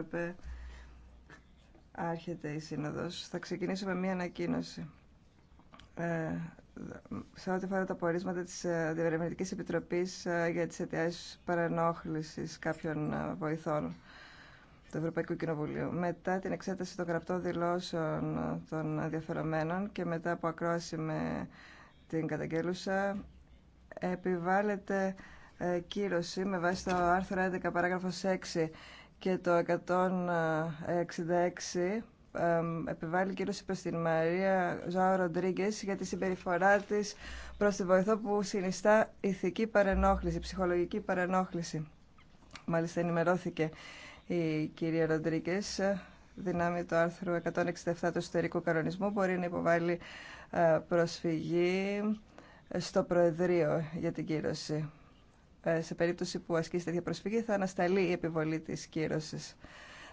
έπρεπε. άρχεται η Σύνοδος. Θα ξεκινήσω με μία ανακοίνωση. Ε, σε ό,τι αφορά τα πορίσματα της Διευρεμητικής ε, Επιτροπής ε, για τις αιτιάσει παρενόχλησης κάποιων ε, βοηθών του Ευρωπαϊκού Κοινοβουλίου. Μετά την εξέταση των γραπτών δηλώσεων των ενδιαφερομένων και μετά από ακρόαση με την καταγγέλουσα, επιβάλλεται κύρωση με βάση το άρθρο 11 παράγραφος 6 και το 166 επιβάλλει κύρωση προς την Μαρία Ζάο Ροντρίγκε για τη συμπεριφορά της προς τη βοηθό που συνιστά ηθική παρενόχληση, ψυχολογική παρενόχληση. Μάλιστα ενημερώθηκε η κυρία Ροντρίγκε δυνάμει του άρθρου 167 του εσωτερικού κανονισμού μπορεί να υποβάλει ε, προσφυγή στο Προεδρείο για την κύρωση. Ε, σε περίπτωση που ασκήσει τέτοια προσφυγή θα ανασταλεί η επιβολή τη κύρωση.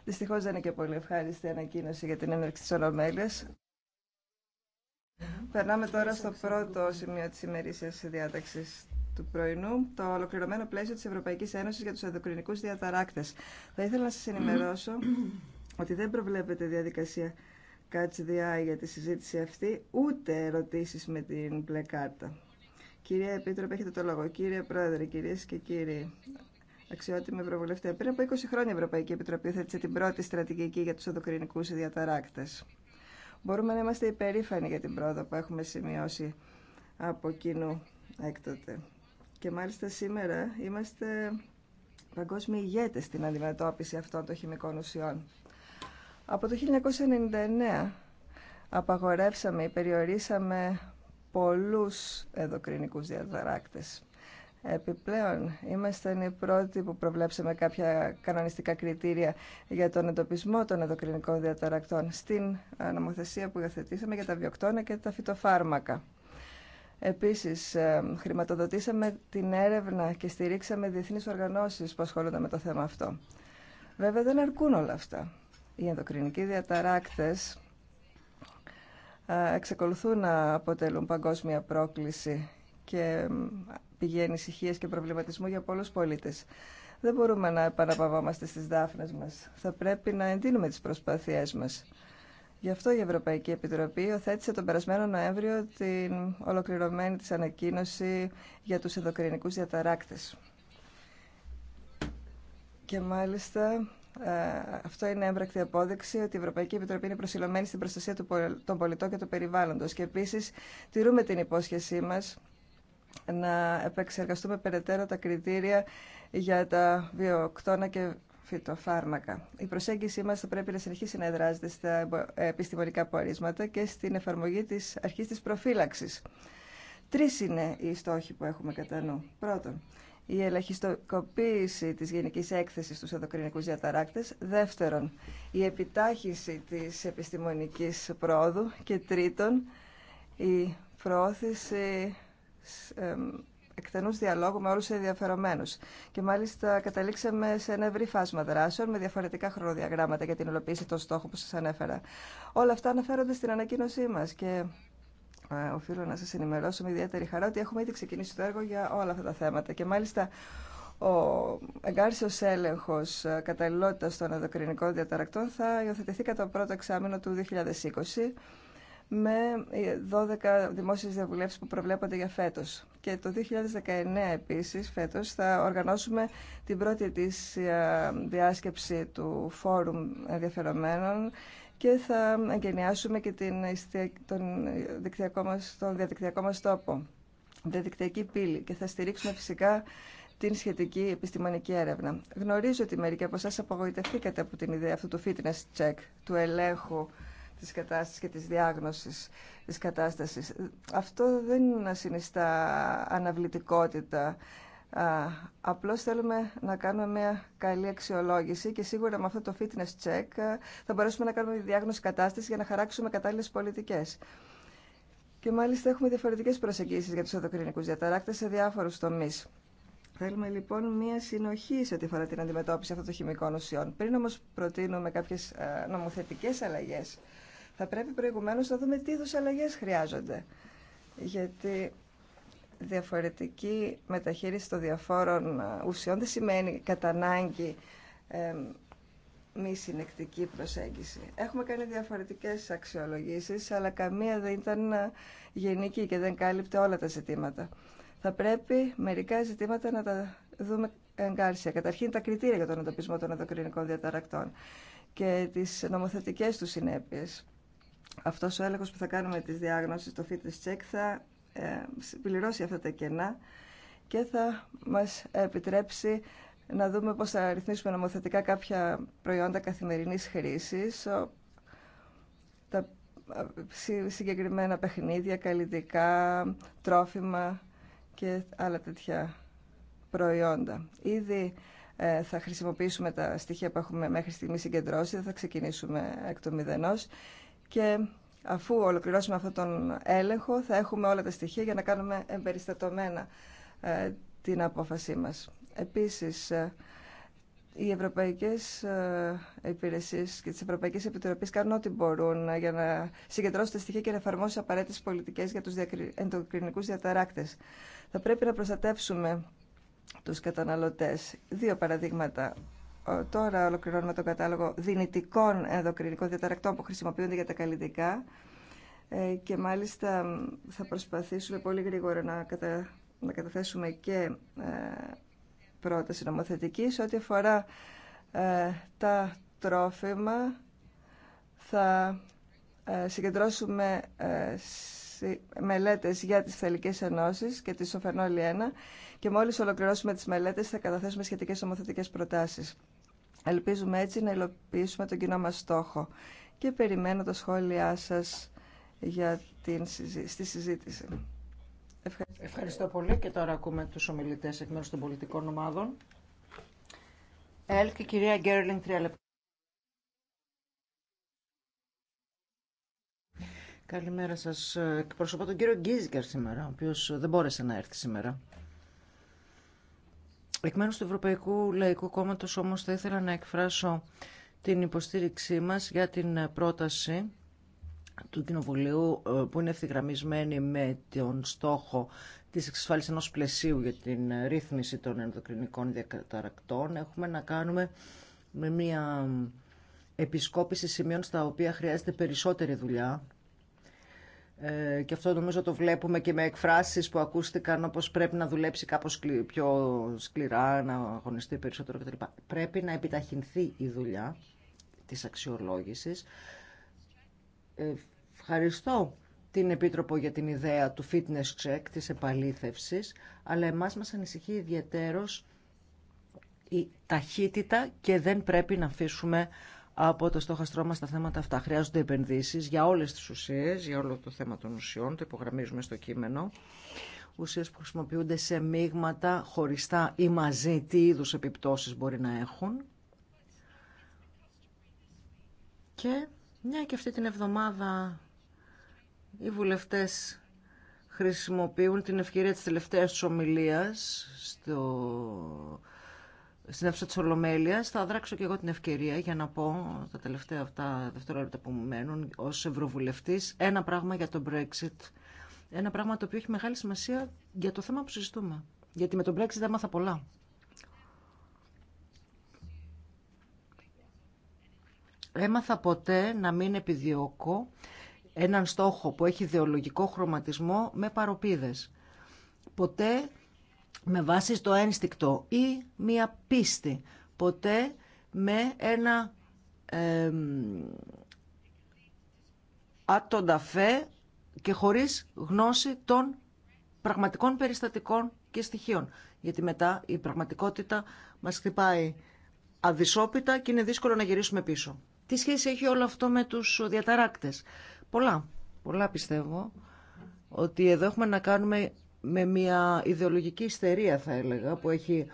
Δυστυχώ δεν είναι και πολύ ευχάριστη η ανακοίνωση για την έναρξη τη ολομέλεια. Περνάμε τώρα στο πρώτο σημείο της ημερήσια διάταξη του πρωινού, το ολοκληρωμένο πλαίσιο τη Ευρωπαϊκή Ένωση για του ενδοκρινικούς διαταράκτε. Θα ήθελα να σα ενημερώσω ότι δεν προβλέπεται διαδικασία catch the για τη συζήτηση αυτή, ούτε ερωτήσεις με την μπλε Κυρία Επίτροπε, έχετε το λόγο. Κύριε Πρόεδρε, κυρίε και κύριοι, αξιότιμοι Ευρωβουλευτέ, πριν από 20 χρόνια η Ευρωπαϊκή Επιτροπή θέτησε την πρώτη στρατηγική για του οδοκρινικού διαταράκτε. Μπορούμε να είμαστε υπερήφανοι για την πρόοδο που έχουμε σημειώσει από κοινού έκτοτε. Και μάλιστα σήμερα είμαστε παγκόσμιοι ηγέτε στην αντιμετώπιση αυτών των χημικών ουσιών. Από το 1999 απαγορεύσαμε ή περιορίσαμε πολλούς ενδοκρινικούς διαταράκτες. Επιπλέον, είμαστε οι πρώτοι που προβλέψαμε κάποια κανονιστικά κριτήρια για τον εντοπισμό των ενδοκρινικών διαταρακτών στην ε, νομοθεσία που υιοθετήσαμε για τα βιοκτώνα και τα φυτοφάρμακα. Επίσης, ε, χρηματοδοτήσαμε την έρευνα και στηρίξαμε διεθνείς οργανώσεις που ασχολούνται με το θέμα αυτό. Βέβαια, δεν αρκούν όλα αυτά. Οι ενδοκρινικοί διαταράκτες ε, εξακολουθούν να αποτελούν παγκόσμια πρόκληση και πηγή ανησυχία και προβληματισμού για πολλούς πολίτες. Δεν μπορούμε να επαναπαυόμαστε στις δάφνες μας. Θα πρέπει να εντείνουμε τις προσπάθειές μας. Γι' αυτό η Ευρωπαϊκή Επιτροπή οθέτησε τον περασμένο Νοέμβριο την ολοκληρωμένη της ανακοίνωση για τους ενδοκρινικούς διαταράκτες. Και μάλιστα ε, αυτό είναι έμπρακτη απόδειξη ότι η Ευρωπαϊκή Επιτροπή είναι προσιλωμένη στην προστασία των πολιτών και του περιβάλλοντος. Και επίση τηρούμε την υπόσχεσή μα να επεξεργαστούμε περαιτέρω τα κριτήρια για τα βιοκτώνα και φυτοφάρμακα. Η προσέγγιση μας θα πρέπει να συνεχίσει να εδράζεται στα επιστημονικά πορίσματα και στην εφαρμογή της αρχής της προφύλαξης. Τρεις είναι οι στόχοι που έχουμε κατά νου. Πρώτον, η ελαχιστοποίηση της γενικής έκθεσης στους ενδοκρινικούς διαταράκτες. Δεύτερον, η επιτάχυση της επιστημονικής πρόοδου. Και τρίτον, η προώθηση εκτενού διαλόγου με όλους τους ενδιαφερομένους. Και μάλιστα καταλήξαμε σε ένα ευρύ φάσμα δράσεων με διαφορετικά χρονοδιαγράμματα για την υλοποίηση των στόχων που σας ανέφερα. Όλα αυτά αναφέρονται στην ανακοίνωσή μας και ε, οφείλω να σας ενημερώσω με ιδιαίτερη χαρά ότι έχουμε ήδη ξεκινήσει το έργο για όλα αυτά τα θέματα και μάλιστα ο εγκάρσιος έλεγχος ε, καταλληλότητας των ενδοκρινικών διαταρακτών θα υιοθετηθεί κατά το πρώτο εξάμεινο του 2020 με 12 ε, δημόσιες διαβουλεύσεις που προβλέπονται για φέτος. Και το 2019 επίσης, φέτος, θα οργανώσουμε την πρώτη της διάσκεψη του Φόρουμ Ενδιαφερομένων και θα εγκαινιάσουμε και την, τον, δικτυακό μας, τον διαδικτυακό μας τόπο, διαδικτυακή πύλη και θα στηρίξουμε φυσικά την σχετική επιστημονική έρευνα. Γνωρίζω ότι μερικοί από εσά απογοητευτήκατε από την ιδέα αυτού του fitness check, του ελέγχου της κατάστασης και της διάγνωσης της κατάστασης. Αυτό δεν είναι συνιστά αναβλητικότητα Απλώς θέλουμε να κάνουμε μια καλή αξιολόγηση και σίγουρα με αυτό το fitness check ε, θα μπορέσουμε να κάνουμε διάγνωση κατάστασης για να χαράξουμε κατάλληλες πολιτικές. Και μάλιστα έχουμε διαφορετικές προσεγγίσεις για τους οδοκρινικούς διαταράκτες σε διάφορους τομείς. Θέλουμε λοιπόν μία συνοχή σε ό,τι αφορά την αντιμετώπιση αυτών των χημικών ουσιών. Πριν όμω προτείνουμε κάποιε νομοθετικέ αλλαγέ, θα πρέπει προηγουμένω να δούμε τι είδου αλλαγέ χρειάζονται. Γιατί διαφορετική μεταχείριση των διαφόρων ε, ουσιών δεν σημαίνει κατά ανάγκη ε, μη συνεκτική προσέγγιση. Έχουμε κάνει διαφορετικές αξιολογήσεις, αλλά καμία δεν ήταν ε, γενική και δεν κάλυπτε όλα τα ζητήματα. Θα πρέπει μερικά ζητήματα να τα δούμε εγκάρσια. Καταρχήν τα κριτήρια για τον εντοπισμό των ενδοκρινικών διαταρακτών και τις νομοθετικές του συνέπειες. Αυτός ο έλεγχος που θα κάνουμε τις διάγνωση το fitness check, θα ε, πληρώσει αυτά τα κενά και θα μας επιτρέψει να δούμε πώς θα ρυθμίσουμε νομοθετικά κάποια προϊόντα καθημερινής χρήσης, τα συγκεκριμένα παιχνίδια, καλλιτικά, τρόφιμα και άλλα τέτοια προϊόντα. Ήδη ε, θα χρησιμοποιήσουμε τα στοιχεία που έχουμε μέχρι στιγμή συγκεντρώσει, θα ξεκινήσουμε εκ των μηδενός και Αφού ολοκληρώσουμε αυτόν τον έλεγχο, θα έχουμε όλα τα στοιχεία για να κάνουμε εμπεριστατωμένα ε, την απόφασή μας. Επίσης, ε, οι ευρωπαϊκές ε, υπηρεσίες και τις Ευρωπαϊκές Επιτροπές κάνουν ό,τι μπορούν για να συγκεντρώσουν τα στοιχεία και να εφαρμόσουν απαραίτητες πολιτικές για τους ενδοκρινικούς διαταράκτες. Θα πρέπει να προστατεύσουμε τους καταναλωτές. Δύο παραδείγματα. Ε, τώρα ολοκληρώνουμε τον κατάλογο δυνητικών ενδοκρινικών διαταρακτών που χρησιμοποιούνται για τα καλλιτικά ε, και μάλιστα θα προσπαθήσουμε πολύ γρήγορα να, να καταθέσουμε και ε, πρόταση νομοθετική. Σε ό,τι αφορά τα τρόφιμα θα συγκεντρώσουμε μελέτες για τις θελικές ενώσεις και τη σοφενόλη 1 και μόλις ολοκληρώσουμε τις μελέτες θα καταθέσουμε σχετικές νομοθετικές προτάσεις. Ελπίζουμε έτσι να υλοποιήσουμε τον κοινό μας στόχο και περιμένω τα σχόλιά σας για την, στη συζήτηση. Ευχαριστώ. πολύ και τώρα ακούμε τους ομιλητές εκ μέρους των πολιτικών ομάδων. Ελ κυρία Γκέρλινγκ, τρία λεπτά. Καλημέρα σας. Εκπροσωπώ τον κύριο Γκίζικερ σήμερα, ο οποίος δεν μπόρεσε να έρθει σήμερα. Εκ μέρου του Ευρωπαϊκού Λαϊκού Κόμματο όμω θα ήθελα να εκφράσω την υποστήριξή μας για την πρόταση του Κοινοβουλίου ε, που είναι ευθυγραμμισμένη με τον στόχο της εξασφάλισης ενός πλαισίου για την ρύθμιση των ενδοκρινικών διακαταρακτών. Έχουμε να κάνουμε με μια επισκόπηση σημείων στα οποία χρειάζεται περισσότερη δουλειά ε, και αυτό νομίζω το βλέπουμε και με εκφράσεις που ακούστηκαν όπως πρέπει να δουλέψει κάπως πιο σκληρά, να αγωνιστεί περισσότερο κτλ. Πρέπει να επιταχυνθεί η δουλειά της αξιολόγησης. Ε, ευχαριστώ την Επίτροπο για την ιδέα του fitness check, της επαλήθευσης, αλλά εμάς μας ανησυχεί ιδιαίτερος η ταχύτητα και δεν πρέπει να αφήσουμε από το στόχαστρό μα τα θέματα αυτά. Χρειάζονται επενδύσει για όλε τι ουσίε, για όλο το θέμα των ουσιών, το υπογραμμίζουμε στο κείμενο. Ουσίε που χρησιμοποιούνται σε μείγματα χωριστά ή μαζί, τι είδου επιπτώσει μπορεί να έχουν. Και μια και αυτή την εβδομάδα οι βουλευτές χρησιμοποιούν την ευκαιρία της τελευταίας ομιλίας στο στην αίθουσα τη Ολομέλεια. Θα δράξω και εγώ την ευκαιρία για να πω τα τελευταία αυτά δευτερόλεπτα που μου μένουν ως ευρωβουλευτή. ένα πράγμα για το Brexit. Ένα πράγμα το οποίο έχει μεγάλη σημασία για το θέμα που συζητούμε. Γιατί με το Brexit έμαθα πολλά. Έμαθα ποτέ να μην επιδιώκω έναν στόχο που έχει ιδεολογικό χρωματισμό με παροπίδες. Ποτέ με βάση το ένστικτο ή μία πίστη. Ποτέ με ένα ε, ατονταφέ και χωρίς γνώση των πραγματικών περιστατικών και στοιχείων. Γιατί μετά η πραγματικότητα μας χτυπάει αδυσόπιτα και είναι δύσκολο να γυρίσουμε πίσω. Τι σχέση έχει όλο αυτό με τους διαταράκτες. Πολλά, πολλά πιστεύω ότι εδώ έχουμε να κάνουμε με μια ιδεολογική ιστερία θα έλεγα που έχει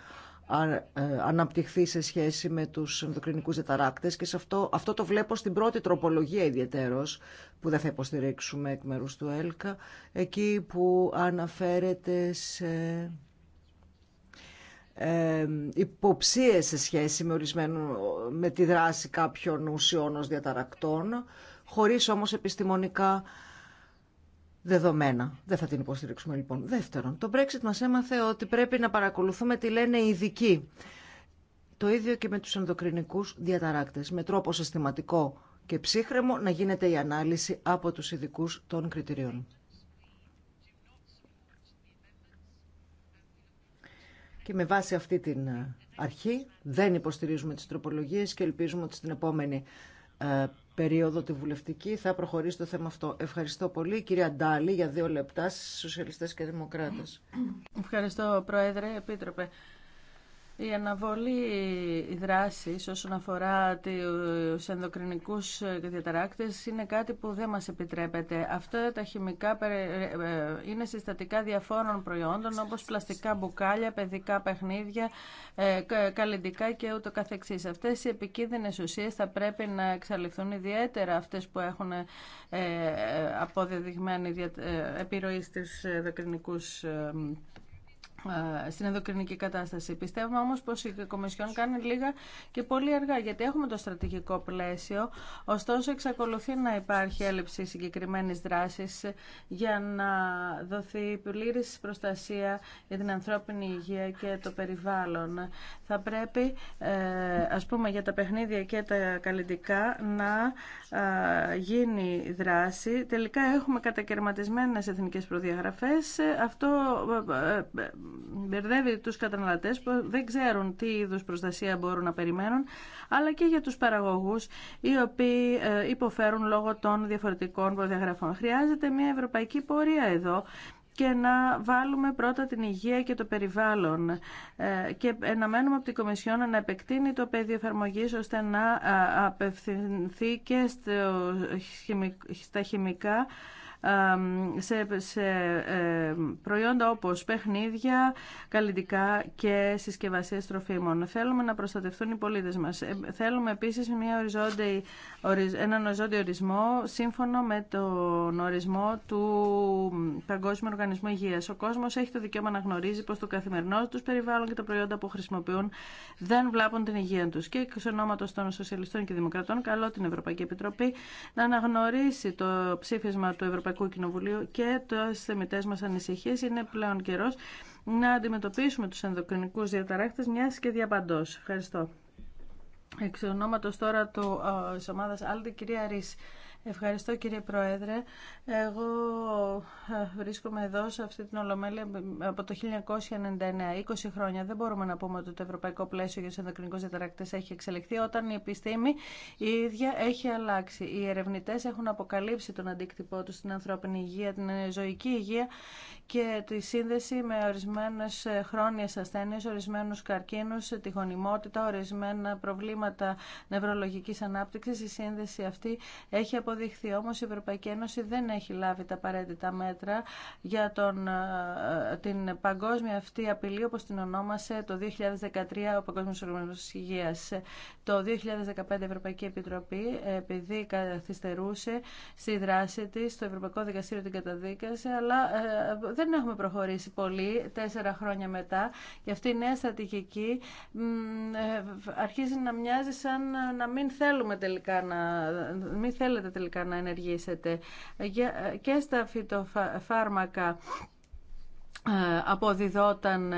ε, αναπτυχθεί σε σχέση με τους ενδοκρινικούς διαταράκτες και σε αυτό, αυτό το βλέπω στην πρώτη τροπολογία ιδιαίτερος που δεν θα υποστηρίξουμε εκ μέρου του ΕΛΚΑ εκεί που αναφέρεται σε ε, υποψίες σε σχέση με, ορισμένου, με τη δράση κάποιων ουσιών ως διαταρακτών χωρίς όμως επιστημονικά δεδομένα. Δεν θα την υποστηρίξουμε λοιπόν. Δεύτερον, το Brexit μας έμαθε ότι πρέπει να παρακολουθούμε τι λένε οι ειδικοί. Το ίδιο και με τους ενδοκρινικούς διαταράκτες, με τρόπο συστηματικό και ψύχρεμο να γίνεται η ανάλυση από τους ειδικού των κριτηρίων. Και με βάση αυτή την ε, αρχή δεν υποστηρίζουμε τις τροπολογίες και ελπίζουμε ότι στην επόμενη ε, περίοδο τη βουλευτική θα προχωρήσει το θέμα αυτό. Ευχαριστώ πολύ. Κυρία Ντάλη, για δύο λεπτά στους Σοσιαλιστές και Δημοκράτες. Ευχαριστώ, Πρόεδρε, Επίτροπε. Η αναβολή δράση όσον αφορά του ενδοκρινικού διαταράκτε είναι κάτι που δεν μα επιτρέπεται. Αυτά τα χημικά ε, ε, είναι συστατικά διαφόρων προϊόντων όπω πλαστικά μπουκάλια, παιδικά παιχνίδια, ε, καλλιντικά και ούτω καθεξή. Αυτέ οι επικίνδυνε ουσίε θα πρέπει να εξαλειφθούν ιδιαίτερα αυτέ που έχουν αποδεδειγμένη επιρροή στου ενδοκρινικού ε, στην ενδοκρινική κατάσταση. Πιστεύουμε όμως πως η Κομισιόν κάνει λίγα και πολύ αργά, γιατί έχουμε το στρατηγικό πλαίσιο, ωστόσο εξακολουθεί να υπάρχει έλλειψη συγκεκριμένης δράσης για να δοθεί πλήρη προστασία για την ανθρώπινη υγεία και το περιβάλλον. Θα πρέπει, ε, ας πούμε, για τα παιχνίδια και τα καλλιτικά να ε, γίνει δράση. Τελικά έχουμε κατακαιρματισμένες εθνικές προδιαγραφές μπερδεύει τους καταναλωτές που δεν ξέρουν τι είδους προστασία μπορούν να περιμένουν, αλλά και για τους παραγωγούς οι οποίοι ε, υποφέρουν λόγω των διαφορετικών προδιαγραφών. Χρειάζεται μια ευρωπαϊκή πορεία εδώ και να βάλουμε πρώτα την υγεία και το περιβάλλον ε, και μένουμε από την Κομισιόν να επεκτείνει το πεδίο εφαρμογή ώστε να ε, απευθυνθεί και στα χημικά σε ε, προϊόντα όπως παιχνίδια, καλλιτικά και συσκευασίες τροφίμων. Θέλουμε να προστατευτούν οι πολίτες μας. Ε, θέλουμε επίσης μια οριζόντια, έναν οριζόντιο ορισμό σύμφωνο με τον ορισμό του Παγκόσμιου Οργανισμού Υγείας. Ο κόσμος έχει το δικαίωμα να γνωρίζει πως το καθημερινό τους περιβάλλον και τα προϊόντα που χρησιμοποιούν δεν βλάπουν την υγεία τους. Και εξ ονόματος των Σοσιαλιστών και Δημοκρατών καλώ την Ευρωπαϊκή Επιτροπή να αναγνωρίσει το ψήφισμα του Ευρωπαϊκού Ευρωπαϊκό και το θεμητέ μα ανησυχίε. Είναι πλέον καιρό να αντιμετωπίσουμε του ενδοκρινικού διαταράκτε μια και διαπαντό. Ευχαριστώ. Εξ ονόματο τώρα τη ομάδα της κυρία Ρίση. Ευχαριστώ κύριε Πρόεδρε. Εγώ ε, βρίσκομαι εδώ σε αυτή την Ολομέλεια από το 1999, 20 χρόνια. Δεν μπορούμε να πούμε ότι το ευρωπαϊκό πλαίσιο για του ενδοκρινικού διαταρακτέ έχει εξελιχθεί όταν η επιστήμη η ίδια έχει αλλάξει. Οι ερευνητέ έχουν αποκαλύψει τον αντίκτυπό του στην ανθρώπινη υγεία, την ζωική υγεία και τη σύνδεση με ορισμένε χρόνιε ασθένειε, ορισμένου καρκίνου, τη γονιμότητα, ορισμένα προβλήματα νευρολογική ανάπτυξη. Η σύνδεση αυτή έχει αποδειχθεί. Όμως η Ευρωπαϊκή Ένωση δεν έχει λάβει τα απαραίτητα μέτρα για τον, ε, την παγκόσμια αυτή απειλή όπως την ονόμασε το 2013 ο Παγκόσμιος Οργανισμός Υγείας. Το 2015 η Ευρωπαϊκή Επιτροπή επειδή καθυστερούσε στη δράση της, το Ευρωπαϊκό Δικαστήριο την καταδίκασε, αλλά ε, δεν έχουμε προχωρήσει πολύ τέσσερα χρόνια μετά και αυτή η νέα στρατηγική ε, αρχίζει να μοιάζει σαν να μην θέλουμε τελικά να μην θέλετε τελικά τελικά να ενεργήσετε. Και στα φυτοφάρμακα ε, αποδιδόταν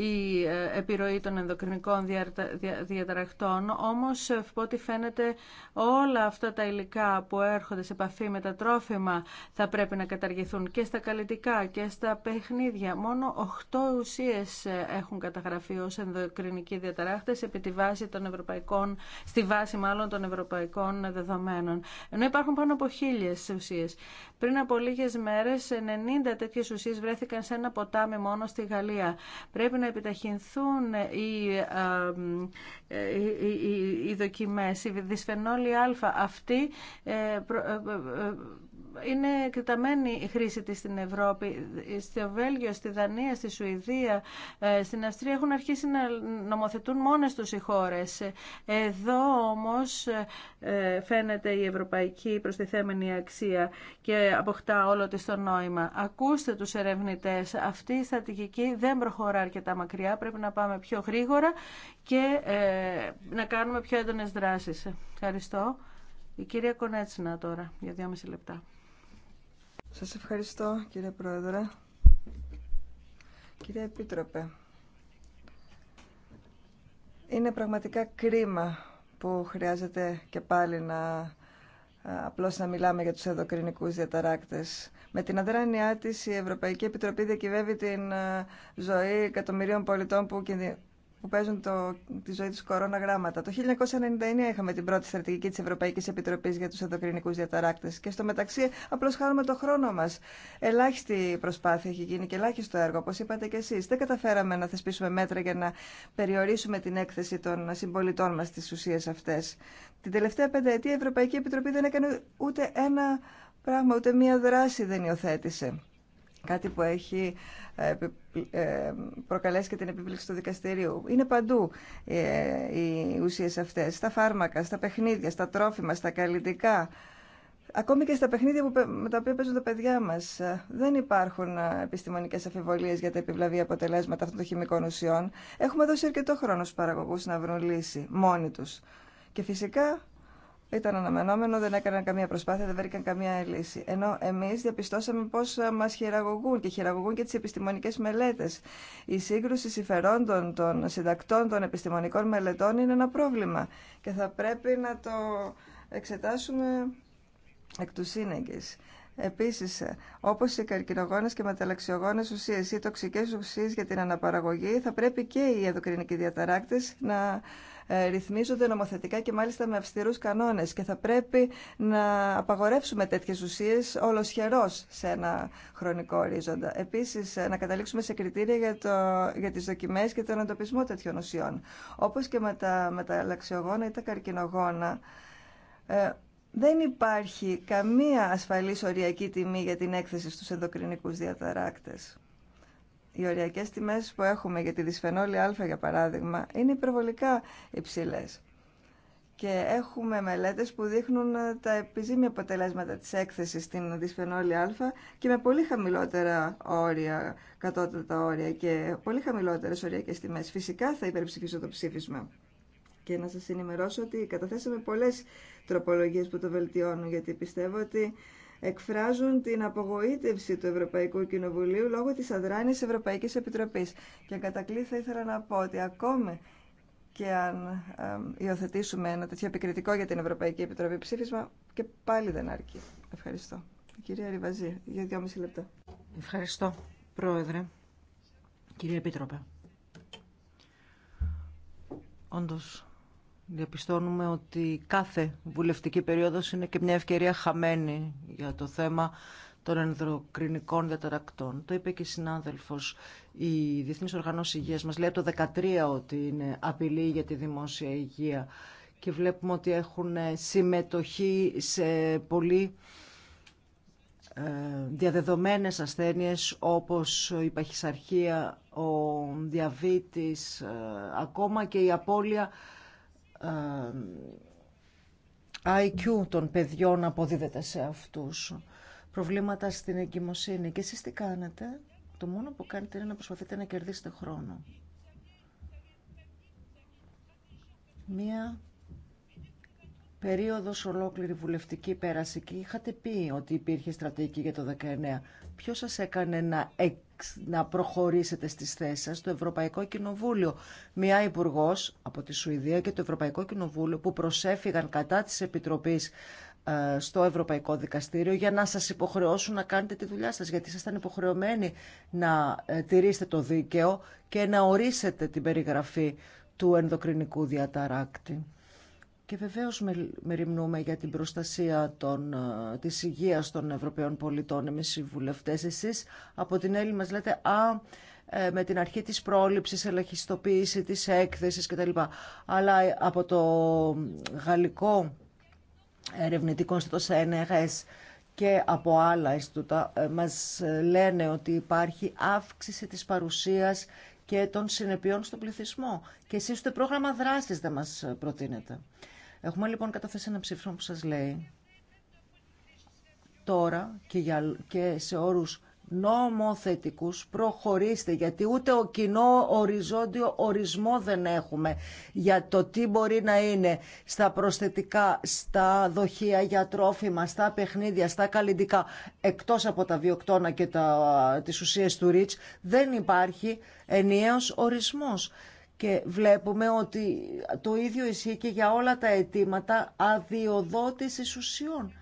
η ε, επιρροή των ενδοκρινικών διαταραχτών. όμως ε, από ό,τι φαίνεται όλα αυτά τα υλικά που έρχονται σε επαφή με τα τρόφιμα θα πρέπει να καταργηθούν και στα καλλιτικά και στα παιχνίδια. Μόνο 8 ουσίες ε, έχουν καταγραφεί ως ενδοκρινικοί διαταράχτες επί τη βάση στη βάση μάλλον των ευρωπαϊκών δεδομένων. Ενώ υπάρχουν πάνω από χίλιες ουσίες. Πριν από λίγες μέρες 90 τέτοιες ουσίες βρέθηκαν σε ένα ποτάμι μόνο στη Γαλλία. Πρέπει να επιταχυνθούν ε, οι, οι, οι δοκιμές, η α αυτή ε, ε, είναι εκτεταμένη η χρήση της στην Ευρώπη. Στο Βέλγιο, στη Δανία, στη Σουηδία, ε, στην Αυστρία έχουν αρχίσει να νομοθετούν μόνες τους οι χώρες. Εδώ όμως ε, φαίνεται η ευρωπαϊκή προστιθέμενη αξία και αποκτά όλο της το νόημα. Ακούστε τους ερευνητές. Αυτή η στρατηγική δεν προχωρά αρκετά μακριά. Πρέπει να πάμε πιο γρήγορα και ε, να κάνουμε πιο έντονες δράσεις. Ευχαριστώ. Η κυρία Κονέτσινα τώρα για μισή λεπτά. Σας ευχαριστώ κύριε Πρόεδρε. Κύριε Επίτροπε, είναι πραγματικά κρίμα που χρειάζεται και πάλι να απλώς να μιλάμε για τους ενδοκρινικούς διαταράκτες. Με την αδράνειά της η Ευρωπαϊκή Επιτροπή διακυβεύει την ζωή εκατομμυρίων πολιτών που που παίζουν το, τη ζωή του κορώνα γράμματα. Το 1999 είχαμε την πρώτη στρατηγική τη Ευρωπαϊκή Επιτροπή για του ενδοκρινικού διαταράκτε. και στο μεταξύ απλώ χάνουμε το χρόνο μα. Ελάχιστη προσπάθεια έχει γίνει και ελάχιστο έργο, όπω είπατε και εσεί. Δεν καταφέραμε να θεσπίσουμε μέτρα για να περιορίσουμε την έκθεση των συμπολιτών μα στις ουσίες αυτέ. Την τελευταία πενταετία η Ευρωπαϊκή Επιτροπή δεν έκανε ούτε ένα πράγμα, ούτε μία δράση δεν υιοθέτησε κάτι που έχει ε, ε, προκαλέσει και την επιβλήξη του δικαστηρίου. Είναι παντού ε, οι ουσίες αυτές, στα φάρμακα, στα παιχνίδια, στα τρόφιμα, στα καλλιτικά. Ακόμη και στα παιχνίδια με τα οποία παίζουν τα παιδιά μα, δεν υπάρχουν επιστημονικέ αφιβολίε για τα επιβλαβή αποτελέσματα αυτών των χημικών ουσιών. Έχουμε δώσει αρκετό χρόνο στου παραγωγού να βρουν λύση μόνοι του. Και φυσικά ήταν αναμενόμενο, δεν έκαναν καμία προσπάθεια, δεν βρήκαν καμία λύση. Ενώ εμεί διαπιστώσαμε πώ ε, μα χειραγωγούν και χειραγωγούν και τι επιστημονικέ μελέτε. Η σύγκρουση συμφερόντων των συντακτών των επιστημονικών μελετών είναι ένα πρόβλημα και θα πρέπει να το εξετάσουμε εκ του σύνεγγυς. Επίση, όπω οι καρκινογόνε και μεταλλαξιογόνε ουσίε ή τοξικέ ουσίε για την αναπαραγωγή, θα πρέπει και οι ενδοκρινικοί διαταράκτε να ε, ρυθμίζονται νομοθετικά και μάλιστα με αυστηρού κανόνε. και θα πρέπει να απαγορεύσουμε τέτοιε ουσίε ολοσχερό σε ένα χρονικό ορίζοντα. Επίση, ε, να καταλήξουμε σε κριτήρια για, το, για τις δοκιμές και τον εντοπισμό τέτοιων ουσιών. Όπω και με τα μεταλλαξιογόνα ή τα καρκινογόνα, ε, δεν υπάρχει καμία ασφαλής οριακή τιμή για την έκθεση στους ενδοκρινικούς διαταράκτες. Οι οριακές τιμές που έχουμε για τη δυσφενόλη α, για παράδειγμα, είναι υπερβολικά υψηλές. Και έχουμε μελέτες που δείχνουν ε, τα επιζήμια αποτελέσματα της έκθεσης στην δυσφενόλη α και με πολύ χαμηλότερα όρια, κατώτατα όρια και πολύ χαμηλότερες οριακές τιμές. Φυσικά θα υπερψηφίσω το ψήφισμα και να σας ενημερώσω ότι καταθέσαμε πολλές τροπολογίες που το βελτιώνουν γιατί πιστεύω ότι εκφράζουν την απογοήτευση του Ευρωπαϊκού Κοινοβουλίου λόγω της αδράνειας Ευρωπαϊκής Επιτροπής. Και κατά θα ήθελα να πω ότι ακόμη και αν υιοθετήσουμε ένα τέτοιο επικριτικό για την Ευρωπαϊκή Επιτροπή ψήφισμα και πάλι δεν αρκεί. Ευχαριστώ. Κυρία Ριβαζή, για δυόμιση λεπτά. Ευχαριστώ, Πρόεδρε. Κυρία Επίτροπε. Όντως, διαπιστώνουμε ότι κάθε βουλευτική περίοδος είναι και μια ευκαιρία χαμένη για το θέμα των ενδοκρινικών διαταρακτών. Το είπε και η συνάδελφος, η Διεθνής Οργανώση Υγείας μας λέει το 2013 ότι είναι απειλή για τη δημόσια υγεία και βλέπουμε ότι έχουν συμμετοχή σε πολύ ε, διαδεδομένες ασθένειες όπως η παχυσαρχία, ο διαβήτης, ε, ακόμα και η απώλεια IQ των παιδιών αποδίδεται σε αυτούς. Προβλήματα στην εγκυμοσύνη. Και εσείς τι κάνετε. Το μόνο που κάνετε είναι να προσπαθείτε να κερδίσετε χρόνο. Μία περίοδος ολόκληρη βουλευτική πέραση και είχατε πει ότι υπήρχε στρατηγική για το 19. Ποιος σας έκανε να, να προχωρήσετε στις θέσεις σας στο Ευρωπαϊκό Κοινοβούλιο. Μια υπουργό από τη Σουηδία και το Ευρωπαϊκό Κοινοβούλιο που προσέφηγαν κατά της Επιτροπής ε, στο Ευρωπαϊκό Δικαστήριο για να σας υποχρεώσουν να κάνετε τη δουλειά σας γιατί ήσασταν υποχρεωμένοι να ε, τηρήσετε το δίκαιο και να ορίσετε την περιγραφή του ενδοκρινικού διαταράκτη. Και βεβαίως μεριμνούμε για την προστασία των, ε, της υγείας των Ευρωπαίων πολιτών, εμείς οι βουλευτές. Εσείς από την έλλη μα λέτε «Α, ε, με την αρχή της πρόληψης, ελαχιστοποίηση της έκθεσης κτλ. Αλλά ε, από το γαλλικό ερευνητικό στο ΣΕΝΕΓΕΣ και από άλλα ε, μας λένε ότι υπάρχει αύξηση της παρουσίας και των συνεπειών στον πληθυσμό. Και εσείς το πρόγραμμα δράσης δεν μας προτείνετε. Έχουμε λοιπόν καταθέσει ένα ψήφισμα που σας λέει τώρα και, για, και σε όρους νομοθετικούς προχωρήστε γιατί ούτε ο κοινό οριζόντιο ορισμό δεν έχουμε για το τι μπορεί να είναι στα προσθετικά, στα δοχεία για τρόφιμα, στα παιχνίδια, στα καλλιντικά εκτός από τα βιοκτώνα και τα, τις ουσίες του ρίτς δεν υπάρχει ενιαίος ορισμός. Και βλέπουμε ότι το ίδιο ισχύει και για όλα τα αιτήματα αδειοδότησης ουσιών.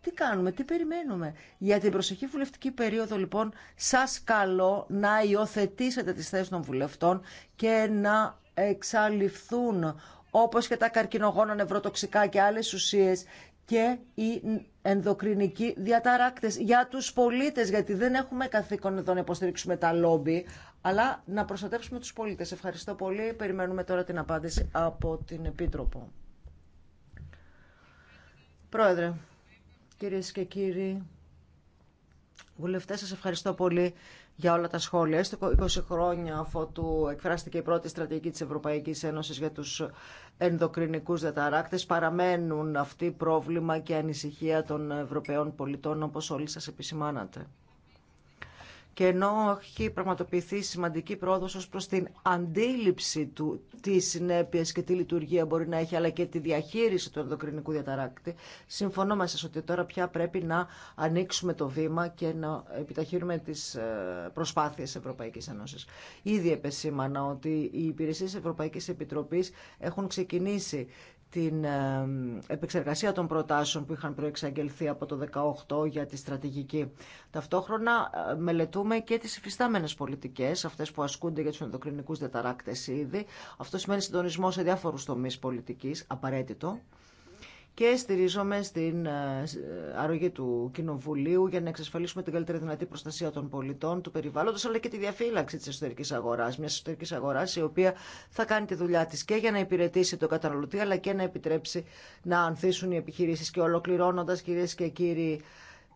Τι κάνουμε, τι περιμένουμε. Για την προσεχή βουλευτική περίοδο λοιπόν σας καλώ να υιοθετήσετε τις θέσεις των βουλευτών και να εξαλειφθούν όπως και τα καρκινογόνα νευροτοξικά και άλλες ουσίες και οι ενδοκρινικοί διαταράκτες για τους πολίτες, γιατί δεν έχουμε καθήκον εδώ να υποστηρίξουμε τα λόμπι, αλλά να προστατεύσουμε τους πολίτες. Ευχαριστώ πολύ. Περιμένουμε τώρα την απάντηση από την Επίτροπο. Πρόεδρε, κύριε και κύριοι, βουλευτές, σας ευχαριστώ πολύ για όλα τα σχόλια. Στο 20 χρόνια αφότου εκφράστηκε η πρώτη στρατηγική της Ευρωπαϊκής Ένωσης για τους ενδοκρινικούς δεταράκτες παραμένουν αυτή πρόβλημα και ανησυχία των Ευρωπαίων πολιτών, όπως όλοι σας επισημάνατε και ενώ έχει πραγματοποιηθεί σημαντική πρόοδος ως προς την αντίληψη του τι συνέπειες και τι λειτουργία μπορεί να έχει αλλά και τη διαχείριση του ενδοκρινικού διαταράκτη, συμφωνώ μαζί ότι τώρα πια πρέπει να ανοίξουμε το βήμα και να επιταχύνουμε τις ε, προσπάθειες Ευρωπαϊκής Ένωσης. Ήδη επεσήμανα ότι οι υπηρεσίες Ευρωπαϊκής Επιτροπής έχουν ξεκινήσει την ε, επεξεργασία των προτάσεων που είχαν προεξαγγελθεί από το 2018 για τη στρατηγική. Ταυτόχρονα ε, μελετούμε και τις υφιστάμενες πολιτικές, αυτές που ασκούνται για τους ενδοκρινικούς δεταράκτες ήδη. Αυτό σημαίνει συντονισμό σε διάφορους τομείς πολιτικής, απαραίτητο και στηρίζομαι στην ε, ε, αρρωγή του Κοινοβουλίου για να εξασφαλίσουμε την καλύτερη δυνατή προστασία των πολιτών, του περιβάλλοντο αλλά και τη διαφύλαξη τη εσωτερική αγορά, Μια εσωτερική αγορά, η οποία θα κάνει τη δουλειά τη και για να υπηρετήσει τον καταναλωτή, αλλά και να επιτρέψει να ανθίσουν οι επιχειρήσει. Και ολοκληρώνοντα κυρίε και κύριοι,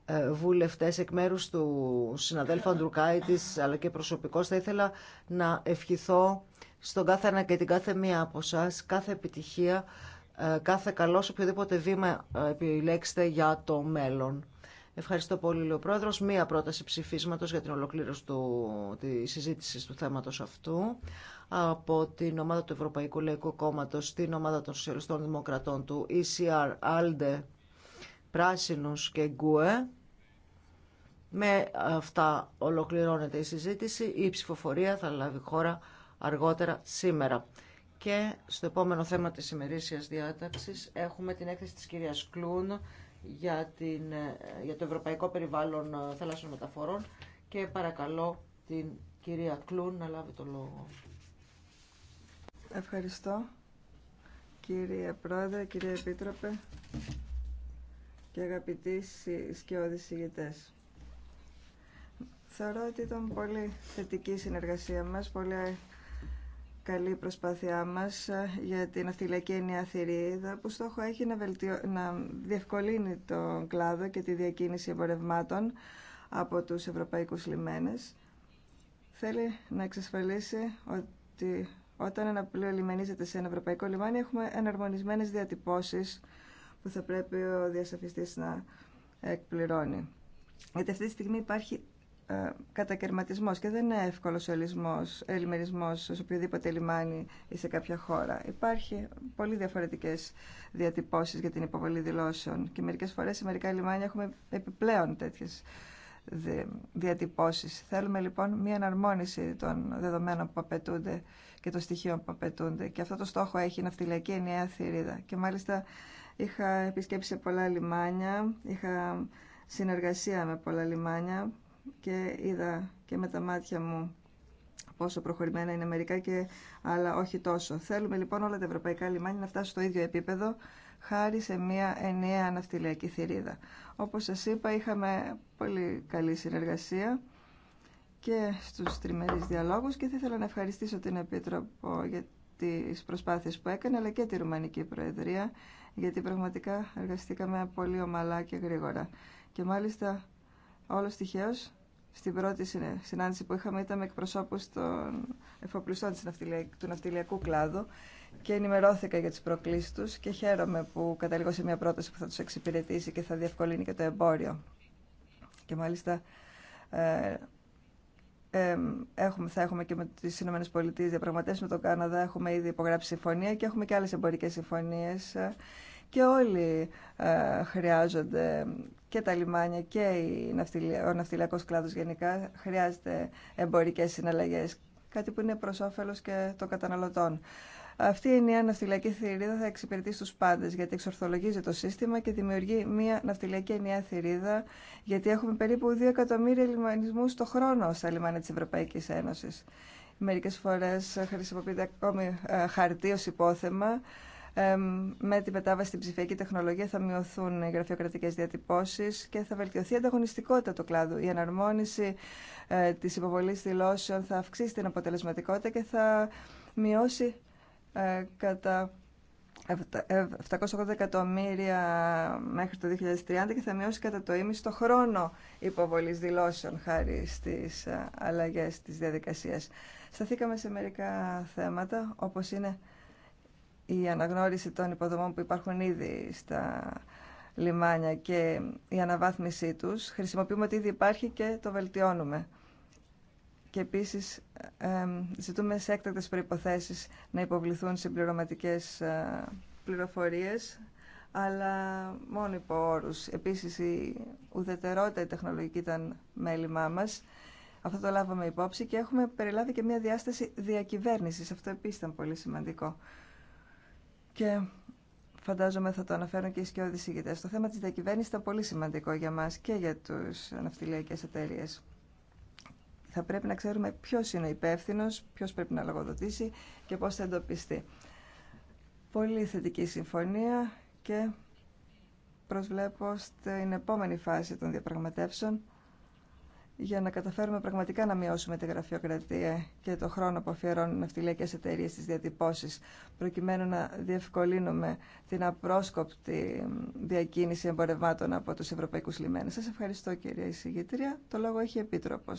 ε, βουλευτές εκ μέρους του συναδέλφου Αντρουκάητης αλλά και προσωπικώς θα ήθελα να ευχηθώ στον κάθε ένα και την κάθε μία από εσά κάθε επιτυχία ε, κάθε καλό σε οποιοδήποτε βήμα ε, επιλέξετε για το μέλλον. Ευχαριστώ πολύ, λέει ο Πρόεδρο. Μία πρόταση ψηφίσματο για την ολοκλήρωση του, τη συζήτηση του θέματο αυτού από την ομάδα του Ευρωπαϊκού Λαϊκού Κόμματο, την ομάδα των Σοσιαλιστών Δημοκρατών του ECR, ALDE, Πράσινου και Γκουε. Με αυτά ολοκληρώνεται η συζήτηση. Η ψηφοφορία θα λάβει χώρα αργότερα σήμερα. Και στο επόμενο θέμα της ημερήσιας διάταξης έχουμε την έκθεση της κυρίας Κλούν για, την, για το Ευρωπαϊκό Περιβάλλον Θαλάσσιων Μεταφορών και παρακαλώ την κυρία Κλούν να λάβει το λόγο. Ευχαριστώ κύριε Πρόεδρε, κύριε Επίτροπε και αγαπητοί σκιώδεις ηγητές. Θεωρώ ότι ήταν πολύ θετική συνεργασία μας, πολύ καλή προσπάθειά μας ε, για την αυτιλιακή ενιαία θηρίδα που στόχο έχει να, να διευκολύνει τον κλάδο και τη διακίνηση εμπορευμάτων από τους ευρωπαϊκούς λιμένες. Θέλει να εξασφαλίσει ότι όταν ένα πλοίο λιμενίζεται σε ένα ευρωπαϊκό λιμάνι έχουμε εναρμονισμένες διατυπώσεις που θα πρέπει ο διασαφιστής να εκπληρώνει. Γιατί αυτή τη στιγμή υπάρχει ε, κατακαιρματισμό και δεν είναι εύκολο ο ελιμερισμό σε οποιοδήποτε λιμάνι ή σε κάποια χώρα. Υπάρχει πολύ διαφορετικέ διατυπώσεις για την υποβολή δηλώσεων και μερικέ φορέ σε μερικά λιμάνια έχουμε επιπλέον τέτοιε διατυπώσεις. Θέλουμε λοιπόν μία αναρμόνιση των δεδομένων που απαιτούνται και των στοιχείων που απαιτούνται και αυτό το στόχο έχει η ναυτιλιακή ενιαία θηρίδα και μάλιστα είχα επισκέψει πολλά λιμάνια, είχα συνεργασία με πολλά λιμάνια και είδα και με τα μάτια μου πόσο προχωρημένα είναι μερικά και αλλά όχι τόσο. Θέλουμε λοιπόν όλα τα ευρωπαϊκά λιμάνια να φτάσουν στο ίδιο επίπεδο χάρη σε μια ενιαία ναυτιλιακή θηρίδα. Όπως σας είπα είχαμε πολύ καλή συνεργασία και στους τριμερείς διαλόγους και θα ήθελα να ευχαριστήσω την Επίτροπο για τις προσπάθειες που έκανε αλλά και τη Ρουμανική Προεδρία γιατί πραγματικά εργαστήκαμε πολύ ομαλά και γρήγορα. Και μάλιστα όλο τυχαίως στην πρώτη συνάντηση που είχαμε ήταν με εκπροσώπους των εφοπλιστών του ναυτιλιακού κλάδου και ενημερώθηκα για τις προκλήσεις τους και χαίρομαι που καταλήγω σε μια πρόταση που θα τους εξυπηρετήσει και θα διευκολύνει και το εμπόριο. Και μάλιστα ε, ε, έχουμε, θα έχουμε και με τις Ηνωμένες Πολιτείες διαπραγματεύσεις με τον Κάναδα, έχουμε ήδη υπογράψει συμφωνία και έχουμε και άλλες εμπορικές συμφωνίες και όλοι ε, χρειάζονται και τα λιμάνια και ο ναυτιλιακός κλάδος γενικά χρειάζεται εμπορικές συναλλαγές, κάτι που είναι προς όφελος και των καταναλωτών. Αυτή η νέα ναυτιλιακή θηρίδα θα εξυπηρετεί στους πάντες γιατί εξορθολογίζει το σύστημα και δημιουργεί μια ναυτιλιακή ενιαία θηρίδα, γιατί έχουμε περίπου 2 εκατομμύρια λιμανισμού το χρόνο στα λιμάνια τη Ευρωπαϊκή Ένωση. Μερικές φορές χρησιμοποιείται ακόμη ε, χαρτί ως υπόθεμα, με την μετάβαση στην ψηφιακή τεχνολογία θα μειωθούν οι γραφειοκρατικές διατυπώσεις και θα βελτιωθεί η ανταγωνιστικότητα του κλάδου. Η αναρμόνιση ε, της υποβολής δηλώσεων θα αυξήσει την αποτελεσματικότητα και θα μειώσει ε, κατά 780 ε, εκατομμύρια μέχρι το 2030 και θα μειώσει κατά το ίμιση το χρόνο υποβολής δηλώσεων χάρη στις αλλαγές της διαδικασίας. Σταθήκαμε σε μερικά θέματα όπως είναι η αναγνώριση των υποδομών που υπάρχουν ήδη στα λιμάνια και η αναβάθμισή τους. Χρησιμοποιούμε ότι ήδη υπάρχει και το βελτιώνουμε. Και επίσης ζητούμε σε έκτακτες προϋποθέσεις να υποβληθούν συμπληρωματικές ε, πληροφορίες, αλλά μόνο υπό όρους. Επίσης η ουδετερότητα η τεχνολογική ήταν μέλημά μας. Αυτό το λάβαμε υπόψη και έχουμε περιλάβει και μια διάσταση διακυβέρνησης. Αυτό επίσης ήταν πολύ σημαντικό και φαντάζομαι θα το αναφέρουν και οι σκιώδεις ηγητές. Το θέμα της διακυβέρνησης ήταν πολύ σημαντικό για μας και για τους ναυτιλιακές εταιρείε. Θα πρέπει να ξέρουμε ποιο είναι ο υπεύθυνο, ποιο πρέπει να λογοδοτήσει και πώς θα εντοπιστεί. Πολύ θετική συμφωνία και προσβλέπω στην επόμενη φάση των διαπραγματεύσεων για να καταφέρουμε πραγματικά να μειώσουμε τη γραφειοκρατία και το χρόνο που αφιερώνουν ναυτιλιακές εταιρείε στις διατυπώσεις, προκειμένου να διευκολύνουμε την απρόσκοπτη διακίνηση εμπορευμάτων από τους ευρωπαϊκούς λιμένες. Σας ευχαριστώ κυρία εισηγήτρια. Το λόγο έχει επίτροπο.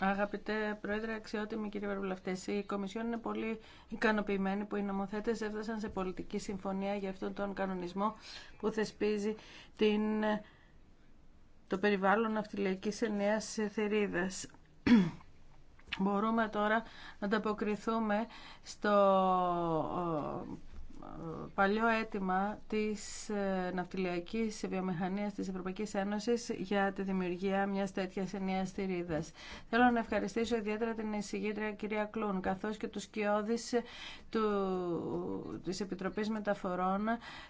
Αγαπητέ Πρόεδρε, αξιότιμοι κύριε Βαρβουλευτέ, η Κομισιόν είναι πολύ ικανοποιημένη που οι νομοθέτε έφτασαν σε πολιτική συμφωνία για αυτόν τον κανονισμό που θεσπίζει την το περιβάλλον ναυτιλιακής ενέας θηρίδας. Μπορούμε τώρα να ανταποκριθούμε στο παλιό αίτημα της ε, ναυτιλιακής βιομηχανίας της Ευρωπαϊκής Ένωσης για τη δημιουργία μιας τέτοιας ενιαίας θηρίδας. Θέλω να ευχαριστήσω ιδιαίτερα την εισηγήτρια κυρία Κλούν, καθώς και τους κοιόδης ε, του, της Επιτροπής Μεταφορών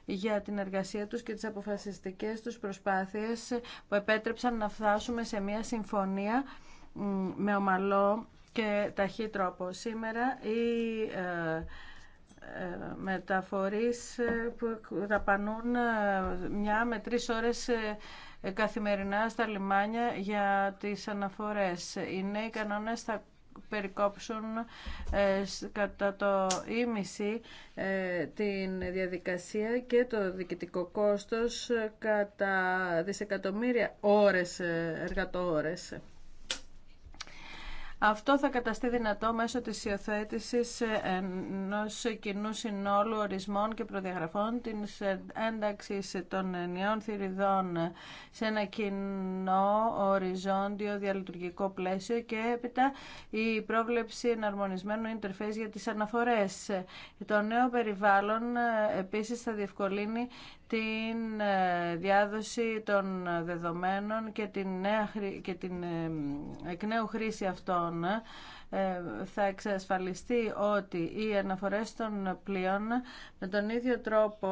για την εργασία τους και τις αποφασιστικές τους προσπάθειες που επέτρεψαν να φτάσουμε σε μια συμφωνία με ομαλό και ταχύ τρόπο. Σήμερα η ε, μεταφορείς ε, που δαπανούν ε, μια με τρεις ώρες ε, καθημερινά στα λιμάνια για τις αναφορές. Οι νέοι κανόνες θα περικόψουν κατά το ίμιση την διαδικασία και το διοικητικό κόστος κατά δισεκατομμύρια ώρες, εργατόρες. Αυτό θα καταστεί δυνατό μέσω της υιοθέτηση ενός κοινού συνόλου ορισμών και προδιαγραφών της ένταξη των νέων θηριδών σε ένα κοινό οριζόντιο διαλειτουργικό πλαίσιο και έπειτα η πρόβλεψη εναρμονισμένου interface για τις αναφορές. Το νέο περιβάλλον επίσης θα διευκολύνει την ε, διάδοση των δεδομένων και την, και την ε, εκ νέου χρήση αυτών ε, θα εξασφαλιστεί ότι οι αναφορές των πλοίων με τον ίδιο τρόπο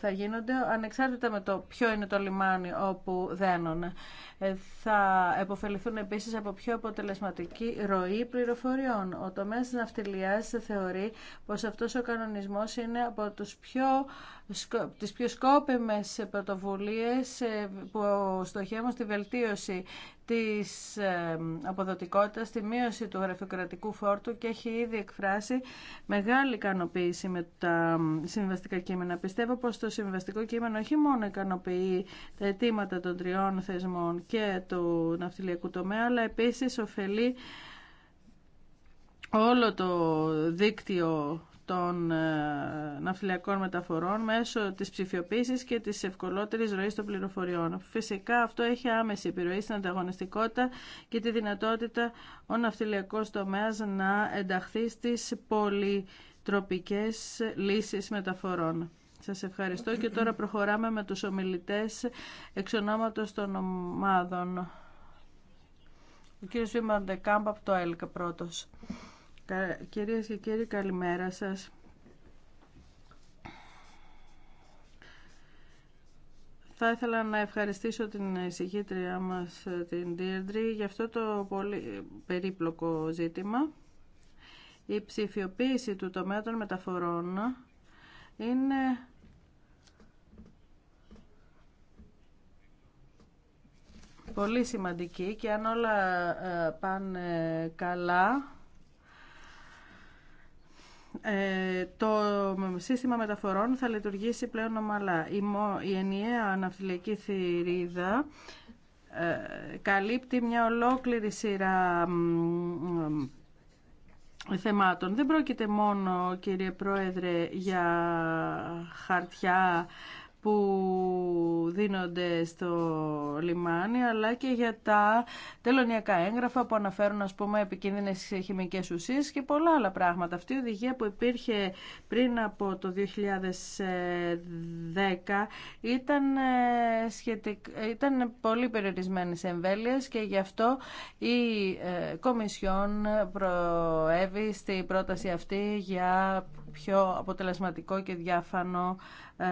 θα γίνονται ανεξάρτητα με το ποιο είναι το λιμάνι όπου δένουν. Ε, θα επωφεληθούν επίσης από πιο αποτελεσματική ροή πληροφοριών. Ο τομέας της ναυτιλίας θεωρεί πως αυτός ο κανονισμός είναι από τους πιο, τις πιο σκόπιμες πρωτοβουλίες ε, που στοχεύουν στη βελτίωση της ε, αποδοτικότητας, τη μείωση του γραφειοκρατικού φόρτου και έχει ήδη εκφράσει μεγάλη ικανοποίηση με τα συμβαστικά κείμενα. Πιστεύω πως το συμβαστικό κείμενο όχι μόνο ικανοποιεί τα αιτήματα των τριών θεσμών και του ναυτιλιακού τομέα, αλλά επίσης ωφελεί όλο το δίκτυο των ε, ναυτιλιακών μεταφορών μέσω της ψηφιοποίησης και της ευκολότερης ροής των πληροφοριών. Φυσικά αυτό έχει άμεση επιρροή στην ανταγωνιστικότητα και τη δυνατότητα ο ναυτιλιακός τομέας να ενταχθεί στις πολυτροπικές λύσεις μεταφορών. Σας ευχαριστώ και τώρα προχωράμε με τους ομιλητές εξ ονόματος των ομάδων. Ο κύριος Βήμαντε από το ΕΛΚΑ πρώτος. Κυρίες και κύριοι καλημέρα σας. Θα ήθελα να ευχαριστήσω την εισηγήτριά μας, την Δίρντρη, για αυτό το πολύ περίπλοκο ζήτημα. Η ψηφιοποίηση του τομέα των μεταφορών είναι πολύ σημαντική και αν όλα ε, πάνε καλά ε, το σύστημα μεταφορών θα λειτουργήσει πλέον ομαλά. Η ενιαία ναυτιλιακή θηρίδα ε, καλύπτει μια ολόκληρη σειρά θεμάτων. Δεν πρόκειται μόνο, κύριε Πρόεδρε, για χαρτιά που δίνονται στο λιμάνι αλλά και για τα τελωνιακά έγγραφα που αναφέρουν ας πούμε επικίνδυνες χημικές ουσίες και πολλά άλλα πράγματα. Αυτή η οδηγία που υπήρχε πριν από το 2010 ήταν, ε, σχετικ... ήταν πολύ περιορισμένες εμβέλειες και γι' αυτό η ε, Κομισιόν προέβη στη πρόταση αυτή για πιο αποτελεσματικό και διάφανο ε,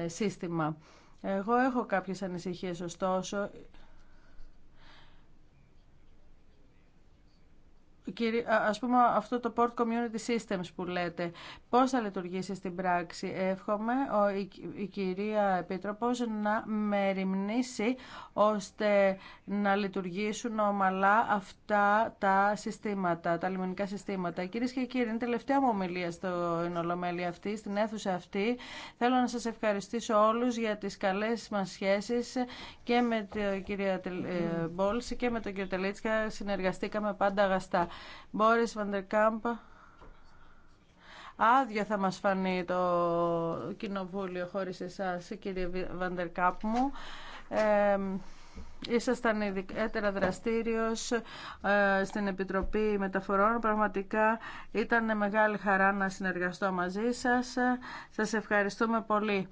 ε, σύστημα. Εγώ έχω κάποιες ανησυχίες ωστόσο ας πούμε αυτό το Port Community Systems που λέτε, πώς θα λειτουργήσει στην πράξη. Εύχομαι η, κυρία Επίτροπος να μεριμνήσει ώστε να λειτουργήσουν ομαλά αυτά τα συστήματα, τα λιμενικά συστήματα. Κυρίες και κύριοι, είναι τελευταία μου ομιλία στο ολομέλη αυτή, στην αίθουσα αυτή. Θέλω να σας ευχαριστήσω όλους για τις καλές μας σχέσεις και με την ε, κυρία ε, Μπόλση και με τον κύριο Τελίτσκα συνεργαστήκαμε πάντα αγαστά. Μπόρις Βαντερκάμπ, άδειο θα μας φανεί το κοινοβούλιο χωρίς εσάς, κύριε Βαντερκάμπ μου. Ε, Ήσασταν ιδιαίτερα δραστήριος ε, στην Επιτροπή Μεταφορών. Πραγματικά ήταν μεγάλη χαρά να συνεργαστώ μαζί σας. Σας ευχαριστούμε πολύ.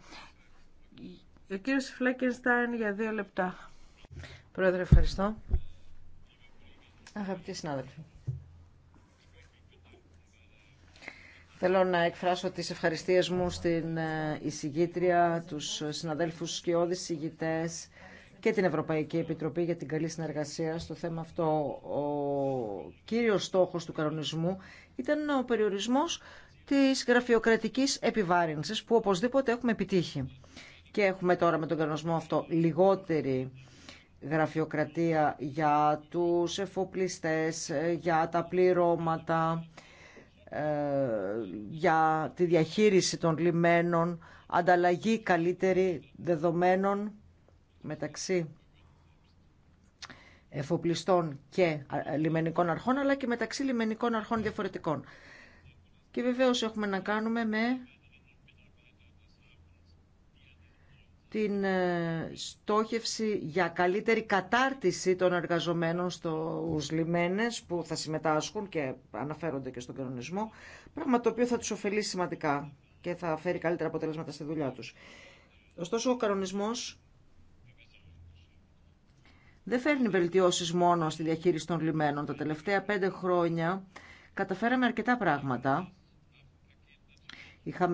Ο κύριος Φλέκενστάιν για δύο λεπτά. Πρόεδρε, ευχαριστώ. Αγαπητοί συνάδελφοι. Θέλω να εκφράσω τις ευχαριστίες μου στην ε, εισηγήτρια, τους συναδέλφους και εισηγητές και την Ευρωπαϊκή Επιτροπή για την καλή συνεργασία στο θέμα αυτό. Ο κύριος στόχος του κανονισμού ήταν ο περιορισμός της γραφειοκρατικής επιβάρυνσης που οπωσδήποτε έχουμε επιτύχει. Και έχουμε τώρα με τον κανονισμό αυτό λιγότερη γραφειοκρατία για τους εφοπλιστές, ε, για τα πληρώματα, ε, για τη διαχείριση των λιμένων, ανταλλαγή καλύτερη δεδομένων μεταξύ εφοπλιστών και ε, λιμενικών αρχών, αλλά και μεταξύ λιμενικών αρχών διαφορετικών. Και βεβαίως έχουμε να κάνουμε με την ε, στόχευση για καλύτερη κατάρτιση των εργαζομένων στους λιμένες που θα συμμετάσχουν και αναφέρονται και στον κανονισμό, πράγμα το οποίο θα τους ωφελήσει σημαντικά και θα φέρει καλύτερα αποτελέσματα στη δουλειά τους. Ωστόσο, ο κανονισμός δεν φέρνει βελτιώσεις μόνο στη διαχείριση των λιμένων. Τα τελευταία πέντε χρόνια καταφέραμε αρκετά πράγματα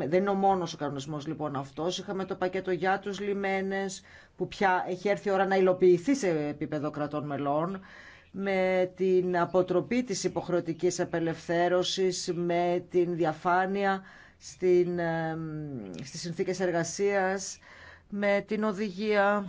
δεν είναι ο μόνος ο κανονισμός λοιπόν αυτός. Είχαμε το πακέτο για του λιμένες που πια έχει έρθει η ώρα να υλοποιηθεί σε επίπεδο κρατών μελών με την αποτροπή της υποχρεωτικής απελευθέρωσης, με την διαφάνεια στην, στις συνθήκες εργασίας, με την οδηγία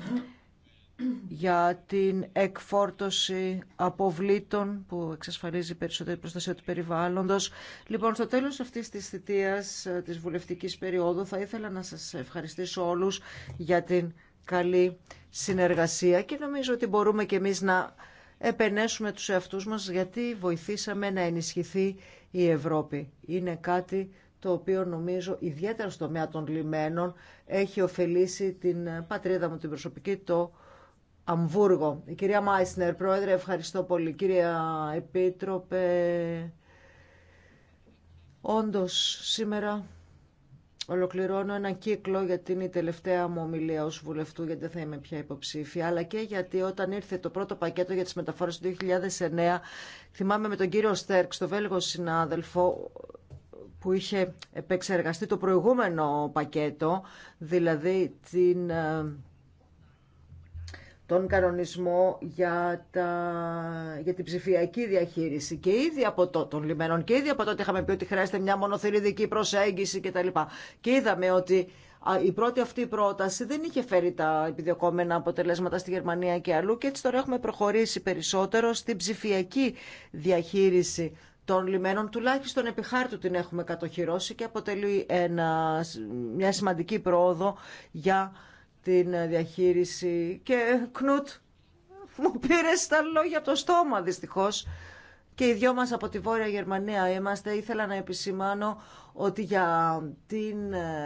για την εκφόρτωση αποβλήτων που εξασφαλίζει περισσότερη προστασία του περιβάλλοντος. Λοιπόν, στο τέλος αυτής της θητείας ε, της βουλευτικής περίοδου θα ήθελα να σας ευχαριστήσω όλους για την καλή συνεργασία και νομίζω ότι μπορούμε και εμείς να επενέσουμε τους εαυτούς μας γιατί βοηθήσαμε να ενισχυθεί η Ευρώπη. Είναι κάτι το οποίο νομίζω ιδιαίτερα στο τομέα των λιμένων έχει ωφελήσει την πατρίδα μου την προσωπική, το Αμβούργο. Η κυρία Μάισνερ, πρόεδρε, ευχαριστώ πολύ. Κυρία Επίτροπε, όντως σήμερα Ολοκληρώνω ένα κύκλο γιατί είναι η τελευταία μου ομιλία ως βουλευτού γιατί δεν θα είμαι πια υποψήφια αλλά και γιατί όταν ήρθε το πρώτο πακέτο για τις μεταφορές του 2009 θυμάμαι με τον κύριο Στέρξ, τον Βέλγο συνάδελφο που είχε επεξεργαστεί το προηγούμενο πακέτο δηλαδή την ε, τον κανονισμό για, τα, για την ψηφιακή διαχείριση και ήδη από τότε των λιμένων και ήδη από τότε είχαμε πει ότι χρειάζεται μια μονοθεριδική προσέγγιση κτλ. Και είδαμε ότι η πρώτη αυτή πρόταση δεν είχε φέρει τα επιδιωκόμενα αποτελέσματα στη Γερμανία και αλλού και έτσι τώρα έχουμε προχωρήσει περισσότερο στην ψηφιακή διαχείριση των λιμένων, τουλάχιστον επί χάρτου την έχουμε κατοχυρώσει και αποτελεί ένα, μια σημαντική πρόοδο για την διαχείριση και Κνούτ μου πήρε τα λόγια το στόμα δυστυχώς και οι δυο μας από τη Βόρεια Γερμανία είμαστε. Ήθελα να επισημάνω ότι για, την,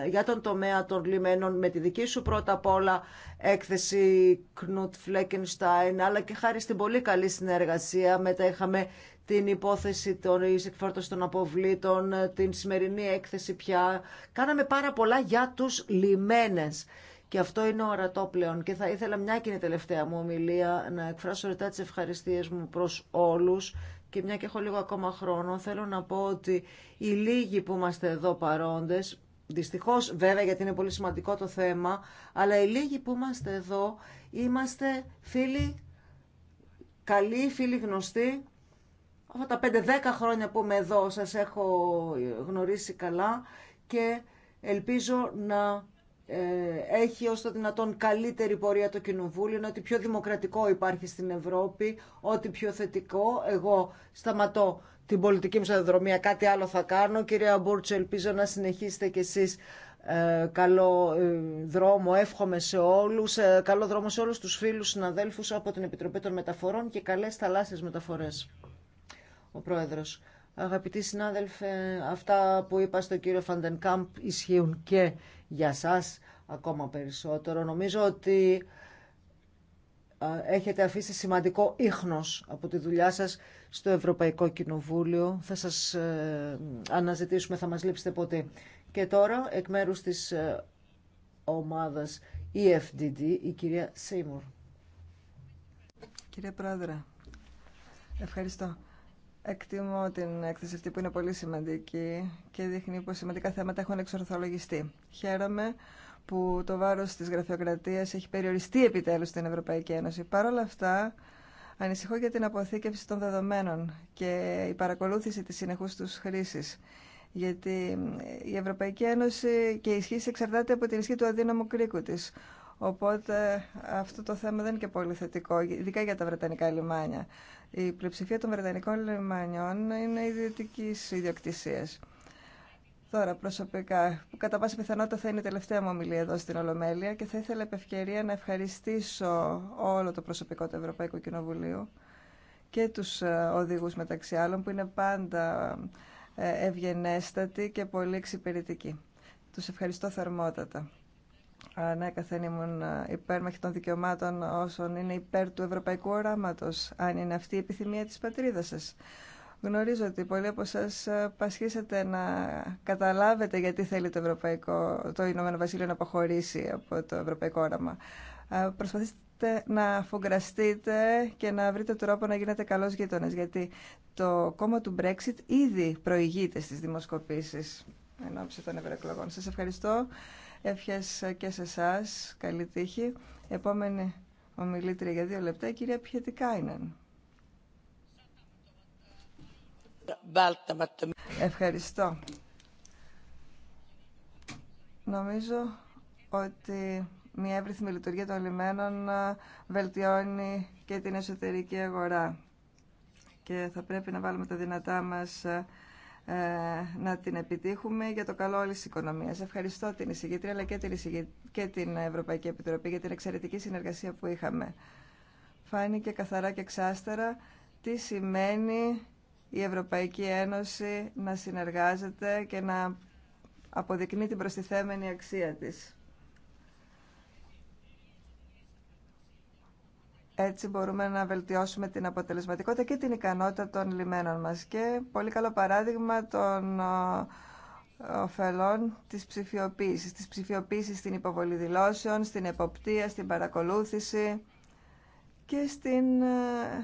για τον τομέα των λιμένων με τη δική σου πρώτα απ' όλα έκθεση Κνούτ Φλέκενστάιν αλλά και χάρη στην πολύ καλή συνεργασία μετά είχαμε την υπόθεση των εκφόρτωση των αποβλήτων, την σημερινή έκθεση πια. Κάναμε πάρα πολλά για τους λιμένες. Και αυτό είναι ορατό πλέον. Και θα ήθελα μια και είναι τελευταία μου ομιλία να εκφράσω ρητά τις ευχαριστίες μου προς όλους και μια και έχω λίγο ακόμα χρόνο, θέλω να πω ότι οι λίγοι που είμαστε εδώ παρόντες, δυστυχώς βέβαια γιατί είναι πολύ σημαντικό το θέμα, αλλά οι λίγοι που είμαστε εδώ είμαστε φίλοι καλοί, φίλοι γνωστοί. Αυτά τα 5-10 χρόνια που είμαι εδώ σας έχω γνωρίσει καλά και ελπίζω να ε, έχει ως το δυνατόν καλύτερη πορεία το Κοινοβούλιο, ότι πιο δημοκρατικό υπάρχει στην Ευρώπη, ότι πιο θετικό. Εγώ σταματώ την πολιτική μου δρομία κάτι άλλο θα κάνω. Κυρία Μπούρτσο, ελπίζω να συνεχίσετε κι εσείς ε, καλό ε, δρόμο, εύχομαι σε όλους, καλό δρόμο σε όλους τους φίλους, συναδέλφους από την Επιτροπή των Μεταφορών και καλές θαλάσσιες μεταφορές. Ο Πρόεδρος. Αγαπητοί συνάδελφοι, αυτά που είπα στον κύριο Φαντενκάμπ ισχύουν και για σας ακόμα περισσότερο. Νομίζω ότι έχετε αφήσει σημαντικό ίχνος από τη δουλειά σας στο Ευρωπαϊκό Κοινοβούλιο. Θα σας ε, αναζητήσουμε, θα μας λείψετε ποτέ. Και τώρα, εκ μέρους της ε, ομάδας EFDD, η κυρία Σέιμουρ. Κύριε Πρόεδρε, ευχαριστώ. Εκτιμώ την έκθεση αυτή που είναι πολύ σημαντική και δείχνει πως σημαντικά θέματα έχουν εξορθολογιστεί. Χαίρομαι που το βάρος της γραφειοκρατίας έχει περιοριστεί επιτέλους στην Ευρωπαϊκή Ένωση. Παρ' όλα αυτά, ανησυχώ για την αποθήκευση των δεδομένων και η παρακολούθηση της συνεχούς τους χρήσης. Γιατί η Ευρωπαϊκή Ένωση και η ισχύ εξαρτάται από την ισχύ του αδύναμου κρίκου της. Οπότε αυτό το θέμα δεν είναι και πολύ θετικό, ειδικά για τα βρετανικά λιμάνια. Η πλειοψηφία των Βρετανικών λιμανιών είναι ιδιωτική ιδιοκτησία. Τώρα, προσωπικά, που κατά πάσα πιθανότητα θα είναι η τελευταία μου ομιλία εδώ στην Ολομέλεια και θα ήθελα επ' ευκαιρία να ευχαριστήσω όλο το προσωπικό του Ευρωπαϊκού Κοινοβουλίου και τους ε, οδηγούς μεταξύ άλλων που είναι πάντα ε, ευγενέστατοι και πολύ εξυπηρετικοί. Τους ευχαριστώ θερμότατα ανέκαθεν ναι, ήμουν ε, υπέρμαχη των δικαιωμάτων όσων είναι υπέρ του ευρωπαϊκού οράματος, αν είναι αυτή η επιθυμία τη πατρίδα σα. Γνωρίζω ότι πολλοί από εσά ε, πασχίσατε να καταλάβετε γιατί θέλει το, Ευρωπαϊκό, το Ηνωμένο Βασίλειο να αποχωρήσει από το ευρωπαϊκό όραμα. Ε, προσπαθήστε να φογκραστείτε και να βρείτε τρόπο να γίνετε καλό γείτονε, γιατί το κόμμα του Brexit ήδη προηγείται στι δημοσκοπήσεις εν ώψη των ευρωεκλογών. Σας ευχαριστώ. Εύχες και σε εσά. Καλή τύχη. Επόμενη ομιλήτρια για δύο λεπτά, η κυρία Πιετικάινεν. Ευχαριστώ. Νομίζω ότι μια εύρυθμη λειτουργία των λιμένων ε, βελτιώνει και την εσωτερική αγορά και θα πρέπει να βάλουμε τα δυνατά μας ε, ε, να την επιτύχουμε για το καλό όλη της οικονομίας. Ευχαριστώ την εισηγήτρια αλλά και την, και την Ευρωπαϊκή Επιτροπή για την εξαιρετική συνεργασία που είχαμε. Φάνηκε καθαρά και εξάστερα τι σημαίνει η Ευρωπαϊκή Ένωση να συνεργάζεται και να αποδεικνύει την προστιθέμενη αξία της. Έτσι μπορούμε να βελτιώσουμε την αποτελεσματικότητα και την ικανότητα των λιμένων μας. Και πολύ καλό παράδειγμα των ε, ωφελών της ψηφιοποίησης. Της ψηφιοποίησης στην υποβολή δηλώσεων, στην εποπτεία, στην παρακολούθηση και στην, ε,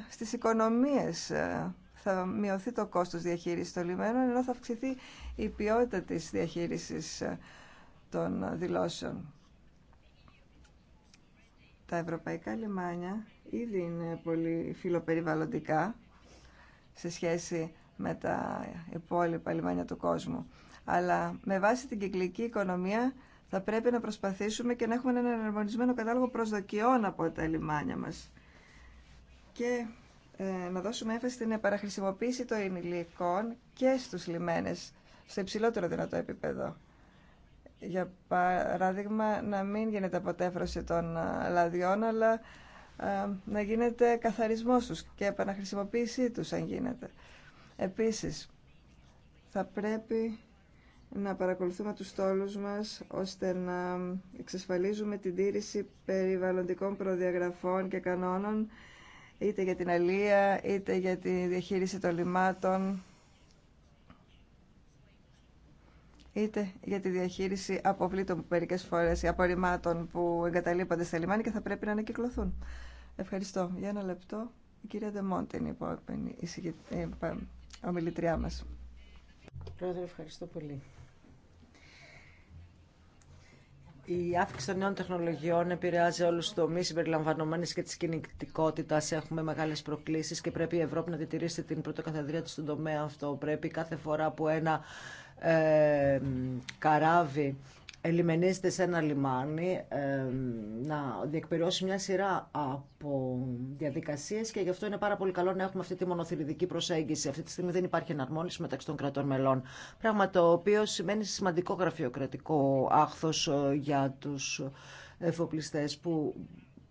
στις οικονομίες. Ε, θα μειωθεί το κόστος διαχείρισης των λιμένων, ενώ θα αυξηθεί η ποιότητα της διαχείρισης των δηλώσεων. Τα ευρωπαϊκά λιμάνια ήδη είναι πολύ φιλοπεριβαλλοντικά σε σχέση με τα υπόλοιπα λιμάνια του κόσμου. Αλλά με βάση την κυκλική οικονομία θα πρέπει να προσπαθήσουμε και να έχουμε έναν εναρμονισμένο κατάλογο προσδοκιών από τα λιμάνια μας. Και ε, να δώσουμε έμφαση στην επαραχρησιμοποίηση των υλικών και στους λιμένες, σε υψηλότερο δυνατό επίπεδο για παράδειγμα, να μην γίνεται αποτέφρωση των ε, λαδιών, αλλά ε, να γίνεται καθαρισμός τους και επαναχρησιμοποίησή τους, αν γίνεται. Επίσης, θα πρέπει να παρακολουθούμε τους στόλους μας, ώστε να εξασφαλίζουμε την τήρηση περιβαλλοντικών προδιαγραφών και κανόνων, είτε για την αλία, είτε για τη διαχείριση των λιμάτων, είτε για τη διαχείριση αποβλήτων που φορέ ή απορριμμάτων που εγκαταλείπονται στα λιμάνια και θα πρέπει να ανακυκλωθούν. Ευχαριστώ. Για ένα λεπτό, η κυρία Δεμόντε είναι η ε, ομιλητριά μα. Πρόεδρε, ευχαριστώ πολύ. Η αύξηση των νέων τεχνολογιών επηρεάζει όλου του τομεί, συμπεριλαμβανομένε και τη κινητικότητα. Έχουμε μεγάλε προκλήσει και πρέπει η Ευρώπη να διατηρήσει την πρωτοκαθεδρία τη στον τομέα αυτό. Πρέπει κάθε φορά που ένα ε, καράβι ελιμενίζεται σε ένα λιμάνι να διεκπεριώσει μια σειρά από διαδικασίες και γι' αυτό είναι πάρα πολύ καλό να έχουμε αυτή τη μονοθυριδική προσέγγιση. Αυτή τη στιγμή δεν υπάρχει εναρμόνιση μεταξύ των κρατών μελών, πράγμα το οποίο σημαίνει σημαντικό γραφειοκρατικό άχθος ε, για τους εφοπλιστές που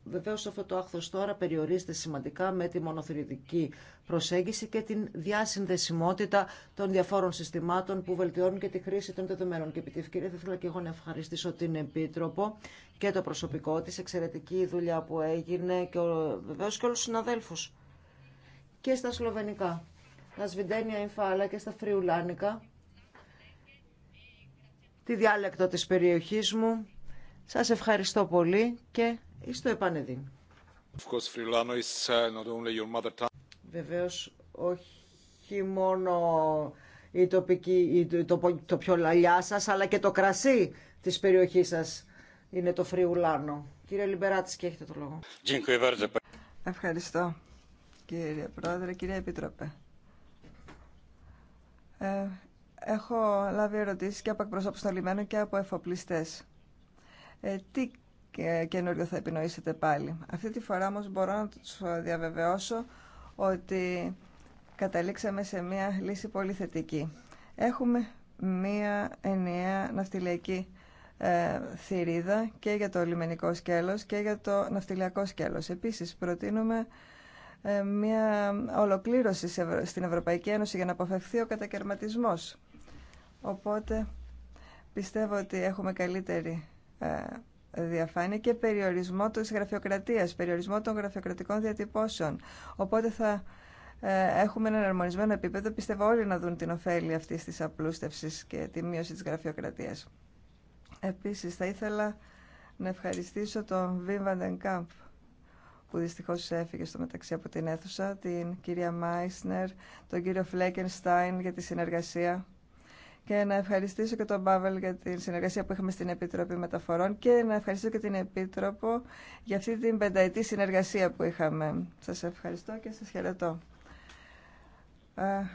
Βεβαίω αυτό το άχθο τώρα περιορίζεται σημαντικά με τη μονοθυριδική προσέγγιση και την διασυνδεσιμότητα των διαφόρων συστημάτων που βελτιώνουν και τη χρήση των δεδομένων. Και επί τη ευκαιρία θα ήθελα και εγώ να ευχαριστήσω την Επίτροπο και το προσωπικό τη. εξαιρετική η δουλειά που έγινε και βεβαίω και όλου του συναδέλφου. Και στα σλοβενικά, τα σβιντένια εμφάλα και στα φριουλάνικα, τη διάλεκτο της περιοχής μου. Σας ευχαριστώ πολύ και ή στο επανεδίν. Uh, Βεβαίως όχι μόνο η τοπική, η, το, πιο λαλιά σας, αλλά και το κρασί της περιοχής σας είναι το φριουλάνο. Κύριε Λιμπεράτης και έχετε το λόγο. Ευχαριστώ κύριε Πρόεδρε, κύριε Επίτροπε. Ε, έχω λάβει ερωτήσεις και από εκπροσώπους των λιμένων και από εφοπλιστές. Ε, τι και καινούριο θα επινοήσετε πάλι. Αυτή τη φορά όμως μπορώ να τους διαβεβαιώσω ότι καταλήξαμε σε μια λύση πολύ θετική. Έχουμε μια ενιαία ναυτιλιακή ε, θηρίδα και για το λιμενικό σκέλος και για το ναυτιλιακό σκέλος. Επίσης προτείνουμε ε, μια ολοκλήρωση στην Ευρωπαϊκή Ένωση για να αποφευθεί ο κατακαιρματισμός. Οπότε πιστεύω ότι έχουμε καλύτερη ε, διαφάνεια και περιορισμό της γραφειοκρατίας, περιορισμό των γραφειοκρατικών διατυπώσεων. Οπότε θα ε, έχουμε ένα εναρμονισμένο επίπεδο. Πιστεύω όλοι να δουν την ωφέλη αυτή της απλούστευσης και τη μείωση της γραφειοκρατίας. Επίσης, θα ήθελα να ευχαριστήσω τον Βιμ Βαντενκάμπ, που δυστυχώς έφυγε στο μεταξύ από την αίθουσα, την κυρία Μάισνερ, τον κύριο Φλέκενστάιν για τη συνεργασία και να ευχαριστήσω και τον Μπάβελ για την συνεργασία που είχαμε στην Επιτροπή Μεταφορών και να ευχαριστήσω και την Επίτροπο για αυτή την πενταετή συνεργασία που είχαμε. Σας ευχαριστώ και σας χαιρετώ.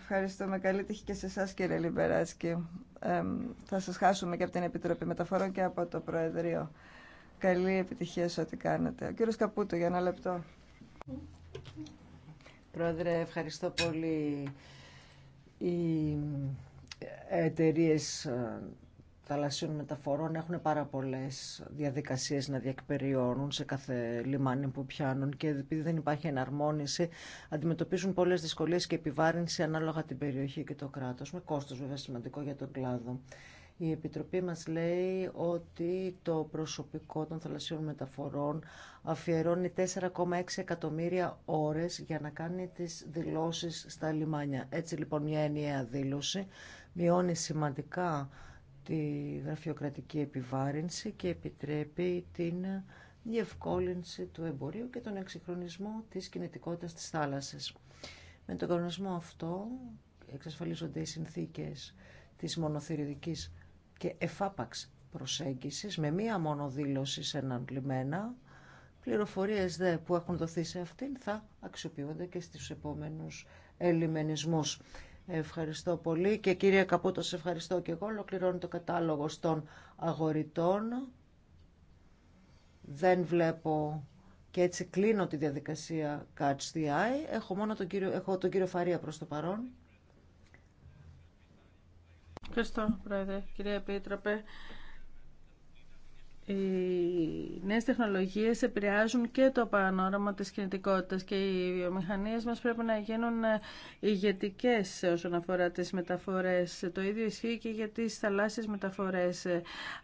Ευχαριστούμε. Καλή τύχη και σε εσά, κύριε Λιμπεράσκη. θα σας χάσουμε και από την Επιτροπή Μεταφορών και από το Προεδρείο. Καλή επιτυχία σε ό,τι κάνετε. Ο κύριος Καπούτο, για ένα λεπτό. Πρόεδρε, ευχαριστώ πολύ εταιρείε ε, θαλασσιών μεταφορών έχουν πάρα πολλέ διαδικασίε να διακπεριώνουν σε κάθε λιμάνι που πιάνουν και επειδή δεν υπάρχει εναρμόνιση αντιμετωπίζουν πολλέ δυσκολίε και επιβάρυνση ανάλογα την περιοχή και το κράτο με κόστο βέβαια σημαντικό για τον κλάδο. Η Επιτροπή μας λέει ότι το προσωπικό των θαλασσιών μεταφορών αφιερώνει 4,6 εκατομμύρια ώρες για να κάνει τις δηλώσεις στα λιμάνια. Έτσι λοιπόν μια ενιαία δήλωση μειώνει σημαντικά τη γραφειοκρατική επιβάρυνση και επιτρέπει την διευκόλυνση του εμπορίου και τον εξυγχρονισμό της κινητικότητας της θάλασσας. Με τον κανονισμό αυτό εξασφαλίζονται οι συνθήκες της μονοθυριδικής και εφάπαξ προσέγγισης με μία μόνο δήλωση σε έναν λιμένα. Πληροφορίες δε που έχουν δοθεί σε αυτήν θα αξιοποιούνται και στους επόμενους ελιμενισμούς. Ευχαριστώ πολύ και κύριε Καπούτο, σε ευχαριστώ και εγώ. Ολοκληρώνω το κατάλογο των αγοριτών. Δεν βλέπω και έτσι κλείνω τη διαδικασία Catch the Eye. Έχω μόνο τον κύριο, έχω τον κύριο Φαρία προς το παρόν. Ευχαριστώ, Πρόεδρε. Κυρία Επίτροπε, οι νέες τεχνολογίες επηρεάζουν και το πανόραμα της κινητικότητας και οι βιομηχανίες μας πρέπει να γίνουν ηγετικέ όσον αφορά τις μεταφορές. Το ίδιο ισχύει και για τις θαλάσσιες μεταφορές.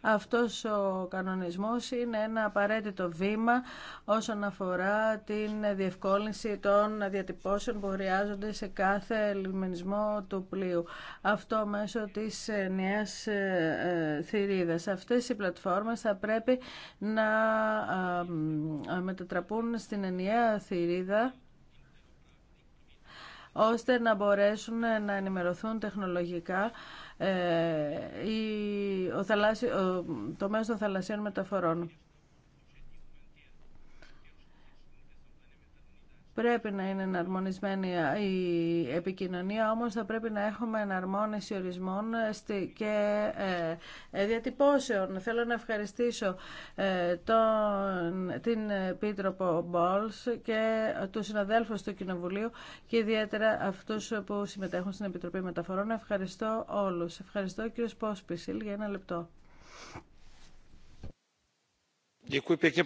Αυτός ο κανονισμός είναι ένα απαραίτητο βήμα όσον αφορά την διευκόλυνση των διατυπώσεων που χρειάζονται σε κάθε λιμενισμό του πλοίου. Αυτό μέσω της νέας ε, ε, θηρίδας. Αυτές οι πλατφόρμες θα πρέπει να ε, μετατραπούν στην ενιαία θηρίδα ώστε να μπορέσουν να ενημερωθούν τεχνολογικά ε, ο, θαλάσσι, ο των θαλασσίων μεταφορών. Πρέπει να είναι εναρμονισμένη η επικοινωνία, όμως θα πρέπει να έχουμε εναρμόνιση ορισμών και ε, ε, διατυπώσεων. Θέλω να ευχαριστήσω ε, τον, την Επίτροπο Μπόλς και του συναδέλφους του Κοινοβουλίου και ιδιαίτερα αυτούς που συμμετέχουν στην Επιτροπή Μεταφορών. Ευχαριστώ όλους. Ευχαριστώ κύριο Πόσπισιλ για ένα λεπτό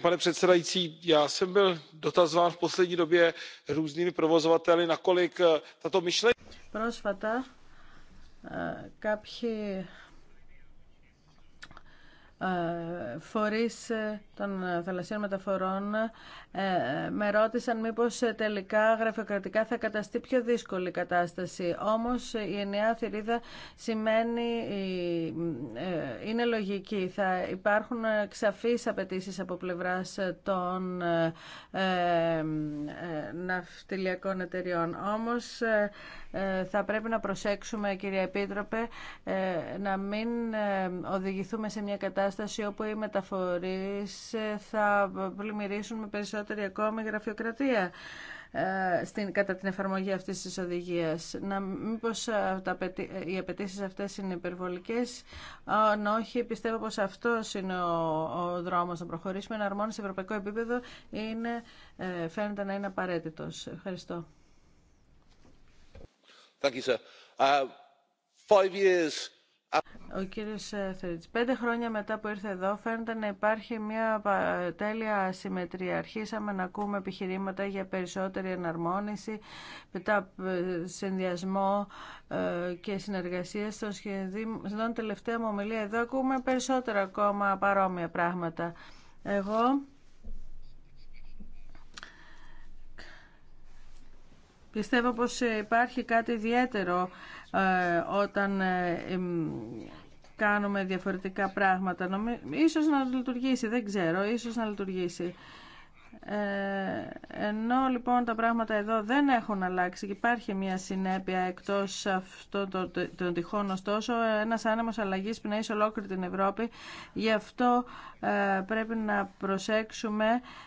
pane předsedající já jsem byl dotazován v poslední době různými provozovateli nakolik tato myšlenka. Ε, φορείς ε, των ε, θαλασσίων μεταφορών με ρώτησαν μήπως τελικά γραφειοκρατικά θα καταστεί πιο δύσκολη κατάσταση. Όμως η ενιαία θηρίδα σημαίνει, είναι λογική. Θα υπάρχουν ξαφείς απαιτήσει από πλευράς των ναυτιλιακών εταιριών. Όμως θα πρέπει να προσέξουμε, κυρία Επίτροπε, να μην οδηγηθούμε σε μια κατάσταση κατάσταση όπου οι μεταφορείς ε, θα πλημμυρίσουν με περισσότερη ακόμη γραφειοκρατία ε, στην, κατά την εφαρμογή αυτής της οδηγίας. Να, μήπως ε, τα, οι απαιτήσει αυτές είναι υπερβολικές. Αν όχι, πιστεύω πως αυτό είναι ο, ο δρόμος να προχωρήσουμε. Να αρμόνει σε ευρωπαϊκό επίπεδο είναι, φαίνεται να είναι απαραίτητο. Ευχαριστώ. Thank you, sir. Uh, years ο κύριος ε, πέντε χρόνια μετά που ήρθε εδώ φαίνεται να υπάρχει μια τέλεια συμμετρία. Αρχίσαμε να ακούμε επιχειρήματα για περισσότερη εναρμόνιση, μετά ε, συνδυασμό ε, και συνεργασία στο σχεδί. Στον τελευταία μου ομιλία εδώ ακούμε περισσότερα ακόμα παρόμοια πράγματα. Εγώ πιστεύω πως υπάρχει κάτι ιδιαίτερο ε, όταν ε, κάνουμε διαφορετικά πράγματα. Ίσως να λειτουργήσει, δεν ξέρω, ίσως να λειτουργήσει. Ε, ενώ λοιπόν τα πράγματα εδώ δεν έχουν αλλάξει και υπάρχει μια συνέπεια εκτός αυτών των το, το, τυχών ωστόσο ένας άνεμος αλλαγής πνέει σε ολόκληρη την Ευρώπη γι' αυτό ε, πρέπει να προσέξουμε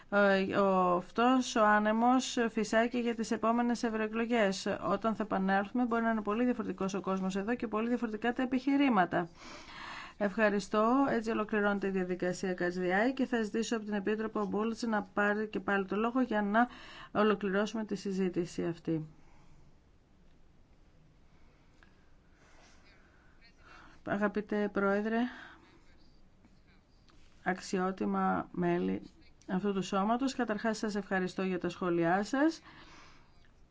ε, ο, αυτός ο άνεμος φυσάει και για τις επόμενες ευρωεκλογέ. όταν θα επανέλθουμε μπορεί να είναι πολύ διαφορετικός ο κόσμος εδώ και πολύ διαφορετικά τα επιχειρήματα Ευχαριστώ. Έτσι ολοκληρώνεται η διαδικασία Κατσδιάη και θα ζητήσω από την Επίτροπο Μπούλτση να πάρει και πάλι το λόγο για να ολοκληρώσουμε τη συζήτηση αυτή. Αγαπητέ Πρόεδρε, αξιότιμα μέλη αυτού του σώματος, καταρχάς σας ευχαριστώ για τα σχόλιά σας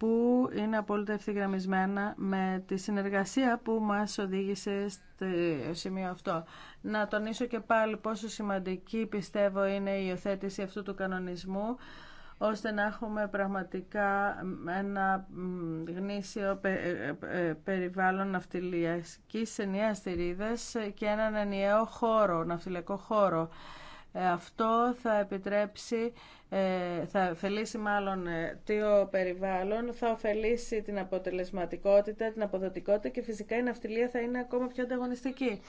που είναι απόλυτα ευθυγραμμισμένα με τη συνεργασία που μας οδήγησε στο σημείο αυτό. Να τονίσω και πάλι πόσο σημαντική πιστεύω είναι η υιοθέτηση αυτού του κανονισμού ώστε να έχουμε πραγματικά ένα γνήσιο ε, ε, περιβάλλον ναυτιλιακής ενιαίας θηρίδας και έναν ενιαίο χώρο, ναυτιλιακό χώρο. Ε, αυτό θα επιτρέψει, ε, θα ωφελήσει μάλλον ε, το περιβάλλον, θα ωφελήσει την αποτελεσματικότητα, την αποδοτικότητα και φυσικά η ναυτιλία θα είναι ακόμα πιο ανταγωνιστική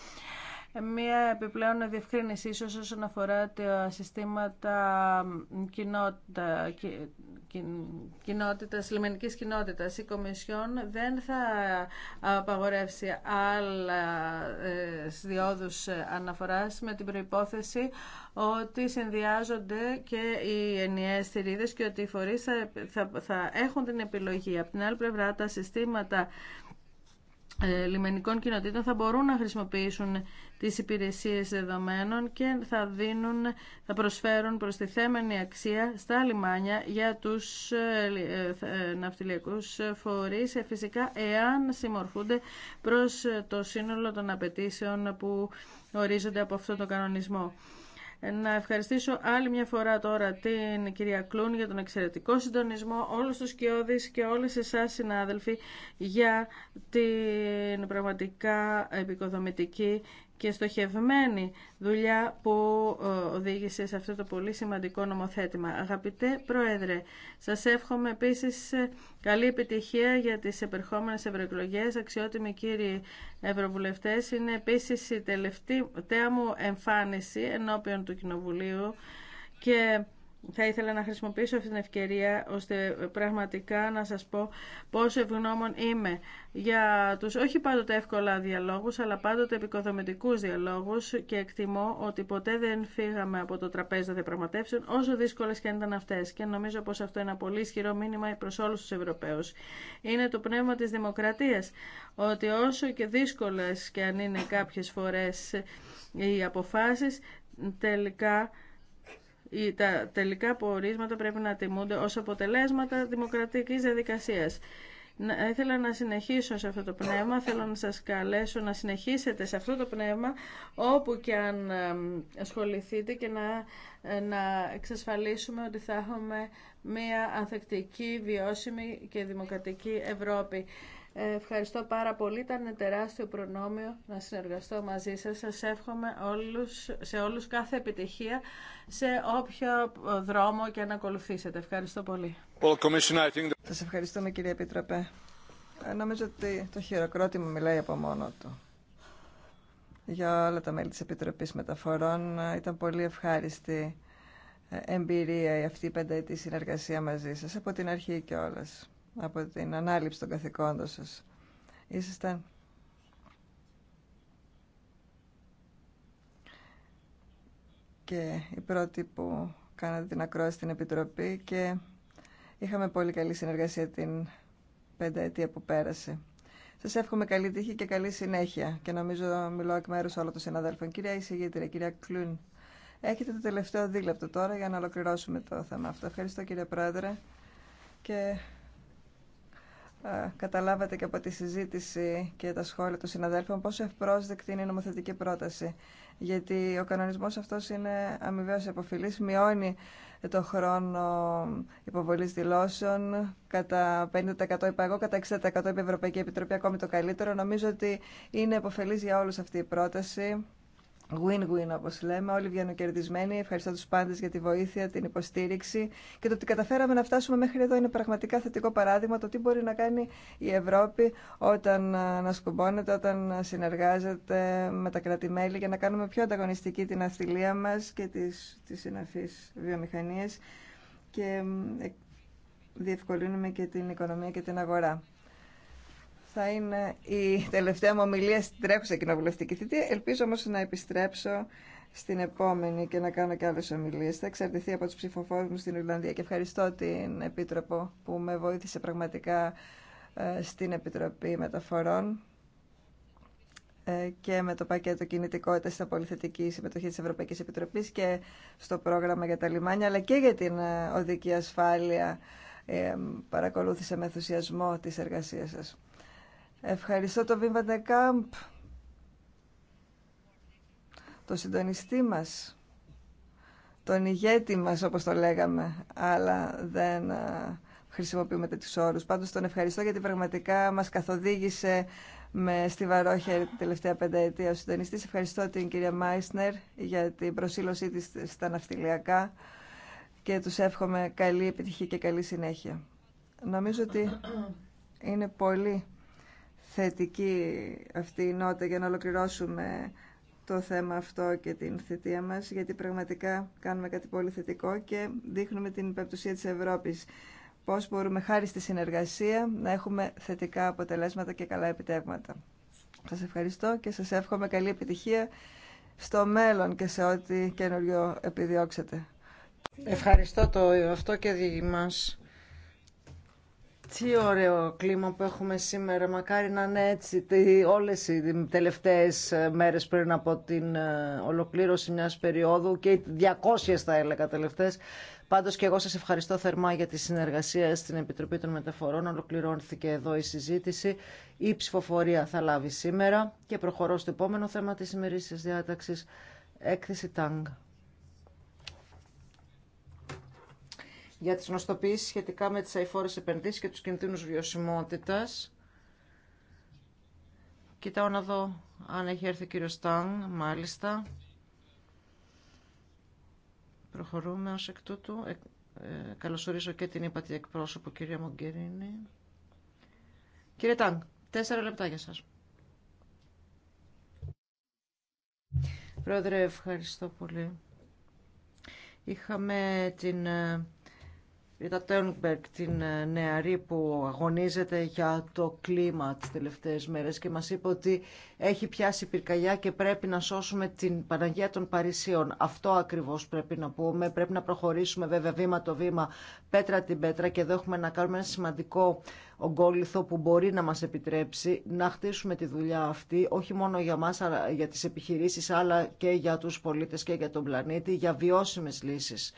μια επιπλέον διευκρίνηση ίσως όσον αφορά τα συστήματα κοινότητα, κοινότητας, λιμενικής κοινότητας. Η Κομισιόν δεν θα απαγορεύσει άλλα ε, διόδους αναφοράς με την προϋπόθεση ότι συνδυάζονται και οι ενιαίες θηρίδες και ότι οι φορείς θα, θα, θα έχουν την επιλογή. Από την άλλη πλευρά τα συστήματα ε, λιμενικών κοινοτήτων θα μπορούν να χρησιμοποιήσουν τις υπηρεσίες δεδομένων και θα, δίνουν, θα προσφέρουν προστιθέμενη αξία στα λιμάνια για τους ε, ε, ναυτιλιακούς φορείς, φυσικά εάν συμμορφούνται προς το σύνολο των απαιτήσεων που ορίζονται από αυτόν τον κανονισμό. Να ευχαριστήσω άλλη μια φορά τώρα την κυρία Κλούν για τον εξαιρετικό συντονισμό, όλους τους κοιόδης και όλες εσάς συνάδελφοι για την πραγματικά επικοδομητική και στοχευμένη δουλειά που ε, οδήγησε σε αυτό το πολύ σημαντικό νομοθέτημα. Αγαπητέ Πρόεδρε, σας εύχομαι επίσης ε, καλή επιτυχία για τις επερχόμενες ευρωεκλογέ. Αξιότιμοι κύριοι Ευρωβουλευτές, είναι επίσης η τελευταία μου εμφάνιση ενώπιον του Κοινοβουλίου και θα ήθελα να χρησιμοποιήσω αυτή την ευκαιρία ώστε πραγματικά να σας πω πόσο ευγνώμων είμαι για τους όχι πάντοτε εύκολα διαλόγους αλλά πάντοτε επικοδομητικούς διαλόγους και εκτιμώ ότι ποτέ δεν φύγαμε από το τραπέζι των διαπραγματεύσεων όσο δύσκολες και αν ήταν αυτές και νομίζω πως αυτό είναι ένα πολύ ισχυρό μήνυμα προς όλους τους Ευρωπαίους. Είναι το πνεύμα της δημοκρατίας ότι όσο και δύσκολες και αν είναι κάποιες φορές οι αποφάσεις τελικά τα τελικά πορίσματα πρέπει να τιμούνται ως αποτελέσματα δημοκρατικής διαδικασίας. Να, ήθελα να συνεχίσω σε αυτό το πνεύμα, θέλω να σας καλέσω να συνεχίσετε σε αυτό το πνεύμα όπου και αν ασχοληθείτε και να, ε, να εξασφαλίσουμε ότι θα έχουμε μια ανθεκτική, βιώσιμη και δημοκρατική Ευρώπη. Ευχαριστώ πάρα πολύ. Ήταν τεράστιο προνόμιο να συνεργαστώ μαζί σας. Σας εύχομαι όλους, σε όλους κάθε επιτυχία σε όποιο δρόμο και να ακολουθήσετε. Ευχαριστώ πολύ. Σας ευχαριστούμε κύριε Επίτροπε. Νομίζω ότι το χειροκρότημα μιλάει από μόνο του. Για όλα τα μέλη της Επιτροπής Μεταφορών ε, ήταν πολύ ευχάριστη ε, εμπειρία αυτή η πενταετή συνεργασία μαζί σας από την αρχή και από την ανάληψη των καθηκόντων σας. Ήσασταν και οι πρώτοι που κάνατε την ακρόαση στην Επιτροπή και είχαμε πολύ καλή συνεργασία την πενταετία που πέρασε. Σας εύχομαι καλή τύχη και καλή συνέχεια και νομίζω μιλώ εκ μέρους όλων των συναδέλφων. Κυρία Ισηγήτρια, κυρία Κλούν, έχετε το τελευταίο δίλεπτο τώρα για να ολοκληρώσουμε το θέμα αυτό. Ευχαριστώ κύριε Πρόεδρε και καταλάβατε και από τη συζήτηση και τα σχόλια των συναδέλφων πόσο ευπρόσδεκτη είναι η νομοθετική πρόταση. Γιατί ο κανονισμός αυτός είναι αμοιβαίως υποφιλή, μειώνει το χρόνο υποβολής δηλώσεων κατά 50% είπα εγώ, κατά 60% είπε η Ευρωπαϊκή Επιτροπή, ακόμη το καλύτερο. Νομίζω ότι είναι επωφελής για όλους αυτή η πρόταση win-win όπως λέμε, όλοι βγαίνουν κερδισμένοι. Ευχαριστώ τους πάντες για τη βοήθεια, την υποστήριξη και το ότι καταφέραμε να φτάσουμε μέχρι εδώ είναι πραγματικά θετικό παράδειγμα το τι μπορεί να κάνει η Ευρώπη όταν ανασκουμπώνεται, ε, όταν συνεργάζεται με τα κράτη-μέλη για να κάνουμε πιο ανταγωνιστική την αυθυλία μας και τις, τις συναφείς βιομηχανίες και ε, διευκολύνουμε και την οικονομία και την αγορά θα είναι η τελευταία μου ομιλία στην τρέχουσα κοινοβουλευτική θητεία. Ελπίζω όμως να επιστρέψω στην επόμενη και να κάνω και άλλες ομιλίες. Θα εξαρτηθεί από τους ψηφοφόρους μου στην Ιρλανδία και ευχαριστώ την Επίτροπο που με βοήθησε πραγματικά ε, στην Επιτροπή Μεταφορών ε, και με το πακέτο κινητικότητα στα πολυθετική συμμετοχή της Ευρωπαϊκής Επιτροπής και στο πρόγραμμα για τα λιμάνια, αλλά και για την ε, οδική ασφάλεια. παρακολούθησε με ενθουσιασμό τις εργασίες σας. Ευχαριστώ τον Βίμβα κάμπ, τον συντονιστή μας, τον ηγέτη μας όπως το λέγαμε, αλλά δεν ε, χρησιμοποιούμε τέτοιους όρους. Πάντως τον ευχαριστώ γιατί πραγματικά μας καθοδήγησε με στιβαρό χέρι την τελευταία πενταετία ο συντονιστής. Ευχαριστώ την κυρία Μάισνερ για την προσήλωσή της στα ναυτιλιακά και τους εύχομαι καλή επιτυχία και καλή συνέχεια. Νομίζω ότι είναι πολύ θετική αυτή η νότα για να ολοκληρώσουμε το θέμα αυτό και την θητεία μας, γιατί πραγματικά κάνουμε κάτι πολύ θετικό και δείχνουμε την υπεπτουσία της Ευρώπης. Πώς μπορούμε χάρη στη συνεργασία να έχουμε θετικά αποτελέσματα και καλά επιτεύγματα. Σας ευχαριστώ και σας εύχομαι καλή επιτυχία στο μέλλον και σε ό,τι καινούριο επιδιώξετε. Ευχαριστώ το αυτό και μας τι ωραίο κλίμα που έχουμε σήμερα. Μακάρι να είναι έτσι όλε οι τελευταίες ε, μέρες πριν από την ε, ολοκλήρωση μιας περίοδου και 200 θα έλεγα τελευταίε. Πάντως και εγώ σας ευχαριστώ θερμά για τη συνεργασία στην Επιτροπή των Μεταφορών. Ολοκληρώθηκε εδώ η συζήτηση. Η ψηφοφορία θα λάβει σήμερα και προχωρώ στο επόμενο θέμα της σημερινής διάταξης. Έκθεση ΤΑΝΓ. για τις γνωστοποιήσεις σχετικά με τις αηφόρες επενδύσεις και τους κινδύνους βιωσιμότητας. Κοιτάω να δω αν έχει έρθει ο κύριος Τάν, μάλιστα. Προχωρούμε ως εκ τούτου. Ε, ε, καλωσορίζω και την ύπατη εκπρόσωπο κυρία Μογκερίνη. Κύριε Τάν, τέσσερα λεπτά για σας. Πρόεδρε, ευχαριστώ πολύ. Είχαμε την ε, Ρίτα Τέρνμπερκ, την ε, νεαρή που αγωνίζεται για το κλίμα τις τελευταίες μέρες και μας είπε ότι έχει πιάσει πυρκαγιά και πρέπει να σώσουμε την Παναγία των Παρισίων. Αυτό ακριβώς πρέπει να πούμε. Πρέπει να προχωρήσουμε βέβαια βήμα το βήμα, πέτρα την πέτρα και εδώ έχουμε να κάνουμε ένα σημαντικό ογκόλυθο που μπορεί να μας επιτρέψει να χτίσουμε τη δουλειά αυτή όχι μόνο για μας, αλλά για τις επιχειρήσεις, αλλά και για τους πολίτες και για τον πλανήτη, για βιώσιμες λύσεις.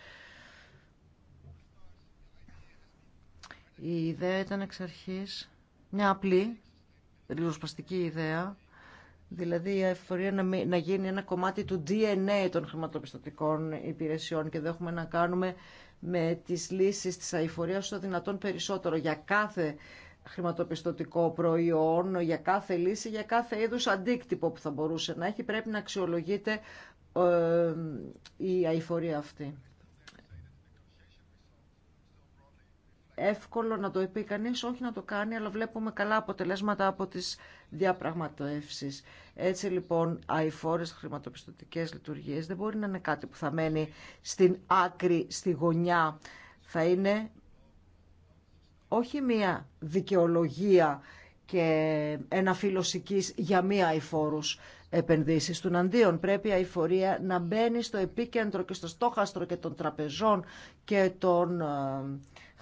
Η ιδέα ήταν εξ αρχής μια απλή, ριζοσπαστική ιδέα, δηλαδή η αφορία να, γίνει ένα κομμάτι του DNA των χρηματοπιστωτικών υπηρεσιών και δεν έχουμε να κάνουμε με τις λύσεις της αηφορίας όσο δυνατόν περισσότερο για κάθε χρηματοπιστωτικό προϊόν, για κάθε λύση, για κάθε είδους αντίκτυπο που θα μπορούσε να έχει. Πρέπει να αξιολογείται ε, η αηφορία αυτή. εύκολο να το πει κανείς, όχι να το κάνει, αλλά βλέπουμε καλά αποτελέσματα από τις διαπραγματεύσεις. Έτσι λοιπόν, αηφόρες χρηματοπιστωτικές λειτουργίες δεν μπορεί να είναι κάτι που θα μένει στην άκρη, στη γωνιά. Θα είναι όχι μία δικαιολογία και ένα φιλοσικής για μία αηφόρους επενδύσεις του αντίον. Πρέπει η αηφορία να μπαίνει στο επίκεντρο και στο στόχαστρο και των τραπεζών και των ε,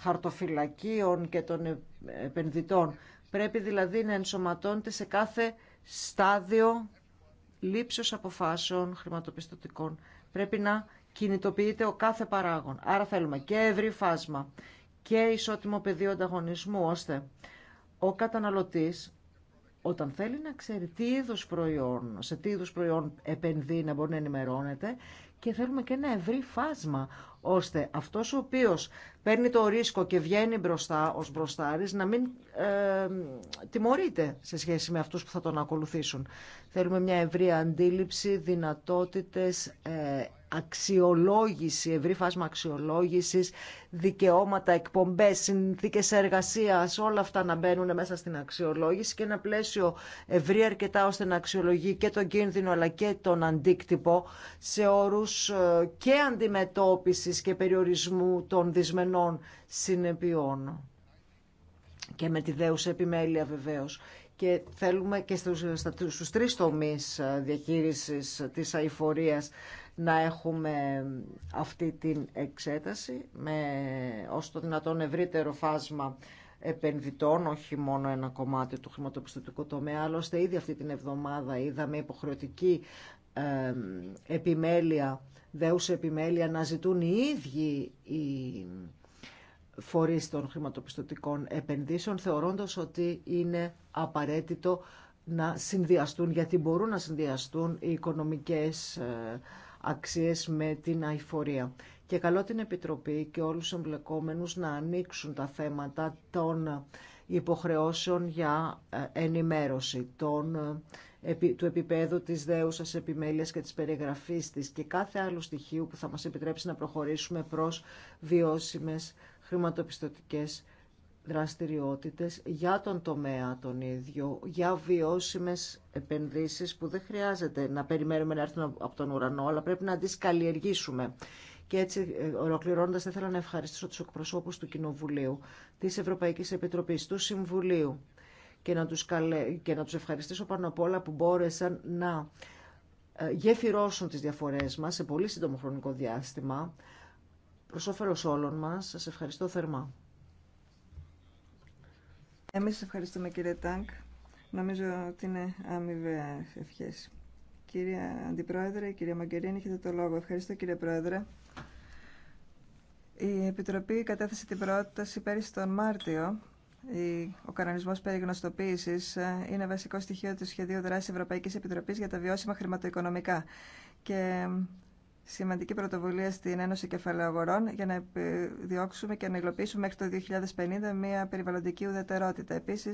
χαρτοφυλακίων και των επενδυτών. Πρέπει δηλαδή να ενσωματώνεται σε κάθε στάδιο λήψεως αποφάσεων χρηματοπιστωτικών. Πρέπει να κινητοποιείται ο κάθε παράγον. Άρα θέλουμε και ευρύ φάσμα και ισότιμο πεδίο ανταγωνισμού, ώστε ο καταναλωτής όταν θέλει να ξέρει τι είδους προϊόν, σε τι είδους προϊόν επενδύει να μπορεί να ενημερώνεται και θέλουμε και ένα ευρύ φάσμα ώστε αυτός ο οποίος παίρνει το ρίσκο και βγαίνει μπροστά ως μπροστάρης να μην ε, τιμωρείται σε σχέση με αυτούς που θα τον ακολουθήσουν. Θέλουμε μια ευρία αντίληψη, δυνατότητες, ε, αξιολόγηση, ευρύ φάσμα αξιολόγησης, δικαιώματα, εκπομπές, συνθήκες εργασίας, όλα αυτά να μπαίνουν μέσα στην αξιολόγηση και ένα πλαίσιο ευρύ αρκετά ώστε να αξιολογεί και τον κίνδυνο αλλά και τον αντίκτυπο σε όρους ε, και αντιμετώπισης και περιορισμού των δυσμενών συνεπειών. Και με τη δέουσα επιμέλεια βεβαίως και θέλουμε και στους, στους τρεις τομείς ε, διαχείρισης της αηφορίας να έχουμε αυτή την εξέταση με ως το δυνατόν ευρύτερο φάσμα επενδυτών, όχι μόνο ένα κομμάτι του χρηματοπιστωτικού τομέα. Άλλωστε, ήδη αυτή την εβδομάδα είδαμε υποχρεωτική ε, επιμέλεια, δέουσε επιμέλεια να ζητούν οι ίδιοι οι φορείς των χρηματοπιστωτικών επενδύσεων, θεωρώντας ότι είναι απαραίτητο να συνδυαστούν, γιατί μπορούν να συνδυαστούν οι οικονομικές ε, αξίες με την αηφορία. Και καλό την Επιτροπή και όλους τους εμπλεκόμενους να ανοίξουν τα θέματα των υποχρεώσεων για ε, ενημέρωση, των, ε, του επίπεδου της δέουσας επιμέλειας και της περιγραφής της και κάθε άλλου στοιχείου που θα μας επιτρέψει να προχωρήσουμε προς βιώσιμες χρηματοπιστωτικές δραστηριότητες για τον τομέα τον ίδιο, για βιώσιμες επενδύσεις που δεν χρειάζεται να περιμένουμε να έρθουν από τον ουρανό, αλλά πρέπει να τις καλλιεργήσουμε. Και έτσι, ε, ολοκληρώνοντα, θα ήθελα να ευχαριστήσω του εκπροσώπου του Κοινοβουλίου, τη Ευρωπαϊκή Επιτροπή, του Συμβουλίου και να, τους και να τους ευχαριστήσω πάνω απ' όλα που μπόρεσαν να ε, γεφυρώσουν τις διαφορές μας σε πολύ σύντομο χρονικό διάστημα προς όφελος όλων μας. σα ευχαριστώ θερμά. Εμείς ευχαριστούμε κύριε Τάνκ. Νομίζω ότι είναι αμοιβαία ευχές. Κύριε Αντιπρόεδρε, κύριε Μαγκερίνη, έχετε το λόγο. Ευχαριστώ κύριε Πρόεδρε. Η Επιτροπή κατέθεσε την πρόταση πέρυσι τον Μάρτιο. Ο κανονισμό περί ε, είναι βασικό στοιχείο του σχεδίου δράση Ευρωπαϊκή Επιτροπή για τα βιώσιμα χρηματοοικονομικά. Και σημαντική πρωτοβουλία στην Ένωση Κεφαλαίου Αγορών για να επιδιώξουμε και να υλοποιήσουμε μέχρι το 2050 μια περιβαλλοντική ουδετερότητα. Επίση,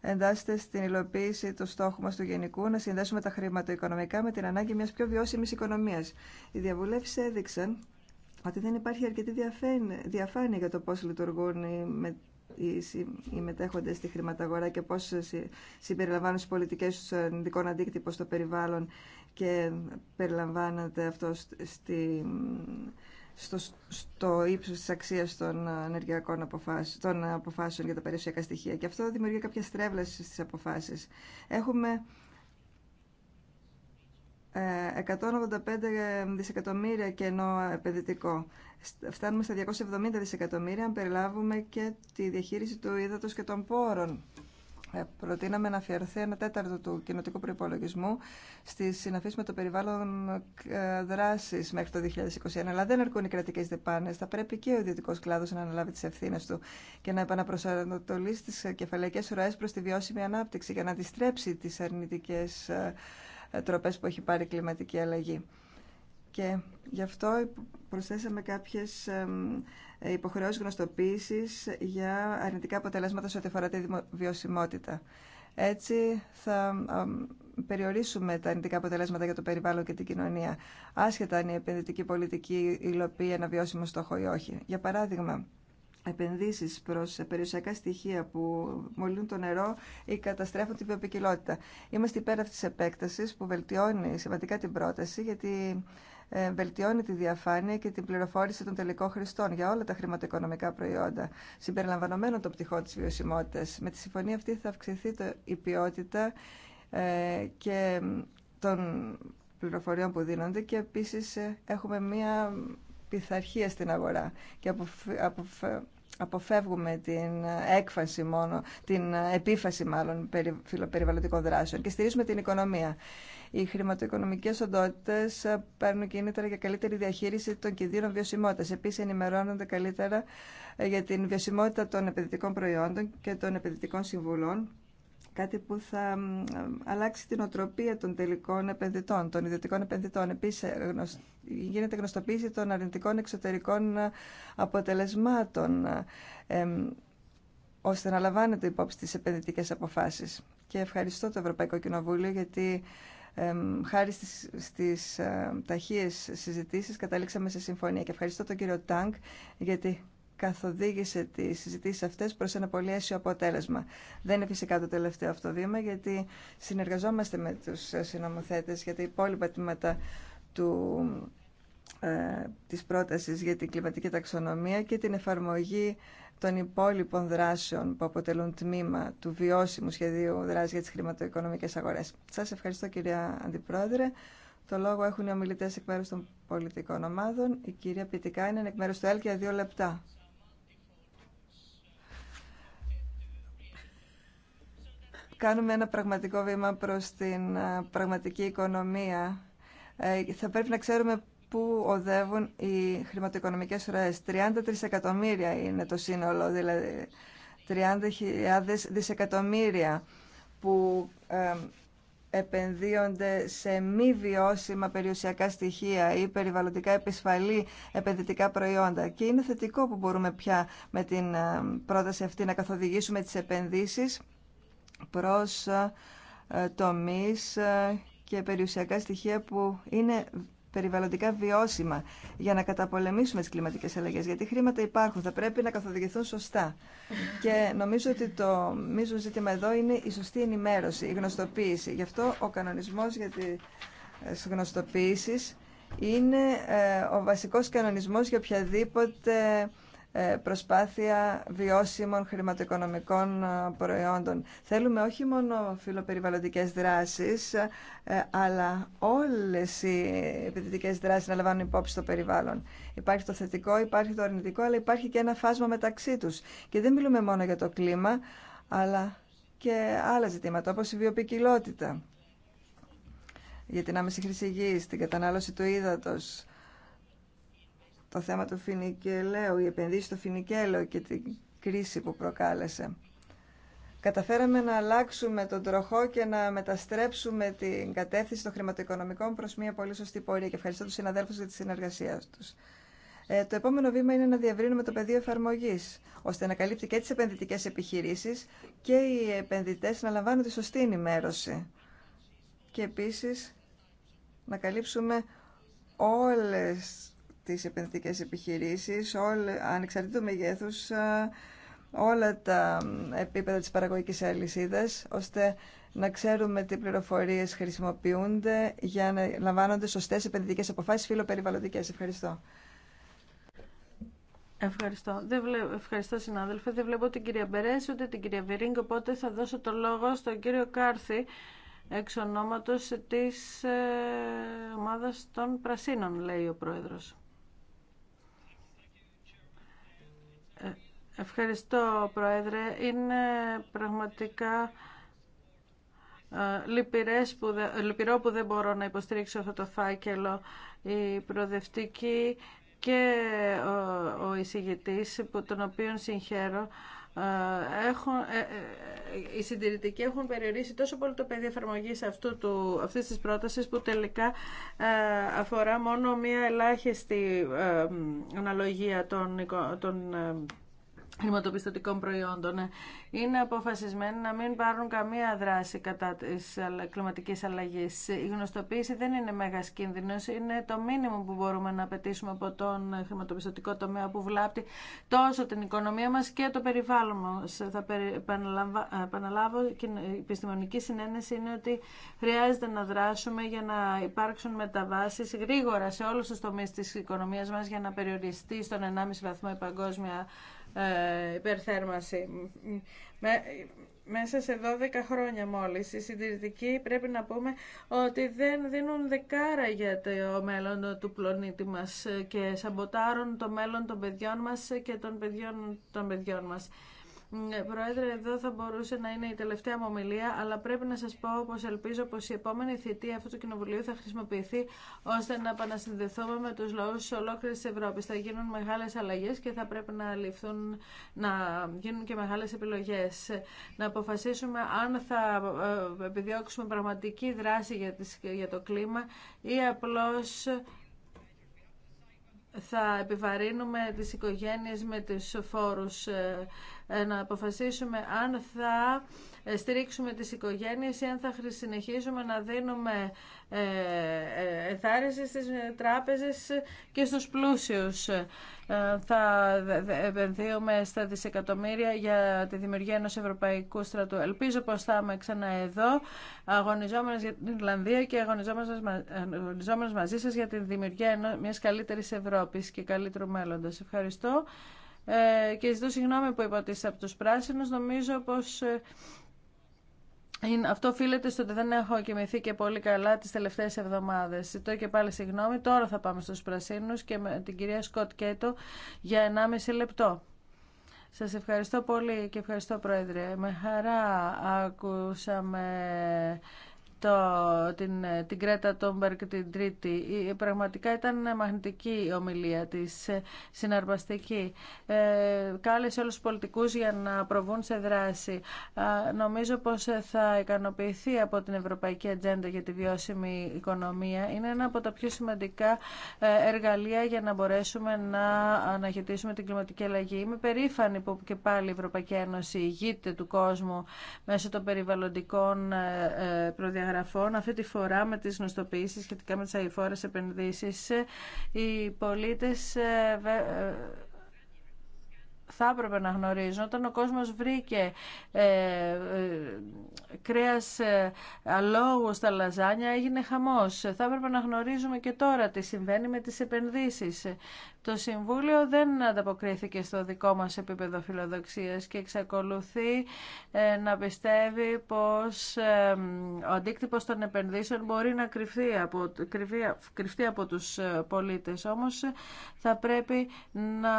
εντάσσεται στην υλοποίηση του στόχου μα του γενικού να συνδέσουμε τα χρηματοοικονομικά με την ανάγκη μια πιο βιώσιμη οικονομία. Οι διαβουλεύσει έδειξαν ότι δεν υπάρχει αρκετή διαφάνεια για το πώ λειτουργούν οι, με, μετέχοντες στη χρηματαγορά και πώς συμπεριλαμβάνουν στις πολιτικές τους ενδικών αντίκτυπο στο περιβάλλον και περιλαμβάνεται αυτό στο, στο ύψο τη αξία των ενεργειακών αποφάσεων, των αποφάσεων για τα περιουσιακά στοιχεία. Και αυτό δημιουργεί κάποια στρέβλαση στι αποφάσει. Έχουμε 185 ε, δισεκατομμύρια κενό επενδυτικό. Φτάνουμε στα 270 δισεκατομμύρια αν περιλάβουμε και τη διαχείριση του ύδατος και των πόρων. Ε, προτείναμε να αφιερωθεί ένα τέταρτο του κοινοτικού προπολογισμού στι συναφεί με το περιβάλλον ε, δράση μέχρι το 2021. Αλλά δεν αρκούν οι κρατικέ δεπάνε. Θα πρέπει και ο ιδιωτικό κλάδο να αναλάβει τι ευθύνε του και να επαναπροσανατολίσει τι κεφαλαϊκέ ροέ προ τη βιώσιμη ανάπτυξη για να αντιστρέψει τι αρνητικέ ε, τροπέ που έχει πάρει η κλιματική αλλαγή. Και γι' αυτό προσθέσαμε κάποιες ε, υποχρεώσεις γνωστοποίησης για αρνητικά αποτελέσματα σε ό,τι αφορά τη βιωσιμότητα. Έτσι θα περιορίσουμε τα αρνητικά αποτελέσματα για το περιβάλλον και την κοινωνία, άσχετα αν η επενδυτική πολιτική υλοποιεί ένα βιώσιμο στόχο ή όχι. Για παράδειγμα, επενδύσεις προς περιουσιακά στοιχεία που μολύνουν το νερό ή καταστρέφουν την βιοπικιλότητα. Είμαστε υπέρ αυτής της επέκτασης που βελτιώνει σημαντικά την πρόταση γιατί ε, βελτιώνει τη διαφάνεια και την πληροφόρηση των τελικών χρηστών για όλα τα χρηματοοικονομικά προϊόντα, συμπεριλαμβανομένων των πτυχών τη βιωσιμότητα. Με τη συμφωνία αυτή θα αυξηθεί η ποιότητα ε, και των πληροφοριών που δίνονται και επίσης ε, έχουμε μία πειθαρχία στην αγορά και αποφεύγουμε την έκφαση μόνο, την επίφαση μάλλον φιλοπεριβαλλοντικών δράσεων και στηρίζουμε την οικονομία. Οι χρηματοοικονομικές οντότητε παίρνουν κίνητρα για καλύτερη διαχείριση των κινδύνων βιωσιμότητα. Επίση ενημερώνονται καλύτερα ε, για την βιωσιμότητα των επενδυτικών προϊόντων και των επενδυτικών συμβουλών κάτι που θα αλλάξει την οτροπία των τελικών επενδυτών, των ιδιωτικών επενδυτών. Επίση ε, γίνεται γνωστοποίηση των αρνητικών εξωτερικών ε, αποτελεσμάτων, ώστε να λαμβάνεται υπόψη τις επενδυτικές αποφάσεις. Και ευχαριστώ το Ευρωπαϊκό Κοινοβούλιο, γιατί χάρη στις, στις ε, ταχείες συζητήσεις καταλήξαμε σε συμφωνία και ευχαριστώ τον κύριο Τάνκ γιατί καθοδήγησε τις συζητήσεις αυτές προς ένα πολύ αίσιο αποτέλεσμα. Δεν είναι φυσικά το τελευταίο αυτό βήμα, γιατί συνεργαζόμαστε με τους ε, συνομοθέτες για τα υπόλοιπα τμήματα του ε, της πρότασης για την κλιματική ταξονομία και την εφαρμογή των υπόλοιπων δράσεων που αποτελούν τμήμα του βιώσιμου σχεδίου δράση για τις χρηματοοικονομικές αγορές. Σας ευχαριστώ κυρία Αντιπρόεδρε. Το λόγο έχουν οι ομιλητές εκ μέρου των πολιτικών ομάδων. Η κυρία Πιτικά είναι εκ μέρου του ΕΛΚΙΑ για δύο λεπτά. Κάνουμε ένα πραγματικό βήμα προς την πραγματική οικονομία. Ε, θα πρέπει να ξέρουμε που οδεύουν οι χρηματοοικονομικές ροές. 33 εκατομμύρια είναι το σύνολο, δηλαδή 30.000 δισεκατομμύρια που επενδύονται σε μη βιώσιμα περιουσιακά στοιχεία ή περιβαλλοντικά επισφαλή επενδυτικά προϊόντα. Και είναι θετικό που μπορούμε πια με την πρόταση αυτή να καθοδηγήσουμε τις επενδύσεις προς ε, τομείς ε, και περιουσιακά στοιχεία που είναι περιβαλλοντικά βιώσιμα για να καταπολεμήσουμε τις κλιματικές αλλαγές. Γιατί χρήματα υπάρχουν, θα πρέπει να καθοδηγηθούν σωστά. Και νομίζω ότι το μείζον ζήτημα εδώ είναι η σωστή ενημέρωση, η γνωστοποίηση. Γι' αυτό ο κανονισμός για τις γνωστοποίησεις είναι ε, ο βασικός κανονισμός για οποιαδήποτε ε, προσπάθεια βιώσιμων χρηματοοικονομικών ε, προϊόντων. Θέλουμε όχι μόνο φιλοπεριβαλλοντικές δράσεις, ε, αλλά όλες οι επιδυτικές δράσεις να λαμβάνουν υπόψη το περιβάλλον. Υπάρχει το θετικό, υπάρχει το αρνητικό, αλλά υπάρχει και ένα φάσμα μεταξύ τους. Και δεν μιλούμε μόνο για το κλίμα, αλλά και άλλα ζητήματα, όπως η βιοπικιλότητα για την άμεση χρήση γης, την κατανάλωση του ύδατος, το θέμα του φινικελαίου, η επενδύση στο φινικέλαιο και την κρίση που προκάλεσε. Καταφέραμε να αλλάξουμε τον τροχό και να μεταστρέψουμε την κατεύθυνση των χρηματοοικονομικών προς μια πολύ σωστή πορεία και ευχαριστώ τους συναδέλφους για τη συνεργασία τους. Ε, το επόμενο βήμα είναι να διευρύνουμε το πεδίο εφαρμογή, ώστε να καλύπτει και τι επενδυτικέ επιχειρήσει και οι επενδυτέ να λαμβάνουν τη σωστή ενημέρωση. Και επίση να καλύψουμε όλες τις επενδυτικές επιχειρήσεις, όλ, ανεξαρτήτου μεγέθους, όλα τα επίπεδα της παραγωγικής αλυσίδας, ώστε να ξέρουμε τι πληροφορίες χρησιμοποιούνται για να λαμβάνονται σωστές επενδυτικές αποφάσεις φιλοπεριβαλλοντικές. Ευχαριστώ. Ευχαριστώ. Δεν ευχαριστώ συνάδελφε. Δεν βλέπω την κυρία Μπερέση ούτε την κυρία Βιρίνγκ, οπότε θα δώσω το λόγο στον κύριο Κάρθη εξ ονόματος της ε, ομάδας των Πρασίνων, λέει ο Πρόεδρος. Ευχαριστώ, Πρόεδρε. Είναι πραγματικά ε, που δε, λυπηρό που δεν μπορώ να υποστηρίξω αυτό το φάκελο. Η προοδευτική και ο, ο εισηγητής, που, τον οποίον συγχαίρω, ε, έχουν, ε, οι συντηρητικοί έχουν περιορίσει τόσο πολύ το πεδίο εφαρμογή αυτή τη πρόταση της που τελικά αφορά μόνο μία ελάχιστη αναλογία των, των χρηματοπιστωτικών προϊόντων ε, είναι αποφασισμένοι να μην πάρουν καμία δράση κατά της κλιματικής αλλαγής. Η γνωστοποίηση δεν είναι μέγας κίνδυνος, είναι το μήνυμα που μπορούμε να απαιτήσουμε από τον χρηματοπιστωτικό τομέα που βλάπτει τόσο την οικονομία μας και το περιβάλλον μας. Θα επαναλάβω, η επιστημονική συνένεση είναι ότι χρειάζεται να δράσουμε για να υπάρξουν μεταβάσεις γρήγορα σε όλους τους τομείς της οικονομίας μας για να περιοριστεί στον 1,5 βαθμό η παγκόσμια ε, υπερθέρμανση. Μέσα σε 12 χρόνια μόλις οι συντηρητικοί πρέπει να πούμε ότι δεν δίνουν δεκάρα για το μέλλον του πλονίτη μας και σαμποτάρουν το μέλλον των παιδιών μας και των παιδιών των παιδιών μας. Ναι, πρόεδρε, εδώ θα μπορούσε να είναι η τελευταία μου ομιλία, αλλά πρέπει να σας πω πως ελπίζω πως η επόμενη θητεία αυτού του Κοινοβουλίου θα χρησιμοποιηθεί ώστε να επανασυνδεθούμε με τους λαού ολόκληρης της Ευρώπης. Θα γίνουν μεγάλες αλλαγέ και θα πρέπει να, ληφθούν, να γίνουν και μεγάλες επιλογές. Να αποφασίσουμε αν θα ε, επιδιώξουμε πραγματική δράση για, το κλίμα ή απλώ θα επιβαρύνουμε τις οικογένειες με τους φόρους ε, ε, να αποφασίσουμε αν θα ε, στηρίξουμε τις οικογένειες ή αν θα συνεχίσουμε να δίνουμε ε, ενθάρρυνση στις τράπεζες και στους πλούσιους. Θα επενδύουμε στα δισεκατομμύρια για τη δημιουργία ενός ευρωπαϊκού στρατού. Ελπίζω πως θα είμαι ξανά εδώ, αγωνιζόμενος για την Ιρλανδία και αγωνιζόμενος μαζί σας για τη δημιουργία μιας καλύτερης Ευρώπης και καλύτερου μέλλοντος. Ευχαριστώ. Ε, και ζητώ συγγνώμη που είπα ότι είσαι από τους πράσινους. Νομίζω πως ε, αυτό οφείλεται στο ότι δεν έχω κοιμηθεί και πολύ καλά τις τελευταίες εβδομάδες. Ζητώ και πάλι συγγνώμη. Τώρα θα πάμε στους πρασίνους και με την κυρία Σκοτ Κέτο για 1,5 λεπτό. Σας ευχαριστώ πολύ και ευχαριστώ Πρόεδρε. Με χαρά ακούσαμε το, την, την Κρέτα Τόμπερκ την Τρίτη. Πραγματικά ήταν μαγνητική η ομιλία της, ε, συναρπαστική. Ε, κάλεσε όλους τους πολιτικούς για να προβούν σε δράση. νομίζω πως θα ικανοποιηθεί από την Ευρωπαϊκή Ατζέντα για τη βιώσιμη οικονομία. Είναι ένα από τα πιο σημαντικά ε, εργαλεία για να μπορέσουμε να αναχαιτήσουμε την κλιματική αλλαγή. Είμαι περήφανη που και πάλι η Ευρωπαϊκή Ένωση ηγείται του κόσμου μέσω των περιβαλλοντικών ε, προδιαγραφών αυτή τη φορά με τις γνωστοποιήσεις σχετικά με τις αηφόρες επενδύσεις, οι πολίτες ε, ε, θα έπρεπε να γνωρίζουν. Όταν ο κόσμος βρήκε ε, ε, κρέας ε, αλόγου στα λαζάνια έγινε χαμός. Θα έπρεπε να γνωρίζουμε και τώρα τι συμβαίνει με τις επενδύσεις. Το Συμβούλιο δεν ανταποκρίθηκε στο δικό μας επίπεδο φιλοδοξίας και εξακολουθεί ε, να πιστεύει πως ο αντίκτυπος των επενδύσεων μπορεί να κρυφτεί από, κρυφτεί από τους ε, πολίτες. Όμως ε, θα πρέπει να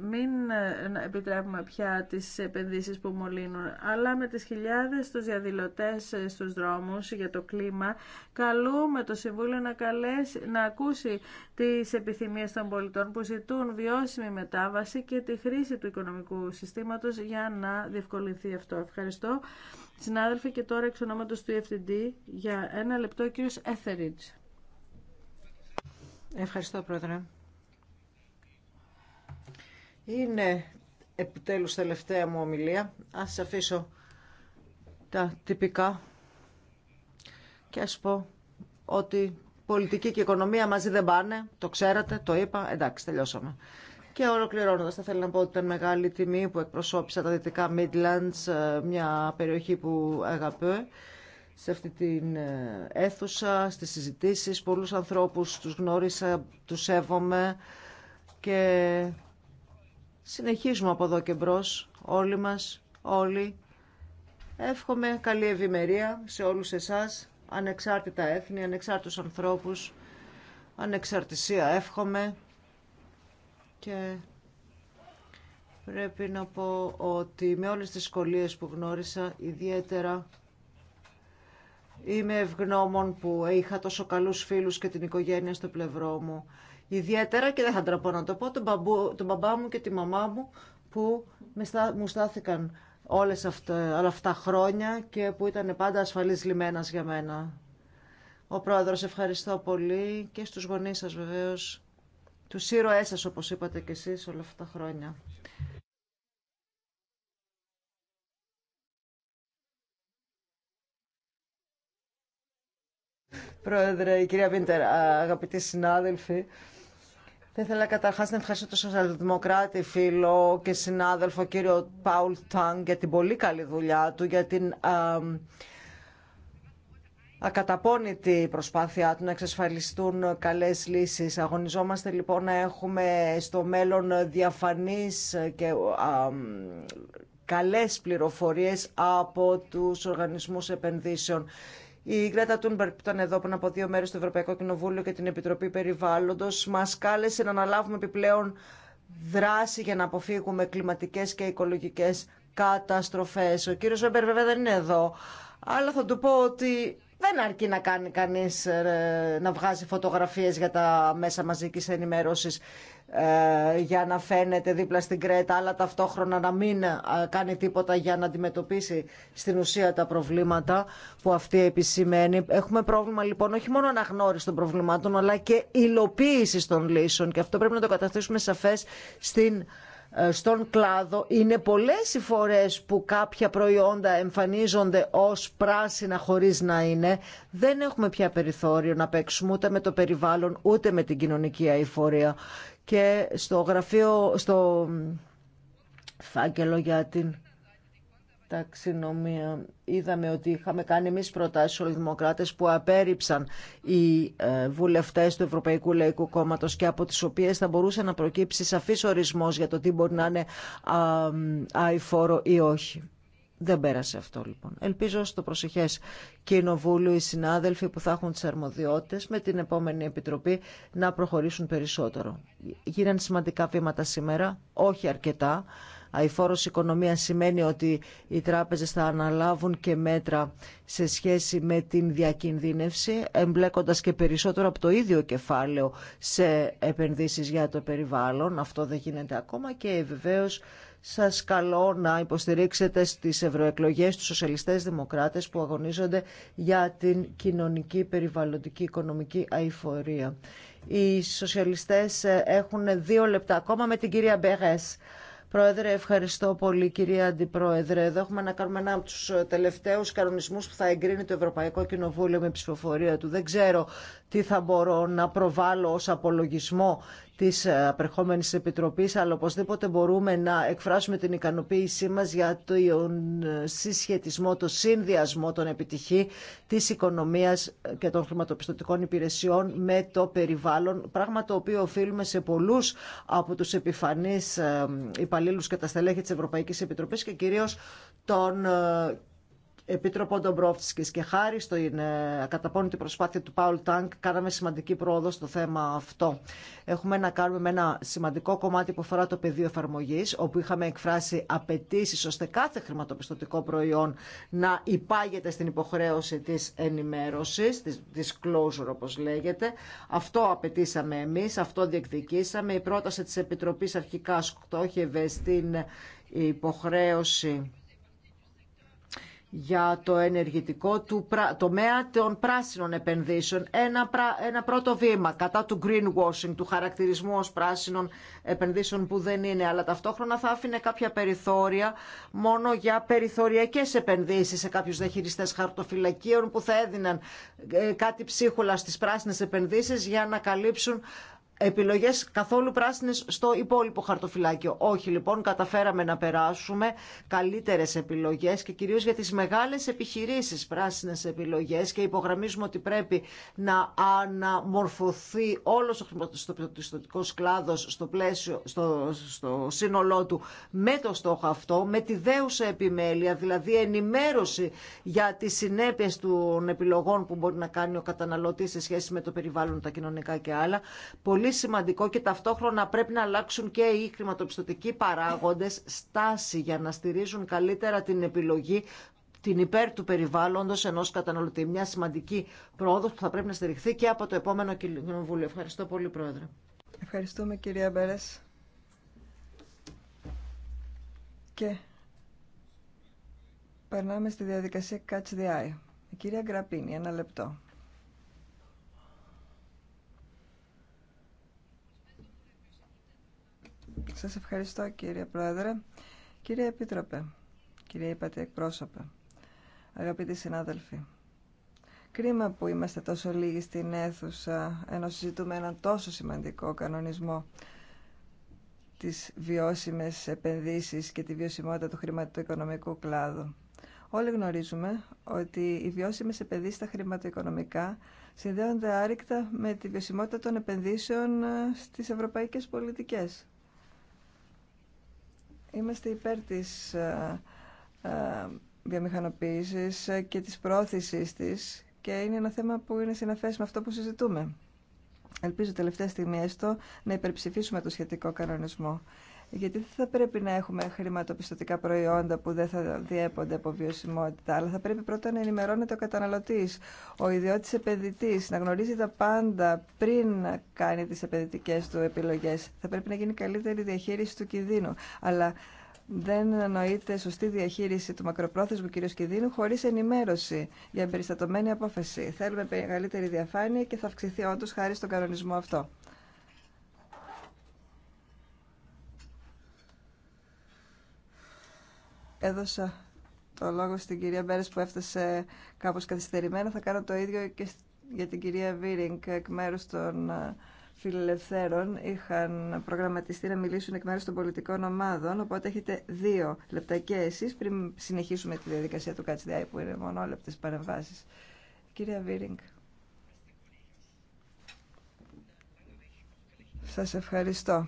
μην ε, επιτρέπουμε πια τις επενδύσεις που μολύνουν, αλλά με τις χιλιάδες τους διαδηλωτές ε, στους δρόμους για το κλίμα, καλούμε το Συμβούλιο να, καλέσει, να ακούσει τις επιθυμίες των πολιτών που ζητούν βιώσιμη μετάβαση και τη χρήση του οικονομικού συστήματος για να διευκολυνθεί αυτό. Ευχαριστώ. Συνάδελφοι και τώρα εξ ονόματος του EFTD για ένα λεπτό ο κύριος Έθεριτς. Ευχαριστώ πρόεδρε. Είναι επιτέλους τελευταία μου ομιλία. Ας αφήσω τα τυπικά και ας πω ότι πολιτική και οικονομία μαζί δεν πάνε. Το ξέρατε, το είπα. Εντάξει, τελειώσαμε. Και ολοκληρώνοντα, θα θέλω να πω ότι ήταν μεγάλη τιμή που εκπροσώπησα τα δυτικά Midlands, ε, μια περιοχή που αγαπώ σε αυτή την ε, αίθουσα, στις συζητήσεις, πολλούς ανθρώπους τους γνώρισα, τους σέβομαι και Συνεχίζουμε από εδώ και μπρος, όλοι μας, όλοι. Εύχομαι καλή ευημερία σε όλους εσάς, ανεξάρτητα έθνη, ανεξάρτητους ανθρώπους, ανεξαρτησία εύχομαι και πρέπει να πω ότι με όλες τις σχολίες που γνώρισα, ιδιαίτερα είμαι ευγνώμων που είχα τόσο καλούς φίλους και την οικογένεια στο πλευρό μου ιδιαίτερα και δεν θα τραπώ να το πω, τον, μπαμπού, μπαμπά μου και τη μαμά μου που με στά, μου στάθηκαν όλες αυτά, όλα αυτά χρόνια και που ήταν πάντα ασφαλής λιμένας για μένα. Ο πρόεδρος ευχαριστώ πολύ και στους γονείς σας βεβαίως, Του ήρωές σας όπως είπατε και εσείς όλα αυτά τα χρόνια. Πρόεδρε, η κυρία Βίντερ, αγαπητοί συνάδελφοι, θα ήθελα καταρχά να ευχαριστήσω τον σοσιαλδημοκράτη φίλο και συνάδελφο κύριο Πάουλ Τάνγκ για την πολύ καλή δουλειά του, για την α, ακαταπώνητη προσπάθειά του να εξασφαλιστούν καλές λύσεις. Αγωνιζόμαστε λοιπόν να έχουμε στο μέλλον διαφανείς και α, καλές πληροφορίες από τους οργανισμούς επενδύσεων. Η Γκρέτα Τούνμπερ που ήταν εδώ πριν από δύο μέρε στο Ευρωπαϊκό Κοινοβούλιο και την Επιτροπή Περιβάλλοντο μα κάλεσε να αναλάβουμε επιπλέον δράση για να αποφύγουμε κλιματικέ και οικολογικέ καταστροφέ. Ο κύριο Βέμπερ βέβαια δεν είναι εδώ, αλλά θα του πω ότι δεν αρκεί να κάνει κανείς ε, να βγάζει φωτογραφίες για τα μέσα μαζική ενημέρωση. Ε, για να φαίνεται δίπλα στην Κρέτα, αλλά ταυτόχρονα να μην ε, κάνει τίποτα για να αντιμετωπίσει στην ουσία τα προβλήματα που αυτή επισημαίνει. Έχουμε πρόβλημα λοιπόν όχι μόνο αναγνώριση των προβλημάτων, αλλά και υλοποίηση των λύσεων. Και αυτό πρέπει να το καταστήσουμε σαφέ στην ε, στον κλάδο. Είναι πολλές οι φορές που κάποια προϊόντα εμφανίζονται ως πράσινα χωρίς να είναι. Δεν έχουμε πια περιθώριο να παίξουμε ούτε με το περιβάλλον ούτε με την κοινωνική αηφορία και στο γραφείο, στο φάκελο για την ταξινομία. Είδαμε ότι είχαμε κάνει εμεί προτάσει όλοι που απέρριψαν οι ε, βουλευτέ του Ευρωπαϊκού Λαϊκού Κόμματο και από τι οποίε θα μπορούσε να προκύψει σαφή ορισμό για το τι μπορεί να είναι αηφόρο ή όχι. Δεν πέρασε αυτό λοιπόν. Ελπίζω στο προσεχές κοινοβούλιο οι συνάδελφοι που θα έχουν τις αρμοδιότητες με την επόμενη επιτροπή να προχωρήσουν περισσότερο. Γίναν σημαντικά βήματα σήμερα, όχι αρκετά αηφόρος οικονομία σημαίνει ότι οι τράπεζες θα αναλάβουν και μέτρα σε σχέση με την διακινδύνευση, εμπλέκοντας και περισσότερο από το ίδιο κεφάλαιο σε επενδύσεις για το περιβάλλον. Αυτό δεν γίνεται ακόμα και βεβαίω σας καλώ να υποστηρίξετε στις ευρωεκλογές του σοσιαλιστές δημοκράτες που αγωνίζονται για την κοινωνική, περιβαλλοντική, οικονομική αηφορία. Οι σοσιαλιστές έχουν δύο λεπτά ακόμα με την κυρία Μπέγες. Πρόεδρε, ευχαριστώ πολύ κυρία Αντιπρόεδρε. Εδώ έχουμε να κάνουμε ένα από του ε, τελευταίους κανονισμού που θα εγκρίνει το Ευρωπαϊκό Κοινοβούλιο με ψηφοφορία του. Δεν ξέρω τι θα μπορώ να προβάλλω ως απολογισμό Τη απερχόμενης επιτροπής, αλλά οπωσδήποτε μπορούμε να εκφράσουμε την ικανοποίησή μας για τον συσχετισμό, το συνδυασμό των επιτυχή της οικονομίας και των χρηματοπιστωτικών υπηρεσιών με το περιβάλλον, πράγμα το οποίο οφείλουμε σε πολλούς από τους επιφανείς ε, υπαλλήλου και τα στελέχη τη Ευρωπαϊκή Επιτροπή και κυρίω τον ε, Επίτροπο Ντομπρόφσκη. Και χάρη στην ακαταπώνητη ε, προσπάθεια του Πάουλ Τάνκ, κάναμε σημαντική πρόοδο στο θέμα αυτό. Έχουμε να κάνουμε με ένα σημαντικό κομμάτι που αφορά το πεδίο εφαρμογή, όπου είχαμε εκφράσει απαιτήσει ώστε κάθε χρηματοπιστωτικό προϊόν να υπάγεται στην υποχρέωση τη ενημέρωση, τη disclosure όπω λέγεται. Αυτό απαιτήσαμε εμεί, αυτό διεκδικήσαμε. Η πρόταση τη Επιτροπή αρχικά στόχευε στην υποχρέωση για το ενεργητικό του τομέα των πράσινων επενδύσεων. Ένα, ένα πρώτο βήμα κατά του greenwashing, του χαρακτηρισμού ως πράσινων επενδύσεων που δεν είναι, αλλά ταυτόχρονα θα άφηνε κάποια περιθώρια μόνο για περιθωριακές επενδύσεις σε κάποιους διαχειριστές χαρτοφυλακίων που θα έδιναν ε, κάτι ψίχουλα στις πράσινες επενδύσεις για να καλύψουν Επιλογέ καθόλου πράσινε στο υπόλοιπο χαρτοφυλάκιο. Όχι λοιπόν, καταφέραμε να περάσουμε καλύτερε επιλογέ και κυρίω για τι μεγάλε επιχειρήσει πράσινε επιλογέ και υπογραμμίζουμε ότι πρέπει να αναμορφωθεί όλο ο χρηματοπιστωτικός κλάδο στο, πλαίσιο, στο, στο σύνολό του με το στόχο αυτό, με τη δέουσα επιμέλεια, δηλαδή ενημέρωση για τι συνέπειε των επιλογών που μπορεί να κάνει ο καταναλωτή σε σχέση με το περιβάλλον, τα κοινωνικά και άλλα πολύ σημαντικό και ταυτόχρονα πρέπει να αλλάξουν και οι χρηματοπιστωτικοί παράγοντες στάση για να στηρίζουν καλύτερα την επιλογή την υπέρ του περιβάλλοντο ενό καταναλωτή. Μια σημαντική πρόοδο που θα πρέπει να στηριχθεί και από το επόμενο κοινοβούλιο. Ευχαριστώ πολύ, Πρόεδρε. Ευχαριστούμε, κυρία Μπέρε. Και περνάμε στη διαδικασία Catch the Eye. κυρία Γκραπίνη, ένα λεπτό. Σας ευχαριστώ κύριε Πρόεδρε. Κύριε Επίτροπε, κύριε Είπατε εκπρόσωπε, αγαπητοί συνάδελφοι. Κρίμα που είμαστε τόσο λίγοι στην αίθουσα ενώ συζητούμε έναν τόσο σημαντικό κανονισμό τις βιώσιμες επενδύσεις και τη βιωσιμότητα του χρηματοοικονομικού κλάδου. Όλοι γνωρίζουμε ότι οι βιώσιμες επενδύσεις στα χρηματοοικονομικά συνδέονται άρρηκτα με τη βιωσιμότητα των επενδύσεων ε, στις ευρωπαϊκές πολιτικές. Είμαστε υπέρ της ε, ε, βιομηχανοποίησης και της πρόθεσης της και είναι ένα θέμα που είναι συναφές με αυτό που συζητούμε. Ελπίζω τελευταία στιγμή έστω να υπερψηφίσουμε το σχετικό κανονισμό γιατί δεν θα πρέπει να έχουμε χρηματοπιστωτικά προϊόντα που δεν θα διέπονται από βιωσιμότητα, αλλά θα πρέπει πρώτα να ενημερώνεται ο καταναλωτή, ο ιδιώτης επενδυτή, να γνωρίζει τα πάντα πριν κάνει τι επενδυτικέ του επιλογέ. Θα πρέπει να γίνει καλύτερη διαχείριση του κινδύνου. Αλλά δεν εννοείται σωστή διαχείριση του μακροπρόθεσμου κυρίω κινδύνου χωρί ενημέρωση για εμπεριστατωμένη απόφαση. Θέλουμε μεγαλύτερη διαφάνεια και θα αυξηθεί όντω χάρη στον κανονισμό αυτό. έδωσα το λόγο στην κυρία Μπέρες που έφτασε κάπως καθυστερημένα. Θα κάνω το ίδιο και για την κυρία Βίρινγκ εκ μέρους των ε, φιλελευθέρων. Είχαν προγραμματιστεί να μιλήσουν εκ μέρους των πολιτικών ομάδων, οπότε έχετε δύο λεπτά και εσείς πριν συνεχίσουμε τη διαδικασία του ΚΑΤΣΔΙ που είναι μονόλεπτες παρεμβάσεις. Κυρία Βίρινγκ. Σας ευχαριστώ.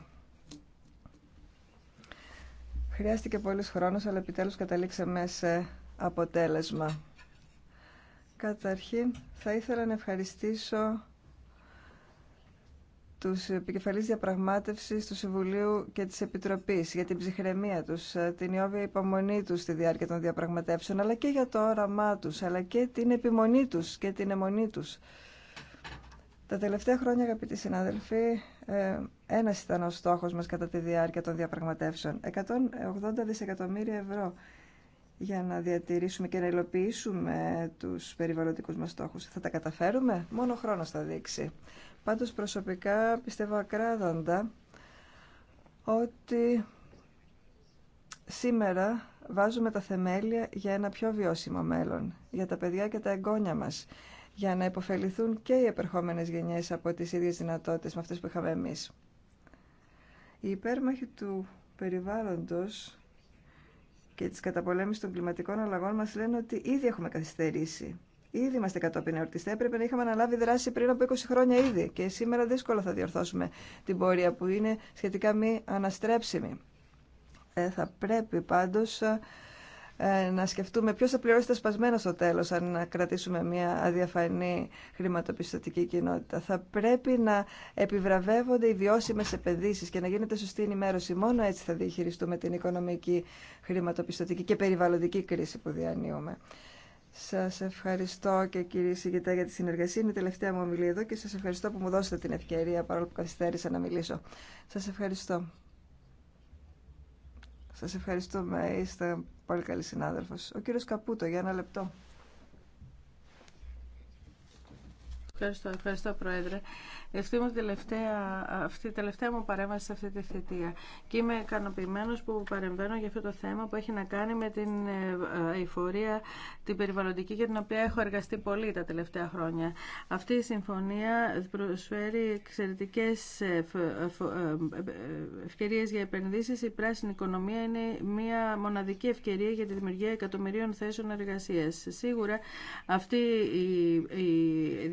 Χρειάστηκε πολλούς χρόνους, αλλά επιτέλους καταλήξαμε σε αποτέλεσμα. Καταρχήν, θα ήθελα να ευχαριστήσω τους επικεφαλεί διαπραγμάτευσης του Συμβουλίου και τη Επιτροπή για την ψυχραιμία τους, την ιόβια υπομονή τους στη διάρκεια των διαπραγματεύσεων, αλλά και για το όραμά τους, αλλά και την επιμονή του και την αιμονή του. Τα τελευταία χρόνια, αγαπητοί συνάδελφοι, ένα ε, ένας ήταν ο στόχος μας κατά τη διάρκεια των διαπραγματεύσεων. 180 δισεκατομμύρια ευρώ για να διατηρήσουμε και να υλοποιήσουμε τους περιβαλλοντικούς μας στόχου. Θα τα καταφέρουμε? Μόνο χρόνο θα δείξει. Πάντως προσωπικά πιστεύω ακράδαντα ότι σήμερα βάζουμε τα θεμέλια για ένα πιο βιώσιμο μέλλον, για τα παιδιά και τα εγγόνια μας, για να υποφεληθούν και οι επερχόμενες γενιές από τις ίδιες δυνατότητες με αυτές που είχαμε εμείς. Οι υπέρμαχοι του περιβάλλοντος και της καταπολέμησης των κλιματικών αλλαγών μας λένε ότι ήδη έχουμε καθυστερήσει. Ήδη είμαστε κατόπιν εορτής. Θα έπρεπε να είχαμε αναλάβει δράση πριν από 20 χρόνια ήδη και σήμερα δύσκολα θα διορθώσουμε την πορεία που είναι σχετικά μη αναστρέψιμη. Ε, θα πρέπει πάντως ε, να σκεφτούμε ποιος θα πληρώσει τα σπασμένα στο τέλος αν να κρατήσουμε μια αδιαφανή χρηματοπιστωτική κοινότητα. Θα πρέπει να επιβραβεύονται οι βιώσιμες επενδύσεις και να γίνεται σωστή ενημέρωση. Μόνο έτσι θα διαχειριστούμε την οικονομική, χρηματοπιστωτική και περιβαλλοντική κρίση που διανύουμε. Σας ευχαριστώ και κύριε Σιγητά για τη συνεργασία. Είναι η τελευταία μου ομιλία εδώ και σας ευχαριστώ που μου δώσετε την ευκαιρία παρόλο που καθυστέρησα να μιλήσω. Σας ευχαριστώ. Σας ευχαριστούμε. Είστε πολύ καλή συνάδελφος. Ο κύριος Καπούτο, για ένα λεπτό. Ευχαριστώ, ευχαριστώ Πρόεδρε. Αυτή, τελευταία, αυτή η τελευταία μου παρέμβαση σε αυτή τη θητεία. Και είμαι ικανοποιημένο που παρεμβαίνω για αυτό το θέμα που έχει να κάνει με την ε, ε, εφορία, την περιβαλλοντική για την οποία έχω εργαστεί πολύ τα τελευταία χρόνια. Αυτή η συμφωνία προσφέρει εξαιρετικέ ε, ευκαιρίε για επενδύσει. Η πράσινη οικονομία είναι μια μοναδική ευκαιρία για τη δημιουργία εκατομμυρίων θέσεων εργασία. Σίγουρα αυτή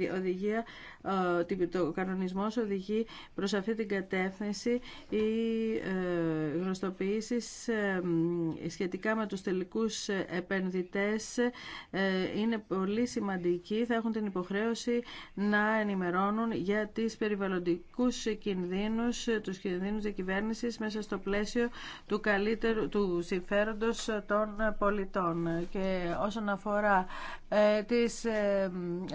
η, οδηγία, το κανονισμός οδηγεί προς αυτή την κατεύθυνση ή ε, γνωστοποιήσεις ε, σχετικά με τους τελικούς επενδυτές ε, είναι πολύ σημαντικοί. Θα έχουν την υποχρέωση να ενημερώνουν για τις περιβαλλοντικούς κινδύνους, τους κινδύνους διακυβέρνησης μέσα στο πλαίσιο του, καλύτερου, του συμφέροντος των πολιτών. Και όσον αφορά τις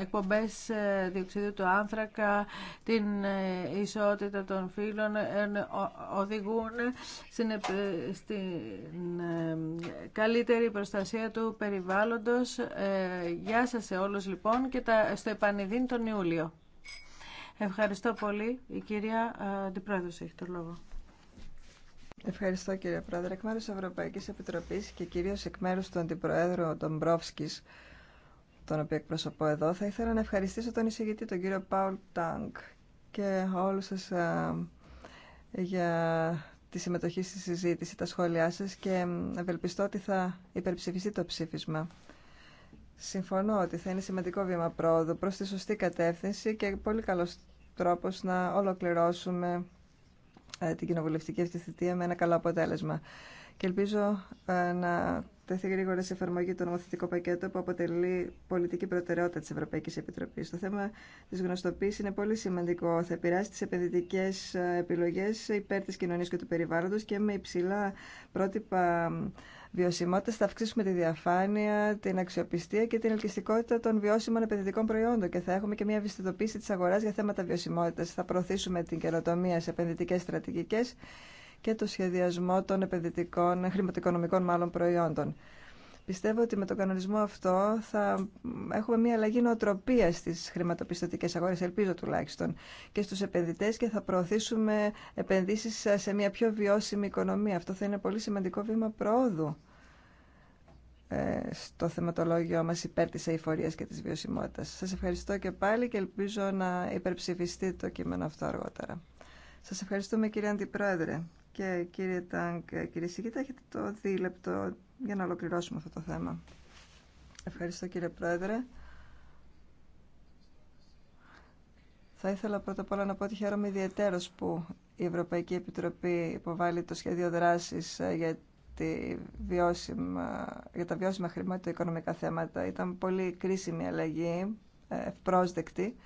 εκπομπές διοξιδίου του άνθρακα την ε, ισότητα των φύλων οδηγούν στην, ε, ε, καλύτερη προστασία του περιβάλλοντος. Γεια σας σε όλους λοιπόν και στο επανειδήν τον Ιούλιο. Ευχαριστώ πολύ. Η κυρία Αντιπρόεδρος έχει το λόγο. Ευχαριστώ κύριε Πρόεδρε. Εκ μέρους της Ευρωπαϊκής Επιτροπής και κυρίως εκ μέρους του Αντιπροέδρου Ντομπρόφσκης, τον οποίο εκπροσωπώ εδώ. Θα ήθελα να ευχαριστήσω τον εισηγητή, τον κύριο Πάουλ Τάνκ και όλους σας για τη συμμετοχή στη συζήτηση, τα σχόλιά σας και ευελπιστώ ότι θα υπερψηφιστεί το ψήφισμα. Συμφωνώ ότι θα είναι σημαντικό βήμα πρόοδου προς τη σωστή κατεύθυνση και πολύ καλός τρόπος να ολοκληρώσουμε ε, την κοινοβουλευτική αυτή θητεία με ένα καλό αποτέλεσμα. Και ελπίζω ε, να τεθεί γρήγορα σε εφαρμογή το νομοθετικό πακέτο που αποτελεί πολιτική προτεραιότητα τη Ευρωπαϊκή Επιτροπή. Το θέμα τη γνωστοποίηση είναι πολύ σημαντικό. Θα επηρεάσει τι επενδυτικέ επιλογέ υπέρ τη κοινωνία και του περιβάλλοντο και με υψηλά πρότυπα βιωσιμότητα θα αυξήσουμε τη διαφάνεια, την αξιοπιστία και την ελκυστικότητα των βιώσιμων επενδυτικών προϊόντων και θα έχουμε και μια ευαισθητοποίηση τη αγορά για θέματα βιωσιμότητα. Θα προωθήσουμε την καινοτομία σε επενδυτικέ στρατηγικέ και το σχεδιασμό των επενδυτικών, χρηματοοικονομικών μάλλον προϊόντων. Πιστεύω ότι με τον κανονισμό αυτό θα έχουμε μια αλλαγή νοοτροπία στι χρηματοπιστωτικέ αγορέ, ελπίζω τουλάχιστον, και στου επενδυτέ και θα προωθήσουμε επενδύσει σε μια πιο βιώσιμη οικονομία. Αυτό θα είναι πολύ σημαντικό βήμα προόδου ε, στο θεματολόγιο μας υπέρ της αηφορίας και της βιωσιμότητας. Σας ευχαριστώ και πάλι και ελπίζω να υπερψηφιστεί το κείμενο αυτό αργότερα. Σας ευχαριστούμε κύριε Αντιπρόεδρε και κύριε Τάνκ, κύριε Σιγητά, έχετε το δίλεπτο για να ολοκληρώσουμε αυτό το θέμα. Ευχαριστώ κύριε Πρόεδρε. Θα ήθελα πρώτα απ' όλα να πω ότι χαίρομαι ιδιαίτερος που η Ευρωπαϊκή Επιτροπή υποβάλλει το σχέδιο δράσης ε, για, τη βιώσιμα, για τα βιώσιμα χρηματοοικονομικά θέματα. Ήταν πολύ κρίσιμη αλλαγή, ε, ευπρόσδεκτη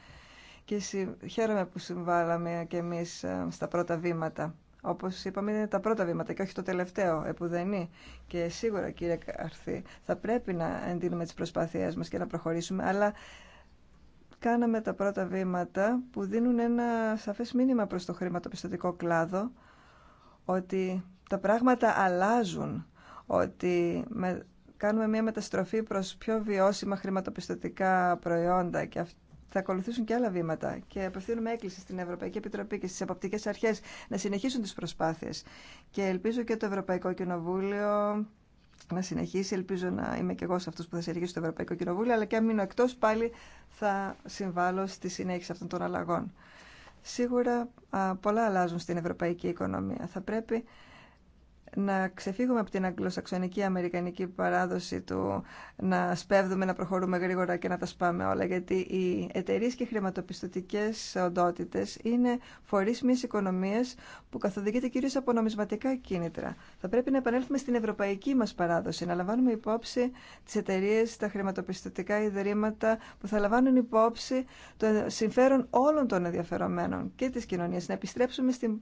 και χαίρομαι που συμβάλαμε και εμείς ε, στα πρώτα βήματα. Όπω είπαμε είναι τα πρώτα βήματα και όχι το τελευταίο, επουδενή. Και σίγουρα κύριε Καρθή θα πρέπει να εντείνουμε τις προσπάθειές μας και να προχωρήσουμε, αλλά κάναμε τα πρώτα βήματα που δίνουν ένα σαφές μήνυμα προς το χρηματοπιστωτικό κλάδο ότι τα πράγματα αλλάζουν, ότι κάνουμε μια μεταστροφή προς πιο βιώσιμα χρηματοπιστωτικά προϊόντα και αυτό θα ακολουθήσουν και άλλα βήματα και απευθύνουμε έκκληση στην Ευρωπαϊκή Επιτροπή και στις αποπτικές αρχές να συνεχίσουν τις προσπάθειες. Και ελπίζω και το Ευρωπαϊκό Κοινοβούλιο να συνεχίσει. Ελπίζω να είμαι και εγώ σε αυτούς που θα το στο Ευρωπαϊκό Κοινοβούλιο, αλλά και αν μείνω εκτός πάλι θα συμβάλλω στη συνέχιση αυτών των αλλαγών. Σίγουρα πολλά αλλάζουν στην ευρωπαϊκή οικονομία. Θα πρέπει να ξεφύγουμε από την αγγλοσαξονική αμερικανική παράδοση του να σπέβδουμε, να προχωρούμε γρήγορα και να τα σπάμε όλα. Γιατί οι εταιρείε και χρηματοπιστωτικέ οντότητε είναι φορεί μια οικονομία που καθοδηγείται κυρίω από νομισματικά κίνητρα. Θα πρέπει να επανέλθουμε στην ευρωπαϊκή μα παράδοση, να λαμβάνουμε υπόψη τι εταιρείε, τα χρηματοπιστωτικά ιδρύματα που θα λαμβάνουν υπόψη το συμφέρον όλων των ενδιαφερομένων και τη κοινωνία. Να επιστρέψουμε στην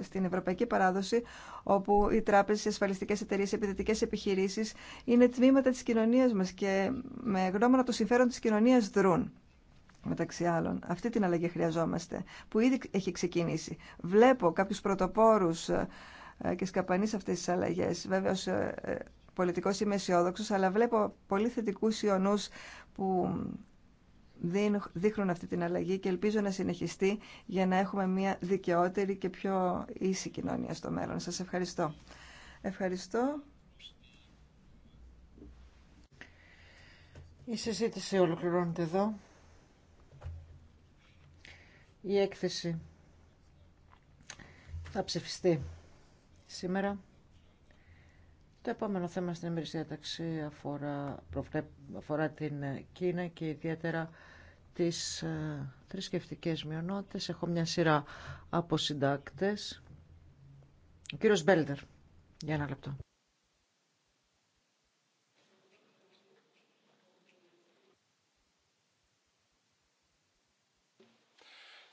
στην ευρωπαϊκή παράδοση όπου οι τράπεζε, οι ασφαλιστικές εταιρείε, οι επιδετικέ επιχειρήσεις είναι τμήματα της κοινωνίας μας και με γνώμονα το συμφέρον τη κοινωνίας δρούν. Μεταξύ άλλων, αυτή την αλλαγή χρειαζόμαστε, που ήδη έχει ξεκινήσει. Βλέπω κάποιου πρωτοπόρου ε, και σκαπανεί αυτέ τι αλλαγέ. Βέβαια, ως ε, ε, πολιτικός είμαι αισιόδοξο, αλλά βλέπω πολύ θετικού ιονούς που δείχνουν αυτή την αλλαγή και ελπίζω να συνεχιστεί για να έχουμε μια δικαιότερη και πιο ίση κοινωνία στο μέλλον. Σας ευχαριστώ. Ευχαριστώ. Η συζήτηση ολοκληρώνεται εδώ. Η έκθεση θα ψηφιστεί σήμερα. Το επόμενο θέμα στην ημερησία αφορά, αφορά την Κίνα και ιδιαίτερα τις θρησκευτικέ ε, μειονότητες. Έχω μια σειρά από συντάκτες. Ο κύριος Μπέλτερ, για ένα λεπτό.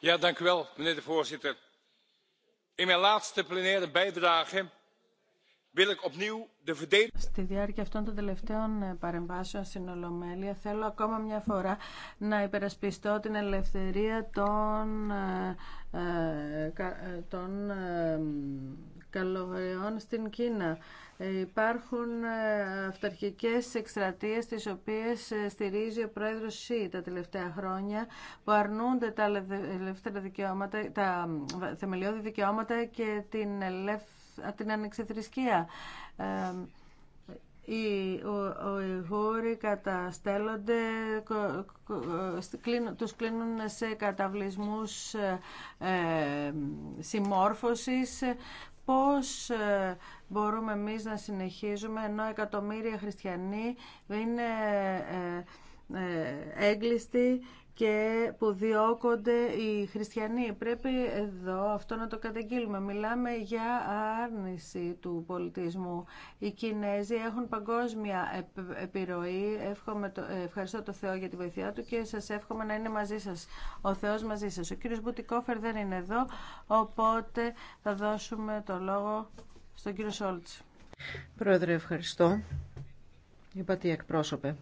Ja, dank u wel, meneer de voorzitter. In mijn laatste plenaire bijdrage Στη διάρκεια αυτών των τελευταίων ε, παρεμβάσεων στην Ολομέλεια θέλω ακόμα μια φορά να υπερασπιστώ την ελευθερία των, ε, ε, των στην Κίνα. Υπάρχουν αυταρχικές εκστρατείες τις οποίες στηρίζει ο πρόεδρος ΣΥ τα τελευταία χρόνια που αρνούνται τα ελεύθερα δικαιώματα, τα θεμελιώδη δικαιώματα και την ελεύθερη την ανεξιθρησκεία. Οι χώροι καταστέλλονται, τους κλείνουν σε καταβλισμούς ε, συμμόρφωσης. Πώς ε, μπορούμε εμείς να συνεχίζουμε, ενώ εκατομμύρια χριστιανοί είναι ε, έγκλειστοι και που διώκονται οι χριστιανοί. Πρέπει εδώ αυτό να το καταγγείλουμε. Μιλάμε για άρνηση του πολιτισμού. Οι Κινέζοι έχουν παγκόσμια επιρροή. ευχαριστώ το Θεό για τη βοήθειά του και σας εύχομαι να είναι μαζί σας. Ο Θεός μαζί σας. Ο κύριος Μπουτικόφερ δεν είναι εδώ, οπότε θα δώσουμε το λόγο στον κύριο Σόλτς. Πρόεδρε, ευχαριστώ. Είπατε εκπρόσωπε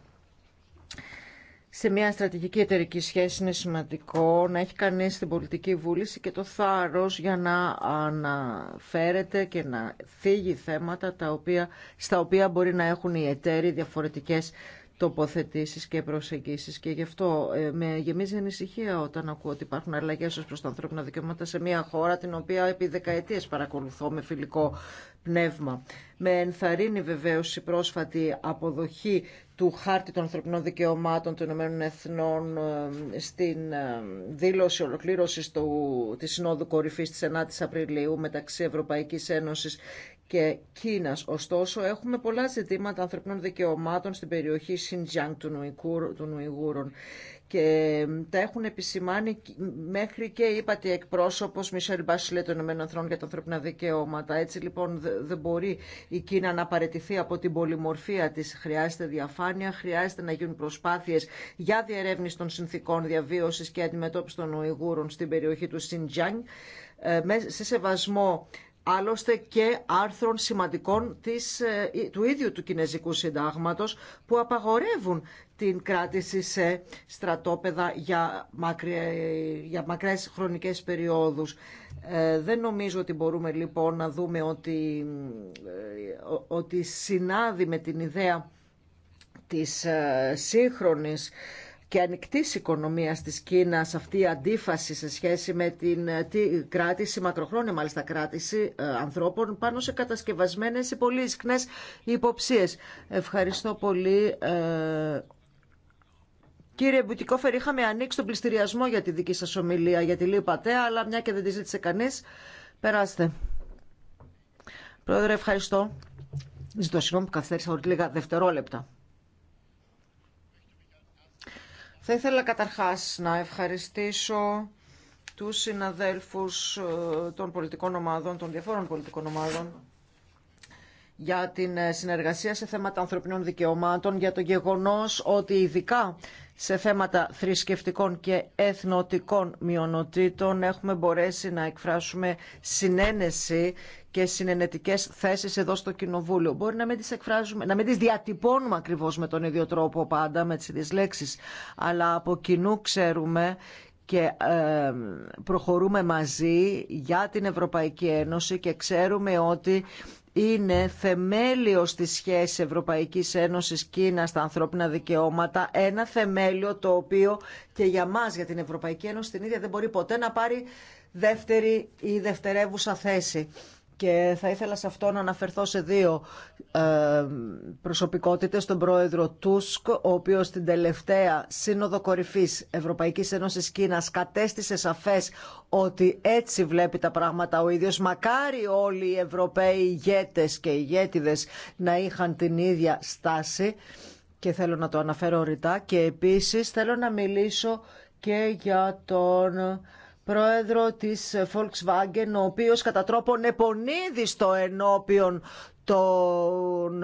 σε μια στρατηγική εταιρική σχέση είναι σημαντικό να έχει κανείς την πολιτική βούληση και το θάρρος για να αναφέρεται και να θίγει θέματα τα οποία, στα οποία μπορεί να έχουν οι εταίροι διαφορετικές τοποθετήσεις και προσεγγίσεις και γι' αυτό ε, με γεμίζει ανησυχία όταν ακούω ότι υπάρχουν αλλαγέ ω προς τα ανθρώπινα δικαιώματα σε μια χώρα την οποία επί δεκαετίε παρακολουθώ με φιλικό πνεύμα. Με ενθαρρύνει βεβαίως η πρόσφατη αποδοχή του χάρτη των ανθρωπινών δικαιωμάτων των Ηνωμένων Εθνών ε, στην ε, δήλωση ολοκλήρωσης του, της Συνόδου Κορυφής της 9ης Απριλίου μεταξύ Ευρωπαϊκής Ένωσης και Κίνα. Ωστόσο, έχουμε πολλά ζητήματα ανθρωπινών δικαιωμάτων στην περιοχή Σιντζιάνγκ του Νουηγούρων και τα έχουν επισημάνει μέχρι και είπατε τη εκπρόσωπο Μισελ Μπασιλέ των ΗΠΑ για τα ανθρώπινα δικαιώματα. Έτσι λοιπόν δεν μπορεί η Κίνα να παρετηθεί από την πολυμορφία τη. Χρειάζεται διαφάνεια, χρειάζεται να γίνουν προσπάθειε για διερεύνηση των συνθήκων διαβίωση και αντιμετώπιση των Ουιγούρων στην περιοχή του Σιντζιάνγκ ε, σε σεβασμό άλλωστε και άρθρων σημαντικών της, ε, ε, του ίδιου του Κινέζικου Συντάγματος που απαγορεύουν την κράτηση σε στρατόπεδα για, για μακρές χρονικές περιόδους. Ε, δεν νομίζω ότι μπορούμε λοιπόν να δούμε ότι, ότι συνάδει με την ιδέα της σύγχρονης και ανοιχτή οικονομία τη Κίνα, αυτή η αντίφαση σε σχέση με την ε, κράτηση, μακροχρόνια μάλιστα κράτηση ε, ανθρώπων πάνω σε κατασκευασμένε ή πολύ ισχνέ υποψίε. Ευχαριστώ πολύ. Ε, κύριε Μπουτικόφερ, είχαμε ανοίξει τον πληστηριασμό για τη δική σας ομιλία, γιατί Λίπατε, αλλά μια και δεν τη ζήτησε κανείς, περάστε. Πρόεδρε, ευχαριστώ. Ζητώ συγγνώμη που καθυστέρησα λίγα δευτερόλεπτα. Θα ήθελα καταρχάς να ευχαριστήσω τους συναδέλφους ε, των πολιτικών ομάδων, των διαφόρων πολιτικών ομάδων, για την ε, συνεργασία σε θέματα ανθρωπινών δικαιωμάτων, για το γεγονός ότι ειδικά σε θέματα θρησκευτικών και εθνοτικών μειονοτήτων έχουμε μπορέσει να εκφράσουμε συνένεση και συνενετικές θέσεις εδώ στο Κοινοβούλιο. Μπορεί να μην τις εκφράζουμε, να μην τις διατυπώνουμε ακριβώς με τον ίδιο τρόπο πάντα, με τις ίδιες λέξεις, αλλά από κοινού ξέρουμε και ε, προχωρούμε μαζί για την Ευρωπαϊκή Ένωση και ξέρουμε ότι είναι θεμέλιο στη σχέση Ευρωπαϊκής Ένωσης Κίνας στα ανθρώπινα δικαιώματα, ένα θεμέλιο το οποίο και για μας, για την Ευρωπαϊκή Ένωση την ίδια δεν μπορεί ποτέ να πάρει δεύτερη ή δευτερεύουσα θέση. Και θα ήθελα σε αυτό να αναφερθώ σε δύο ε, προσωπικότητες, τον πρόεδρο Τούσκ, ο οποίος στην τελευταία Σύνοδο Κορυφής Ευρωπαϊκής Ένωσης Κίνας κατέστησε σαφές ότι έτσι βλέπει τα πράγματα ο ίδιος. Μακάρι όλοι οι Ευρωπαίοι ηγέτες και ηγέτιδες να είχαν την ίδια στάση και θέλω να το αναφέρω ρητά και επίσης θέλω να μιλήσω και για τον πρόεδρο της Volkswagen, ο οποίος κατά τρόπο στο ενώπιον τον,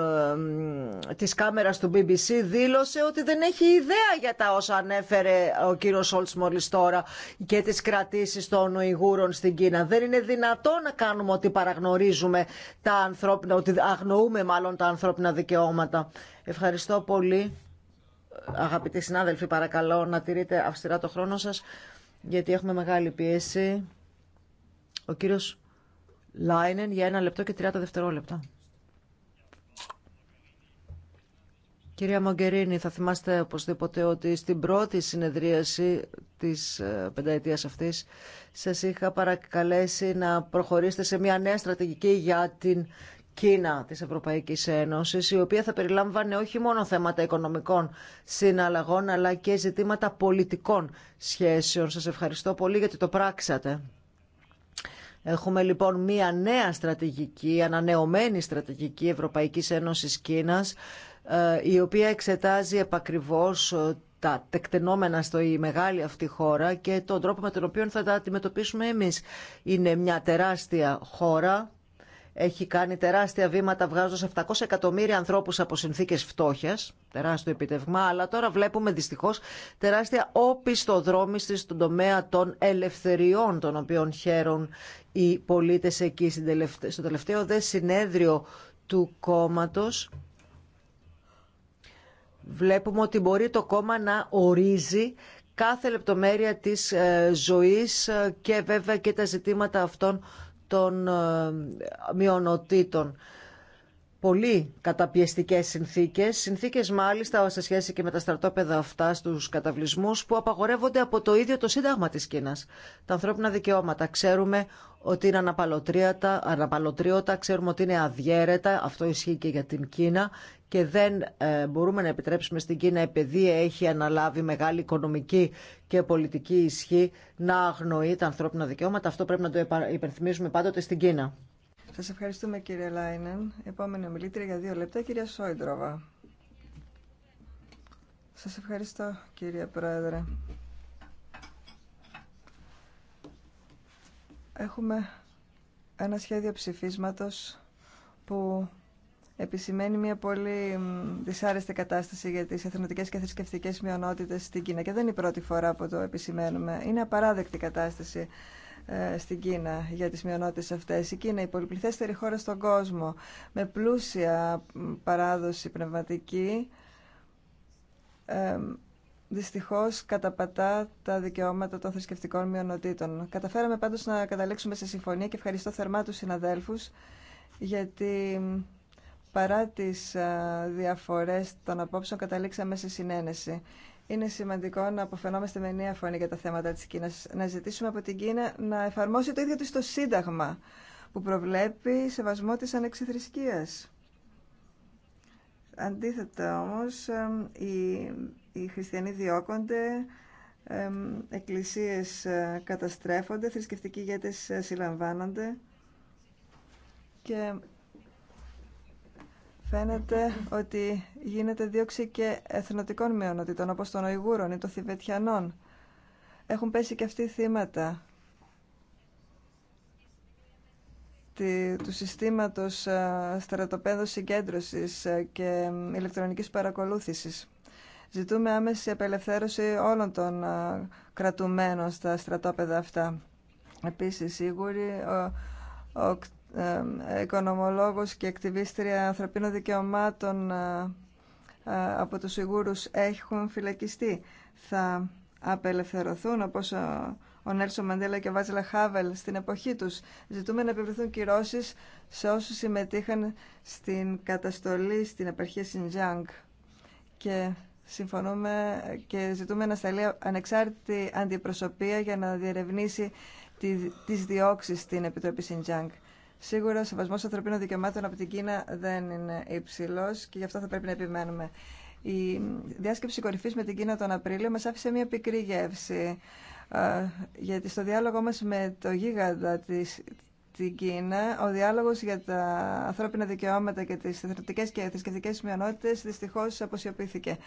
ε, της κάμερας του BBC δήλωσε ότι δεν έχει ιδέα για τα όσα ανέφερε ο κύριος Σόλτς μόλις τώρα και τις κρατήσεις των Ουιγούρων στην Κίνα. Δεν είναι δυνατό να κάνουμε ότι παραγνωρίζουμε τα ανθρώπινα, ότι αγνοούμε μάλλον τα ανθρώπινα δικαιώματα. Ευχαριστώ πολύ. Αγαπητοί συνάδελφοι, παρακαλώ να τηρείτε αυστηρά το χρόνο σας γιατί έχουμε μεγάλη πίεση. Ο κύριος Λάινεν για ένα λεπτό και 30 δευτερόλεπτα. Κυρία Μογκερίνη, θα θυμάστε οπωσδήποτε ότι στην πρώτη συνεδρίαση της ε, πενταετίας αυτής σας είχα παρακαλέσει να προχωρήσετε σε μια νέα στρατηγική για την Κίνα της Ευρωπαϊκής Ένωσης, η οποία θα περιλάμβανε όχι μόνο θέματα οικονομικών συναλλαγών, αλλά και ζητήματα πολιτικών σχέσεων. Σας ευχαριστώ πολύ γιατί το πράξατε. Έχουμε λοιπόν μία νέα στρατηγική, ανανεωμένη στρατηγική Ευρωπαϊκής Ένωσης Κίνας, ε, η οποία εξετάζει επακριβώς ε, τα τεκτενόμενα στο η μεγάλη αυτή χώρα και τον τρόπο με τον οποίο θα τα αντιμετωπίσουμε εμείς. Είναι μια τεράστια χώρα έχει κάνει τεράστια βήματα βγάζοντας 700 εκατομμύρια ανθρώπους από συνθήκες φτώχεια, τεράστιο επιτευγμά, αλλά τώρα βλέπουμε δυστυχώς τεράστια οπισθοδρόμηση στον τομέα των ελευθεριών των οποίων χαίρουν οι πολίτες εκεί στο τελευταίο δε συνέδριο του κόμματο. Βλέπουμε ότι μπορεί το κόμμα να ορίζει κάθε λεπτομέρεια της ε, ζωής ε, και βέβαια και τα ζητήματα αυτών των ε, μειονοτήτων πολύ καταπιεστικές συνθήκες, συνθήκες μάλιστα σε σχέση και με τα στρατόπεδα αυτά στους καταβλισμούς που απαγορεύονται από το ίδιο το Σύνταγμα της Κίνας. Τα ανθρώπινα δικαιώματα ξέρουμε ότι είναι αναπαλωτρίωτα, ξέρουμε ότι είναι αδιέρετα, αυτό ισχύει και για την Κίνα και δεν ε, μπορούμε να επιτρέψουμε στην Κίνα επειδή έχει αναλάβει μεγάλη οικονομική και πολιτική ισχύ να αγνοεί τα ανθρώπινα δικαιώματα. Αυτό πρέπει να το υπενθυμίζουμε πάντοτε στην Κίνα. Σας ευχαριστούμε κύριε Λάινεν. Επόμενη ομιλήτρια για δύο λεπτά, κυρία Σόιντροβα. Σας ευχαριστώ κύριε Πρόεδρε. Έχουμε ένα σχέδιο ψηφίσματος που επισημαίνει μια πολύ δυσάρεστη κατάσταση για τις εθνοτικές και θρησκευτικές μειονότητες στην Κίνα. Και δεν είναι η πρώτη φορά που το επισημαίνουμε. Είναι απαράδεκτη κατάσταση ε, στην Κίνα για τις μειονότητες αυτές. Η Κίνα, η πολυπληθέστερη χώρα στον κόσμο, με πλούσια παράδοση πνευματική, ε, δυστυχώς καταπατά τα δικαιώματα των θρησκευτικών μειονοτήτων. Καταφέραμε πάντως να καταλήξουμε σε συμφωνία και ευχαριστώ θερμά τους συναδέλφους γιατί παρά τις διαφορές των απόψεων καταλήξαμε σε συνένεση. Είναι σημαντικό να αποφαινόμαστε με νέα φωνή για τα θέματα της Κίνας. Να ζητήσουμε από την Κίνα να εφαρμόσει το ίδιο της το Σύνταγμα που προβλέπει σεβασμό της ανεξιθρησκείας. Αντίθετα όμως, οι, οι χριστιανοί διώκονται, εκκλησίες ε, καταστρέφονται, θρησκευτικοί ηγέτες ε, συλλαμβάνονται και Φαίνεται ότι γίνεται δίωξη και εθνοτικών μειονοτήτων, όπως των Οιγούρων ή των Θιβετιανών. Έχουν πέσει και αυτοί θύματα του συστήματος ε, στρατοπέδου συγκέντρωσης ε, και ηλεκτρονικής παρακολούθησης. Ζητούμε άμεση απελευθέρωση όλων των ε, κρατουμένων στα στρατόπεδα αυτά. Επίσης, σίγουροι, οικονομολόγος και ακτιβίστρια ανθρωπίνων δικαιωμάτων ε, ε, από τους Ιγούρους έχουν φυλακιστεί. Θα απελευθερωθούν όπως ο Νέρσο Μαντέλα και ο Βάζελα Χάβελ στην εποχή τους. Ζητούμε να επιβληθούν κυρώσεις σε όσους συμμετείχαν στην καταστολή στην επαρχία Σιντζάνγκ. Και συμφωνούμε και ζητούμε να σταλεί ανεξάρτητη αντιπροσωπεία για να διερευνήσει τις διώξεις στην Επιτροπή Σιντζάνγκ. Σίγουρα ο σεβασμό ανθρωπίνων δικαιωμάτων από την Κίνα δεν είναι υψηλό και γι' αυτό θα πρέπει να επιμένουμε. Η διάσκεψη κορυφή με την Κίνα τον Απρίλιο μα άφησε μια πικρή γεύση. Ε, γιατί στο διάλογο μα με το γίγαντα τη την Κίνα, ο διάλογος για τα ανθρώπινα δικαιώματα και τις θρησκευτικές και θρησκευτικέ μειονότητες δυστυχώ αποσιοποιήθηκε.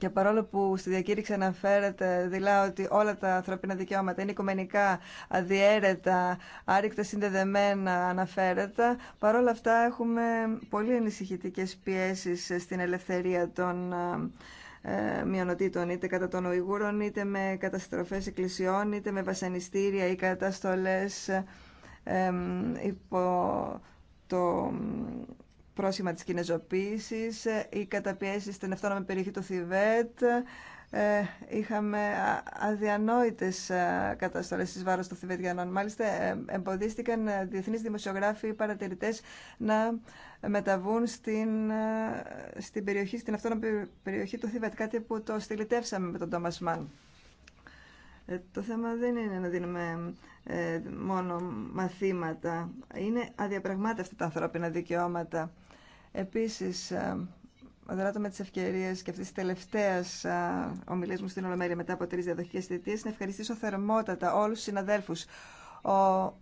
Και παρόλο που στη διακήρυξη αναφέρεται δειλά ότι όλα τα ανθρώπινα δικαιώματα είναι οικουμενικά, αδιέρετα, άρρηκτα συνδεδεμένα αναφέρεται, παρόλα αυτά έχουμε πολύ ανησυχητικές πιέσει στην ελευθερία των ε, μειονοτήτων, είτε κατά των ουηγούρων, είτε με καταστροφές εκκλησιών, είτε με βασανιστήρια ή καταστολές υπό το πρόσημα της κινεζοποίησης, ε, οι καταπιέσεις στην αυτόνομη περιοχή του Θιβέτ, ε, είχαμε αδιανόητες ε, καταστολές της βάρος των Θιβετιανών. Μάλιστα εμποδίστηκαν διεθνείς δημοσιογράφοι ή παρατηρητές να μεταβούν στην, στην περιοχή, στην αυτόνομη περιοχή του Θιβέτ κάτι που το στυλιτεύσαμε με τον Τόμας Μαν. Το θέμα δεν είναι να δίνουμε μόνο μαθήματα. Είναι αδιαπραγμάτευτα τα ανθρώπινα δικαιώματα Επίσης, ε, δράτω με τι ευκαιρίες και αυτή τη τελευταία ε, ομιλία μου στην Ολομέλεια μετά από τρει διαδοχικέ θητείε, να ευχαριστήσω θερμότατα όλου του συναδέλφου ο...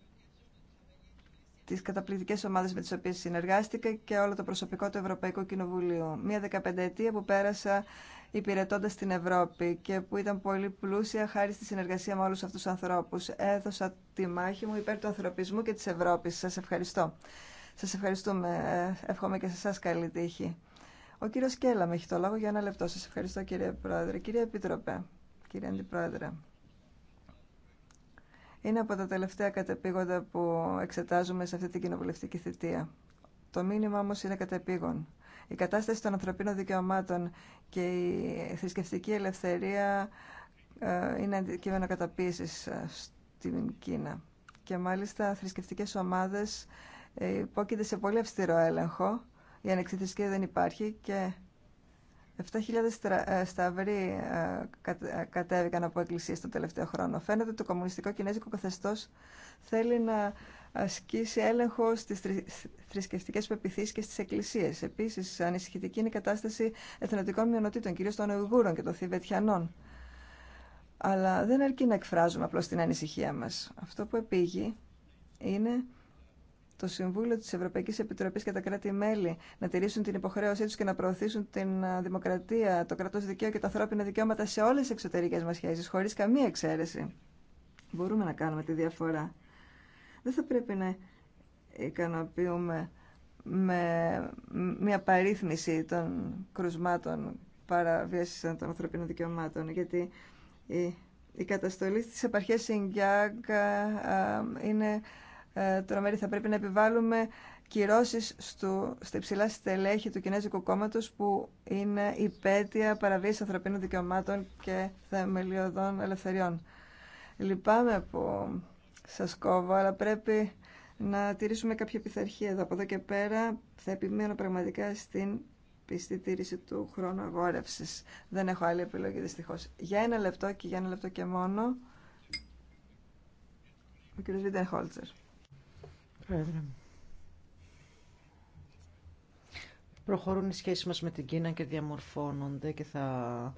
τις καταπληκτικές με τι οποίε συνεργάστηκα και όλο το προσωπικό του Ευρωπαϊκού Κοινοβουλίου. Μία δεκαπενταετία που πέρασα υπηρετώντα την Ευρώπη και που ήταν πολύ πλούσια χάρη στη συνεργασία με όλου αυτού του ανθρώπου. Έδωσα τη μάχη μου υπέρ του ανθρωπισμού και τη Ευρώπη. Σα ευχαριστώ. Σας ευχαριστούμε. Εύχομαι και σε εσά καλή τύχη. Ο κύριος Κέλα με έχει το λόγο για ένα λεπτό. Σας ευχαριστώ κύριε Πρόεδρε. Κύριε Επίτροπε, κύριε Αντιπρόεδρε. Είναι από τα τελευταία κατεπήγοντα που εξετάζουμε σε αυτή την κοινοβουλευτική θητεία. Το μήνυμα όμως είναι κατεπήγον. Η κατάσταση των ανθρωπίνων δικαιωμάτων και η θρησκευτική ελευθερία ε, είναι αντικείμενο καταπίεσης ε, στην Κίνα. Και μάλιστα θρησκευτικές ομάδες ε, υπόκειται σε πολύ αυστηρό έλεγχο. Η ανεξιθρησκεία δεν υπάρχει και 7.000 ε, σταυροί ε, κατέβηκαν από εκκλησίες τον τελευταίο χρόνο. Φαίνεται ότι το κομμουνιστικό κινέζικο καθεστώς θέλει να ασκήσει έλεγχο στις θρησκευτικές πεπιθήσεις και στις εκκλησίες. Επίσης, ανησυχητική είναι η κατάσταση εθνωτικών μειονοτήτων, κυρίως των Ουγγούρων και των Θηβετιανών. Αλλά δεν αρκεί να εκφράζουμε απλώς την ανησυχία μας. Αυτό που επήγει είναι το Συμβούλιο της Ευρωπαϊκής Επιτροπής και τα κράτη-μέλη να τηρήσουν την υποχρέωσή τους και να προωθήσουν την ε, δημοκρατία, το κράτος δικαίου και τα ανθρώπινα δικαιώματα σε όλες τις εξωτερικές μας σχέσεις, χωρίς καμία εξαίρεση. Μπορούμε να κάνουμε τη διαφορά. Δεν θα πρέπει να ικανοποιούμε με μια παρήθμιση των κρουσμάτων παραβίασης των ανθρωπίνων δικαιωμάτων, γιατί η, η καταστολή στις επαρχές Σιγκιάγκα είναι ε, τρομερή. Θα πρέπει να επιβάλλουμε κυρώσει στα υψηλά στελέχη του Κινέζικου κόμματο που είναι υπέτεια παραβίαση ανθρωπίνων δικαιωμάτων και θεμελιωδών ελευθεριών. Λυπάμαι που σα κόβω, αλλά πρέπει να τηρήσουμε κάποια πειθαρχία εδώ. Από εδώ και πέρα θα επιμείνω πραγματικά στην πιστή τήρηση του χρόνου αγόρευση. Δεν έχω άλλη επιλογή δυστυχώ. Για ένα λεπτό και για ένα λεπτό και μόνο. Ο κ. Βίντεν Χόλτσερ. Προχωρούν οι σχέσεις μας με την Κίνα και διαμορφώνονται και θα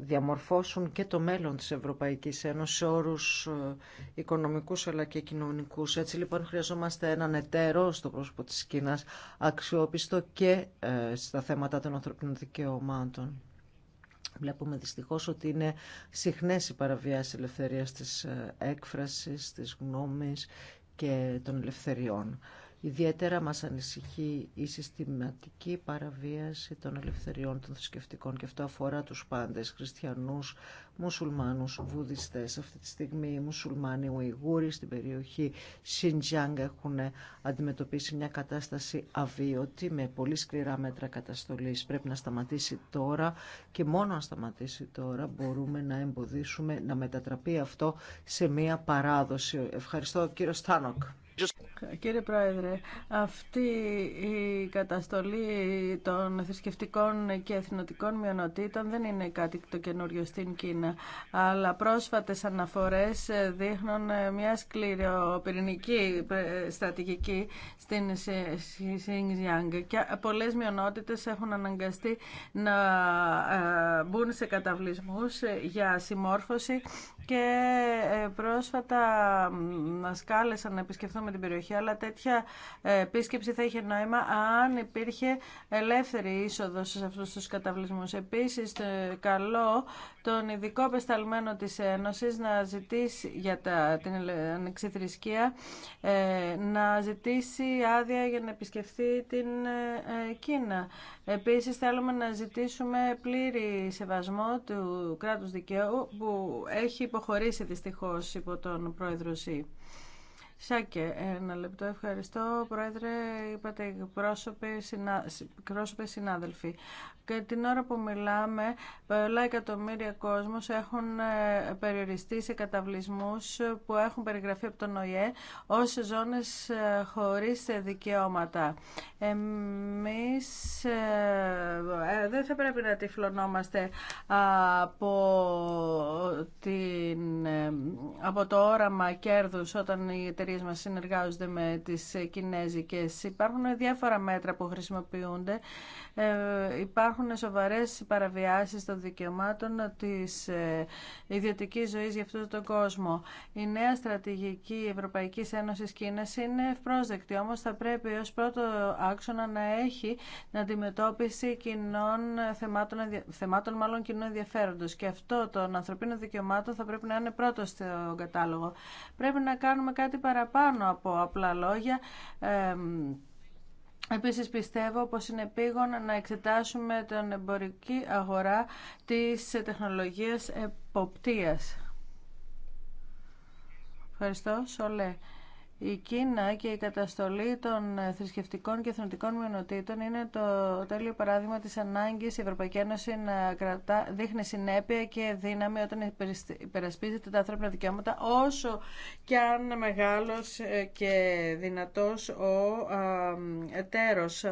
διαμορφώσουν και το μέλλον της Ευρωπαϊκής Ένωσης σε όρους ε, οικονομικούς αλλά και κοινωνικούς. Έτσι λοιπόν χρειαζόμαστε έναν εταίρο στο πρόσωπο της Κίνας αξιόπιστο και ε, στα θέματα των ανθρωπίνων δικαιωμάτων. Βλέπουμε δυστυχώς ότι είναι συχνές οι παραβιάσεις ελευθερίας της ε, έκφρασης, της γνώμης και των ελευθεριών. Ιδιαίτερα μας ανησυχεί η συστηματική παραβίαση των ελευθεριών των θρησκευτικών και αυτό αφορά τους πάντες, χριστιανούς, μουσουλμάνους, βουδιστές. Αυτή τη στιγμή οι μουσουλμάνοι Ουιγούροι στην περιοχή Σιντζιάνγκ έχουν αντιμετωπίσει μια κατάσταση αβίωτη με πολύ σκληρά μέτρα καταστολής. Πρέπει να σταματήσει τώρα και μόνο να σταματήσει τώρα μπορούμε να εμποδίσουμε να μετατραπεί αυτό σε μια παράδοση. Ευχαριστώ κύριο Στάνοκ. Κύριε Πρόεδρε, αυτή η καταστολή των θρησκευτικών και εθνοτικών μειονοτήτων δεν είναι κάτι το καινούριο στην Κίνα, αλλά πρόσφατες αναφορές δείχνουν μια σκληροπυρηνική στρατηγική στην Σινγκζιάνγκ και πολλές μειονότητες έχουν αναγκαστεί να ε, μπουν σε καταβλισμούς για συμμόρφωση και ε, πρόσφατα μα κάλεσαν να επισκεφθούμε την περιοχή, αλλά τέτοια ε, επίσκεψη θα είχε νόημα αν υπήρχε ελεύθερη είσοδο σε αυτούς τους καταβλισμούς. Επίσης, ε, καλό τον ειδικό πεσταλμένο της Ένωση να ζητήσει για τα, την ανεξιθρησκεία να ζητήσει άδεια για να επισκεφθεί την Κίνα. Επίσης θέλουμε να ζητήσουμε πλήρη σεβασμό του κράτους δικαίου που έχει υποχωρήσει δυστυχώς υπό τον πρόεδρο ΣΥ. Σάκε, ένα λεπτό. Ευχαριστώ, Πρόεδρε. Είπατε πρόσωπε συνάδελφοι. Και την ώρα που μιλάμε, πολλά εκατομμύρια κόσμος έχουν ε, περιοριστεί σε καταβλισμούς που έχουν περιγραφεί από τον ΟΗΕ ως ζώνες ε, χωρίς δικαιώματα. Εμείς ε, δεν θα πρέπει να τυφλωνόμαστε από, την, από το όραμα κέρδους όταν η εταιρείε μα συνεργάζονται με τις κινέζικες. Υπάρχουν διάφορα μέτρα που χρησιμοποιούνται ε, υπάρχουν σοβαρές παραβιάσεις των δικαιωμάτων της ε, ιδιωτικής ζωής για αυτόν τον κόσμο. Η νέα στρατηγική Ευρωπαϊκής Ένωσης Κίνας είναι ευπρόσδεκτη, όμως θα πρέπει ως πρώτο άξονα να έχει την αντιμετώπιση κοινών θεμάτων, θεμάτων μάλλον κοινών ενδιαφέροντος και αυτό των ανθρωπίνων δικαιωμάτων θα πρέπει να είναι πρώτο στο κατάλογο. Πρέπει να κάνουμε κάτι παραπάνω από απλά λόγια, ε, Επίσης πιστεύω πως είναι πήγον να εξετάσουμε τον εμπορική αγορά της τεχνολογίας εποπτείας. Ευχαριστώ. Σολέ. Η Κίνα και η καταστολή των θρησκευτικών και εθνοτικών μειονοτήτων είναι το τέλειο παράδειγμα της ανάγκης η Ευρωπαϊκή Ένωση να κρατά, δείχνει συνέπεια και δύναμη όταν υπερασπίζεται τα ανθρώπινα δικαιώματα όσο και αν μεγάλος και δυνατός ο ετερός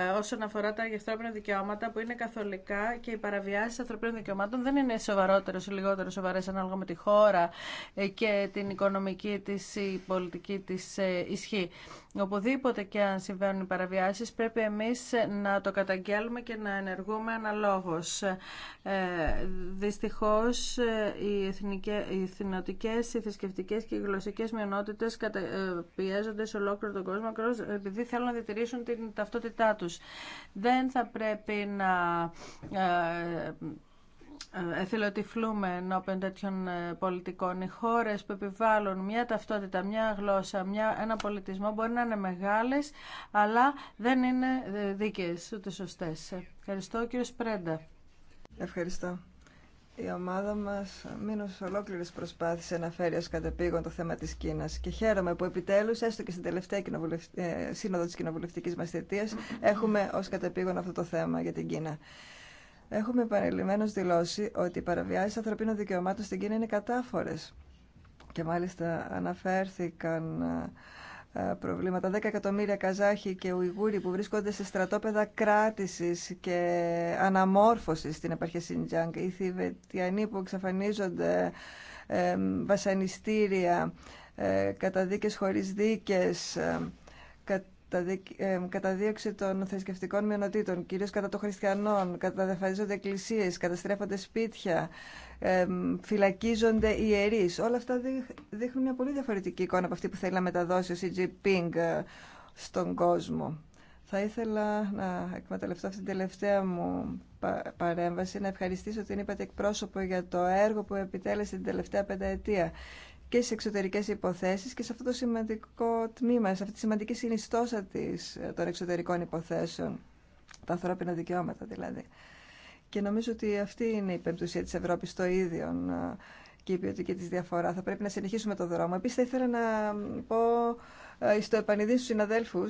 ε, όσον αφορά τα ανθρώπινα δικαιώματα που είναι καθολικά και οι παραβιάσει ανθρωπίνων δικαιωμάτων δεν είναι σοβαρότερε ή λιγότερο σοβαρέ ανάλογα με τη χώρα ε, και την οικονομική τη ή πολιτική τη ε, ισχύ. Οπουδήποτε και αν συμβαίνουν οι παραβιάσει, πρέπει εμεί να το καταγγέλουμε και να ενεργούμε αναλόγω. Ε, Δυστυχώ, οι εθνοτικέ, οι θρησκευτικέ και οι γλωσσικέ μειονότητε πιέζονται σε ολόκληρο τον κόσμο ακριβώ επειδή θέλουν να διατηρήσουν την ταυτότητά του. Δεν θα πρέπει να ε, ε, εθελοτυφλούμε ενώπιον τέτοιων ε, πολιτικών. Οι χώρε που επιβάλλουν μια ταυτότητα, μια γλώσσα, μια, ένα πολιτισμό μπορεί να είναι μεγάλε, αλλά δεν είναι δίκαιε ούτε σωστέ. Ευχαριστώ, κύριο Σπρέντα. Ευχαριστώ. Η ομάδα μας σε ολόκληρε προσπάθησε να φέρει ω κατεπήγον το θέμα της Κίνα. και χαίρομαι που επιτέλους, έστω και στην τελευταία ε, σύνοδο τη κοινοβουλευτική μα θητεία, έχουμε ως κατεπήγον αυτό το θέμα για την Κίνα. Έχουμε επανειλημμένω δηλώσει ότι οι παραβιάσει ανθρωπίνων δικαιωμάτων στην Κίνα είναι κατάφορε. Και μάλιστα αναφέρθηκαν ε, ε, προβλήματα. 10 εκατομμύρια Καζάχοι και Ουιγούροι που βρίσκονται σε στρατόπεδα κράτηση και αναμόρφωσης στην επαρχία Σιντζάνγκ. Οι Θιβετιανοί που εξαφανίζονται, ε, βασανιστήρια, ε, καταδίκες χωρίς δίκες, καταδίωξη των θρησκευτικών μειονοτήτων, κυρίως κατά των χριστιανών, καταδεφαρίζονται εκκλησίες, καταστρέφονται σπίτια, φυλακίζονται ιερείς. Όλα αυτά δείχνουν μια πολύ διαφορετική εικόνα από αυτή που θέλει να μεταδώσει ο CG Πινγκ ε, στον κόσμο. Θα ήθελα να εκμεταλλευτώ αυτή την τελευταία μου παρέμβαση, να ευχαριστήσω την είπατε εκπρόσωπο για το έργο που επιτέλεσε την τελευταία πενταετία και στι εξωτερικέ υποθέσει και σε αυτό το σημαντικό τμήμα, σε αυτή τη σημαντική συνιστόσα της, ε, των εξωτερικών υποθέσεων, τα ανθρώπινα δικαιώματα δηλαδή. Και νομίζω ότι αυτή είναι η πεμπτουσία τη Ευρώπη το ίδιο ε, και η ποιοτική τη διαφορά. Θα πρέπει να συνεχίσουμε το δρόμο. Επίση, θα ήθελα να πω ε, στο επανειδή στου συναδέλφου,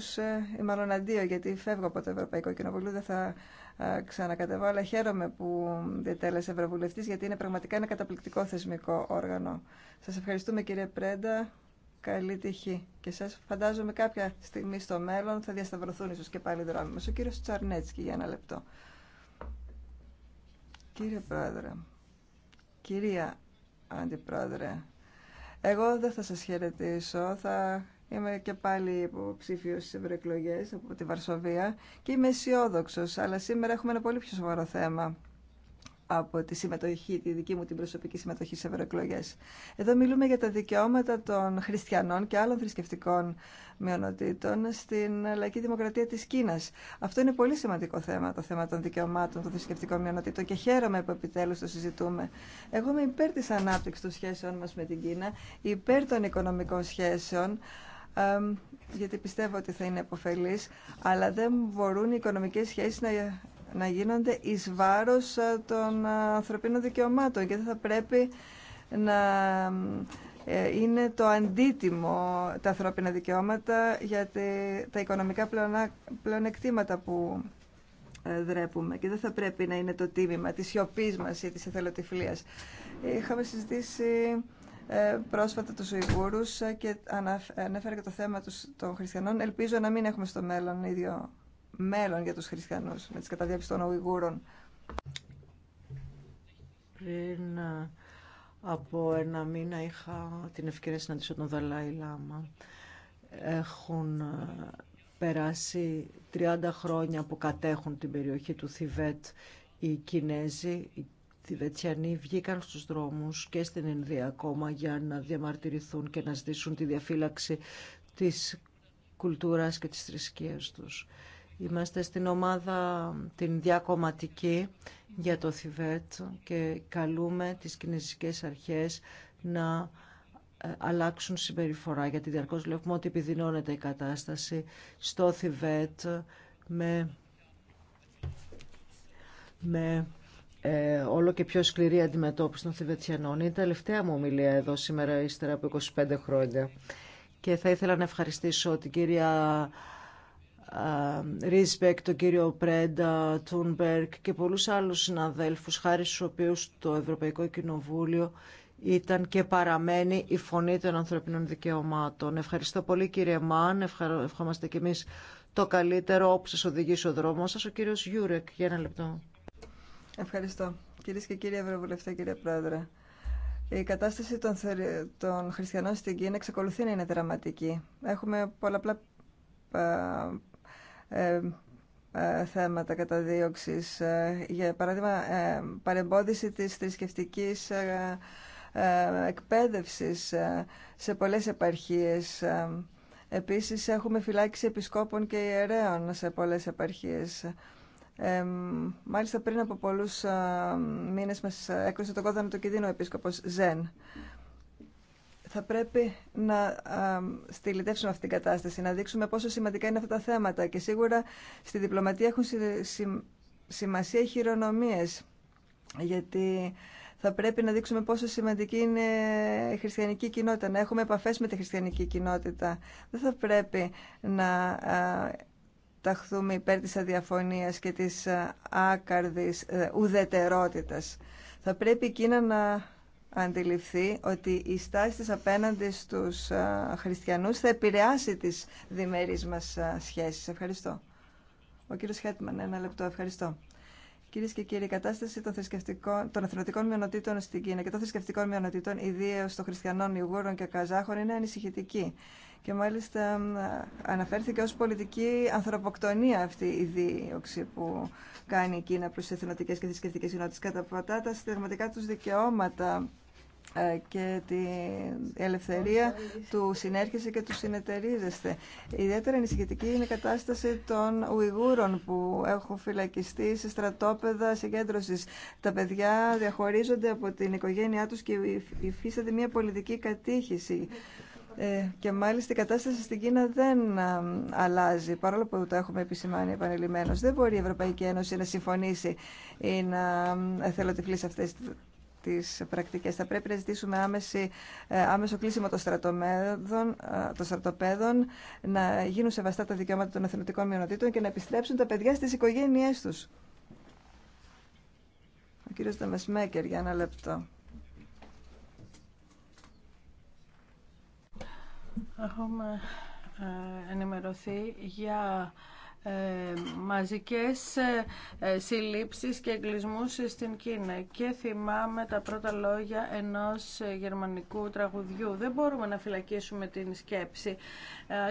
ή μάλλον αντίο, γιατί φεύγω από το Ευρωπαϊκό Κοινοβουλίο, δεν θα Ξανακατεβαλα αλλά χαίρομαι που διατέλεσε Ευρωβουλευτής, γιατί είναι πραγματικά ένα καταπληκτικό θεσμικό όργανο. Σας ευχαριστούμε κύριε Πρέντα. Καλή τυχή. Και σας φαντάζομαι κάποια στιγμή στο μέλλον θα διασταυρωθούν ίσως και πάλι δρόμοι μας. Ο κύριος Τσαρνέτσκι για ένα λεπτό. Κύριε Πρόεδρε, κυρία Αντιπρόεδρε, εγώ δεν θα σας χαιρετήσω, θα Είμαι και πάλι υποψήφιο στι ευρωεκλογέ από τη Βαρσοβία και είμαι αισιόδοξο. Αλλά σήμερα έχουμε ένα πολύ πιο σοβαρό θέμα από τη συμμετοχή, τη δική μου την προσωπική συμμετοχή σε ευρωεκλογέ. Εδώ μιλούμε για τα δικαιώματα των χριστιανών και άλλων θρησκευτικών μειονοτήτων στην λαϊκή δημοκρατία τη Κίνα. Αυτό είναι πολύ σημαντικό θέμα, το θέμα των δικαιωμάτων των θρησκευτικών μειονοτήτων και χαίρομαι που επιτέλου το συζητούμε. Εγώ είμαι υπέρ τη ανάπτυξη των σχέσεων μα με την Κίνα, υπέρ των οικονομικών σχέσεων γιατί πιστεύω ότι θα είναι εποφέλής αλλά δεν μπορούν οι οικονομικές σχέσεις να, γίνονται εις βάρος ε, των ε, ανθρωπίνων δικαιωμάτων και δεν θα πρέπει να ε, είναι το αντίτιμο τα ανθρώπινα δικαιώματα για τα οικονομικά πλεονεκτήματα που δρέπουμε και δεν θα πρέπει να είναι το τίμημα της σιωπής μας ή της εθελοτυφλίας. Είχαμε συζητήσει ε, πρόσφατα τους Ουγγούρους ε, και ανέφερε και το θέμα των χριστιανών. Ελπίζω να μην έχουμε στο μέλλον ίδιο μέλλον για τους χριστιανούς με τις καταδιάψεις των Ουιγούρων. Πριν ε, από ένα μήνα είχα την ευκαιρία να συναντήσω τον Δαλάη Λάμα. Έχουν περάσει 30 χρόνια που κατέχουν την περιοχή του Θιβέτ οι Κινέζοι, οι Τιβετιανοί βγήκαν στους δρόμους και στην Ινδία ακόμα για να διαμαρτυρηθούν και να ζητήσουν τη διαφύλαξη της κουλτούρας και της θρησκείας τους. Είμαστε στην ομάδα την διακομματική για το Θιβέτ και καλούμε τις κινέζικες αρχές να ε, αλλάξουν συμπεριφορά γιατί διαρκώς βλέπουμε ότι επιδεινώνεται η κατάσταση στο Θιβέτ με ε, όλο και πιο σκληρή αντιμετώπιση των Θηβετιανών. Είναι η τελευταία μου ομιλία εδώ σήμερα, ύστερα από 25 χρόνια. Και θα ήθελα να ευχαριστήσω την κυρία Ρίσπεκ, τον κύριο Πρέντα, Τούνμπερκ και πολλούς άλλους συναδέλφους, χάρη στους οποίους το Ευρωπαϊκό Κοινοβούλιο ήταν και παραμένει η φωνή των ανθρωπίνων δικαιωμάτων. Ευχαριστώ πολύ κύριε Μάν, ευχαριστώ και εμείς το καλύτερο όπου σας οδηγήσει ο δρόμος σας, ο κύριος Γιούρεκ, για ένα λεπτό. Ευχαριστώ. Κυρίε και κύριοι Ευρωβουλευτέ, κύριε Πρόεδρε. Η κατάσταση των, χριστιανών στην Κίνα εξακολουθεί να είναι δραματική. Έχουμε πολλαπλά ε, θέματα καταδίωξης. Ε, για παράδειγμα, ε, παρεμπόδιση της θρησκευτική ε, ε, εκπαίδευσης σε πολλές επαρχίες. Επίσης, έχουμε φυλάξει επισκόπων και ιερέων σε πολλές επαρχίες μάλιστα πριν από πολλούς α, μήνες μας έκοψε το κόδωνα του κινδύνου ο επίσκοπος Ζεν. Θα πρέπει να α, στυλιτεύσουμε αυτή την κατάσταση, να δείξουμε πόσο σημαντικά είναι αυτά τα θέματα και σίγουρα στη διπλωματία έχουν σημασία οι χειρονομίες γιατί θα πρέπει να δείξουμε πόσο σημαντική είναι η χριστιανική κοινότητα, να έχουμε επαφές με τη χριστιανική κοινότητα. Δεν θα πρέπει να σταχθούμε υπέρ της αδιαφωνίας και της ε, άκαρδης ε, ουδετερότητας. Θα πρέπει η Κίνα να αντιληφθεί ότι η στάση της απέναντι στους ε, χριστιανούς θα επηρεάσει τις διμερείς μας σχέσεις. Ευχαριστώ. Ο κύριος Χέτμαν, ένα λεπτό. Ευχαριστώ. Κυρίε και κύριοι, η κατάσταση των, θρησκευτικών, των εθνοτικών μειονοτήτων στην Κίνα και των θρησκευτικών μειονοτήτων, ιδίω των χριστιανών, Ιγούρων και Καζάχων, είναι ανησυχητική και μάλιστα αναφέρθηκε ως πολιτική ανθρωποκτονία αυτή η δίωξη που κάνει η Κίνα προς εθνοτικές και θρησκευτικές κοινότητες καταπατά τα συνταγματικά τους δικαιώματα ε, και την ελευθερία του συνέρχεσαι και του συνεταιρίζεστε. Ιδιαίτερα ενισχυτική είναι η κατάσταση των Ουιγούρων που έχουν φυλακιστεί σε στρατόπεδα συγκέντρωσης. Τα παιδιά διαχωρίζονται από την οικογένειά τους και υφίσταται μια πολιτική κατήχηση. Ε, και μάλιστα η κατάσταση στην Κίνα δεν αλλάζει, παρόλο που το έχουμε επισημάνει επανειλημμένω. Δεν μπορεί η Ευρωπαϊκή Ένωση να συμφωνήσει ή να να ε, σε αυτέ τι πρακτικέ. Θα πρέπει να ζητήσουμε άμεση, ε, άμεσο κλείσιμο των, των στρατοπέδων, να γίνουν σεβαστά τα δικαιώματα των εθνικών μειονοτήτων και να επιστρέψουν τα παιδιά στι οικογένειέ του. Ο κύριος Δεμεσμέκερ, για ένα λεπτό. Έχουμε ε, ενημερωθεί για ε, μαζικές ε, συλλήψεις και εγκλισμούς στην Κίνα και θυμάμαι τα πρώτα λόγια ενός γερμανικού τραγουδιού δεν μπορούμε να φυλακίσουμε την σκέψη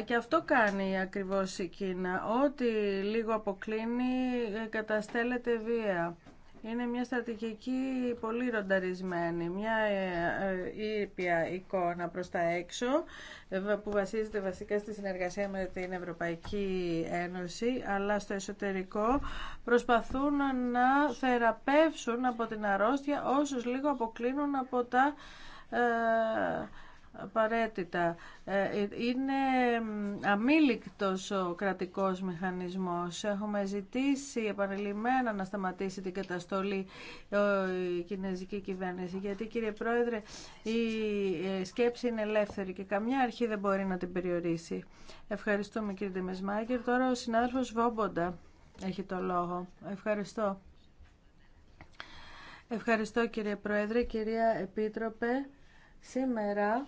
και αυτό κάνει ακριβώς η Κίνα ότι λίγο αποκλίνει καταστέλλεται βία είναι μια στρατηγική πολύ ρονταρισμένη, μια ε, ε, ήπια εικόνα προς τα έξω ε, που βασίζεται βασικά στη συνεργασία με την Ευρωπαϊκή Ένωση αλλά στο εσωτερικό προσπαθούν να θεραπεύσουν από την αρρώστια όσους λίγο αποκλίνουν από τα απαραίτητα. Ε, είναι αμήλικτος ο κρατικός μηχανισμός. Έχουμε ζητήσει επανειλημμένα να σταματήσει την καταστολή ε, η κινέζικη κυβέρνηση. Γιατί κύριε Πρόεδρε η ε, σκέψη είναι ελεύθερη και καμιά αρχή δεν μπορεί να την περιορίσει. Ευχαριστούμε κύριε Ντεμεσμάκερ. Τώρα ο συνάδελφος Βόμποντα έχει το λόγο. Ευχαριστώ. Ευχαριστώ κύριε Πρόεδρε, κυρία Επίτροπε. Σήμερα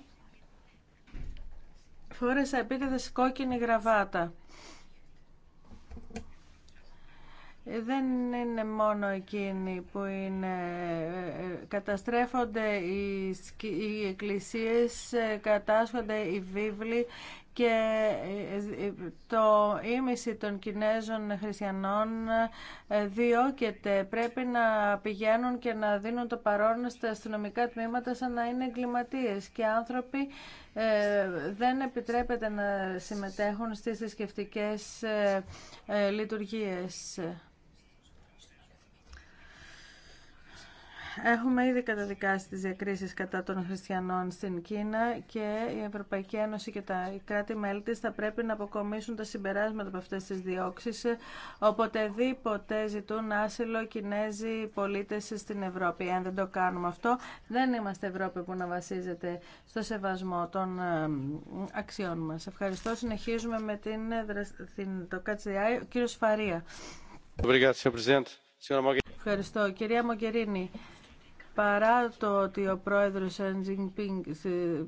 Φόρεσα επίτηδες κόκκινη γραβάτα. Ε, δεν είναι μόνο εκείνοι που είναι, ε, ε, καταστρέφονται οι εκκλησίες, κατάσχονται οι βίβλοι και ε, ε, το ίμιση των Κινέζων χριστιανών ε, διώκεται. Πρέπει να πηγαίνουν και να δίνουν το παρόν στα αστυνομικά τμήματα σαν να είναι εγκληματίε και άνθρωποι δεν επιτρέπεται να συμμετέχουν στις θρησκευτικέ λειτουργίες. Έχουμε ήδη καταδικάσει τις διακρίσεις κατά των χριστιανών στην Κίνα και η Ευρωπαϊκή Ένωση και τα κράτη-μέλη της θα πρέπει να αποκομίσουν τα συμπεράσματα από αυτές τις διώξεις οποτεδήποτε ζητούν άσυλο Κινέζοι πολίτες στην Ευρώπη. Αν δεν το κάνουμε αυτό, δεν είμαστε Ευρώπη που να βασίζεται στο σεβασμό των ε, αξιών μας. Ευχαριστώ. Συνεχίζουμε με την, ε, την το ΚΑΤΣΔΙ, ο κύριος Φαρία. Ευχαριστώ. Κυρία Μογκερίνη, παρά το ότι ο πρόεδρος Τζινπίνγκ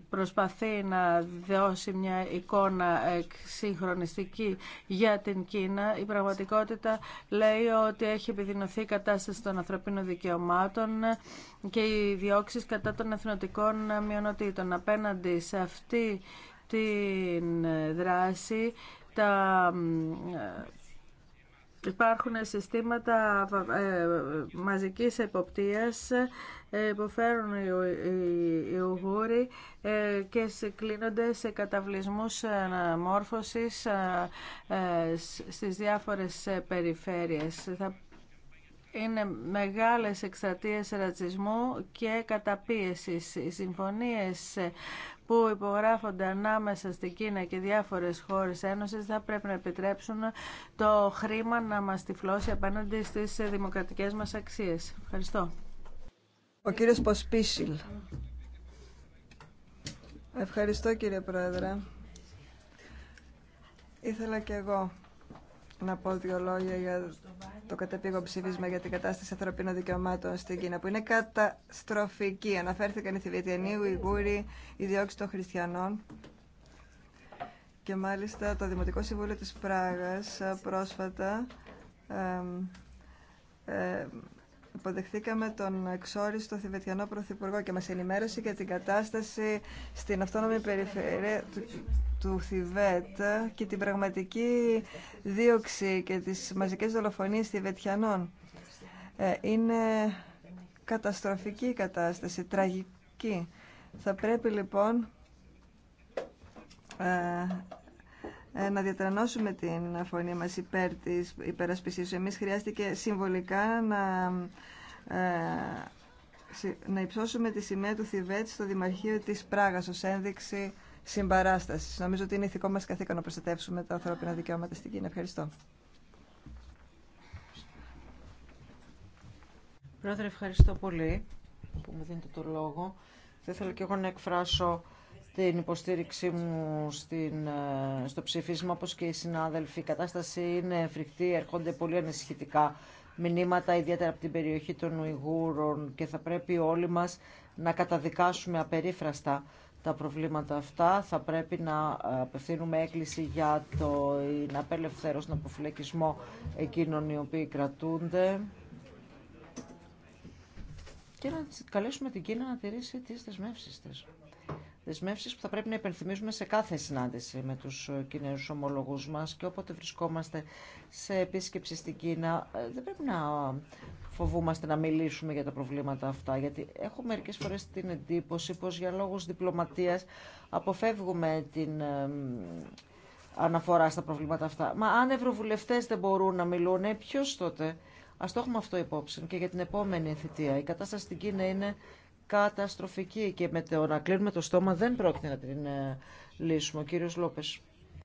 προσπαθεί να δώσει μια εικόνα συγχρονιστική για την Κίνα, η πραγματικότητα λέει ότι έχει επιδεινωθεί η κατάσταση των ανθρωπίνων δικαιωμάτων και οι διώξεις κατά των εθνοτικών μειονοτήτων. Απέναντι σε αυτή τη δράση, τα Υπάρχουν συστήματα ε, μαζικής εποπτείας ε, που φέρουν οι ουγούροι ε, και κλείνονται σε καταβλισμούς αναμόρφωσης στις διάφορες περιφέρειες είναι μεγάλες εκστρατείες ρατσισμού και καταπίεσης. Οι συμφωνίες που υπογράφονται ανάμεσα στην Κίνα και διάφορες χώρες Ένωσης θα πρέπει να επιτρέψουν το χρήμα να μας τυφλώσει απέναντι στις δημοκρατικές μας αξίες. Ευχαριστώ. Ο κύριος Ποσπίσιλ. Ευχαριστώ κύριε Πρόεδρε. Ήθελα και εγώ να πω δύο λόγια για το κατεπήγον ψήφισμα για την κατάσταση ανθρωπίνων δικαιωμάτων στην Κίνα, που είναι καταστροφική. Αναφέρθηκαν οι Θηβετιανοί, οι Ιγούροι, οι διώξει των χριστιανών. Και μάλιστα το Δημοτικό Συμβούλιο της Πράγας πρόσφατα ε, Υποδεχθήκαμε τον εξόριστο Θιβετιανό Πρωθυπουργό και μας ενημέρωσε για την κατάσταση στην αυτόνομη περιφέρεια του, του Θιβέτ και την πραγματική δίωξη και τις μαζικές δολοφονίες Θιβετιανών. Ε, είναι καταστροφική η κατάσταση, τραγική. Θα πρέπει λοιπόν ε, ε, να διατρανώσουμε την φωνή μας υπέρ της υπερασπισής. Εμείς χρειάστηκε συμβολικά να, ε, να υψώσουμε τη σημαία του Θιβέτ στο Δημαρχείο της Πράγας ως ένδειξη συμπαράστασης. Νομίζω ότι είναι ηθικό μας καθήκον να προστατεύσουμε τα ανθρώπινα δικαιώματα στην Κίνα. Ευχαριστώ. Πρόεδρε, ευχαριστώ πολύ που μου δίνετε το λόγο. Θα ήθελα και εγώ να εκφράσω την υποστήριξή μου στην, ε, στο ψηφίσμα, όπως και οι συνάδελφοι. Η κατάσταση είναι φρικτή, έρχονται πολύ ανησυχητικά μηνύματα, ιδιαίτερα από την περιοχή των Ουιγούρων και θα πρέπει όλοι μας να καταδικάσουμε απερίφραστα τα προβλήματα αυτά. Θα πρέπει να ε, απευθύνουμε έκκληση για το να στον αποφυλακισμό εκείνων οι οποίοι κρατούνται και να καλέσουμε την Κίνα να τηρήσει τις δεσμεύσεις της. Δεσμεύσεις που θα πρέπει να υπενθυμίζουμε σε κάθε συνάντηση με τους κοινούς ομολογούς μας και όποτε βρισκόμαστε σε επίσκεψη στην Κίνα ε, δεν πρέπει να φοβούμαστε να μιλήσουμε για τα προβλήματα αυτά γιατί έχω μερικές φορές την εντύπωση πως για λόγους διπλωματίας αποφεύγουμε την αναφορά στα προβλήματα αυτά. Μα αν ευρωβουλευτέ δεν μπορούν να μιλούν, ποιο τότε. Ας το έχουμε αυτό υπόψη και για την επόμενη θητεία. Η κατάσταση στην Κίνα είναι καταστροφική και με το να κλείνουμε το στόμα δεν πρόκειται να την ε, λύσουμε. Ο κύριος Λόπες.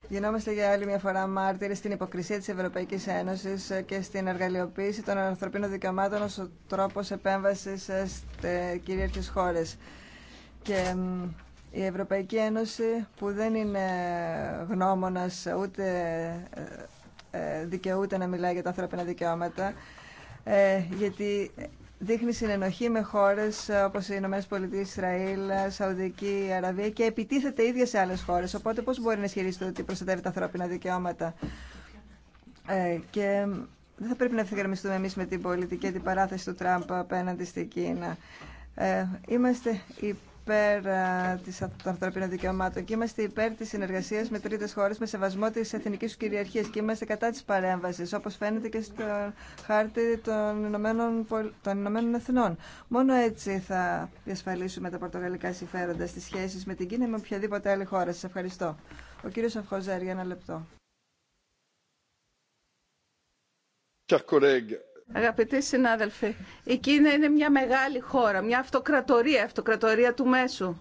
Γινόμαστε για άλλη μια φορά μάρτυρες στην υποκρισία της Ευρωπαϊκής Ένωσης ε, και στην εργαλειοποίηση των ανθρωπίνων δικαιωμάτων ως τρόπο τρόπος επέμβασης ε, στις κυρίαρχες χώρες. Και η Ευρωπαϊκή Ένωση που δεν είναι γνώμονας ούτε δικαιούται να μιλάει για τα ανθρώπινα δικαιώματα γιατί δείχνει συνενοχή με χώρες όπως οι Ηνωμένες Πολιτείες, Ισραήλ, Σαουδική Αραβία και επιτίθεται ίδια σε άλλες χώρες. Οπότε πώς μπορεί να ισχυρίζεται ότι προστατεύει τα ανθρώπινα δικαιώματα. Ε, και δεν θα πρέπει να ευθυγραμμιστούμε εμείς με την πολιτική αντιπαράθεση την παράθεση του Τραμπ απέναντι στην Κίνα. Ε, είμαστε υπέρ ε, της, των δικαιωμάτων και είμαστε υπέρ της συνεργασίας με τρίτες χώρες με σεβασμό της εθνικής του κυριαρχίας και είμαστε κατά της παρέμβασης, όπως φαίνεται και στο χάρτη των Ηνωμένων, των Ηνωμένων Εθνών. Μόνο έτσι θα διασφαλίσουμε τα πορτογαλικά συμφέροντα στις σχέσεις με την Κίνα με οποιαδήποτε άλλη χώρα. Σας ευχαριστώ. Ο κύριος Αυχόζερ, για ένα λεπτό. Αγαπητοί συνάδελφοι, η Κίνα είναι μια μεγάλη χώρα, μια αυτοκρατορία, αυτοκρατορία του μέσου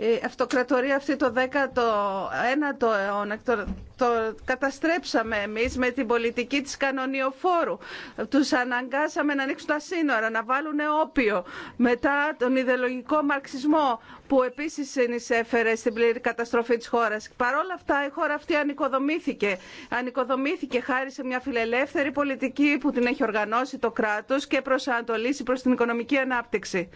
η αυτοκρατορία αυτή το 19ο αιώνα το καταστρέψαμε εμείς με την πολιτική της κανονιοφόρου. Τους αναγκάσαμε να ανοίξουν τα σύνορα, να βάλουν όπιο. Μετά τον ιδεολογικό μαρξισμό που επίσης συνεισέφερε στην πλήρη καταστροφή της χώρας. Παρ' όλα αυτά η χώρα αυτή ανοικοδομήθηκε. Ανοικοδομήθηκε χάρη σε μια φιλελεύθερη πολιτική που την έχει οργανώσει το κράτος και προσανατολίσει προς την οικονομική ανάπτυξη.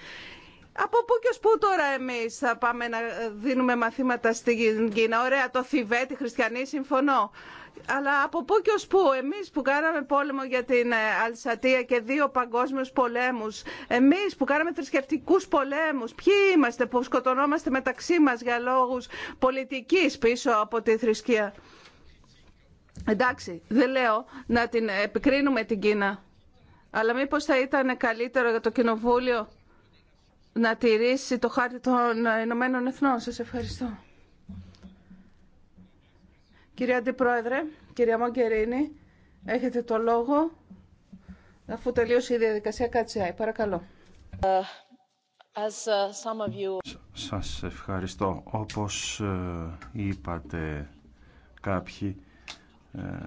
Από πού και ως πού τώρα εμείς θα πάμε να δίνουμε μαθήματα στην Κίνα. Ωραία, το Θιβέ, τη Χριστιανή, συμφωνώ. Αλλά από πού και ως πού, εμείς που κάναμε πόλεμο για την ε, Αλσατία και δύο παγκόσμιους πολέμους, εμείς που κάναμε θρησκευτικού πολέμους, ποιοι είμαστε που σκοτωνόμαστε μεταξύ μας για λόγους πολιτικής πίσω από τη θρησκεία. Εντάξει, δεν λέω να την επικρίνουμε την Κίνα, αλλά μήπως θα ήταν καλύτερο για το Κοινοβούλιο να τηρήσει το χάρτη των Ηνωμένων Εθνών. Σας ευχαριστώ. Κυρία Αντιπρόεδρε, κυρία Μογκερίνη, έχετε το λόγο αφού τελείωσε η διαδικασία αΐ. Παρακαλώ. Uh, uh, σας ευχαριστώ. Όπως ε, είπατε κάποιοι, ε,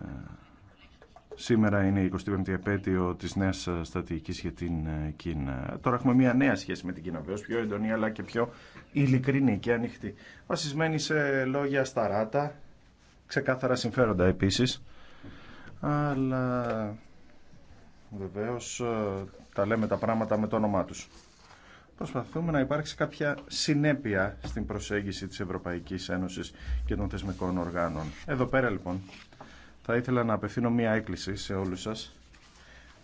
Σήμερα είναι η 25η επέτειο της νέας στρατηγική για την ε, Κίνα. Τώρα έχουμε μια νέα σχέση με την Κίνα βεβαίω πιο έντονη αλλά και πιο ειλικρινή και ανοιχτή. Βασισμένη σε λόγια σταράτα, ξεκάθαρα συμφέροντα επίσης. Αλλά βεβαίω, ε, τα λέμε τα πράγματα με το όνομά τους. Προσπαθούμε να υπάρξει κάποια συνέπεια στην προσέγγιση της Ευρωπαϊκής Ένωσης και των θεσμικών οργάνων. Εδώ πέρα λοιπόν θα ήθελα να απευθύνω μία έκκληση σε όλους σας.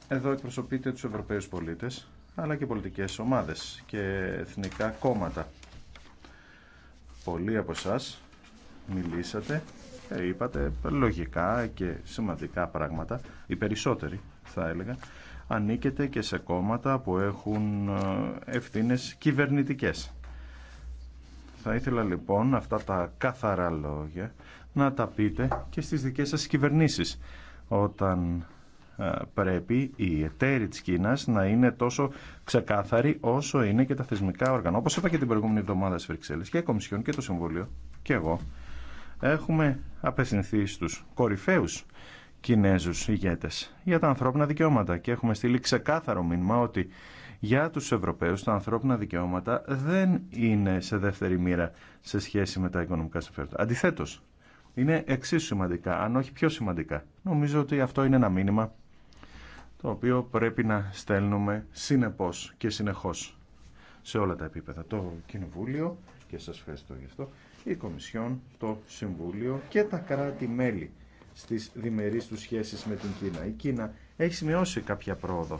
Εδώ εκπροσωπείτε τους Ευρωπαίους πολίτες, αλλά και πολιτικές ομάδες και εθνικά κόμματα. Πολλοί από σας μιλήσατε, ε, είπατε λογικά και σημαντικά πράγματα, οι περισσότεροι θα έλεγα, ανήκετε και σε κόμματα που έχουν ε, ευθύνες κυβερνητικές. Θα ήθελα λοιπόν αυτά τα καθαρά λόγια να τα πείτε και στις δικές σας κυβερνήσεις όταν ε, πρέπει η εταίροι της Κίνας να είναι τόσο ξεκάθαρη όσο είναι και τα θεσμικά όργανα. Όπως είπα και την προηγούμενη εβδομάδα στις Βρυξέλλες και η Κομισιόν και το Συμβούλιο και εγώ έχουμε απευθυνθεί στους κορυφαίους Κινέζους ηγέτες για τα ανθρώπινα δικαιώματα και έχουμε στείλει ξεκάθαρο μήνυμα ότι για τους Ευρωπαίους τα ανθρώπινα δικαιώματα δεν είναι σε δεύτερη μοίρα σε σχέση με τα οικονομικά συμφέροντα. Αντιθέτως, είναι εξίσου σημαντικά, αν όχι πιο σημαντικά. Νομίζω ότι αυτό είναι ένα μήνυμα το οποίο πρέπει να στέλνουμε συνεπώς και συνεχώς σε όλα τα επίπεδα. Το Κοινοβούλιο, και σας ευχαριστώ γι' αυτό, η Κομισιόν, το Συμβούλιο και τα κράτη-μέλη στις διμερείς του σχέσεις με την Κίνα. Η Κίνα έχει σημειώσει κάποια πρόοδο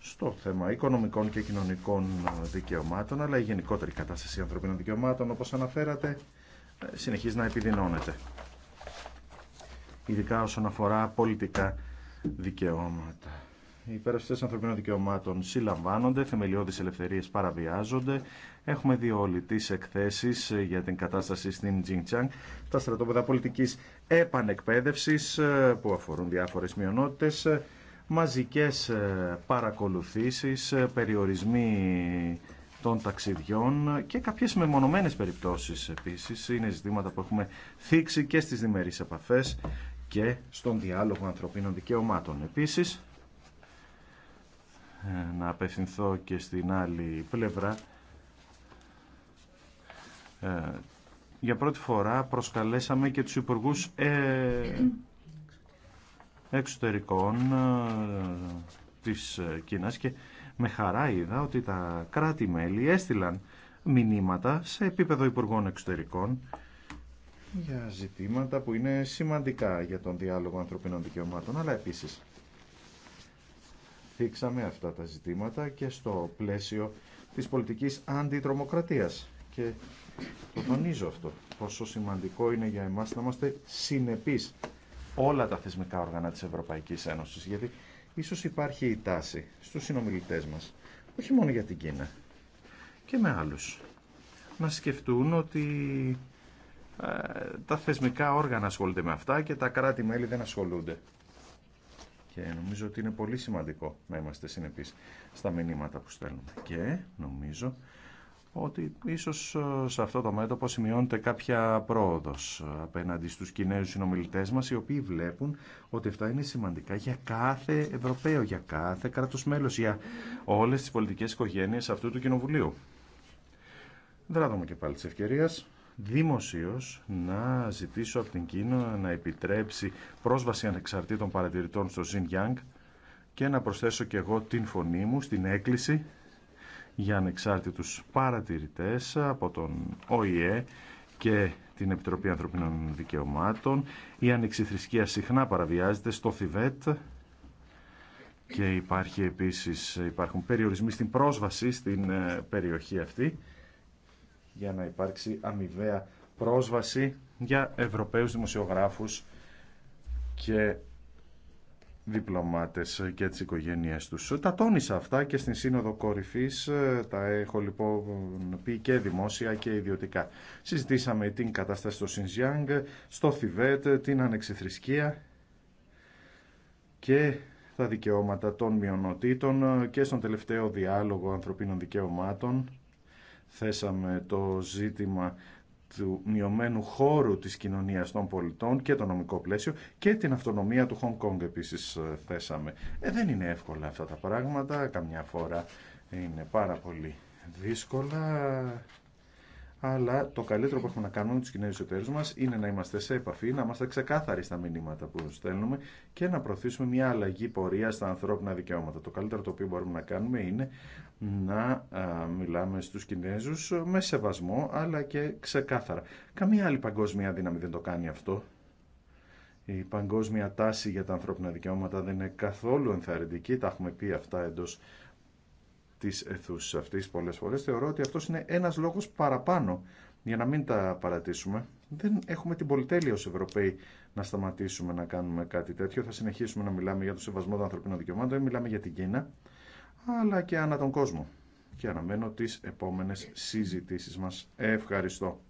στο θέμα οικονομικών και κοινωνικών δικαιωμάτων, αλλά η γενικότερη κατάσταση ανθρωπίνων δικαιωμάτων, όπως αναφέρατε, συνεχίζει να επιδεινώνεται. Ειδικά όσον αφορά πολιτικά δικαιώματα. Οι υπερασπιστές ανθρωπίνων δικαιωμάτων συλλαμβάνονται, θεμελιώδεις ελευθερίες παραβιάζονται. Έχουμε δει όλοι τις εκθέσεις για την κατάσταση στην Τζιντσάνγκ, τα στρατόπεδα πολιτικής επανεκπαίδευσης ε, που αφορούν διάφορες μειονότητες, ε, μαζικές ε, παρακολουθήσεις, περιορισμοί των ταξιδιών και κάποιες μεμονωμένες περιπτώσεις επίσης είναι ζητήματα που έχουμε θίξει και στις διμερείς επαφές και στον διάλογο ανθρωπίνων δικαιωμάτων. Επίσης, ε, να απευθυνθώ και στην άλλη πλευρά, ε, για πρώτη φορά προσκαλέσαμε και τους υπουργούς ε, εξωτερικών της Κίνας και με χαρά είδα ότι τα κράτη-μέλη έστειλαν μηνύματα σε επίπεδο Υπουργών Εξωτερικών για ζητήματα που είναι σημαντικά για τον διάλογο ανθρωπίνων δικαιωμάτων, αλλά επίσης θίξαμε αυτά τα ζητήματα και στο πλαίσιο της πολιτικής αντιτρομοκρατίας. Και το τονίζω αυτό, πόσο σημαντικό είναι για εμάς να είμαστε συνεπείς όλα τα θεσμικά όργανα της Ευρωπαϊκής Ένωσης, γιατί Ίσως υπάρχει η τάση στους συνομιλητές μας, όχι μόνο για την Κίνα, και με άλλους, να σκεφτούν ότι ε, τα θεσμικά όργανα ασχολούνται με αυτά και τα κράτη-μέλη δεν ασχολούνται. Και νομίζω ότι είναι πολύ σημαντικό να είμαστε συνεπείς στα μηνύματα που στέλνουμε. Και νομίζω ότι ίσως ε, σε αυτό το μέτωπο σημειώνεται κάποια πρόοδος ε, απέναντι στους Κινέζους συνομιλητές μας, οι οποίοι βλέπουν ότι αυτά είναι σημαντικά για κάθε Ευρωπαίο, για κάθε κράτος μέλος, για όλες τις πολιτικές οικογένειες αυτού του Κοινοβουλίου. Δράδομαι και πάλι τη ευκαιρία δημοσίως να ζητήσω από την Κίνα να επιτρέψει πρόσβαση ανεξαρτήτων παρατηρητών στο Xinjiang και να προσθέσω και εγώ την φωνή μου στην έκκληση για ανεξάρτητους παρατηρητές από τον ΟΗΕ και την Επιτροπή Ανθρωπίνων Δικαιωμάτων. Η ανεξιθρησκεία συχνά παραβιάζεται στο Θιβέτ και υπάρχει επίσης, υπάρχουν περιορισμοί στην πρόσβαση στην ε, περιοχή αυτή για να υπάρξει αμοιβαία πρόσβαση για Ευρωπαίους δημοσιογράφους και διπλωμάτες και τις οικογένειές τους. Τα τόνισα αυτά και στην Σύνοδο Κορυφής, ε, τα έχω λοιπόν πει και δημόσια και ιδιωτικά. Συζητήσαμε την κατάσταση στο Σινζιάνγκ, στο Θιβέτ, την ανεξιθρησκεία και τα δικαιώματα των μειονοτήτων και στον τελευταίο διάλογο ανθρωπίνων δικαιωμάτων θέσαμε το ζήτημα του μειωμένου χώρου της κοινωνίας των πολιτών και το νομικό πλαίσιο και την αυτονομία του Χονγκ Κόνγκ επίσης ε, θέσαμε. Ε, δεν είναι εύκολα αυτά τα πράγματα, καμιά φορά είναι πάρα πολύ δύσκολα αλλά το καλύτερο που έχουμε να κάνουμε με τους Κινέζους εταίρου μας είναι να είμαστε σε επαφή, να είμαστε ξεκάθαροι στα μηνύματα που στέλνουμε και να προωθήσουμε μια αλλαγή πορεία στα ανθρώπινα δικαιώματα. Το καλύτερο το οποίο μπορούμε να κάνουμε είναι να μιλάμε στους Κινέζους με σεβασμό αλλά και ξεκάθαρα. Καμία άλλη παγκόσμια δύναμη δεν το κάνει αυτό. Η παγκόσμια τάση για τα ανθρώπινα δικαιώματα δεν είναι καθόλου ενθαρρυντική, τα έχουμε πει αυτά εντός Τη αιθούση αυτής πολλές φορέ. Θεωρώ ότι αυτό είναι ένας λόγος παραπάνω για να μην τα παρατήσουμε. Δεν έχουμε την πολυτέλεια ω Ευρωπαίοι να σταματήσουμε να κάνουμε κάτι τέτοιο. Θα συνεχίσουμε να μιλάμε για το σεβασμό των ανθρωπίνων δικαιωμάτων, μιλάμε για την Κίνα, αλλά και ανά τον κόσμο. Και αναμένω τι επόμενε συζητήσει μα. Ευχαριστώ.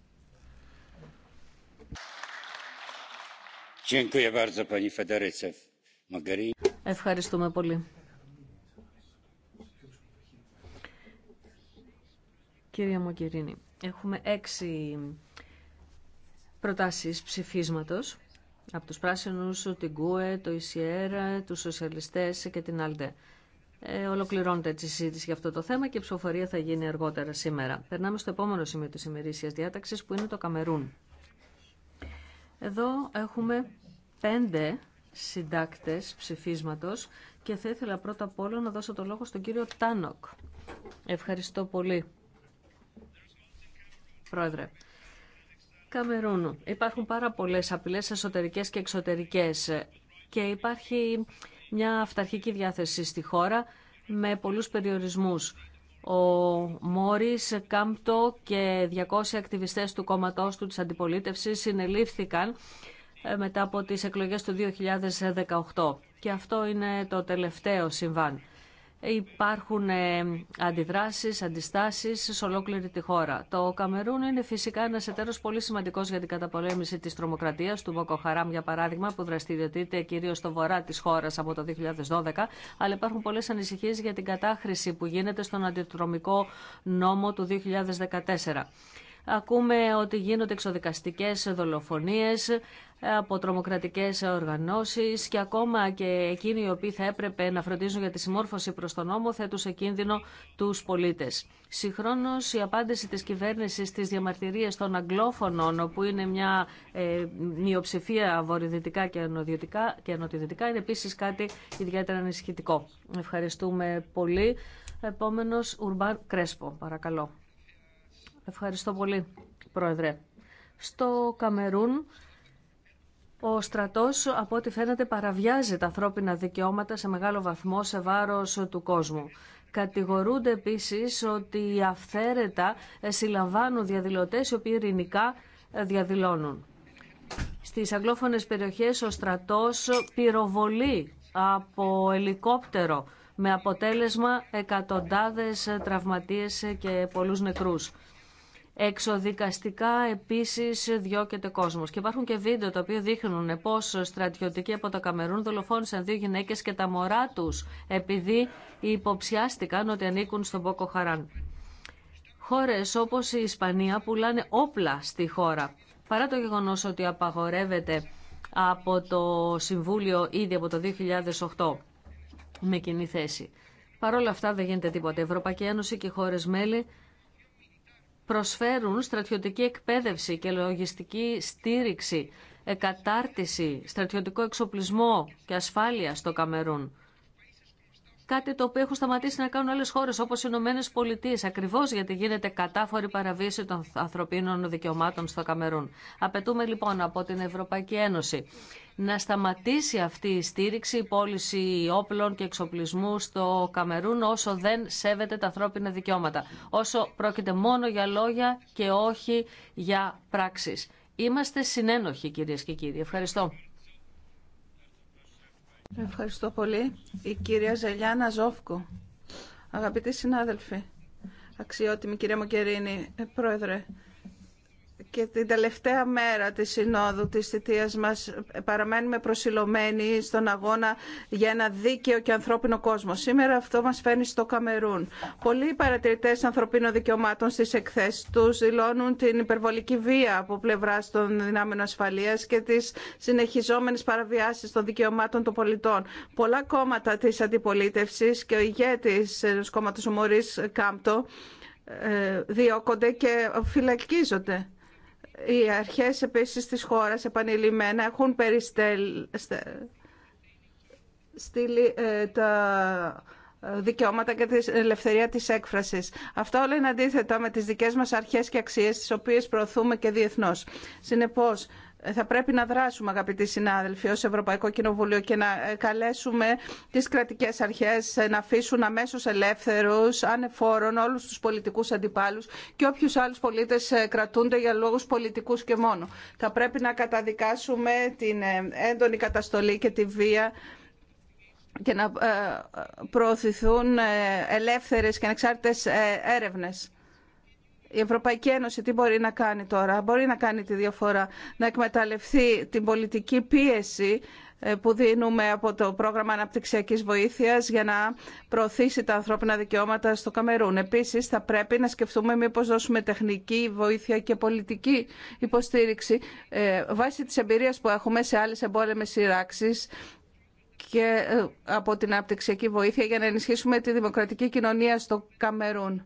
Ευχαριστούμε πολύ. Κυρία Μογκερίνη, έχουμε έξι προτάσεις ψηφίσματος από τους πράσινους, την ΚΟΕ, το ΙΣΙΕΡΑ, τους σοσιαλιστές και την ΑΛΔΕ. Ε, ολοκληρώνεται έτσι η συζήτηση για αυτό το θέμα και η ψηφοφορία θα γίνει αργότερα σήμερα. Περνάμε στο επόμενο σημείο της ημερήσιας διάταξης που είναι το Καμερούν. Εδώ έχουμε πέντε συντάκτες ψηφίσματος και θα ήθελα πρώτα απ' όλα να δώσω το λόγο στον κύριο Τάνοκ. Ευχαριστώ πολύ. Πρόεδρε. Καμερούνου. Υπάρχουν πάρα πολλές απειλές εσωτερικές και εξωτερικές και υπάρχει μια αυταρχική διάθεση στη χώρα με πολλούς περιορισμούς. Ο Μόρις, Κάμπτο και 200 ακτιβιστές του κόμματός του της αντιπολίτευσης συνελήφθηκαν ε, μετά από τις εκλογές του 2018. Και αυτό είναι το τελευταίο συμβάν υπάρχουν ε, αντιδράσεις, αντιστάσεις σε ολόκληρη τη χώρα. Το Καμερούν είναι φυσικά ένας εταίρος πολύ σημαντικός για την καταπολέμηση της τρομοκρατίας, του Μποκοχαράμ για παράδειγμα, που δραστηριοτείται κυρίως στο βορρά της χώρας από το 2012, αλλά υπάρχουν πολλές ανησυχίες για την κατάχρηση που γίνεται στον αντιτρομικό νόμο του 2014. Ακούμε ότι γίνονται εξοδικαστικές δολοφονίες, από τρομοκρατικέ οργανώσει και ακόμα και εκείνοι οι οποίοι θα έπρεπε να φροντίζουν για τη συμμόρφωση προ τον νόμο θέτουν σε κίνδυνο του πολίτε. Συγχρόνω, η απάντηση τη κυβέρνηση, στις διαμαρτυρίε των Αγγλόφωνων όπου είναι μια ε, μειοψηφία βορειοδυτικά και, και είναι επίση κάτι ιδιαίτερα ανησυχητικό. Ευχαριστούμε πολύ. Επόμενο Ουρμπάν Κρέσπο, παρακαλώ. Ευχαριστώ πολύ, Πρόεδρε. Στο Καμερούν ο στρατός από ό,τι φαίνεται παραβιάζει τα ανθρώπινα δικαιώματα σε μεγάλο βαθμό σε βάρος του κόσμου. Κατηγορούνται επίσης ότι αυθαίρετα συλλαμβάνουν διαδηλωτές οι οποίοι ειρηνικά ε, διαδηλώνουν. Στις αγγλόφωνες περιοχές ο στρατός πυροβολεί από ελικόπτερο με αποτέλεσμα εκατοντάδες τραυματίες και πολλούς νεκρούς. Εξοδικαστικά επίσης διώκεται κόσμος. Και υπάρχουν και βίντεο τα οποία δείχνουν πώς στρατιωτικοί από το Καμερούν δολοφόνησαν δύο γυναίκες και τα μωρά τους επειδή υποψιάστηκαν ότι ανήκουν στον Πόκο Χαράν. Χώρε όπω η Ισπανία πουλάνε όπλα στη χώρα. Παρά το γεγονός ότι απαγορεύεται από το Συμβούλιο ήδη από το 2008 με κοινή θέση. Παρ' όλα αυτά δεν γίνεται τίποτα. Η Ευρωπαϊκή Ένωση και οι χώρες μέλη προσφέρουν στρατιωτική εκπαίδευση και λογιστική στήριξη, εκατάρτιση, στρατιωτικό εξοπλισμό και ασφάλεια στο Καμερούν. Κάτι το οποίο έχουν σταματήσει να κάνουν άλλες χώρες όπως οι Ηνωμένε Πολιτείε, ακριβώς γιατί γίνεται κατάφορη παραβίαση των ανθρωπίνων δικαιωμάτων στο Καμερούν. Απαιτούμε λοιπόν από την Ευρωπαϊκή Ένωση να σταματήσει αυτή η στήριξη, η πώληση όπλων και εξοπλισμού στο Καμερούν όσο δεν σέβεται τα ανθρώπινα δικαιώματα. Όσο πρόκειται μόνο για λόγια και όχι για πράξεις. Είμαστε συνένοχοι κυρίες και κύριοι. Ευχαριστώ. Ευχαριστώ πολύ. Η κυρία Ζελιάνα Ζόφκο. Αγαπητοί συνάδελφοι, αξιότιμη κυρία Μοκερίνη, ε, πρόεδρε, και την τελευταία μέρα της Συνόδου της θητείας μας παραμένουμε προσιλωμένοι στον αγώνα για ένα δίκαιο και ανθρώπινο κόσμο. Σήμερα αυτό μας φαίνει στο Καμερούν. Πολλοί παρατηρητές ανθρωπίνων δικαιωμάτων στις εκθέσεις τους δηλώνουν την υπερβολική βία από πλευρά των δυνάμεων ασφαλείας και τις συνεχιζόμενες παραβιάσεις των δικαιωμάτων των πολιτών. Πολλά κόμματα της αντιπολίτευσης και ο ηγέτης του κόμματος Μωρίς Κάμπτο ε, διώκονται και φυλακίζονται. Οι αρχές επίσης της χώρας επανειλημμένα έχουν περιστέλει ε, τα δικαιώματα και τη ελευθερία της έκφρασης. Αυτό όλα είναι αντίθετα με τις δικές μας αρχές και αξίες τις οποίες προωθούμε και διεθνώς. Συνεπώς, θα πρέπει να δράσουμε αγαπητοί συνάδελφοι ως Ευρωπαϊκό Κοινοβούλιο και να ε, καλέσουμε τις κρατικές αρχές ε, να αφήσουν αμέσως ελεύθερους, ανεφόρων, όλους τους πολιτικούς αντιπάλους και όποιους άλλους πολίτες ε, κρατούνται για λόγους πολιτικούς και μόνο. Θα πρέπει να καταδικάσουμε την έντονη καταστολή και τη βία και να προωθηθούν ελεύθερες και ανεξάρτητες έρευνες η Ευρωπαϊκή Ένωση τι μπορεί να κάνει τώρα. Μπορεί να κάνει τη διαφορά, να εκμεταλλευτεί την πολιτική πίεση ε, που δίνουμε από το πρόγραμμα αναπτυξιακής βοήθειας για να προωθήσει τα ανθρώπινα δικαιώματα στο Καμερούν. Επίσης, θα πρέπει να σκεφτούμε μήπως δώσουμε τεχνική βοήθεια και πολιτική υποστήριξη ε, βάσει της εμπειρίας που έχουμε σε άλλες εμπόλεμες σειράξεις και ε, από την αναπτυξιακή βοήθεια για να ενισχύσουμε τη δημοκρατική κοινωνία στο Καμερούν.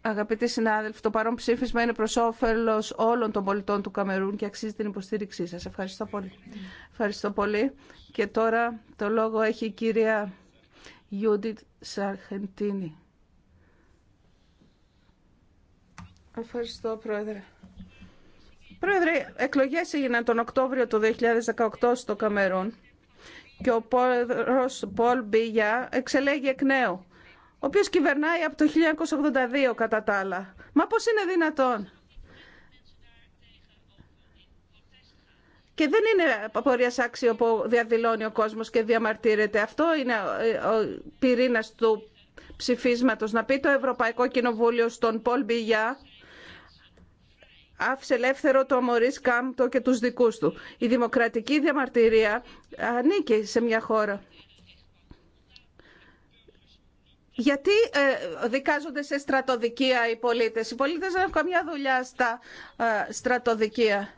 Αγαπητοί συνάδελφοι, το παρόν ψήφισμα είναι προ όφελο όλων των πολιτών του Καμερούν και αξίζει την υποστήριξή σα. Ευχαριστώ πολύ. Ευχαριστώ πολύ. Και τώρα το λόγο έχει η κυρία Γιούντιτ Σαρχεντίνη. Ευχαριστώ, Πρόεδρε. Πρόεδρε, εκλογές έγιναν τον Οκτώβριο του 2018 στο Καμερούν και ο πρόεδρος Πολ Μπίγια εξελέγει εκ νέου ο οποίο κυβερνάει από το 1982 κατά τα άλλα. Μα πώς είναι δυνατόν. Και δεν είναι απορία άξιο που διαδηλώνει ο κόσμος και διαμαρτύρεται. Αυτό είναι ο πυρήνας του ψηφίσματος. Να πει το Ευρωπαϊκό Κοινοβούλιο στον Πολ Μπιγιά άφησε ελεύθερο το Μωρίς Κάμπτο και τους δικούς του. Η δημοκρατική διαμαρτυρία ανήκει σε μια χώρα. Γιατί ε, δικάζονται σε στρατοδικεία οι πολίτες. Οι πολίτες δεν έχουν καμιά δουλειά στα ε, στρατοδικεία.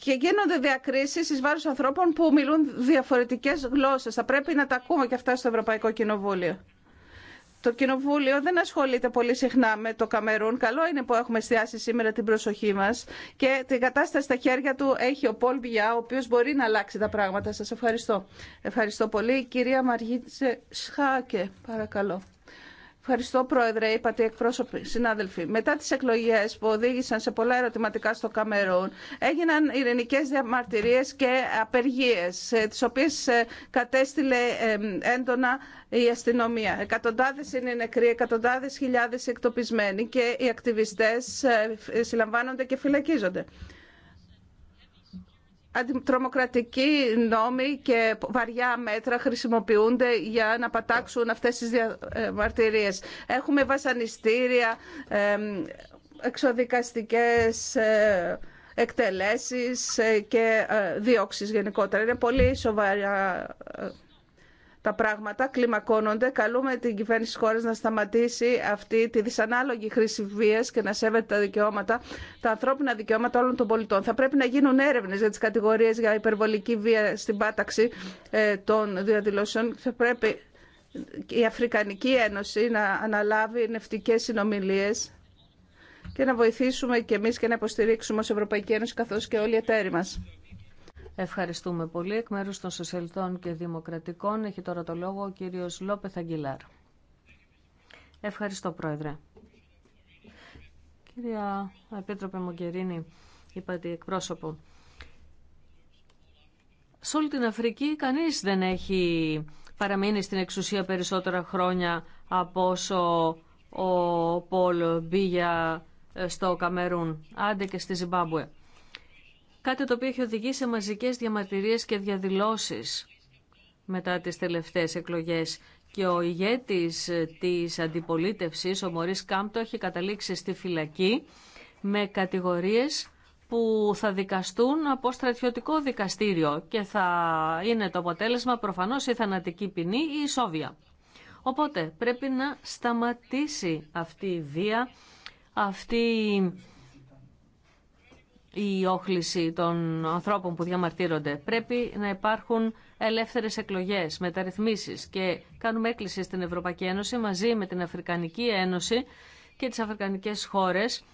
Και γίνονται διακρίσει ει βάρο ανθρώπων που μιλούν διαφορετικέ γλώσσε. Θα πρέπει να τα ακούμε και αυτά στο Ευρωπαϊκό Κοινοβούλιο. Το Κοινοβούλιο δεν ασχολείται πολύ συχνά με το Καμερούν. Καλό είναι που έχουμε εστιάσει σήμερα την προσοχή μα και την κατάσταση στα χέρια του έχει ο Πολ Μπιά, ο οποίο μπορεί να αλλάξει τα πράγματα. Σα ευχαριστώ. Ευχαριστώ πολύ. Κυρία Μαργίτσε Σχάκε, παρακαλώ. Ευχαριστώ, Πρόεδρε, είπατε εκπρόσωποι, συνάδελφοι. Μετά τι εκλογέ που οδήγησαν σε πολλά ερωτηματικά στο Καμερούν, έγιναν ειρηνικέ διαμαρτυρίε και απεργίε, ε, τι οποίε ε, κατέστηλε έντονα η αστυνομία. Εκατοντάδε είναι νεκροί, εκατοντάδε χιλιάδε εκτοπισμένοι και οι ακτιβιστέ ε, συλλαμβάνονται και φυλακίζονται αντιτρομοκρατικοί νόμοι και βαριά μέτρα χρησιμοποιούνται για να πατάξουν αυτές τις διαμαρτυρίες. Ε, Έχουμε βασανιστήρια, ε, εξοδικαστικές ε, εκτελέσεις και διώξεις γενικότερα. Είναι πολύ σοβαρά τα πράγματα κλιμακώνονται. Καλούμε την κυβέρνηση της χώρας να σταματήσει αυτή τη δυσανάλογη χρήση βίας και να σέβεται τα δικαιώματα, τα ανθρώπινα δικαιώματα όλων των πολιτών. Θα πρέπει να γίνουν έρευνες για τις κατηγορίες για υπερβολική βία στην πάταξη ε, των διαδηλώσεων. Θα πρέπει η Αφρικανική Ένωση να αναλάβει νευτικές συνομιλίες και να βοηθήσουμε και εμείς και να υποστηρίξουμε ως Ευρωπαϊκή Ένωση καθώς και όλοι οι εταίροι μας. Ευχαριστούμε πολύ. Εκ μέρου των Σοσιαλιστών και Δημοκρατικών έχει τώρα το λόγο ο κύριος Λόπεθ Αγγιλάρ. Ευχαριστώ, Πρόεδρε. Κυρία Επίτροπε Μογκερίνη, είπατε εκπρόσωπο. Σε όλη την Αφρική κανείς δεν έχει παραμείνει στην εξουσία περισσότερα χρόνια από όσο ο Πολ μπήγε στο Καμερούν, άντε και στη Ζιμπάμπουε κάτι το οποίο έχει οδηγήσει σε μαζικές διαμαρτυρίες και διαδηλώσεις μετά τις τελευταίες εκλογές. Και ο ηγέτης ε, της αντιπολίτευσης, ο Μωρίς Κάμπτο, έχει καταλήξει στη φυλακή με κατηγορίες που θα δικαστούν από στρατιωτικό δικαστήριο και θα είναι το αποτέλεσμα προφανώς η θανατική ποινή ή η σόβια. Οπότε πρέπει να σταματήσει αυτή η βία, αυτή η όχληση των ανθρώπων που διαμαρτύρονται. Πρέπει να υπάρχουν ελεύθερες εκλογές, μεταρρυθμίσεις και κάνουμε έκκληση στην Ευρωπαϊκή Ένωση μαζί με την Αφρικανική Ένωση και τις Αφρικανικές χώρες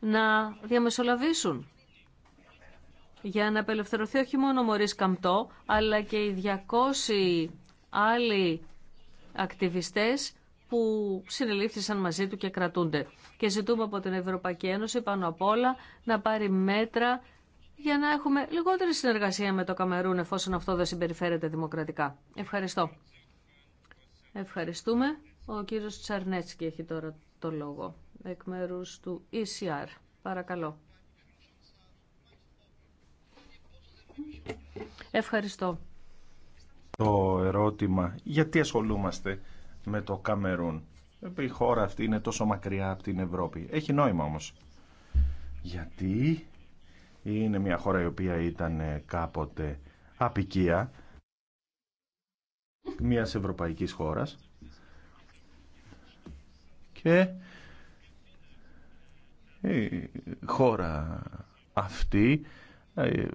να διαμεσολαβήσουν για να απελευθερωθεί όχι μόνο ο Μωρής Καμπτό αλλά και οι 200 άλλοι ακτιβιστές που συνελήφθησαν μαζί του και κρατούνται. Και ζητούμε από την Ευρωπαϊκή Ένωση πάνω απ' όλα να πάρει μέτρα για να έχουμε λιγότερη συνεργασία με το Καμερούν εφόσον αυτό δεν συμπεριφέρεται δημοκρατικά. Ευχαριστώ. Ευχαριστούμε. Ο κύριος Τσαρνέτσκι έχει τώρα το λόγο εκ μέρους του ECR. Παρακαλώ. Ευχαριστώ. Το ερώτημα γιατί ασχολούμαστε με το Καμερούν. Η χώρα αυτή είναι τόσο μακριά από την Ευρώπη. Έχει νόημα όμως. Γιατί είναι μια χώρα η οποία ήταν ε, κάποτε απικία μιας ευρωπαϊκής χώρας και η χώρα αυτή ε,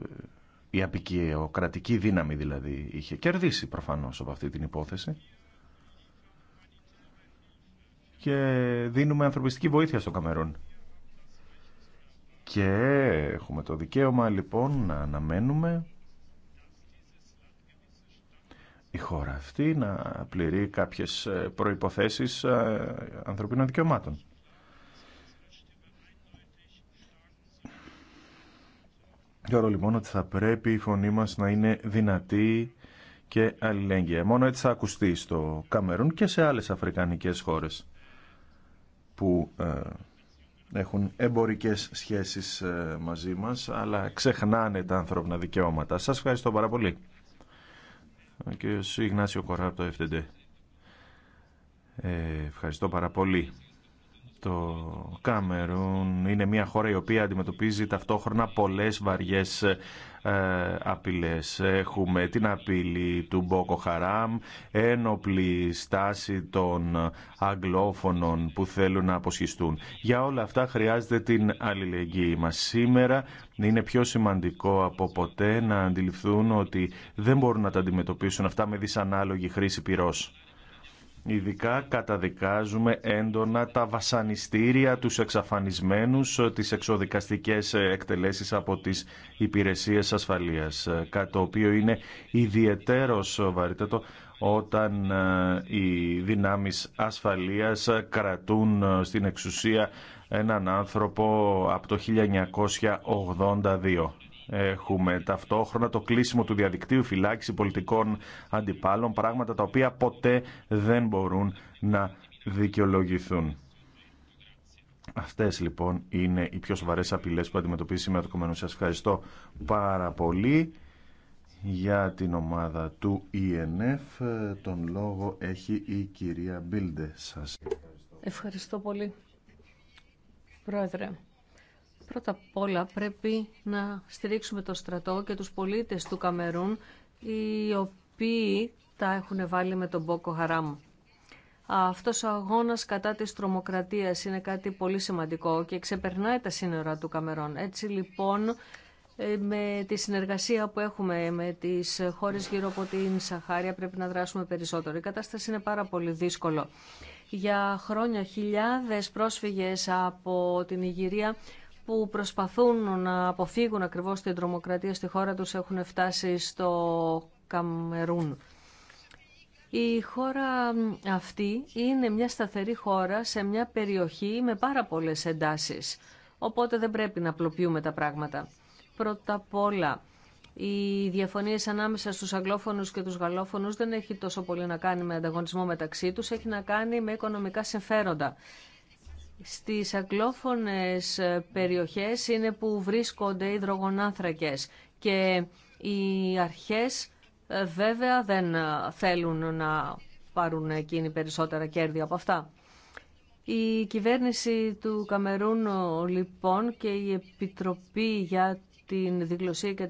η απικιοκρατική δύναμη δηλαδή είχε κερδίσει προφανώς από αυτή την υπόθεση και δίνουμε ανθρωπιστική βοήθεια στο Καμερούν. Και έχουμε το δικαίωμα λοιπόν να αναμένουμε η χώρα αυτή να πληρεί κάποιες ε, προϋποθέσεις ε, ανθρωπίνων δικαιωμάτων. Θεωρώ λοιπόν ότι θα πρέπει η φωνή μας να είναι δυνατή και αλληλέγγυα. Μόνο έτσι θα ακουστεί στο Καμερούν και σε άλλες αφρικανικές χώρες που ε, έχουν εμπορικές σχέσεις ε, μαζί μας, αλλά ξεχνάνε τα ανθρώπινα δικαιώματα. Σας ευχαριστώ πάρα πολύ. Ο Ιγνάσιο Κορά Ε, ευχαριστώ πάρα πολύ το Κάμερουν είναι μια χώρα η οποία αντιμετωπίζει ταυτόχρονα πολλές βαριές ε, απειλές. Έχουμε την απειλή του Μπόκο Χαράμ, ένοπλη στάση των αγγλόφωνων που θέλουν να αποσχιστούν. Για όλα αυτά χρειάζεται την αλληλεγγύη μας. Σήμερα είναι πιο σημαντικό από ποτέ να αντιληφθούν ότι δεν μπορούν να τα αντιμετωπίσουν αυτά με δυσανάλογη χρήση πυρός. Ειδικά καταδικάζουμε έντονα τα βασανιστήρια, τους εξαφανισμένους, τις εξοδικαστικές εκτελέσεις από τις υπηρεσίες ασφαλείας, κάτι το οποίο είναι ιδιαιτέρως βαρύτατο όταν ε, οι δυνάμεις ασφαλείας κρατούν ε, στην εξουσία έναν άνθρωπο από το 1982. Έχουμε ταυτόχρονα το κλείσιμο του διαδικτύου, φυλάξη πολιτικών αντιπάλων, πράγματα τα οποία ποτέ δεν μπορούν να δικαιολογηθούν. Αυτές λοιπόν είναι οι πιο σοβαρές απειλές που αντιμετωπίζει σήμερα το κομμένο. Σας ευχαριστώ πάρα πολύ για την ομάδα του ΕΝΕΦ. E Τον λόγο έχει η κυρία Μπίλντε. Σας ευχαριστώ. Ευχαριστώ πολύ. Πρόεδρε, Πρώτα απ' όλα πρέπει να στηρίξουμε το στρατό και τους πολίτες του Καμερούν οι οποίοι τα έχουν βάλει με τον Μπόκο Χαράμ. Αυτός ο αγώνας κατά της τρομοκρατίας είναι κάτι πολύ σημαντικό και ξεπερνάει τα σύνορα του Καμερών. Έτσι λοιπόν ε, με τη συνεργασία που έχουμε με τις χώρες γύρω από την Σαχάρια πρέπει να δράσουμε περισσότερο. Η κατάσταση είναι πάρα πολύ δύσκολο. Για χρόνια χιλιάδες πρόσφυγες από την Ιγυρία που προσπαθούν να αποφύγουν ακριβώς την τρομοκρατία στη χώρα τους έχουν φτάσει στο Καμερούν. Η χώρα αυτή είναι μια σταθερή χώρα σε μια περιοχή με πάρα πολλές εντάσεις. Οπότε δεν πρέπει να απλοποιούμε τα πράγματα. Πρώτα απ' όλα, οι διαφωνίες ανάμεσα στους αγγλόφωνους και τους γαλλόφωνους δεν έχει τόσο πολύ να κάνει με ανταγωνισμό μεταξύ τους, έχει να κάνει με οικονομικά συμφέροντα. Στις αγγλόφωνες ε, περιοχές είναι που βρίσκονται οι δρογονάνθρακες και οι αρχές ε, βέβαια δεν ε, θέλουν να πάρουν εκείνη περισσότερα κέρδη από αυτά. Η κυβέρνηση του Καμερούν λοιπόν και η Επιτροπή για την Διγλωσία και,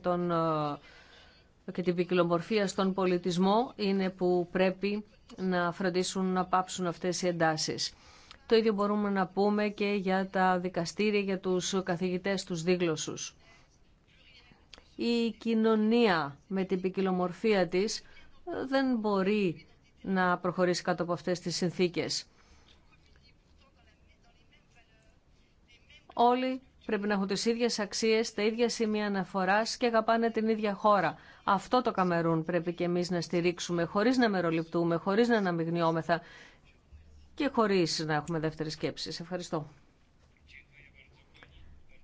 και την Ποικιλομορφία στον πολιτισμό είναι που πρέπει να φροντίσουν να πάψουν αυτές οι εντάσεις. Το ίδιο μπορούμε να πούμε και για τα δικαστήρια, για τους καθηγητές, τους δίγλωσσους. Η κοινωνία με την ποικιλομορφία της δεν μπορεί να προχωρήσει κάτω από αυτές τις συνθήκες. Όλοι πρέπει να έχουν τις ίδιες αξίες, τα ίδια σημεία αναφοράς και αγαπάνε την ίδια χώρα. Αυτό το Καμερούν πρέπει και εμείς να στηρίξουμε, χωρίς να μεροληπτούμε, χωρίς να αναμειγνιόμεθα και χωρίς να έχουμε δεύτερη σκέψη. Ευχαριστώ.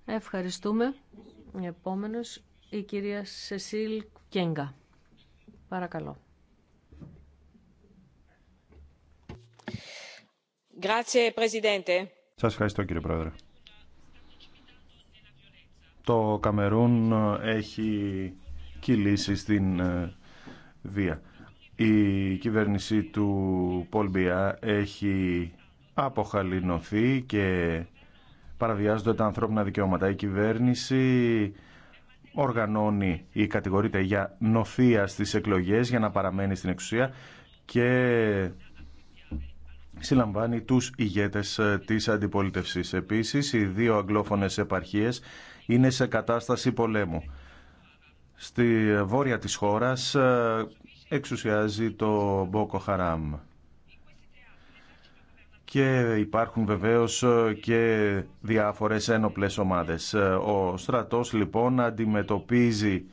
Ευχαριστούμε. Επόμενος, η κυρία Σεσίλ Κέγκα. Παρακαλώ. Σας ευχαριστώ κύριε Πρόεδρε. Το Καμερούν έχει κυλήσει στην ε, βία. Η κυβέρνηση του Πολμπιά έχει αποχαλινωθεί και παραβιάζονται τα ανθρώπινα δικαιώματα. Η κυβέρνηση οργανώνει ή κατηγορείται για νοθεία στις εκλογές για να παραμένει στην εξουσία και συλλαμβάνει τους ηγέτες της αντιπολίτευσης. Επίσης, οι δύο αγγλόφωνες επαρχίες είναι σε κατάσταση πολέμου. Στη βόρεια της χώρας εξουσιάζει το Μπόκο Χαράμ. Και υπάρχουν βεβαίως και διάφορες ένοπλες ομάδες. Ο στρατός λοιπόν αντιμετωπίζει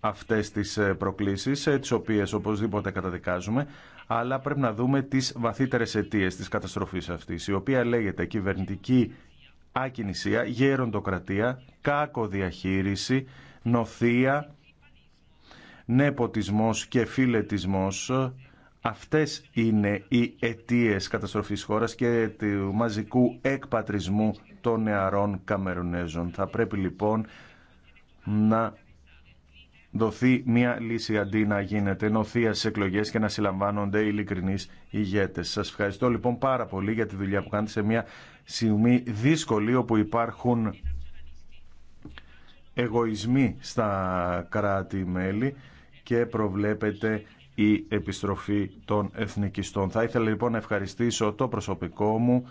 αυτές τις προκλήσεις, τις οποίες οπωσδήποτε καταδικάζουμε, αλλά πρέπει να δούμε τις βαθύτερες αιτίες της καταστροφής αυτής, η οποία λέγεται κυβερνητική ακινησία, γέροντοκρατία, κάκο διαχείριση, νοθεία νεποτισμός και φιλετισμός. Αυτές είναι οι αιτίες καταστροφής χώρας και του μαζικού εκπατρισμού των νεαρών Καμερουνέζων. Θα πρέπει λοιπόν να δοθεί μια λύση αντί να γίνεται νοθεία στι εκλογέ και να συλλαμβάνονται ειλικρινεί ηγέτε. Σα ευχαριστώ λοιπόν πάρα πολύ για τη δουλειά που κάνετε σε μια στιγμή δύσκολη όπου υπάρχουν εγωισμοί στα κράτη-μέλη και προβλέπεται η επιστροφή των εθνικιστών. Θα ήθελα λοιπόν να ευχαριστήσω το προσωπικό μου,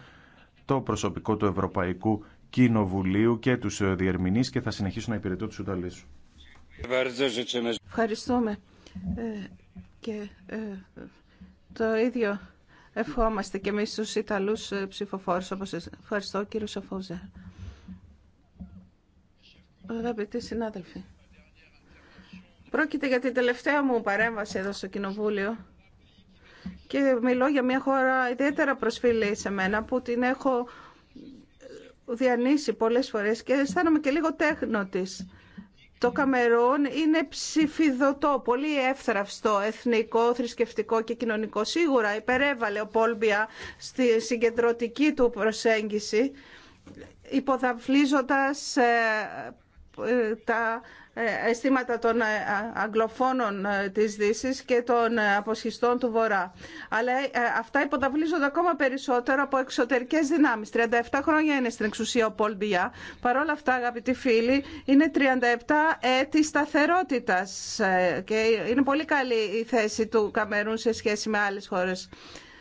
το προσωπικό του Ευρωπαϊκού Κοινοβουλίου και τους διερμηνείς και θα συνεχίσω να υπηρετώ τους Ιταλείς. Ευχαριστούμε. Ε, και ε, το ίδιο ευχόμαστε και εμείς τους Ιταλούς ε, ψηφοφόρους όπως εσείς. Ευχαριστώ κύριο Σαφόζερ. Αγαπητοί συνάδελφοι. Πρόκειται για την τελευταία μου παρέμβαση εδώ στο Κοινοβούλιο και μιλώ για μια χώρα ιδιαίτερα προσφυλή σε μένα που την έχω διανύσει πολλές φορές και αισθάνομαι και λίγο τέχνο της. Το Καμερούν είναι ψηφιδωτό, πολύ εύθραυστο, εθνικό, θρησκευτικό και κοινωνικό. Σίγουρα υπερέβαλε ο Πόλμπια στη συγκεντρωτική του προσέγγιση, υποδαφλίζοντας ε, τα ε, αισθήματα των ε, Αγγλοφόνων ε, της δύση και των αποσχιστών του Βορρά. Αλλά αυτά υποταβλίζονται ακόμα περισσότερο από εξωτερικές δυνάμεις. 37 χρόνια είναι στην εξουσία ο Πολ Μπιά. Παρ' όλα αυτά, αγαπητοί φίλοι, είναι 37 έτη σταθερότητας και είναι πολύ καλή η θέση του Καμερούν σε σχέση με άλλες χώρες.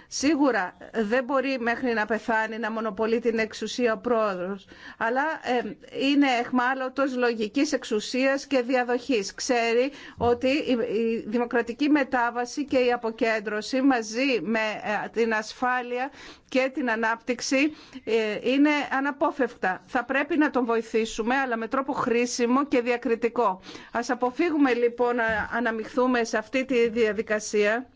Σίγουρα δεν μπορεί μέχρι να πεθάνει να μονοπολεί την εξουσία ο πρόεδρος, αλλά ε, είναι εχμάλωτος λογικής εξουσίας και διαδοχής. Ξέρει ότι η δημοκρατική μετάβαση και η αποκέντρωση μαζί με ε, την ασφάλεια και την ανάπτυξη ε, είναι αναπόφευκτα. Θα πρέπει να τον βοηθήσουμε, αλλά με τρόπο χρήσιμο και διακριτικό. Ας αποφύγουμε λοιπόν να αναμειχθούμε σε αυτή τη διαδικασία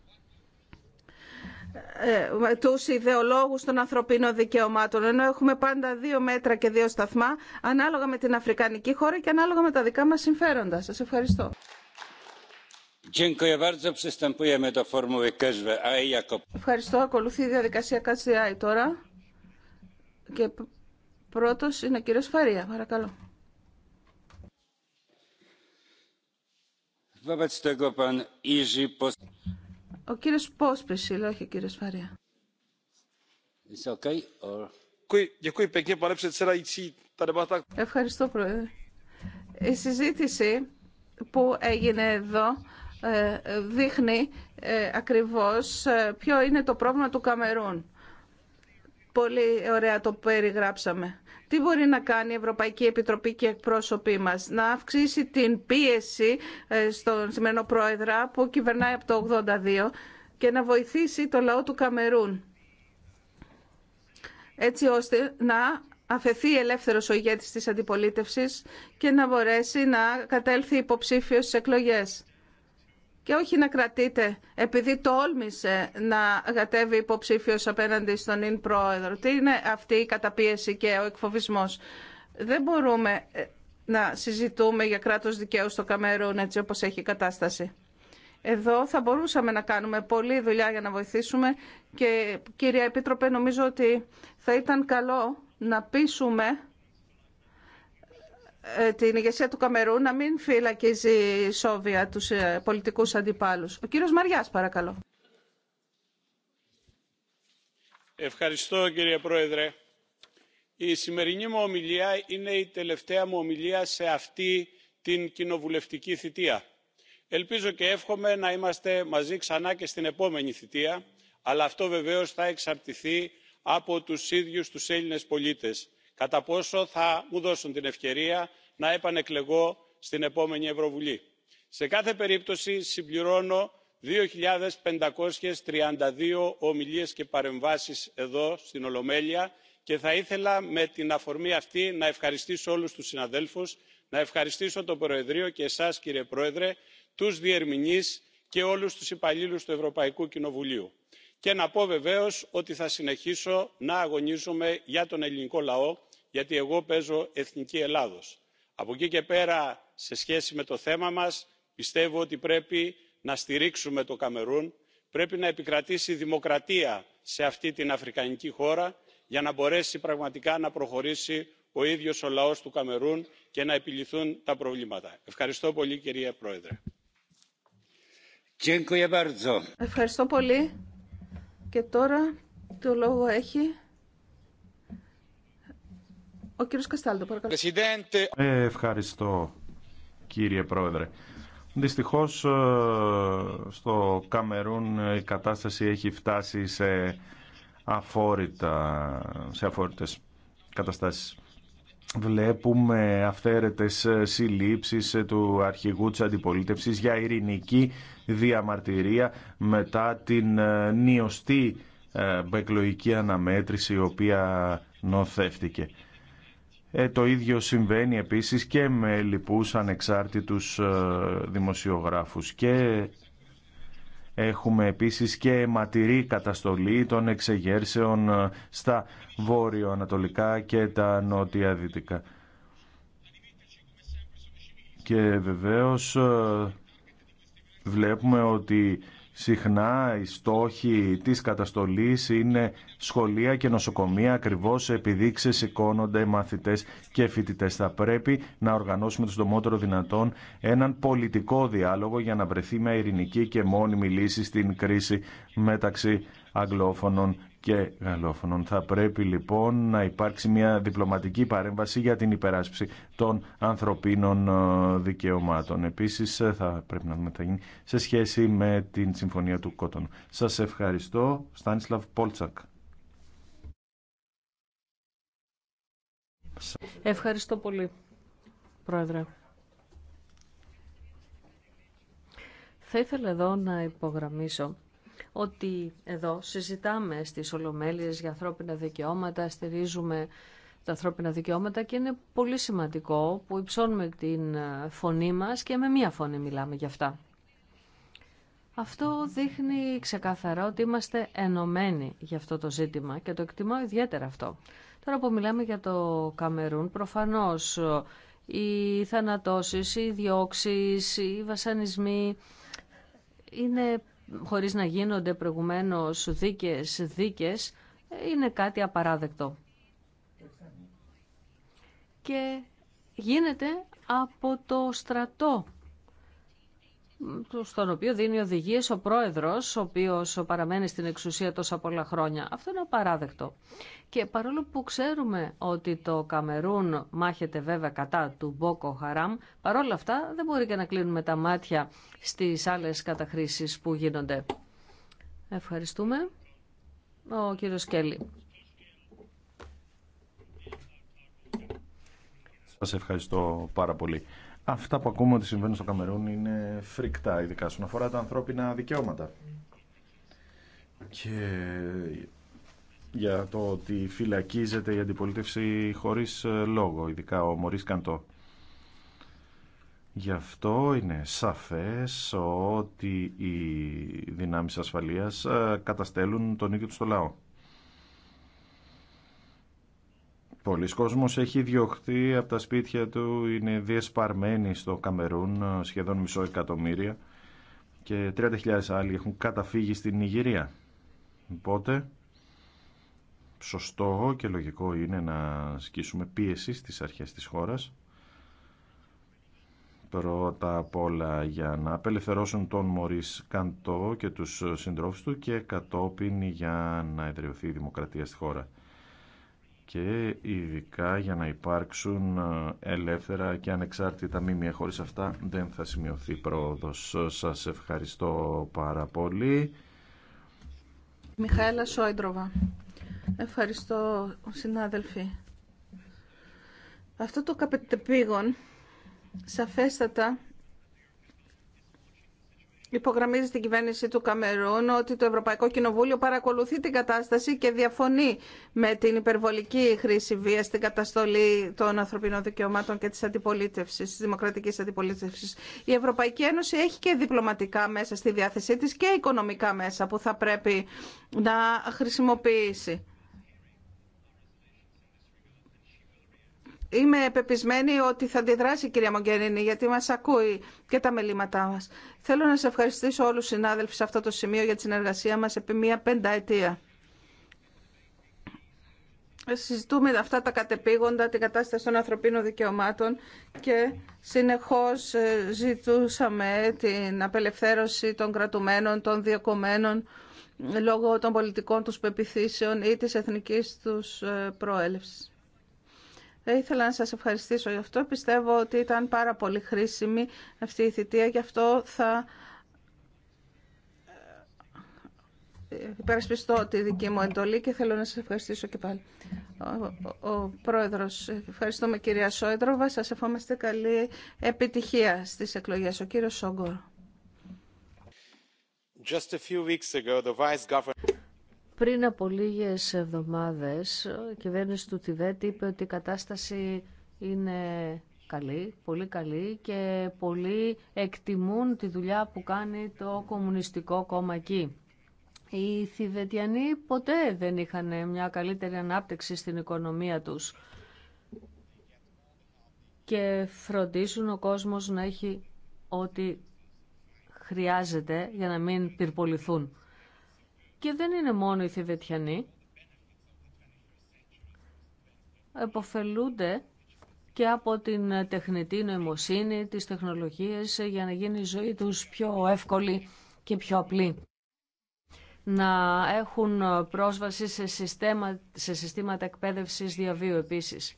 ε, τους ιδεολόγους των ανθρωπίνων δικαιωμάτων ενώ έχουμε πάντα δύο μέτρα και δύο σταθμά ανάλογα με την Αφρικανική χώρα και ανάλογα με τα δικά μας συμφέροντα. Σας ευχαριστώ. Ευχαριστώ. Ακολουθεί η διαδικασία ΚΑΤΣΙΑΙ τώρα και πρώτος είναι ο κύριος Φαρία. Παρακαλώ. Ο κύριος Πόσπεσιλ, όχι ο κύριος Φαρία. Ευχαριστώ, Πρόεδρε. Η συζήτηση που έγινε εδώ ε, δείχνει ε, ακριβώς ε, ποιο είναι το πρόβλημα του Καμερούν. Πολύ ωραία το περιγράψαμε. Τι μπορεί να κάνει η Ευρωπαϊκή Επιτροπή και εκπρόσωποι μας. Να αυξήσει την πίεση ε, στον σημερινό πρόεδρα που κυβερνάει από το 82 και να βοηθήσει το λαό του Καμερούν. Έτσι ώστε να αφαιθεί ελεύθερος ο ηγέτης της αντιπολίτευσης και να μπορέσει να κατέλθει υποψήφιος στις εκλογές και όχι να κρατείτε επειδή τόλμησε να γατεύει υποψήφιο απέναντι στον ίν πρόεδρο. Τι είναι αυτή η καταπίεση και ο εκφοβισμός. Δεν μπορούμε ε, να συζητούμε για κράτος δικαίου στο Καμερούν έτσι όπως έχει η κατάσταση. Εδώ θα μπορούσαμε να κάνουμε πολλή δουλειά για να βοηθήσουμε και κυρία Επίτροπε νομίζω ότι θα ήταν καλό να πείσουμε ε, την ηγεσία του Καμερού να μην φυλακίζει Σόβια τους ε, πολιτικούς αντιπάλους. Ο κύριος Μαριάς παρακαλώ. Ευχαριστώ κύριε Πρόεδρε. Η σημερινή μου ομιλία είναι η τελευταία μου ομιλία σε αυτή την κοινοβουλευτική θητεία. Ελπίζω και εύχομαι να είμαστε μαζί ξανά και στην επόμενη θητεία, αλλά αυτό βεβαίως θα εξαρτηθεί από τους ίδιους τους Έλληνες πολίτες κατά πόσο θα μου δώσουν την ευκαιρία να επανεκλεγώ στην επόμενη ευρωβουλή. σε κάθε περίπτωση συμπληρώνω 2.532 ομιλίες και παρεμβάσεις εδώ στην ολομέλεια και θα ήθελα με την αφορμή αυτή να ευχαριστήσω όλους τους συναδέλφους να ευχαριστήσω το προεδρείο και εσάς κύριε πρόεδρε τους διερμηνείς και όλους τους υπαλλήλους του ευρωπαϊκού κοινοβουλίου και να πω βεβαίως ότι θα συνεχίσω να αγωνίζομαι για τον ελληνικό λαό γιατί εγώ παίζω εθνική ελλάδος. από εκεί και πέρα σε σχέση με το θέμα μας πιστεύω ότι πρέπει να στηρίξουμε το καμερούν πρέπει να επικρατήσει δημοκρατία σε αυτή την αφρικανική χώρα για να μπορέσει πραγματικά να προχωρήσει ο ίδιος ο λαός του καμερούν και να επιληθούν τα προβλήματα. ευχαριστώ πολύ κυρία πρόεδρε. Ευχαριστώ πολύ. Και τώρα το λόγο έχει ο κύριος Καστάλτο, παρακαλώ. Ε, ευχαριστώ, κύριε Πρόεδρε. Δυστυχώς ε, στο Καμερούν η κατάσταση έχει φτάσει σε, αφόρητα, σε αφόρητες καταστάσεις. Βλέπουμε αυθαίρετες συλλήψεις του αρχηγού της αντιπολίτευσης για ειρηνική διαμαρτυρία μετά την ε, νιωστή ε, μπεκλογική αναμέτρηση η οποία νοθεύτηκε. Ε, το ίδιο συμβαίνει επίσης και με λοιπούς ανεξάρτητους ε, δημοσιογράφους και Έχουμε επίσης και ματηρή καταστολή των εξεγέρσεων ε, στα βόρειο-ανατολικά και τα νότια-δυτικά. Και βεβαίως ε, βλέπουμε ότι Συχνά οι στόχοι της καταστολής είναι σχολεία και νοσοκομεία ακριβώς επειδή ξεσηκώνονται μαθητές και φοιτητές. Θα πρέπει να οργανώσουμε το συντομότερο δυνατόν έναν πολιτικό διάλογο για να βρεθεί μια ειρηνική και μόνιμη λύση στην κρίση μεταξύ αγγλόφωνων και γαλλόφωνων. Θα πρέπει λοιπόν να υπάρξει μια διπλωματική παρέμβαση για την υπεράσπιση των ανθρωπίνων ε, δικαιωμάτων. Επίσης ε, θα πρέπει να δούμε θα γίνει σε σχέση με την Συμφωνία του Κότων. Σας ευχαριστώ. Στάνισλαβ Πόλτσακ. Ευχαριστώ πολύ, Πρόεδρε. Θα ήθελα εδώ να υπογραμμίσω ότι εδώ συζητάμε στις Ολομέλειες για ανθρώπινα δικαιώματα, στηρίζουμε τα ανθρώπινα δικαιώματα και είναι πολύ σημαντικό που υψώνουμε την ε, φωνή μας και με μία φωνή μιλάμε για αυτά. Αυτό δείχνει ξεκαθαρά ότι είμαστε ενωμένοι για αυτό το ζήτημα και το εκτιμάω ιδιαίτερα αυτό. Τώρα που μιλάμε για το Καμερούν, προφανώς οι θανατώσεις, οι διώξεις, οι βασανισμοί είναι χωρίς να γίνονται προηγουμένως δίκες, δίκες, είναι κάτι απαράδεκτο. Και γίνεται από το στρατό στον οποίο δίνει οδηγίες ο πρόεδρος, ο οποίος παραμένει στην εξουσία τόσα πολλά χρόνια. Αυτό είναι απαράδεκτο. Και παρόλο που ξέρουμε ότι το Καμερούν μάχεται βέβαια κατά του Μπόκο Χαράμ, παρόλα αυτά δεν μπορεί και να κλείνουμε τα μάτια στις άλλες καταχρήσεις που γίνονται. Ευχαριστούμε. Ο κύριος Κέλλη. Σας ευχαριστώ πάρα πολύ. Αυτά που ακούμε ότι συμβαίνουν στο Καμερούν είναι φρικτά, ειδικά στον αφορά τα ανθρώπινα δικαιώματα. Και για το ότι φυλακίζεται η αντιπολίτευση χωρίς ε, λόγο, ειδικά ο Μωρίς Καντό. Γι' αυτό είναι σαφές ότι οι δυνάμεις ασφαλείας ε, καταστέλουν τον ίδιο του το λαό. Πολλοί κόσμος έχει διωχθεί από τα σπίτια του, είναι διεσπαρμένοι στο Καμερούν, σχεδόν μισό εκατομμύρια και 30.000 άλλοι έχουν καταφύγει στην Νιγηρία. Οπότε, σωστό και λογικό είναι να ασκήσουμε πίεση στις αρχές της χώρας πρώτα απ' όλα για να απελευθερώσουν τον Μωρίς Καντό και τους συντρόφους του και κατόπιν για να εδραιωθεί η δημοκρατία στη χώρα και ειδικά για να υπάρξουν ε, ελεύθερα και ανεξάρτητα μήμια. Χωρίς αυτά δεν θα σημειωθεί πρόοδος. Σας ευχαριστώ πάρα πολύ. Μιχαέλα Σόιντροβα. Ευχαριστώ συνάδελφοι. Αυτό το καπετεπίγον σαφέστατα υπογραμμίζει στην κυβέρνηση του Καμερούν ότι το Ευρωπαϊκό Κοινοβούλιο παρακολουθεί την κατάσταση και διαφωνεί με την υπερβολική χρήση βία στην καταστολή των ανθρωπινών δικαιωμάτων και της αντιπολίτευσης, της δημοκρατικής αντιπολίτευσης. Η Ευρωπαϊκή Ένωση έχει και διπλωματικά μέσα στη διάθεσή της και οικονομικά μέσα που θα πρέπει να χρησιμοποιήσει. Είμαι επεπισμένη ότι θα αντιδράσει η κυρία Μογκερίνη γιατί μας ακούει και τα μελήματά μας. Θέλω να σας ευχαριστήσω όλους συνάδελφοι σε αυτό το σημείο για τη συνεργασία μας επί μία πενταετία. Συζητούμε αυτά τα κατεπήγοντα, την κατάσταση των ανθρωπίνων δικαιωμάτων και συνεχώς ε, ζητούσαμε την απελευθέρωση των κρατουμένων, των διακομμένων ε, λόγω των πολιτικών τους πεπιθήσεων ή της εθνικής τους ε, προέλευσης ήθελα να σας ευχαριστήσω γι' αυτό. Πιστεύω ότι ήταν πάρα πολύ χρήσιμη αυτή η θητεία. Γι' αυτό θα ε, υπερασπιστώ τη δική μου εντολή και θέλω να σας ευχαριστήσω και πάλι. Ο, ο, ο Πρόεδρος, ευχαριστούμε κυρία Σόιντροβα. Σας ευχόμαστε καλή επιτυχία στις εκλογές. Ο κύριος Σόγκορ. Just a few weeks ago, the Vice Governor... Πριν από λίγες εβδομάδες η κυβέρνηση του Τιβέτ είπε ότι η κατάσταση είναι καλή, πολύ καλή και πολλοί εκτιμούν τη δουλειά που κάνει το Κομμουνιστικό Κόμμα εκεί. Οι Θιβετιανοί ποτέ δεν είχαν μια καλύτερη ανάπτυξη στην οικονομία τους και φροντίζουν ο κόσμος να έχει ό,τι χρειάζεται για να μην πυρποληθούν. Και δεν είναι μόνο οι Θεβετιανοί. Εποφελούνται και από την τεχνητή νοημοσύνη, τις τεχνολογίες για να γίνει η ζωή τους πιο εύκολη και πιο απλή. Να έχουν πρόσβαση σε, σε συστήματα εκπαίδευσης διαβίου επίσης.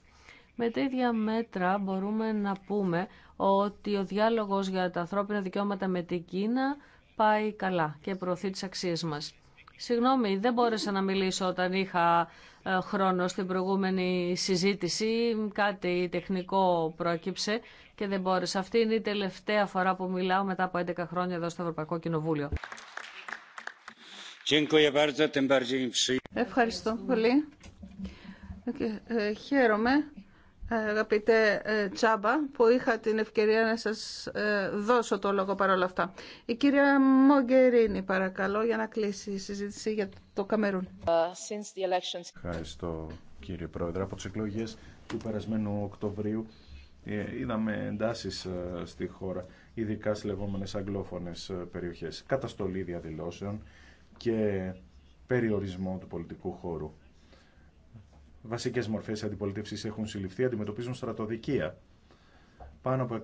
Με τα ίδια μέτρα μπορούμε να πούμε ότι ο διάλογος για τα ανθρώπινα δικαιώματα με την Κίνα πάει καλά και προωθεί τις αξίες μας. Συγγνώμη, δεν μπόρεσα να μιλήσω όταν είχα ε, χρόνο στην προηγούμενη συζήτηση. Κάτι τεχνικό πρόκυψε και δεν μπόρεσα. Αυτή είναι η τελευταία φορά που μιλάω μετά από 11 χρόνια εδώ στο Ευρωπαϊκό Κοινοβούλιο. Ευχαριστώ πολύ. Ε, ε, χαίρομαι αγαπητέ ε, Τσάμπα, που είχα την ευκαιρία να σας ε, δώσω το λόγο παρόλα αυτά. Η κυρία Μογκερίνη, παρακαλώ, για να κλείσει η συζήτηση για το Καμερούν. Ε, Ευχαριστώ, κύριε Πρόεδρε. Από τις εκλογές του περασμένου Οκτωβρίου είδαμε εντάσεις στη χώρα, ειδικά στις λεγόμενες αγγλόφωνες περιοχές. Καταστολή διαδηλώσεων και περιορισμό του πολιτικού χώρου βασικές μορφές αντιπολίτευσης έχουν συλληφθεί, αντιμετωπίζουν στρατοδικία. Πάνω από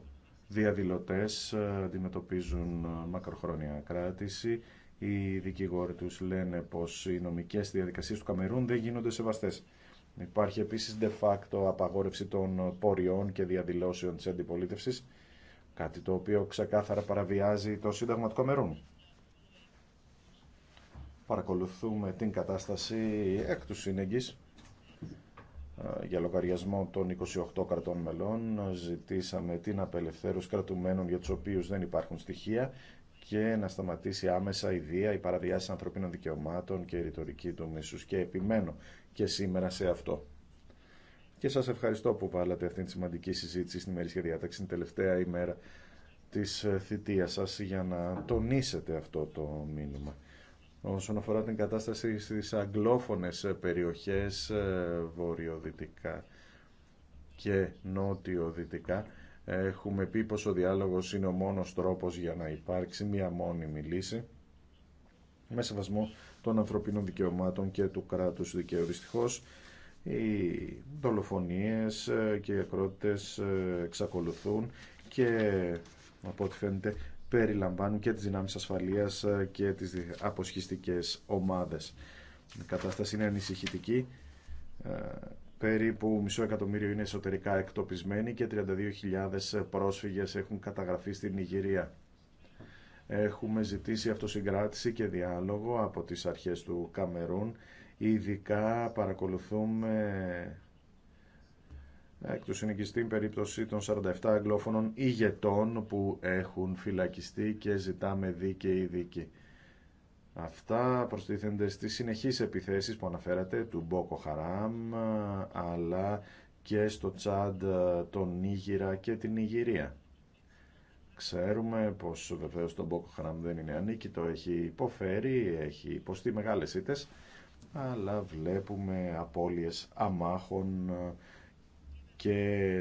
100 διαδηλωτές ε, αντιμετωπίζουν ε, μακροχρόνια κράτηση. Οι δικηγόροι τους λένε πως οι νομικές διαδικασίες του Καμερούν δεν γίνονται σεβαστές. Υπάρχει επίσης de facto απαγόρευση των πόριών και διαδηλώσεων της αντιπολίτευσης, κάτι το οποίο ξεκάθαρα παραβιάζει το Σύνταγμα του Καμερούν. Παρακολουθούμε την κατάσταση εκ του ε, για λογαριασμό των 28 κρατών μελών. Ζητήσαμε την απελευθέρωση κρατουμένων για τους οποίους δεν υπάρχουν στοιχεία και να σταματήσει άμεσα η βία, η παραβιάση ανθρωπίνων δικαιωμάτων και η ρητορική του μίσους. Και επιμένω και σήμερα σε αυτό. Και σας ευχαριστώ που βάλατε αυτήν τη σημαντική συζήτηση στην ημερήσια διάταξη την τελευταία ημέρα της ε, θητείας σας για να τονίσετε αυτό το μήνυμα όσον αφορά την κατάσταση στις αγγλόφωνες περιοχές ε, βορειοδυτικά και νοτιοδυτικά Έχουμε πει πως ο διάλογος είναι ο μόνος τρόπος για να υπάρξει μια μόνιμη λύση με σεβασμό των ανθρωπίνων δικαιωμάτων και του κράτους δικαίου. Δυστυχώς, οι δολοφονίες ε, και οι ακρότητες ε, εξακολουθούν και από ό,τι φαίνεται περιλαμβάνουν και τις δυνάμεις ασφαλείας ε, και τις αποσχιστικές ομάδες. Η κατάσταση είναι ανησυχητική. Ε, περίπου μισό εκατομμύριο είναι εσωτερικά εκτοπισμένοι και 32.000 ε, πρόσφυγες έχουν καταγραφεί στην Ιγυρία. Έχουμε ζητήσει αυτοσυγκράτηση και διάλογο από τις αρχές του Καμερούν. Ειδικά παρακολουθούμε εκ του περίπτωση των 47 αγγλόφωνων ηγετών που έχουν φυλακιστεί και ζητάμε δίκαιη δίκη. Αυτά προστίθενται στις συνεχείς επιθέσεις που αναφέρατε του Μπόκο Χαράμ αλλά και στο Τσάντ, ε, τον Νίγηρα και την Ιγυρία. Ξέρουμε πως βεβαίως το Μπόκο Χαράμ δεν είναι ανίκητο, έχει υποφέρει, έχει υποστεί μεγάλες ήττες αλλά βλέπουμε απώλειες αμάχων ε, και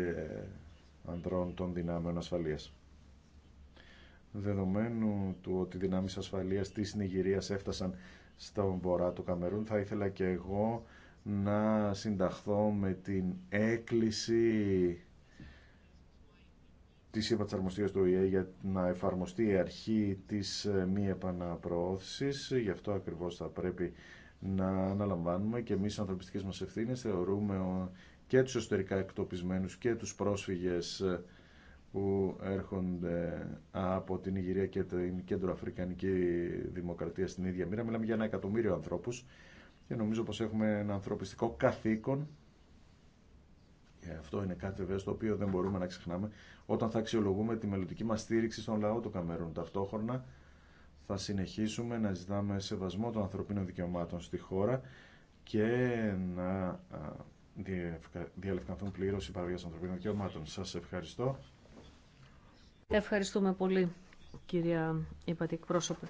ανδρών των δυνάμεων ασφαλείας. Δεδομένου του ότι οι δυνάμεις ασφαλείας της Νιγηρίας έφτασαν στον βορρά του Καμερούν, θα ήθελα και εγώ να συνταχθώ με την έκκληση της υπατσαρμοστίας του ΟΗΕ για να εφαρμοστεί η αρχή της μη επαναπροώθησης. Γι' αυτό ακριβώς θα πρέπει να αναλαμβάνουμε και εμείς οι ανθρωπιστικές μας ευθύνες θεωρούμε και τους εσωτερικά εκτοπισμένους και τους πρόσφυγες ε, που έρχονται από την Ιγυρία και την Κέντρο Αφρικανική Δημοκρατία στην ίδια μοίρα. Μιλάμε για ένα εκατομμύριο ανθρώπους και νομίζω πως έχουμε ένα ανθρωπιστικό καθήκον και αυτό είναι κάτι βέβαια στο οποίο δεν μπορούμε να ξεχνάμε όταν θα αξιολογούμε τη μελλοντική μας στήριξη στον λαό του Καμερούν. Ταυτόχρονα θα συνεχίσουμε να ζητάμε σεβασμό των ανθρωπίνων δικαιωμάτων στη χώρα και να διαλευκανθούν πλήρως οι των ανθρωπίνων δικαιωμάτων. Σας ευχαριστώ. Ευχαριστούμε πολύ, κυρία Υπατική Πρόσωπε.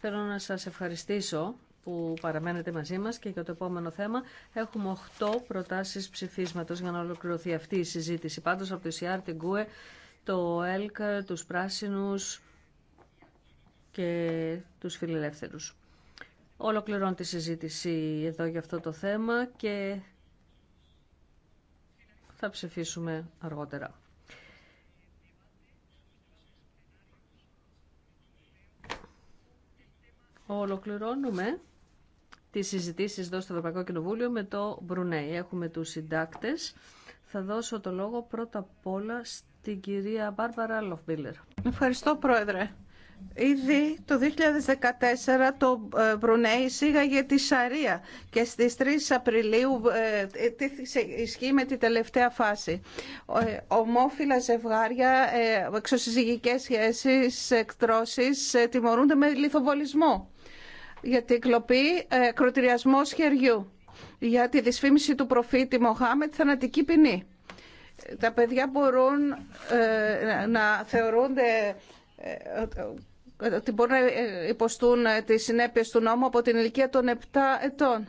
Θέλω να σας ευχαριστήσω που παραμένετε μαζί μας και για το επόμενο θέμα έχουμε 8 προτάσεις ψηφίσματος για να ολοκληρωθεί αυτή η συζήτηση. Πάντως από το ΙΣΙΑΡ, την ΚΟΕ, το ΕΛΚ, τους Πράσινους και τους Φιλελεύθερους. Ολοκληρώνω τη συζήτηση εδώ για αυτό το θέμα και θα ψηφίσουμε αργότερα. Ολοκληρώνουμε τι συζητήσει εδώ στο Ευρωπαϊκό Κοινοβούλιο με το Μπρουνέι. Έχουμε τους συντάκτες. Θα δώσω το λόγο πρώτα απ' όλα στην κυρία Μπάρμπαρα Λοφμπίλερ. Ευχαριστώ, Πρόεδρε. Ήδη το 2014 το Μπρουνέι ε, εισήγαγε τη Σαρία και στις 3 Απριλίου ε, τι ισχύ με τη τελευταία φάση. Ε, ομόφυλα ζευγάρια, εξωσυζυγικές σχέσεις, εκτρώσεις τιμωρούνται με λιθοβολισμό για την κλοπή κροτηριασμό χεριού, για τη δυσφήμιση του προφήτη Μοχάμετ θανατική ποινή. Τα παιδιά μπορούν να θεωρούνται ε, ότι μπορούν να υποστούν ε, τις συνέπειες του νόμου από την ηλικία των 7 ετών.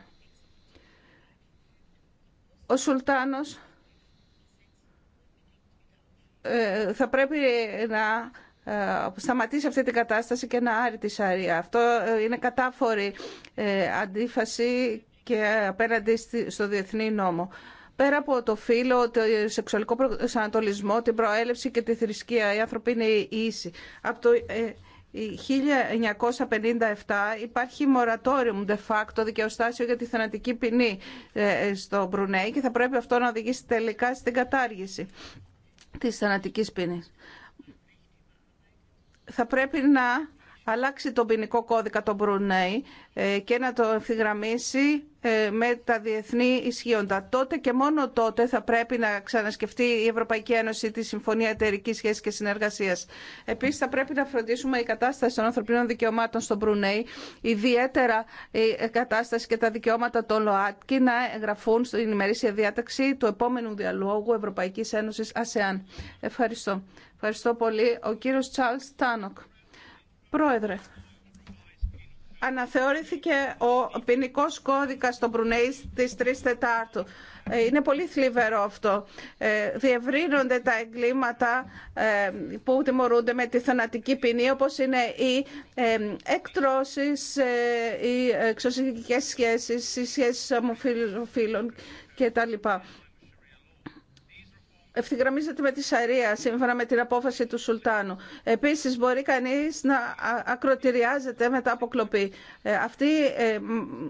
Ο Σουλτάνος ε, θα πρέπει να σταματήσει αυτή την κατάσταση και να άρει τη Σαρία. Αυτό είναι κατάφορη αντίφαση και απέναντι στο διεθνή νόμο. Πέρα από το φύλλο, το σεξουαλικό προσανατολισμό, την προέλευση και τη θρησκεία, οι άνθρωποι είναι ίσοι. Από το 1957 ε, υπάρχει μορατόριο de facto δικαιοστάσιο για τη θανατική ποινή ε, στο Μπρουνέι και θα πρέπει αυτό να οδηγήσει τελικά στην κατάργηση της θανατικής ποινής. Θα πρέπει να αλλάξει τον ποινικό κώδικα των Μπρουνέι ε, και να το ευθυγραμμίσει ε, με τα διεθνή ισχύοντα. Τότε και μόνο τότε θα πρέπει να ξανασκεφτεί η Ευρωπαϊκή Ένωση τη Συμφωνία Εταιρική Σχέση και Συνεργασία. Επίση, θα πρέπει να φροντίσουμε η κατάσταση των ανθρωπίνων δικαιωμάτων στο Μπρουνέι, ιδιαίτερα η κατάσταση και τα δικαιώματα των ΛΟΑΤΚΙ, να εγγραφούν στην ημερήσια διάταξη του επόμενου διαλόγου Ευρωπαϊκή Ένωση ΑΣΕΑΝ. Ευχαριστώ. Ευχαριστώ πολύ. Ο κύριο Τσάρλ Τάνοκ. Πρόεδρε, αναθεώρηθηκε ο ποινικό κώδικα στο Μπρουνέι της 3 Τετάρτου. Ε, είναι πολύ θλιβερό αυτό. Ε, διευρύνονται τα εγκλήματα ε, που τιμωρούνται με τη θανατική ποινή, όπως είναι οι εκτρώσεις, οι εξωσυγικές σχέσεις, οι σχέσεις τα κτλ ευθυγραμμίζεται με τη Σαρία σύμφωνα με την απόφαση του Σουλτάνου. Επίσης μπορεί κανείς να ακροτηριάζεται μετά από κλοπή. Ε, αυτή ε,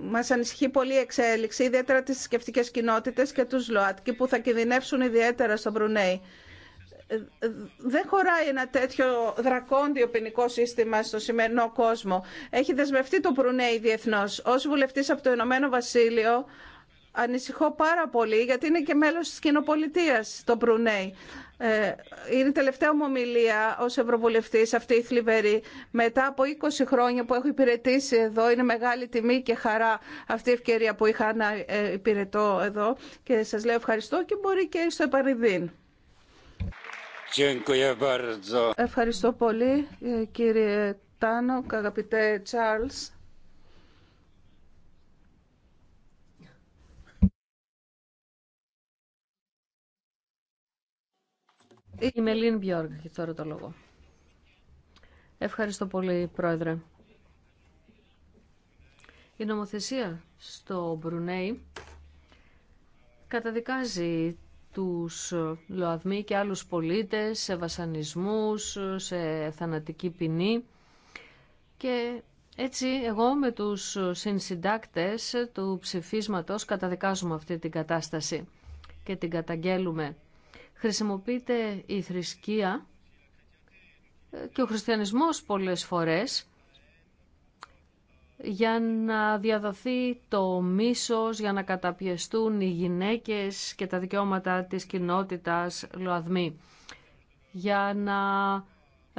μας ανησυχεί πολύ η εξέλιξη, ιδιαίτερα τις σκεφτικές κοινότητες και τους ΛΟΑΤΚΙ που θα κινδυνεύσουν ιδιαίτερα στο Μπρουνέι. Ε, δεν χωράει ένα τέτοιο δρακόντιο ποινικό σύστημα στο σημερινό κόσμο. Έχει δεσμευτεί το Προυνέι διεθνώ. Ω βουλευτή από το Ηνωμένο Βασίλειο, ανησυχώ πάρα πολύ γιατί είναι και μέλος της κοινοπολιτείας το Μπρουνέι. Ε, είναι η τελευταία μου ομιλία ως Ευρωβουλευτής αυτή η θλιβερή. Μετά από 20 χρόνια που έχω υπηρετήσει εδώ, είναι μεγάλη τιμή και χαρά αυτή η ευκαιρία που είχα να ε, υπηρετώ εδώ και σας λέω ευχαριστώ και μπορεί και στο επαριδίν. Ευχαριστώ πολύ ε, κύριε Τάνο, αγαπητέ Τσάρλς. Η Μελίν Μπιόργ έχει τώρα το λόγο. Ευχαριστώ πολύ, Πρόεδρε. Η νομοθεσία στο Μπρουνέι καταδικάζει τους ΛΟΑΔΜΗ και άλλους πολίτες σε βασανισμούς, σε θανατική ποινή και έτσι εγώ με τους συνσυντάκτες του ψηφίσματος καταδικάζουμε αυτή την κατάσταση και την καταγγέλουμε Χρησιμοποιείται η θρησκεία και ο χριστιανισμός πολλές φορές για να διαδοθεί το μίσος, για να καταπιεστούν οι γυναίκες και τα δικαιώματα της κοινότητας ΛΟΑΔΜΗ. Για να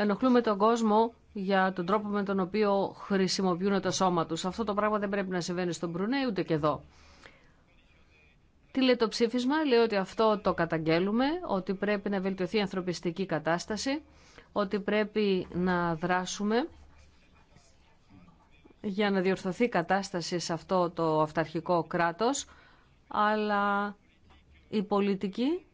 ενοχλούμε τον κόσμο για τον τρόπο με τον οποίο χρησιμοποιούν το σώμα τους. Αυτό το πράγμα δεν πρέπει να συμβαίνει στον Μπρουνέ ούτε και εδώ. Τι λέει ότι αυτό το καταγγέλουμε, ότι πρέπει να βελτιωθεί η ανθρωπιστική κατάσταση, ότι πρέπει να δράσουμε για να διορθωθεί η κατάσταση σε αυτό το αυταρχικό κράτος, αλλά η πολιτική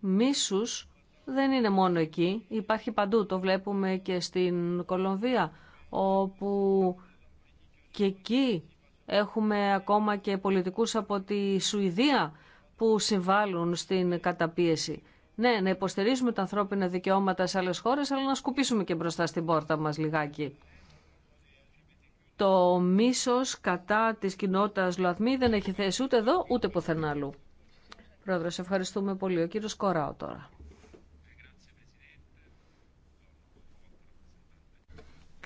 μίσους δεν είναι μόνο εκεί, υπάρχει παντού, το βλέπουμε και στην Κολομβία, όπου και εκεί Έχουμε ακόμα και πολιτικούς από τη Σουηδία που συμβάλλουν στην καταπίεση. Ναι, να υποστηρίζουμε τα ανθρώπινα δικαιώματα σε άλλες χώρες, αλλά να σκουπίσουμε και μπροστά στην πόρτα μας λιγάκι. Το μίσος κατά της κοινότητας Λουαθμή δεν έχει θέση ούτε εδώ, ούτε πουθενά αλλού. Πρόεδρος, ευχαριστούμε πολύ. Ο κύριος Κοράου τώρα.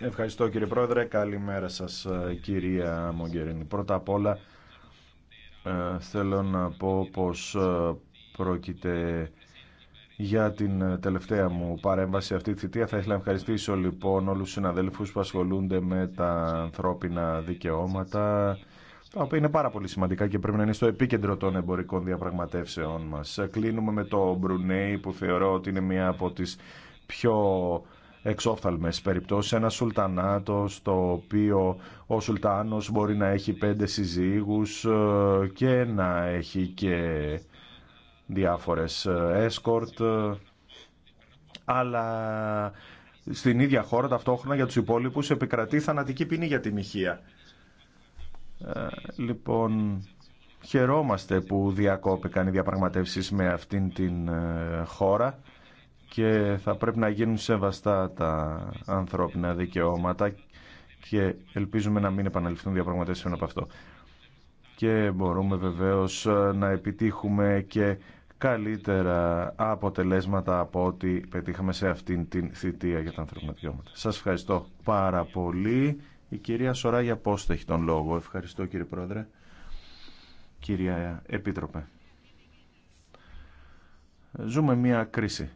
Ευχαριστώ κύριε Πρόεδρε. Καλημέρα σας ε, κυρία Μογκερίνη. Πρώτα απ' όλα ε, θέλω να πω πως ε, πρόκειται για την τελευταία μου παρέμβαση αυτή τη θητεία. Θα ήθελα να ευχαριστήσω λοιπόν όλους τους συναδέλφους που ασχολούνται με τα ανθρώπινα δικαιώματα τα οποία είναι πάρα πολύ σημαντικά και πρέπει να είναι στο επίκεντρο των εμπορικών διαπραγματεύσεων μας. Κλείνουμε με το Μπρουνέι που θεωρώ ότι είναι μία από τις πιο εξόφθαλμες περιπτώσεις. Ένα σουλτανάτο το οποίο ο σουλτάνος μπορεί να έχει πέντε συζύγους ε, και να έχει και διάφορες έσκορτ ε, αλλά στην ίδια χώρα ταυτόχρονα για τους υπόλοιπους επικρατεί θανατική ποινή για τη μοιχεία. Ε, λοιπόν, χαιρόμαστε που διακόπηκαν οι διαπραγματεύσεις με αυτήν την χώρα και θα πρέπει να γίνουν σεβαστά τα ανθρώπινα δικαιώματα και ελπίζουμε να μην επαναληφθούν διαπραγματεύσεις από αυτό. Και μπορούμε βεβαίως να επιτύχουμε και καλύτερα αποτελέσματα από ό,τι πετύχαμε σε αυτήν την θητεία για τα ανθρώπινα δικαιώματα. Σας ευχαριστώ πάρα πολύ. Η κυρία Σοράγια το έχει τον λόγο. Ευχαριστώ κύριε Πρόεδρε. Κυρία Επίτροπε. Ζούμε μία κρίση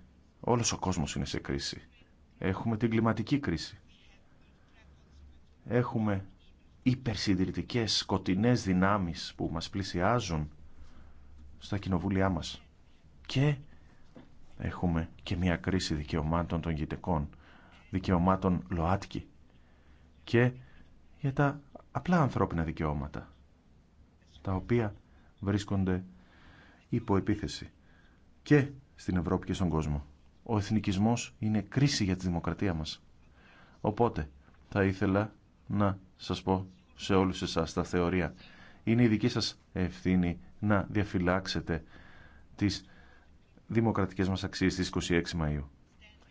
Όλος ο κόσμος είναι σε κρίση. Έχουμε την κλιματική κρίση. Έχουμε υπερσυντηρητικές σκοτεινέ δυνάμεις που μας πλησιάζουν στα κοινοβούλια μας. Και έχουμε και μια κρίση δικαιωμάτων των γητεκών, δικαιωμάτων ΛΟΑΤΚΙ και για τα απλά ανθρώπινα δικαιώματα, τα οποία βρίσκονται υπό επίθεση και στην Ευρώπη και στον κόσμο ο εθνικισμός είναι κρίση για τη δημοκρατία μας. Οπότε θα ήθελα να σας πω σε όλους εσάς τα θεωρία. Είναι η δική σας ευθύνη να διαφυλάξετε τις δημοκρατικές μας αξίες στις 26 Μαΐου.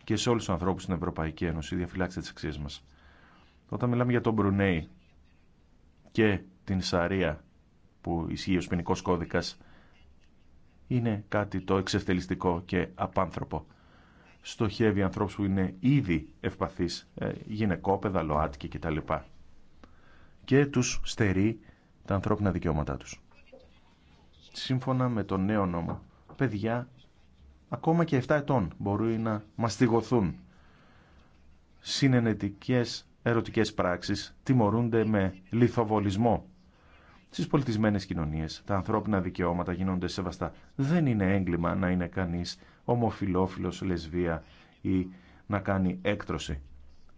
Και σε όλους τους ανθρώπους στην Ευρωπαϊκή Ένωση διαφυλάξετε τις αξίες μας. Όταν μιλάμε για τον Μπρουνέη και την Σαρία που ισχύει ο ποινικό κώδικας είναι κάτι το εξευτελιστικό και απάνθρωπο στοχεύει ανθρώπους που είναι ήδη ευπαθείς, ε, γυναικόπαιδα, ΛΟΑΤΚΙ κτλ. Και τους στερεί τα ανθρώπινα δικαιώματά τους. Σύμφωνα με τον νέο νόμο, παιδιά ακόμα και 7 ετών μπορούν να μαστιγωθούν. Συνενετικές ερωτικές πράξεις τιμωρούνται με λιθοβολισμό. Στις πολιτισμένες κοινωνίες τα ανθρώπινα δικαιώματα γίνονται σεβαστά. Δεν είναι έγκλημα να είναι κανείς ομοφιλόφιλος, λεσβία ή να κάνει έκτρωση.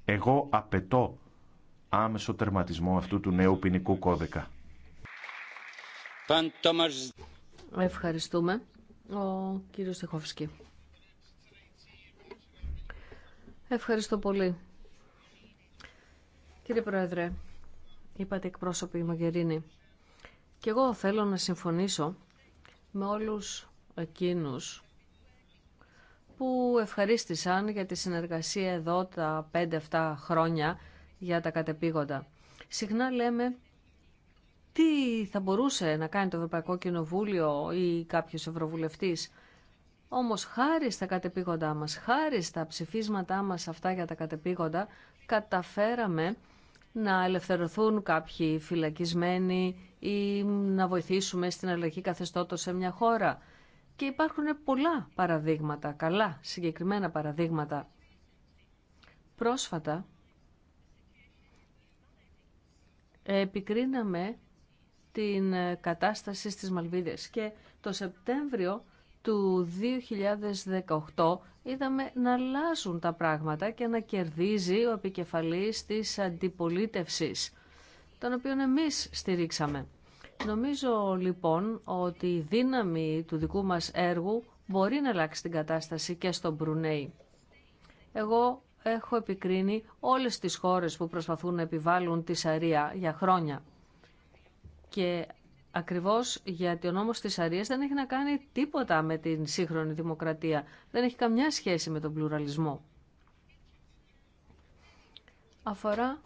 Εγώ απαιτώ άμεσο τερματισμό αυτού του νέου ποινικού κώδικα. Ευχαριστούμε. Ο κύριος Στεχόφσκι. Ευχαριστώ πολύ. Κύριε Πρόεδρε, είπατε εκπρόσωποι μαγερινη και εγώ θέλω να συμφωνήσω με όλους εκείνους που ευχαρίστησαν για τη συνεργασία εδώ τα 5-7 χρόνια για τα κατεπήγοντα. Συχνά λέμε τι θα μπορούσε να κάνει το Ευρωπαϊκό Κοινοβούλιο ή κάποιος Ευρωβουλευτής. Όμως χάρη στα κατεπήγοντά μας, χάρη στα ψηφίσματά μας αυτά για τα κατεπήγοντα, καταφέραμε να ελευθερωθούν κάποιοι φυλακισμένοι ή να βοηθήσουμε στην αλλαγή καθεστώτος σε μια χώρα και υπάρχουν πολλά παραδείγματα, καλά συγκεκριμένα παραδείγματα. Πρόσφατα επικρίναμε την κατάσταση στις Μαλβίδες και το Σεπτέμβριο του 2018 είδαμε να αλλάζουν τα πράγματα και να κερδίζει ο επικεφαλής της αντιπολίτευσης, τον οποίο εμείς στηρίξαμε. Νομίζω λοιπόν ότι η δύναμη του δικού μας έργου μπορεί να αλλάξει την κατάσταση και στον Μπρουνέι. Εγώ έχω επικρίνει όλες τις χώρες που προσπαθούν να επιβάλλουν τη Σαρία για χρόνια. Και ακριβώς γιατί ο νόμος της Σαρίας δεν έχει να κάνει τίποτα με την σύγχρονη δημοκρατία. Δεν έχει καμιά σχέση με τον πλουραλισμό. Αφορά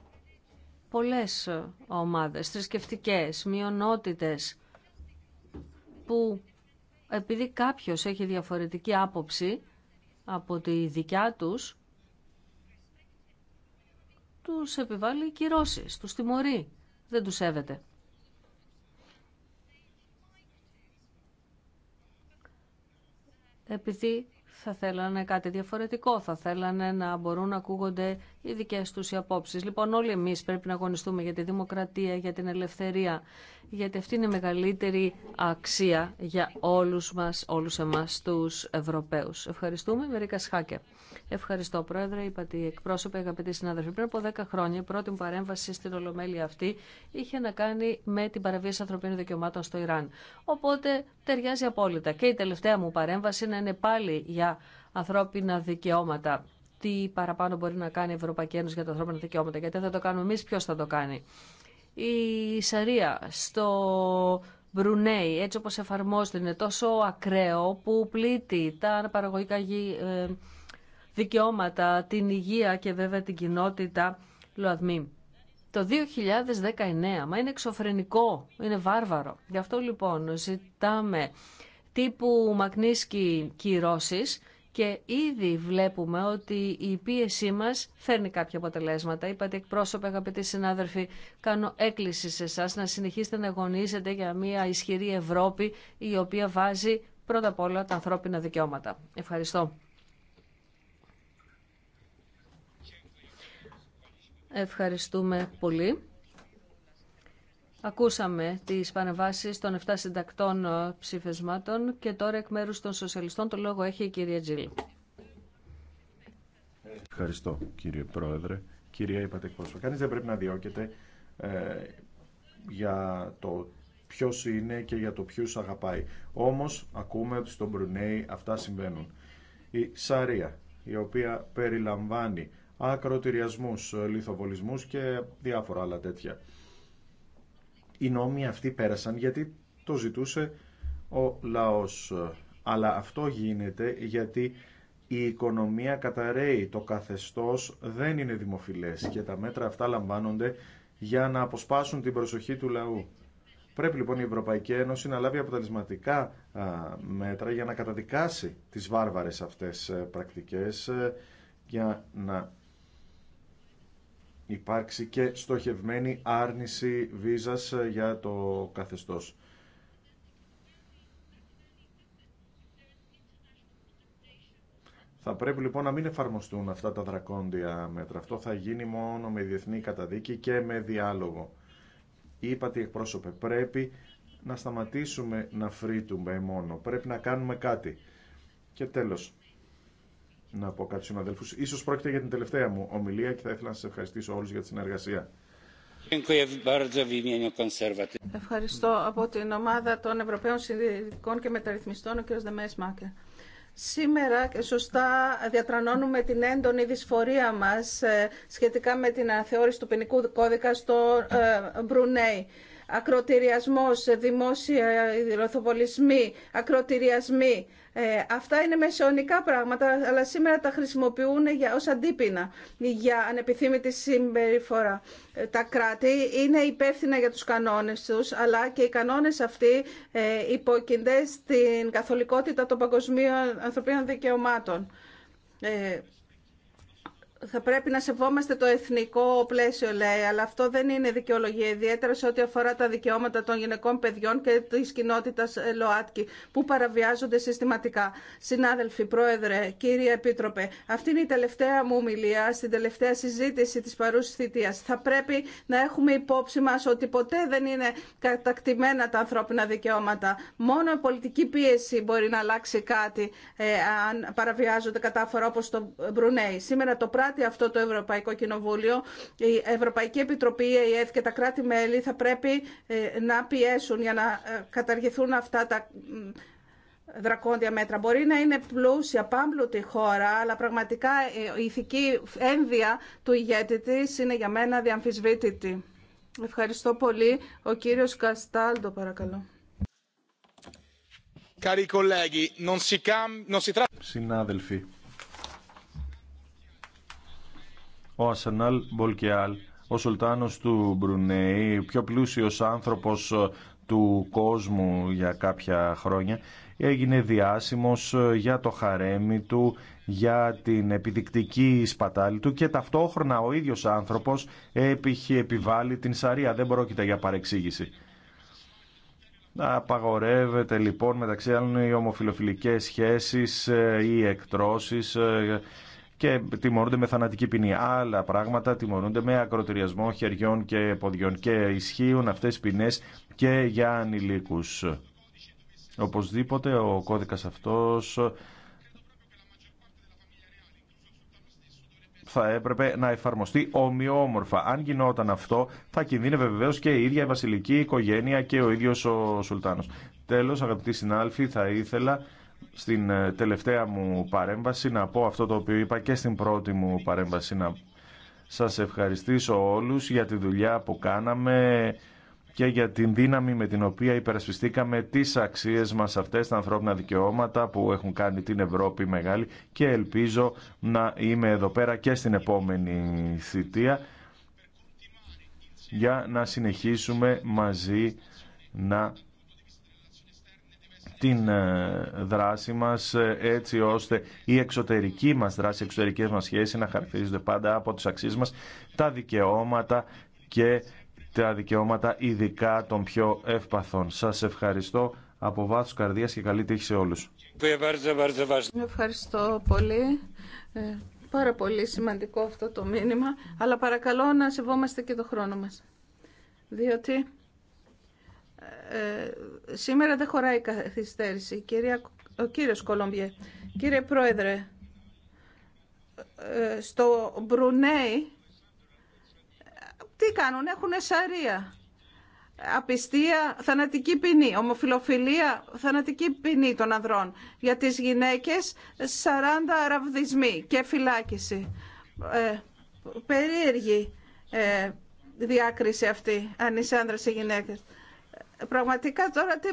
πολλές ομάδες, θρησκευτικέ, μειονότητες, που επειδή κάποιος έχει διαφορετική άποψη από τη δικιά τους, τους επιβάλλει κυρώσεις, τους τιμωρεί, δεν τους σέβεται. Επειδή θα θέλανε κάτι διαφορετικό, θα θέλανε να μπορούν να ακούγονται οι δικές τους οι απόψεις. Λοιπόν, όλοι εμείς πρέπει να αγωνιστούμε για τη δημοκρατία, για την ελευθερία, γιατί αυτή είναι η μεγαλύτερη αξία για όλους μας, όλους εμάς τους Ευρωπαίους. Ευχαριστούμε, Μερικά Σχάκε. Ευχαριστώ, Πρόεδρε. Είπατε οι εκπρόσωποι, αγαπητοί συνάδελφοι. Πριν από 10 χρόνια, η πρώτη μου παρέμβαση στην Ολομέλεια αυτή είχε να κάνει με την παραβίαση ανθρωπίνων δικαιωμάτων στο Ιράν. Οπότε ταιριάζει απόλυτα. Και η τελευταία μου παρέμβαση να είναι πάλι για ανθρώπινα δικαιώματα. Τι παραπάνω μπορεί να κάνει η Ευρωπαϊκή Ένωση για τα ανθρώπινα δικαιώματα. Γιατί θα το κάνουμε εμεί, ποιο θα το κάνει. Η Σαρία στο Μπρουνέι, έτσι όπως εφαρμόζεται, είναι τόσο ακραίο που πλήττει τα παραγωγικά γη, ε, δικαιώματα, την υγεία και βέβαια την κοινότητα ΛΟΑΔΜΗ. Το 2019, μα είναι εξωφρενικό, είναι βάρβαρο. Γι' αυτό λοιπόν ζητάμε τύπου Μακνίσκι κυρώσεις και ήδη βλέπουμε ότι η πίεσή μας φέρνει κάποια αποτελέσματα. Είπατε εκπρόσωπε, αγαπητοί συνάδελφοι, κάνω έκκληση σε εσά να συνεχίσετε να αγωνίζετε για μια ισχυρή Ευρώπη η οποία βάζει πρώτα απ' όλα τα ανθρώπινα δικαιώματα. Ευχαριστώ. Ευχαριστούμε πολύ. Ακούσαμε τις παρεμβάσεις των 7 συντακτών ε, ψηφισμάτων και τώρα εκ μέρους των σοσιαλιστών το λόγο έχει η κυρία Τζίλ. Ευχαριστώ κύριε Πρόεδρε. Κυρία εκπρόσωπο. κανείς δεν πρέπει να διώκεται ε, για το ποιο είναι και για το ποιους αγαπάει. Όμως ακούμε ότι στον Μπρουνέι αυτά συμβαίνουν. Η Σαρία, η οποία περιλαμβάνει ακροτηριασμούς, λιθοβολισμούς και διάφορα άλλα τέτοια. Οι νόμοι αυτοί πέρασαν γιατί το ζητούσε ο λαός. Αλλά αυτό γίνεται γιατί η οικονομία καταραίει, το καθεστώς δεν είναι δημοφιλές και τα μέτρα αυτά λαμβάνονται για να αποσπάσουν την προσοχή του λαού. Πρέπει λοιπόν η Ευρωπαϊκή Ένωση να λάβει αποτελεσματικά μέτρα για να καταδικάσει τις βάρβαρες αυτές ε, πρακτικές ε, για να υπάρξει και στοχευμένη άρνηση βίζας ε, για το καθεστώς. Θα πρέπει λοιπόν να μην εφαρμοστούν αυτά τα δρακόντια μέτρα. Αυτό θα γίνει μόνο με διεθνή καταδίκη και με διάλογο. Είπατε εκπρόσωπε, πρέπει να σταματήσουμε να φρύτουμε μόνο. Πρέπει να κάνουμε κάτι. Και τέλος, να πω κάποιου συναδέλφου. σω πρόκειται για την τελευταία μου ομιλία και θα ήθελα να σα ευχαριστήσω όλου για τη συνεργασία. Ευχαριστώ από την ομάδα των Ευρωπαίων Συνδικών και Μεταρρυθμιστών, ο κ. Δεμέσμακε. Σήμερα και σωστά διατρανώνουμε την έντονη δυσφορία μας ε, σχετικά με την αναθεώρηση του ποινικού κώδικα στο ε, Μπρουνέι ακροτηριασμός, ε, δημόσια λοθοβολισμοί, ακροτηριασμοί, ε, αυτά είναι μεσαιωνικά πράγματα, αλλά σήμερα τα χρησιμοποιούν για, ως αντίπεινα για ανεπιθύμητη συμπεριφορά. Ε, τα κράτη είναι υπεύθυνα για τους κανόνες τους, αλλά και οι κανόνες αυτοί ε, την στην καθολικότητα των παγκοσμίων ανθρωπίνων δικαιωμάτων. Ε, θα πρέπει να σεβόμαστε το εθνικό πλαίσιο, λέει, αλλά αυτό δεν είναι δικαιολογία, ιδιαίτερα σε ό,τι αφορά τα δικαιώματα των γυναικών παιδιών και τη κοινότητα ε, ΛΟΑΤΚΙ, που παραβιάζονται συστηματικά. Συνάδελφοι, Πρόεδρε, κύριε Επίτροπε, αυτή είναι η τελευταία μου ομιλία στην τελευταία συζήτηση τη παρούση θητεία. Θα πρέπει να έχουμε υπόψη μα ότι ποτέ δεν είναι κατακτημένα τα ανθρώπινα δικαιώματα. Μόνο η πολιτική πίεση μπορεί να αλλάξει κάτι ε, αν παραβιάζονται κατάφορα όπω το Μπρουνέι. Σήμερα το ότι αυτό το Ευρωπαϊκό Κοινοβούλιο. Η Ευρωπαϊκή Επιτροπή, η ΕΕ και τα κράτη-μέλη θα πρέπει ε, να πιέσουν για να ε, καταργηθούν αυτά τα δρακόντια μέτρα. Μπορεί να είναι πλούσια, πάμπλουτη χώρα, αλλά πραγματικά ε, η ηθική ένδυα του ηγέτη τη είναι για μένα διαμφισβήτητη. Ευχαριστώ πολύ. Ο κύριος Καστάλτο, παρακαλώ. Συνάδελφοι, ο Ασενάλ Μπολκεάλ, ο Σουλτάνος του Μπρουνέη, πιο πλούσιος άνθρωπος ε, του κόσμου για κάποια χρόνια, έγινε διάσημος ε, για το χαρέμι του, για την επιδεικτική σπατάλη του και ταυτόχρονα ο ίδιος άνθρωπος έπιχε επιβάλει την Σαρία. Δεν πρόκειται για παρεξήγηση. Απαγορεύεται λοιπόν μεταξύ άλλων οι ομοφιλοφιλικές σχέσεις, ή ε, εκτρώσεις, και τιμωρούνται με θανατική ποινή. Άλλα πράγματα τιμωρούνται με ακροτηριασμό χεριών και ποδιών και ισχύουν αυτές οι ποινές και για ανηλίκους. Οπωσδήποτε ο κώδικας αυτός θα έπρεπε να εφαρμοστεί ομοιόμορφα. Αν γινόταν αυτό, θα κινδύνευε βεβαίω και η ίδια η βασιλική οικογένεια και ο ίδιο ο Σουλτάνο. Τέλο, αγαπητοί συνάλφοι, θα ήθελα στην ε, τελευταία μου παρέμβαση, να πω αυτό το οποίο είπα και στην πρώτη μου παρέμβαση, να σας ευχαριστήσω όλους για τη δουλειά που κάναμε και για την δύναμη με την οποία υπερασπιστήκαμε τις αξίες μας αυτές, τα ανθρώπινα δικαιώματα που έχουν κάνει την Ευρώπη μεγάλη και ελπίζω να είμαι εδώ πέρα και στην επόμενη θητεία για να συνεχίσουμε μαζί να την ε, δράση μας ε, έτσι ώστε η εξωτερική μας δράση, οι εξωτερικές μας σχέσεις να χαρακτηρίζονται πάντα από τους αξίες μας, τα δικαιώματα και τα δικαιώματα ειδικά των πιο ευπαθών. Σας ευχαριστώ από βάθος καρδίας και καλή τύχη σε όλους. Ευχαριστώ πολύ. Ε, πάρα πολύ σημαντικό αυτό το μήνυμα, αλλά παρακαλώ να σεβόμαστε και το χρόνο μας. Διότι ε, σήμερα δεν χωράει καθυστέρηση. Κυρία, ο κύριος Κολομπιέ. Κύριε Πρόεδρε, ε, στο Μπρουνέι τι κάνουν, έχουν σαρία. Απιστία, θανατική ποινή. Ομοφιλοφιλία, θανατική ποινή των ανδρών. Για τις γυναίκες, 40 ραβδισμοί και φυλάκιση. Ε, περίεργη ε, διάκριση αυτή, αν είσαι άνδρας ή γυναίκες. Πραγματικά τώρα τι,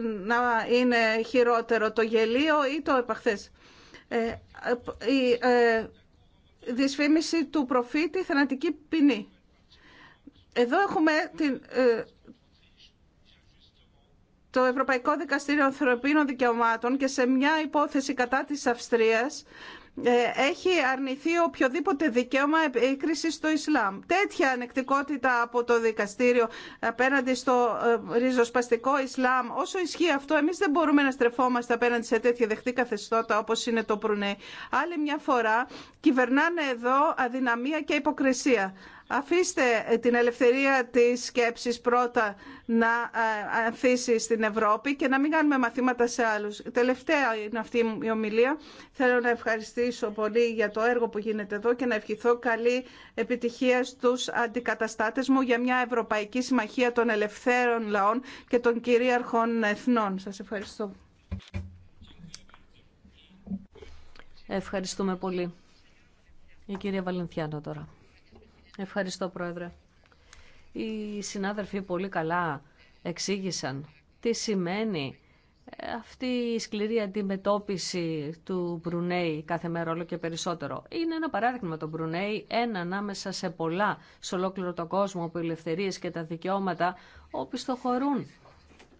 να είναι χειρότερο, το γελίο ή το επαχθές. Ε, η ε, δυσφήμιση του προφήτη θανατική ποινή. Εδώ έχουμε την, ε, το Ευρωπαϊκό Δικαστήριο Ανθρωπίνων Δικαιωμάτων και σε μια υπόθεση κατά της Αυστρίας ε, έχει αρνηθεί οποιοδήποτε δικαίωμα επίκριση στο Ισλάμ. Τέτοια ανεκτικότητα από το δικαστήριο απέναντι στο ε, ριζοσπαστικό Ισλάμ, όσο ισχύει αυτό, εμεί δεν μπορούμε να στρεφόμαστε απέναντι σε τέτοια δεχτή καθεστώτα όπω είναι το Προυνέ. Άλλη μια φορά κυβερνάνε εδώ αδυναμία και υποκρισία. Αφήστε την ελευθερία της σκέψης πρώτα να ε, ανθίσει στην Ευρώπη και να μην κάνουμε μαθήματα σε άλλους. Τελευταία είναι αυτή η ομιλία. Θέλω να ευχαριστήσω πολύ για το έργο που γίνεται εδώ και να ευχηθώ καλή επιτυχία στους αντικαταστάτες μου για μια Ευρωπαϊκή Συμμαχία των Ελευθέρων Λαών και των Κυρίαρχων Εθνών. Σας ευχαριστώ. Ευχαριστούμε πολύ. Η κυρία Βαλενθιάνο τώρα. Ευχαριστώ, Πρόεδρε. Οι συνάδελφοι πολύ καλά εξήγησαν τι σημαίνει ε, αυτή η σκληρή αντιμετώπιση του Μπρουνέη κάθε μέρα όλο και περισσότερο. Είναι ένα παράδειγμα το Μπρουνέη, ένα ανάμεσα σε πολλά, σε ολόκληρο τον κόσμο που οι ελευθερίες και τα δικαιώματα οπισθοχωρούν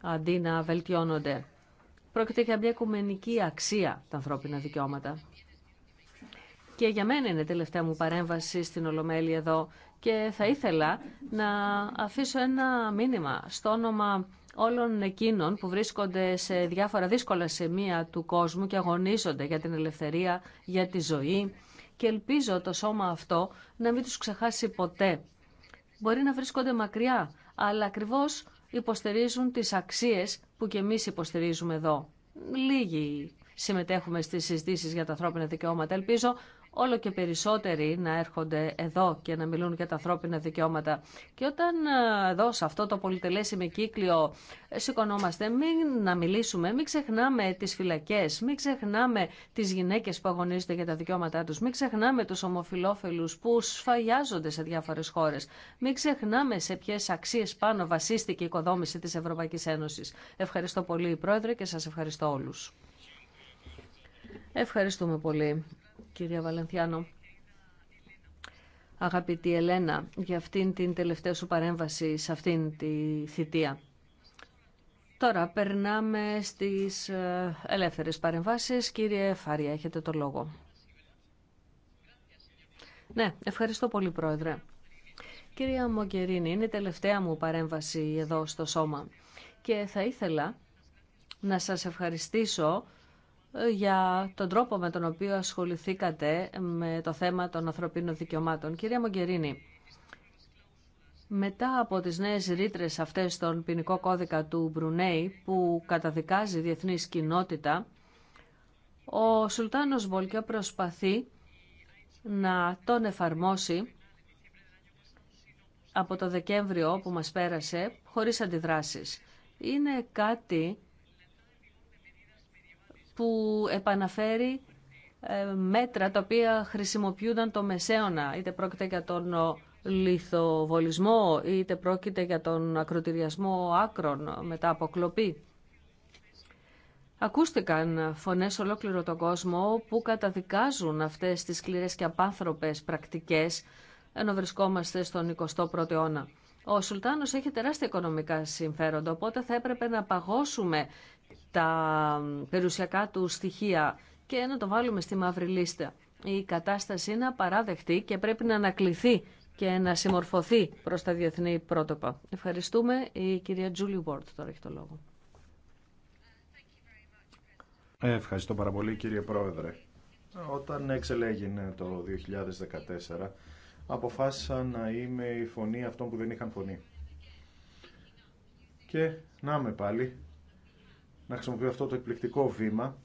αντί να βελτιώνονται. Πρόκειται για μια οικουμενική αξία τα ανθρώπινα δικαιώματα και για μένα είναι η τελευταία μου παρέμβαση στην Ολομέλη εδώ και θα ήθελα να αφήσω ένα μήνυμα στο όνομα όλων εκείνων που βρίσκονται σε διάφορα δύσκολα σημεία του κόσμου και αγωνίζονται για την ελευθερία, για τη ζωή και ελπίζω το σώμα αυτό να μην τους ξεχάσει ποτέ. Μπορεί να βρίσκονται μακριά, αλλά ακριβώς υποστηρίζουν τις αξίες που και εμείς υποστηρίζουμε εδώ. Λίγοι συμμετέχουμε στις συζητήσεις για τα ανθρώπινα δικαιώματα. Ελπίζω όλο και περισσότεροι να έρχονται εδώ και να μιλούν για τα ανθρώπινα δικαιώματα. Και όταν ε, εδώ σε αυτό το πολυτελέσιμο κύκλιο ε, σηκωνόμαστε, μην να μιλήσουμε, μην ξεχνάμε τι φυλακέ, μην ξεχνάμε τι γυναίκε που αγωνίζονται για τα δικαιώματά του, μην ξεχνάμε του ομοφυλόφιλου που σφαγιάζονται σε διάφορε χώρε. μην ξεχνάμε σε ποιε αξίε πάνω βασίστηκε η οικοδόμηση τη Ευρωπαϊκή Ένωση. Ευχαριστώ πολύ, Πρόεδρε, και σα ευχαριστώ όλου. Ευχαριστούμε πολύ κυρία Βαλενθιάνο. Αγαπητή Ελένα, για αυτήν την τελευταία σου παρέμβαση σε αυτήν τη θητεία. Τώρα περνάμε στις ε, ελεύθερες παρεμβάσεις. Κύριε Φάρια, έχετε το λόγο. Ναι, ευχαριστώ πολύ Πρόεδρε. Κυρία Μογκερίνη, είναι η τελευταία μου παρέμβαση εδώ στο σώμα και θα ήθελα να σας ευχαριστήσω για τον τρόπο με τον οποίο ασχοληθήκατε με το θέμα των ανθρωπίνων δικαιωμάτων. Κυρία Μογκερίνη, μετά από τις νέες ρήτρε αυτές στον ποινικό κώδικα του Μπρουνέη που καταδικάζει διεθνή κοινότητα, ο Σουλτάνος Βολκιά προσπαθεί να τον εφαρμόσει από το Δεκέμβριο που μας πέρασε χωρίς αντιδράσεις. Είναι κάτι που επαναφέρει ε, μέτρα τα οποία χρησιμοποιούνταν το μεσαίωνα, είτε πρόκειται για τον λιθοβολισμό, είτε πρόκειται για τον ακροτηριασμό άκρων μετά από κλοπή. Ακούστηκαν φωνές ολόκληρο τον κόσμο που καταδικάζουν αυτές τις σκληρές και απάνθρωπες πρακτικές ενώ βρισκόμαστε στον 21ο αιώνα. Ο Σουλτάνος έχει τεράστια οικονομικά συμφέροντα, οπότε θα έπρεπε να παγώσουμε τα περιουσιακά του στοιχεία και να το βάλουμε στη μαύρη λίστα. Η κατάσταση είναι απαράδεκτη και πρέπει να ανακληθεί και να συμμορφωθεί προς τα διεθνή πρότυπα. Ευχαριστούμε. Η κυρία Τζούλι Βόρτ τώρα έχει το λόγο. Ευχαριστώ πάρα πολύ κύριε Πρόεδρε. Όταν εξελέγινε το 2014 αποφάσισα να είμαι η φωνή αυτών που δεν είχαν φωνή. Και να είμαι πάλι να χρησιμοποιώ αυτό το εκπληκτικό βήμα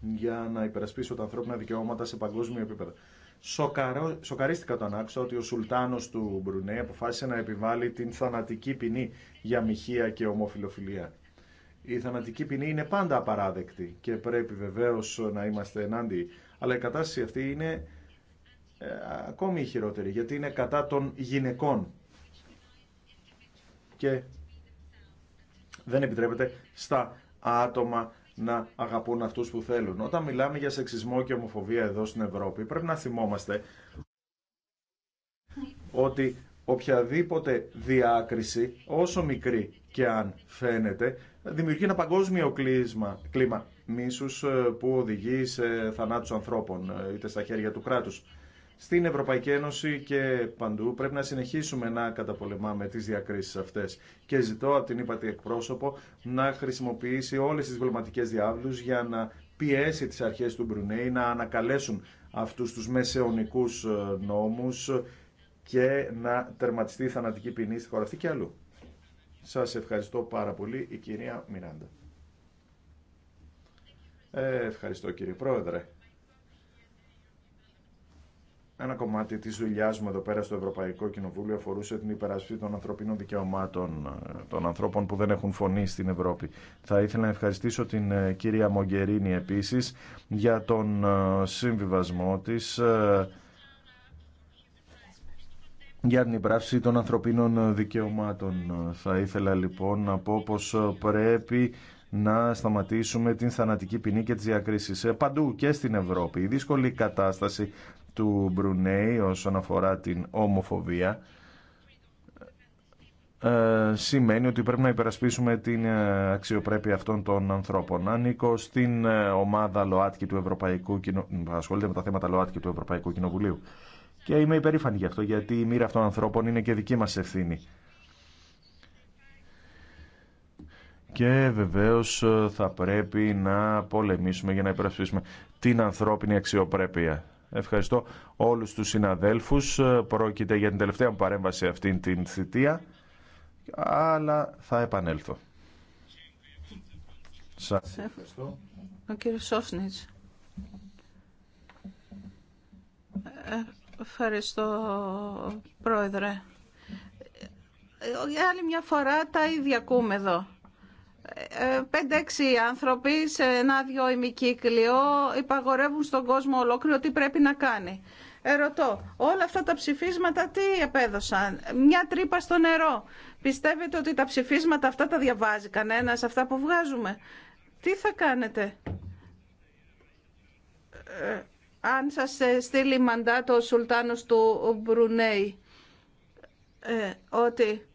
για να υπερασπίσω τα ανθρώπινα δικαιώματα σε παγκόσμιο επίπεδο. Σοκαρό, σοκαρίστηκα όταν άκουσα ότι ο Σουλτάνο του Μπρουνέ αποφάσισε να επιβάλλει την θανατική ποινή για μοιχεία και ομοφιλοφιλία. Η θανατική ποινή είναι πάντα απαράδεκτη και πρέπει βεβαίω να είμαστε ενάντια. Αλλά η κατάσταση αυτή είναι ε, ακόμη χειρότερη γιατί είναι κατά των γυναικών. Και δεν επιτρέπεται στα άτομα να αγαπούν αυτούς που θέλουν. Όταν μιλάμε για σεξισμό και ομοφοβία εδώ στην Ευρώπη, πρέπει να θυμόμαστε ότι οποιαδήποτε διάκριση, όσο μικρή και αν φαίνεται, δημιουργεί ένα παγκόσμιο κλίσμα, κλίμα μίσους ε, που οδηγεί σε θανάτους ανθρώπων, ε, είτε στα χέρια του κράτους στην Ευρωπαϊκή Ένωση και παντού. Πρέπει να συνεχίσουμε να καταπολεμάμε τις διακρίσεις αυτές. Και ζητώ από την ύπατη εκπρόσωπο να χρησιμοποιήσει όλες τις διπλωματικές διάβλους για να πιέσει τις αρχές του Μπρουνέη να ανακαλέσουν αυτούς τους μεσεωνικούς ε, νόμους και να τερματιστεί η θανατική ποινή στη χώρα αυτή και αλλού. Σας ευχαριστώ πάρα πολύ η κυρία Μιράντα. Ε, ευχαριστώ κύριε Πρόεδρε. Ένα κομμάτι της δουλειά μου εδώ πέρα στο Ευρωπαϊκό Κοινοβούλιο αφορούσε την υπερασπίση των ανθρωπίνων δικαιωμάτων ε, των ανθρώπων που δεν έχουν φωνή στην Ευρώπη. Θα ήθελα να ευχαριστήσω την ε, κυρία Μογκερίνη επίσης για τον ε, συμβιβασμό της για την υπεράσπιση των ανθρωπίνων δικαιωμάτων. Θα ήθελα λοιπόν να πω πως πρέπει να σταματήσουμε την θανατική ποινή και τις διακρίσεις ε, παντού και στην Ευρώπη. Η δύσκολη κατάσταση του Μπρουνέη όσον αφορά την ομοφοβία ε, σημαίνει ότι πρέπει να υπερασπίσουμε την ε, αξιοπρέπεια αυτών των ανθρώπων. Ανήκω στην ομάδα ΛΟΑΤΚΙ του Ευρωπαϊκού με τα θέματα ΛΟΑΤΚΙ του Ευρωπαϊκού Κοινοβουλίου. Και είμαι υπερήφανη γι' αυτό, γιατί η μοίρα αυτών των ανθρώπων είναι και δική μας ευθύνη. Και βεβαίως ε, θα πρέπει να πολεμήσουμε για να υπερασπίσουμε την ανθρώπινη αξιοπρέπεια. Ευχαριστώ όλους τους συναδέλφους. Ε, πρόκειται για την τελευταία μου παρέμβαση αυτήν την θητεία, αλλά θα επανέλθω. Σα ευχαριστώ. Ο ε, Ευχαριστώ, Πρόεδρε. Για άλλη μια φορά τα ίδια ακούμε εδώ. Ε, ε, πεντε 6 άνθρωποι σε ένα-δυο ημικύκλιο υπαγορεύουν στον κόσμο ολόκληρο τι πρέπει να κάνει. Ερωτώ, όλα αυτά τα ψηφίσματα τι επέδωσαν, μια τρύπα στο νερό. Πιστεύετε ότι τα ψηφίσματα αυτά τα διαβάζει κανένας, αυτά που βγάζουμε. Τι θα κάνετε. Ε, αν σας στείλει μαντάτο ο Σουλτάνος του Μπρουνέη, ότι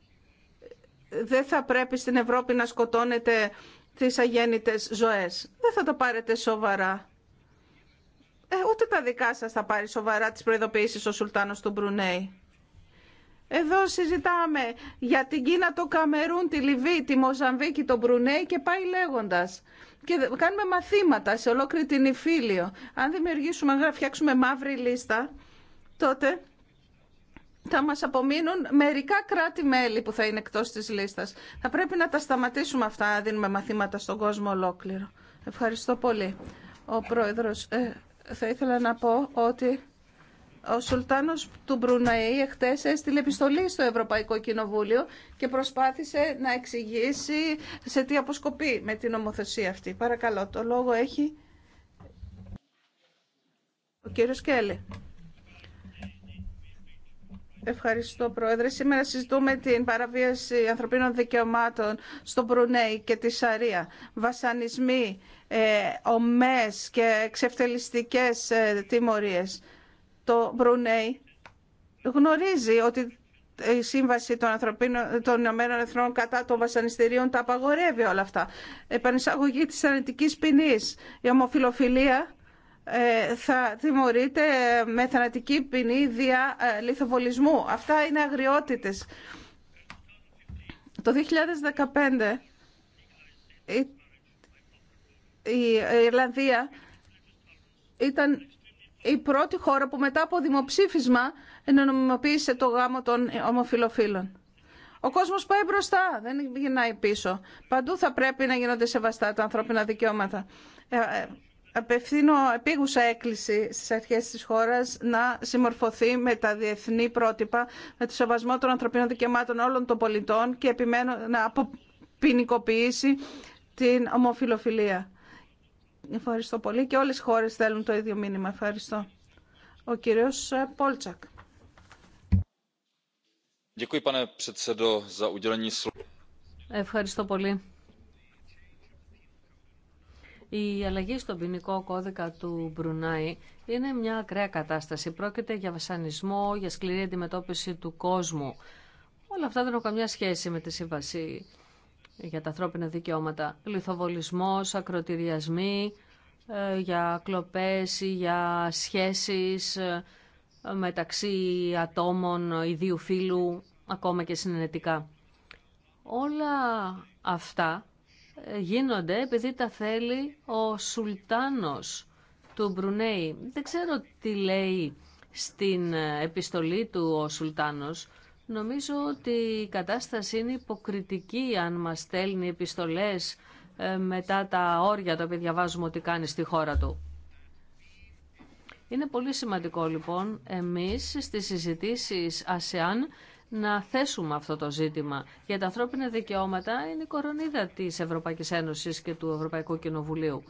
δεν θα πρέπει στην Ευρώπη να σκοτώνετε τις αγέννητες ζωές. Δεν θα τα πάρετε σοβαρά. Ε, ούτε τα δικά σας θα πάρει σοβαρά τις προειδοποιήσεις ο Σουλτάνος του Μπρουνέη. Εδώ συζητάμε για την Κίνα, το Καμερούν, τη Λιβύη, τη Μοζαμβίκη, τον Μπρουνέη και πάει λέγοντας. Και κάνουμε μαθήματα σε ολόκληρη την Ιφίλιο. Αν δημιουργήσουμε, αν φτιάξουμε μαύρη λίστα, τότε θα μας απομείνουν μερικά κράτη-μέλη που θα είναι εκτός της λίστας. Θα πρέπει να τα σταματήσουμε αυτά, να δίνουμε μαθήματα στον κόσμο ολόκληρο. Ευχαριστώ πολύ. Ο Πρόεδρος, ε, θα ήθελα να πω ότι ο Σουλτάνος του Μπρουναή εχθές έστειλε επιστολή στο Ευρωπαϊκό Κοινοβούλιο και προσπάθησε να εξηγήσει σε τι αποσκοπεί με την ομοθεσία αυτή. Παρακαλώ, το λόγο έχει ο κύριος Κέλλη. Ευχαριστώ, Πρόεδρε. Σήμερα συζητούμε την παραβίαση ανθρωπίνων δικαιωμάτων στο Μπρουνέι και τη Σαρία. Βασανισμοί, ε, ομές και ξεφτελιστικές ε, τιμωρίες. Το Μπρουνέι γνωρίζει ότι η Σύμβαση των, Ανθρωπίνων, των Ηνωμένων Εθνών κατά των βασανιστήριων τα απαγορεύει όλα αυτά. Επανεισαγωγή της αρνητικής ποινής, η ομοφιλοφιλία ε, θα τιμωρείται με θανατική ποινή δια ε, λιθοβολισμού. Αυτά είναι αγριότητες. Το 2015 η Ιρλανδία ήταν η πρώτη χώρα που μετά από δημοψήφισμα νομιμοποίησε το γάμο των ομοφιλοφίλων. Ο κόσμος πάει μπροστά, δεν γυρνάει πίσω. Παντού θα πρέπει να γίνονται σεβαστά τα ανθρώπινα δικαιώματα. Ε, απευθύνω επίγουσα έκκληση στις αρχές της χώρας να συμμορφωθεί με τα διεθνή πρότυπα, με το σεβασμό των ανθρωπίνων δικαιωμάτων όλων των πολιτών και επιμένω να αποποινικοποιήσει την ομοφιλοφιλία. Ευχαριστώ πολύ και όλες οι χώρες θέλουν το ίδιο μήνυμα. Ευχαριστώ. Ο κύριος ε, Πόλτσακ. Ευχαριστώ πολύ. Η αλλαγή στον ποινικό κώδικα του Μπρουνάη είναι μια ακραία κατάσταση. Πρόκειται για βασανισμό, για σκληρή αντιμετώπιση του κόσμου. Όλα αυτά δεν έχουν καμιά σχέση με τη σύμβαση για τα ανθρώπινα δικαιώματα. Λιθοβολισμός, ακροτηριασμοί, ε, για κλοπές ή για σχέσεις ε, μεταξύ ατόμων ιδίου φύλου, ακόμα και συνενετικά. Όλα αυτά γίνονται επειδή τα θέλει ο Σουλτάνος του Μπρουνέη. Δεν ξέρω τι λέει στην επιστολή του ο Σουλτάνος. Νομίζω ότι η κατάσταση είναι υποκριτική αν μας στέλνει επιστολές ε, μετά τα όρια τα οποία διαβάζουμε ότι κάνει στη χώρα του. Είναι πολύ σημαντικό λοιπόν εμείς στις συζητήσεις ΑΣΕΑΝ να θέσουμε αυτό το ζήτημα. Για τα ανθρώπινα δικαιώματα είναι η κορονίδα της Ευρωπαϊκής Ένωσης και του Ευρωπαϊκού Κοινοβουλίου.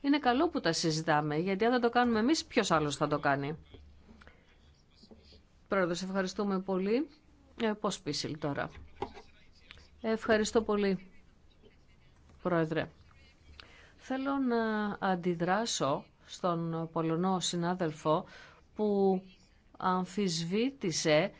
Είναι καλό που τα συζητάμε, γιατί αν δεν το κάνουμε εμείς, ποιος άλλος θα το κάνει. Πρόεδρος, ευχαριστούμε πολύ. Ε, πώς πίσιλ τώρα. Ευχαριστώ πολύ, Πρόεδρε. Θέλω να αντιδράσω στον Πολωνό συνάδελφο που αμφισβήτησε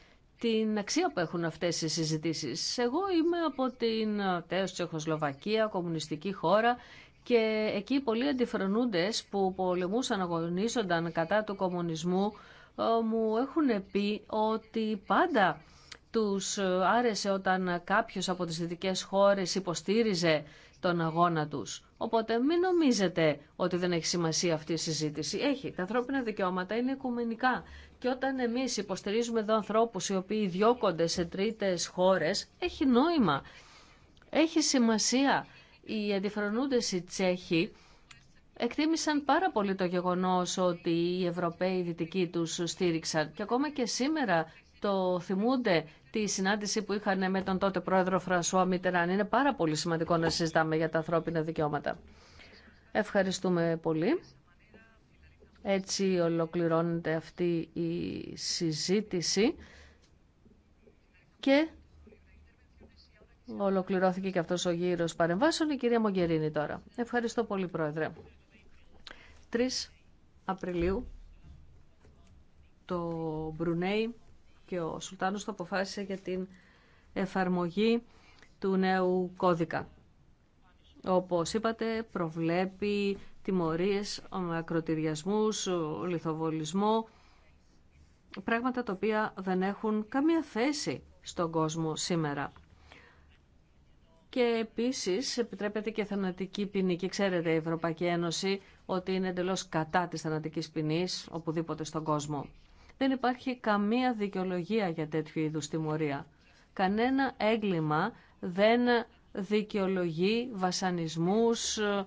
την αξία που έχουν αυτές οι συζητήσεις. Εγώ είμαι από την ε, τέως Τσεχοσλοβακία, κομμουνιστική χώρα και εκεί πολλοί αντιφρονούντες που πολεμούσαν, αγωνίζονταν κατά του κομμουνισμού ε, μου έχουν πει ότι πάντα τους ε, άρεσε όταν κάποιος από τις δυτικές χώρες υποστήριζε τον αγώνα τους. Οπότε μην νομίζετε ότι δεν έχει σημασία αυτή η συζήτηση. Έχει. Τα ανθρώπινα δικαιώματα είναι οικουμενικά. Και όταν εμείς υποστηρίζουμε εδώ ανθρώπου οι οποίοι διώκονται σε τρίτε χώρες, έχει νόημα. Έχει σημασία. Οι αντιφρονούντε οι Τσέχοι εκτίμησαν πάρα πολύ το γεγονός ότι οι Ευρωπαίοι δυτικοί τους στήριξαν. Και ακόμα και σήμερα το θυμούνται τη συνάντηση που είχαν με τον τότε πρόεδρο Φρανσουά Μιτεράν. Είναι πάρα πολύ σημαντικό να συζητάμε για τα ανθρώπινα δικαιώματα. Ευχαριστούμε πολύ. Έτσι ολοκληρώνεται αυτή η συζήτηση και ολοκληρώθηκε και αυτός ο γύρος παρεμβάσεων. Η κυρία Μογκερίνη τώρα. Ευχαριστώ πολύ Πρόεδρε. 3 Απριλίου το Μπρουνέι και ο Σουλτάνος το αποφάσισε για την εφαρμογή του νέου κώδικα. Όπως είπατε, προβλέπει τιμωρίες, ακροτηριασμούς, λιθοβολισμό, πράγματα τα οποία δεν έχουν καμία θέση στον κόσμο σήμερα. Και επίσης επιτρέπεται και θανατική ποινή. Και ξέρετε η Ευρωπαϊκή Ένωση ότι είναι εντελώς κατά της θανατικής ποινής οπουδήποτε στον κόσμο. Δεν υπάρχει καμία δικαιολογία για τέτοιου είδους τιμωρία. Κανένα έγκλημα δεν δικαιολογεί βασανισμούς, ε,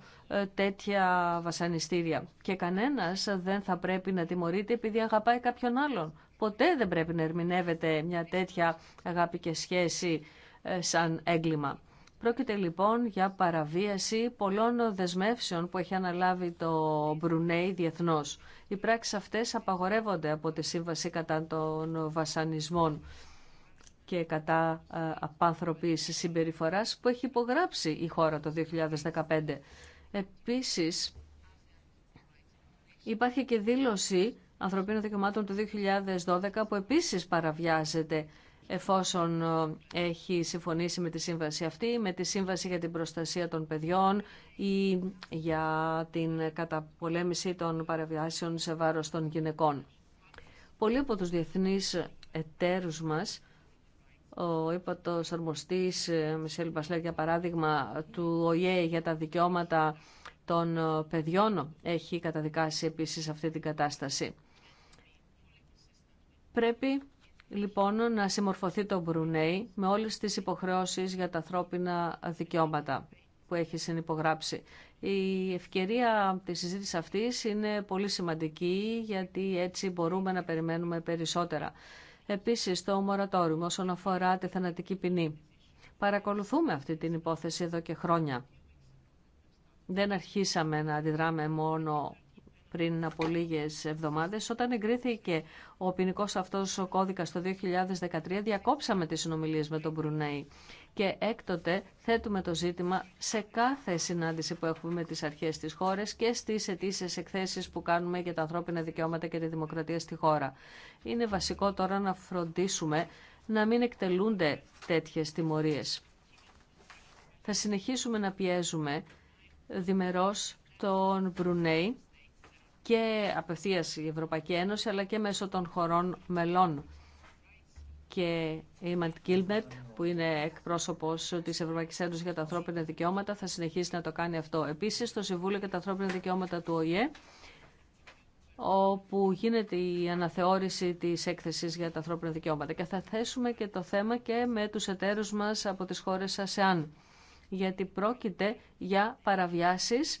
τέτοια βασανιστήρια. Και κανένας δεν θα πρέπει να τιμωρείται επειδή αγαπάει κάποιον άλλον. Ποτέ δεν πρέπει να ερμηνεύεται μια τέτοια αγάπη και σχέση ε, σαν έγκλημα. Πρόκειται λοιπόν για παραβίαση πολλών δεσμεύσεων που έχει αναλάβει το Μπρουνέι διεθνώς. Οι πράξεις αυτές απαγορεύονται από τη Σύμβαση κατά των βασανισμών και κατά ε, απάνθρωπης συμπεριφοράς που έχει υπογράψει η χώρα το 2015. Επίσης, υπάρχει και δήλωση ανθρωπίνων δικαιωμάτων του 2012 που επίσης παραβιάζεται εφόσον ε, έχει συμφωνήσει με τη σύμβαση αυτή, με τη σύμβαση για την προστασία των παιδιών ή για την καταπολέμηση των παραβιάσεων σε βάρος των γυναικών. Πολλοί από τους διεθνείς εταίρους μας, ο ύπατος αρμοστής ε, Μισελ Μπασλέ για παράδειγμα του ΟΙΕ για τα δικαιώματα των ε, παιδιών έχει καταδικάσει επίσης αυτή την κατάσταση. Πρέπει λοιπόν να συμμορφωθεί το Μπρουνέι με όλες τις υποχρεώσεις για τα ανθρώπινα δικαιώματα που έχει συνυπογράψει. Η ευκαιρία της συζήτηση αυτής είναι πολύ σημαντική γιατί έτσι μπορούμε να περιμένουμε περισσότερα. Επίσης το μορατόριο όσον αφορά τη θανατική ποινή. Παρακολουθούμε αυτή την υπόθεση εδώ και χρόνια. Δεν αρχίσαμε να αντιδράμε μόνο πριν από λίγες εβδομάδες. Όταν εγκρίθηκε ο ποινικό αυτός ο κώδικας το 2013, διακόψαμε τις συνομιλίες με τον Μπρουνέη. Και έκτοτε θέτουμε το ζήτημα σε κάθε συνάντηση που έχουμε με τις αρχές της χώρας και στις αιτήσεις εκθέσεις που κάνουμε για τα ανθρώπινα δικαιώματα και τη δημοκρατία στη χώρα. Είναι βασικό τώρα να φροντίσουμε να μην εκτελούνται τέτοιες τιμωρίες. Θα συνεχίσουμε να πιέζουμε διμερώς τον Μπρουνέη και απευθείας η Ευρωπαϊκή Ένωση αλλά και μέσω των χωρών μελών. Και η Μαντ Κίλμπερτ, που είναι εκπρόσωπος της Ευρωπαϊκής Ένωσης για τα ανθρώπινα δικαιώματα, θα συνεχίσει να το κάνει αυτό. Επίσης, στο Συμβούλιο για τα ανθρώπινα δικαιώματα του ΟΗΕ, όπου γίνεται η αναθεώρηση της έκθεσης για τα ανθρώπινα δικαιώματα. Και θα θέσουμε και το θέμα και με τους εταίρους μας από τις χώρες ΑΣΕΑΝ, γιατί πρόκειται για παραβιάσεις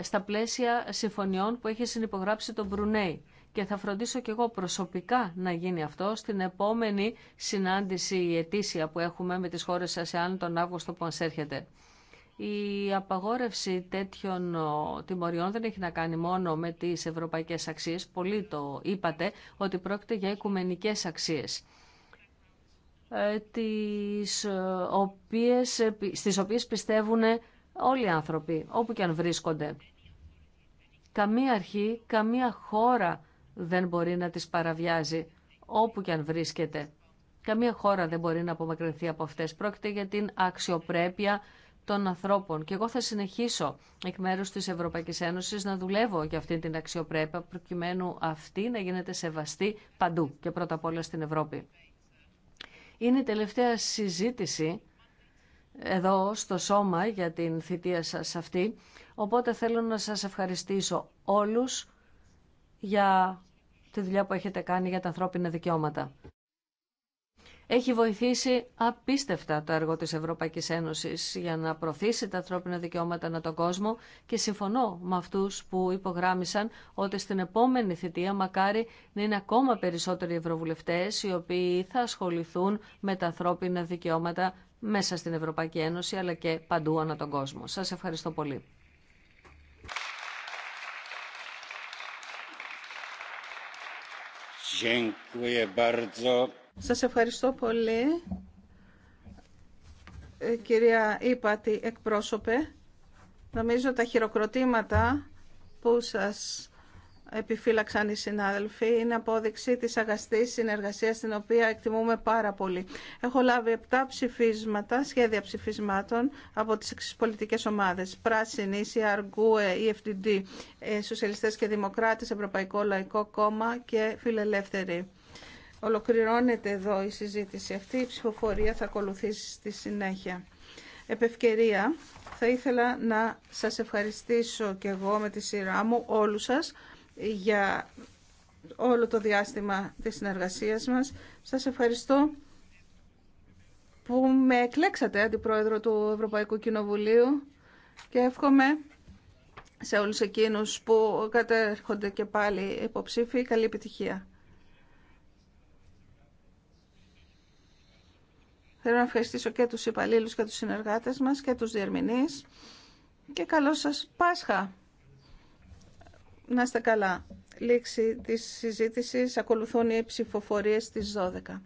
στα πλαίσια συμφωνιών που έχει συνυπογράψει το Μπρουνέι. Και θα φροντίσω και εγώ προσωπικά να γίνει αυτό στην επόμενη συνάντηση η ετήσια που έχουμε με τις χώρες ΑΣΕΑΝ τον Αύγουστο που μας έρχεται. Η απαγόρευση τέτοιων τιμωριών δεν έχει να κάνει μόνο με τις ευρωπαϊκές αξίες. Πολλοί το είπατε ότι πρόκειται για οικουμενικές αξίες ε, τις ε, οποίες, ε, στις οποίες πιστεύουν όλοι οι άνθρωποι, όπου και αν βρίσκονται. Καμία αρχή, καμία χώρα δεν μπορεί να τις παραβιάζει, όπου και αν βρίσκεται. Καμία χώρα δεν μπορεί να απομακρυνθεί από αυτές. Πρόκειται για την αξιοπρέπεια των ανθρώπων. Και εγώ θα συνεχίσω εκ μέρου τη Ευρωπαϊκή Ένωση να δουλεύω για αυτή την αξιοπρέπεια, προκειμένου αυτή να γίνεται σεβαστή παντού και πρώτα απ' όλα στην Ευρώπη. Είναι η τελευταία συζήτηση εδώ στο σώμα για την θητεία σας αυτή. Οπότε θέλω να σας ευχαριστήσω όλους για τη δουλειά που έχετε κάνει για τα ανθρώπινα δικαιώματα. Έχει βοηθήσει απίστευτα το έργο της Ευρωπαϊκής Ένωσης για να προωθήσει τα ανθρώπινα δικαιώματα να τον κόσμο και συμφωνώ με αυτούς που υπογράμμισαν ότι στην επόμενη θητεία μακάρι να είναι ακόμα περισσότεροι ευρωβουλευτές οι οποίοι θα ασχοληθούν με τα ανθρώπινα δικαιώματα μέσα στην Ευρωπαϊκή Ένωση αλλά και παντού ανά τον κόσμο. Σας ευχαριστώ πολύ. Σας ευχαριστώ πολύ, ε, κυρία Ήπατη, εκπρόσωπε. Νομίζω τα χειροκροτήματα που σας επιφύλαξαν οι συνάδελφοι είναι απόδειξη της αγαστής συνεργασίας την οποία εκτιμούμε πάρα πολύ. Έχω λάβει 7 ψηφίσματα, σχέδια ψηφισμάτων από τις εξής πολιτικές ομάδες. Πράσινη, ΣΥΑΡΓΚΟΕ, EFTD, ε, Σοσιαλιστές και Δημοκράτες, Ευρωπαϊκό Λαϊκό Κόμμα και Φιλελεύθεροι. Ολοκληρώνεται εδώ η συζήτηση αυτή. Η ψηφοφορία θα ακολουθήσει στη συνέχεια. Επευκαιρία, θα ήθελα να σας ευχαριστήσω και εγώ με τη σειρά μου όλους σας για όλο το διάστημα της συνεργασίας μας. Σας ευχαριστώ που με εκλέξατε αντιπρόεδρο του Ευρωπαϊκού Κοινοβουλίου και εύχομαι σε όλους εκείνους που κατέρχονται και πάλι υποψήφοι καλή επιτυχία. Θέλω να ευχαριστήσω και τους υπαλλήλους και τους συνεργάτες μας και τους διερμηνείς και καλό σας Πάσχα! Να είστε καλά. Λήξη της συζήτησης. Ακολουθούν οι ψηφοφορίες στις 12.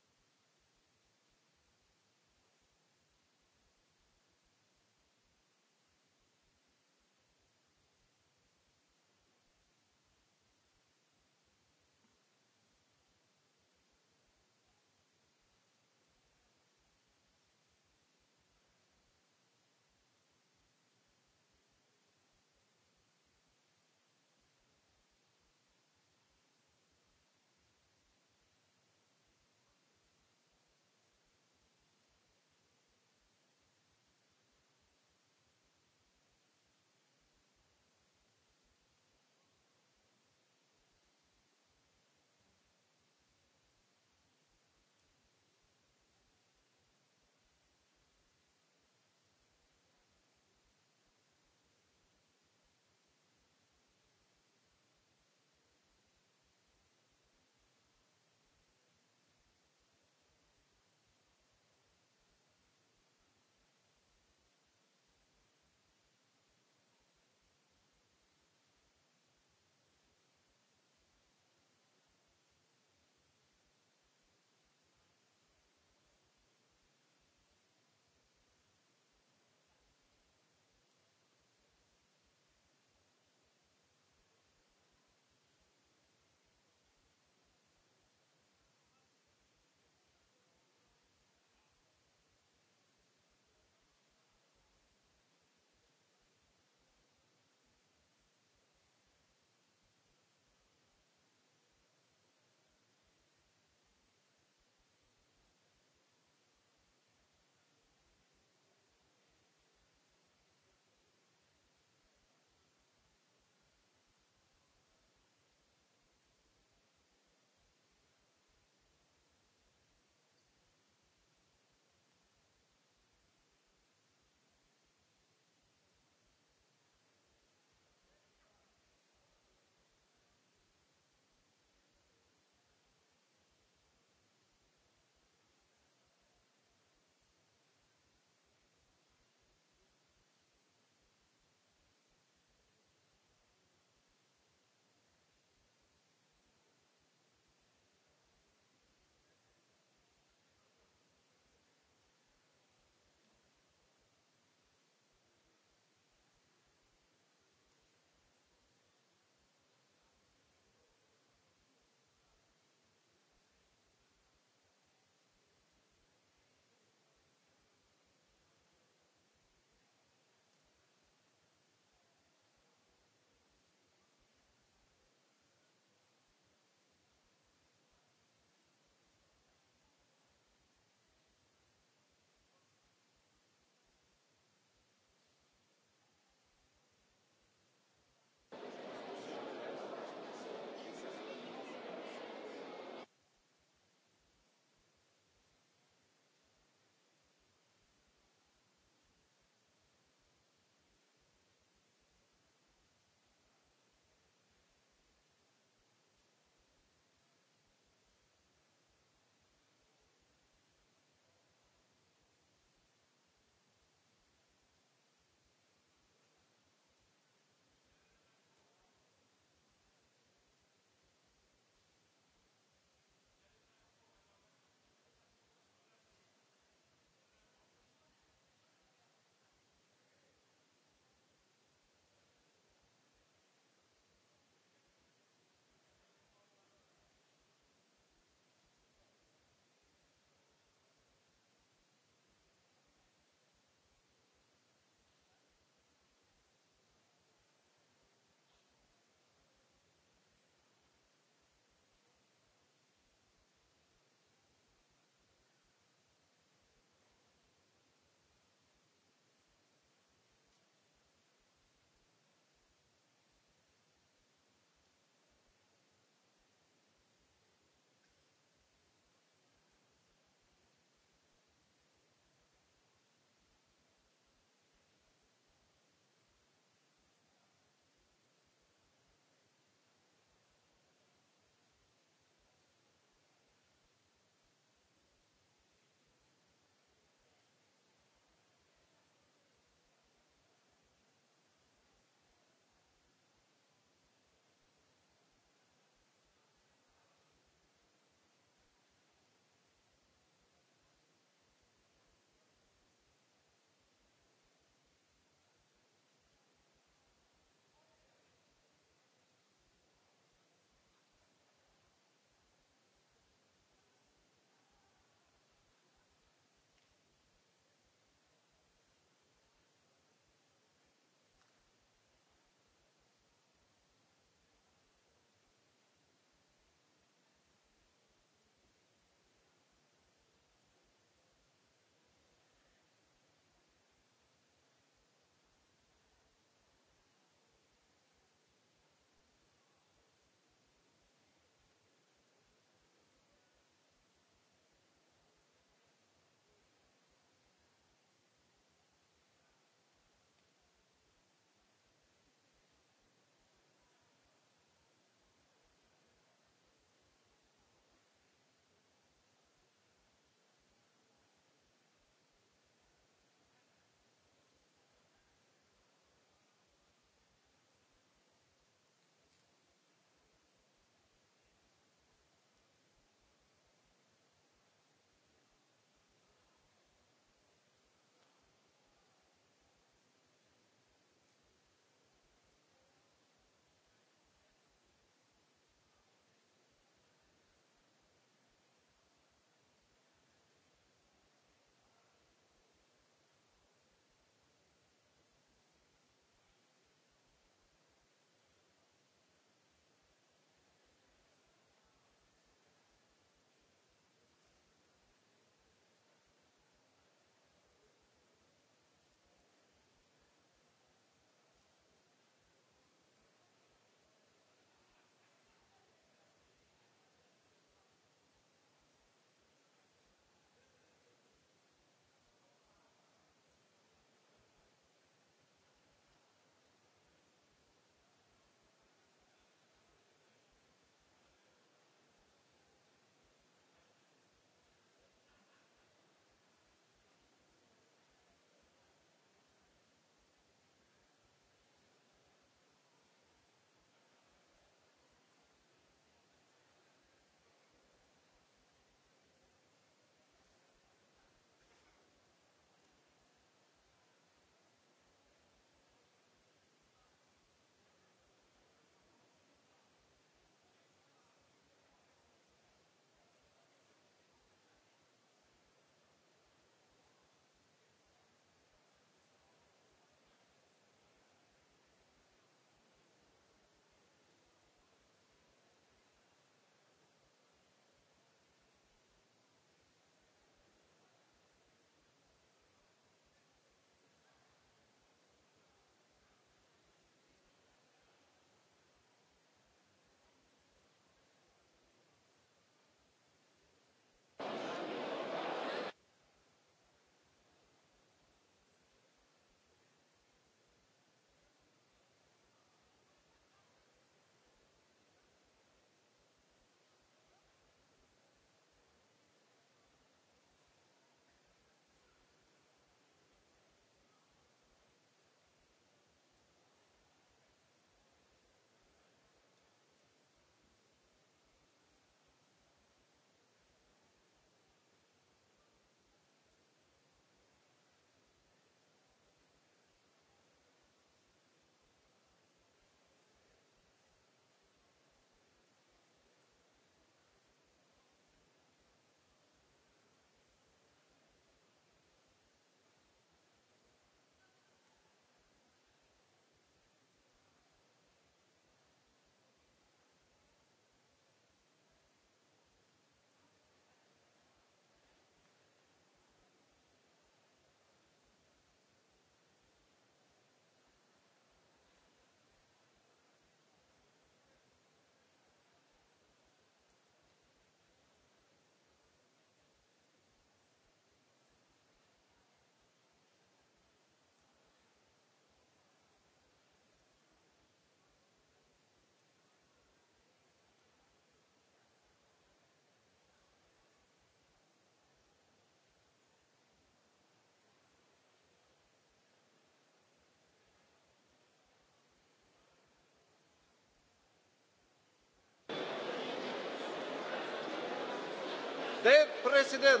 president.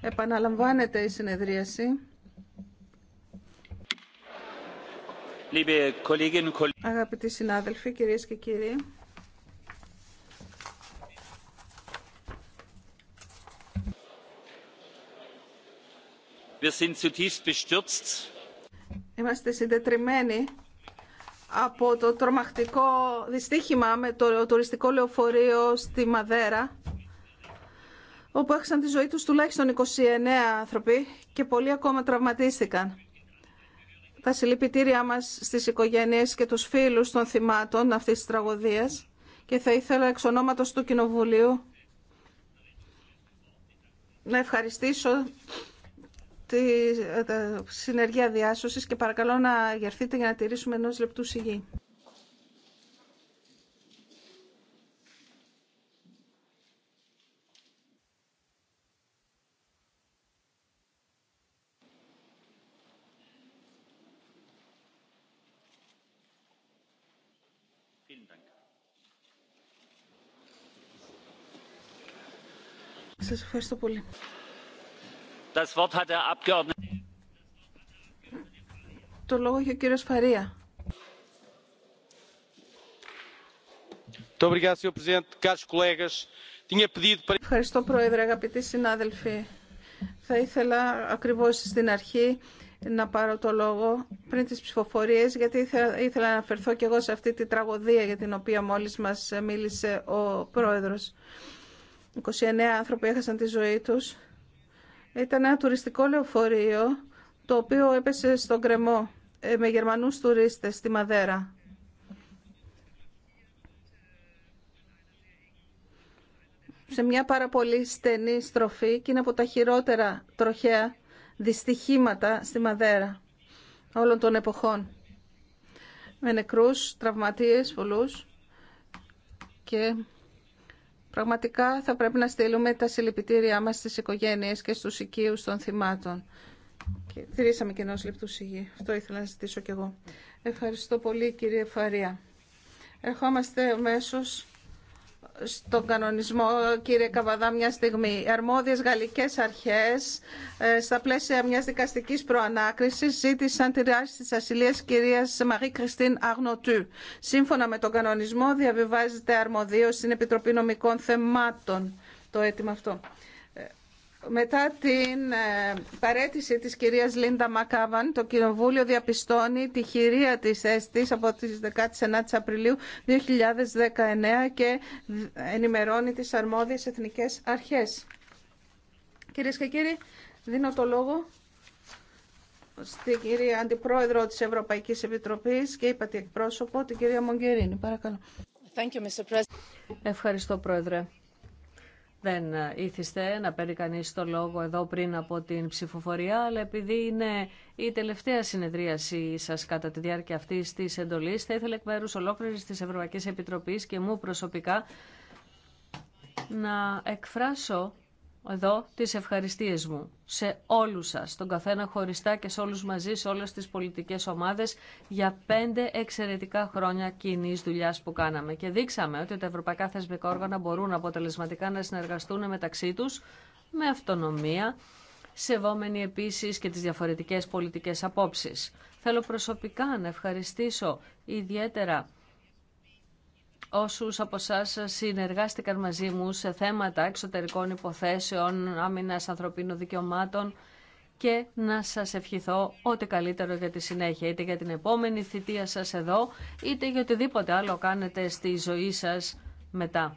Επαναλαμβάνεται η συνεδρίαση. Αγαπητοί συνάδελφοι, κυρίες και κύριοι, Είμαστε συντετριμένοι από το τρομακτικό δυστύχημα με το τουριστικό λεωφορείο στη Μαδέρα όπου έχασαν τη ζωή τους τουλάχιστον 29 άνθρωποι και πολλοί ακόμα τραυματίστηκαν. Τα συλληπιτήριά μας στις οικογένειες και τους φίλους των θυμάτων αυτής της τραγωδίας και θα ήθελα εξ ονόματος του Κοινοβουλίου να ευχαριστήσω τη ε, συνεργεία διάσωσης και παρακαλώ να γερθείτε για να τηρήσουμε ενός λεπτού σιγή. Σας ευχαριστώ πολύ. Το λόγο έχει ο κύριος Φαρία. Ευχαριστώ, Πρόεδρε, αγαπητοί συνάδελφοι. Θα ήθελα ακριβώς στην αρχή να πάρω το λόγο πριν τις ψηφοφορίες, γιατί ήθελα να αναφερθώ και εγώ σε αυτή τη τραγωδία για την οποία μόλις μας μίλησε ο Πρόεδρος. 29 άνθρωποι έχασαν τη ζωή τους ήταν ένα τουριστικό λεωφορείο το οποίο έπεσε στον κρεμό ε, με Γερμανούς τουρίστες στη Μαδέρα. σε μια πάρα πολύ στενή στροφή και είναι από τα χειρότερα τροχαία δυστυχήματα στη Μαδέρα όλων των εποχών. Με νεκρούς, τραυματίες πολλούς και Πραγματικά θα πρέπει να στείλουμε τα συλληπιτήριά μας στις οικογένειες και στους οικείους των θυμάτων. Και και ενός λεπτού σιγή. Αυτό ήθελα να ζητήσω κι εγώ. Ευχαριστώ πολύ κύριε Φαρία. Ερχόμαστε αμέσω στον κανονισμό, κύριε Καβαδά, μια στιγμή. Οι αρμόδιες γαλλικές αρχές, ε, στα πλαίσια μιας δικαστικής προανάκρισης, ζήτησαν τη ριάση της ασυλίας κυρίας Μαρή Κριστίν Αγνοτού. Σύμφωνα με τον κανονισμό, διαβιβάζεται αρμοδίως στην Επιτροπή Νομικών Θεμάτων το αίτημα αυτό. Μετά την ε, παρέτηση της κυρίας Λίντα Μακάβαν, το Κοινοβούλιο διαπιστώνει τη χειρία της έστης από τις 19 Απριλίου 2019 και ενημερώνει τις αρμόδιες εθνικές αρχές. Κυρίες και κύριοι, δίνω το λόγο στην κυρία Αντιπρόεδρο της Ευρωπαϊκής Επιτροπής και είπα την εκπρόσωπο, την κυρία Μογκερίνη. Παρακαλώ. Ευχαριστώ, Πρόεδρε. Δεν ε, ήθιστε να παίρνει κανεί το λόγο εδώ πριν από την ψηφοφορία, αλλά επειδή είναι η τελευταία συνεδρίαση σα κατά τη διάρκεια αυτή τη εντολή, θα ήθελα εκ μέρου ολόκληρη τη Ευρωπαϊκή Επιτροπή και μου προσωπικά να εκφράσω εδώ τις ευχαριστίες μου σε όλους σας, τον καθένα χωριστά και σε όλους μαζί, σε όλες τις πολιτικές ομάδες για πέντε εξαιρετικά χρόνια κοινή δουλειά που κάναμε και δείξαμε ότι τα ευρωπαϊκά θεσμικά όργανα μπορούν αποτελεσματικά να συνεργαστούν μεταξύ τους με αυτονομία, σεβόμενοι επίσης και τις διαφορετικές πολιτικές απόψεις. Θέλω προσωπικά να ευχαριστήσω ιδιαίτερα όσους από εσά συνεργάστηκαν μαζί μου σε θέματα εξωτερικών υποθέσεων, άμυνας ανθρωπίνων δικαιωμάτων και να σας ευχηθώ ό,τι καλύτερο για τη συνέχεια, είτε για την επόμενη θητεία σας εδώ, είτε για οτιδήποτε άλλο κάνετε στη ζωή σας μετά.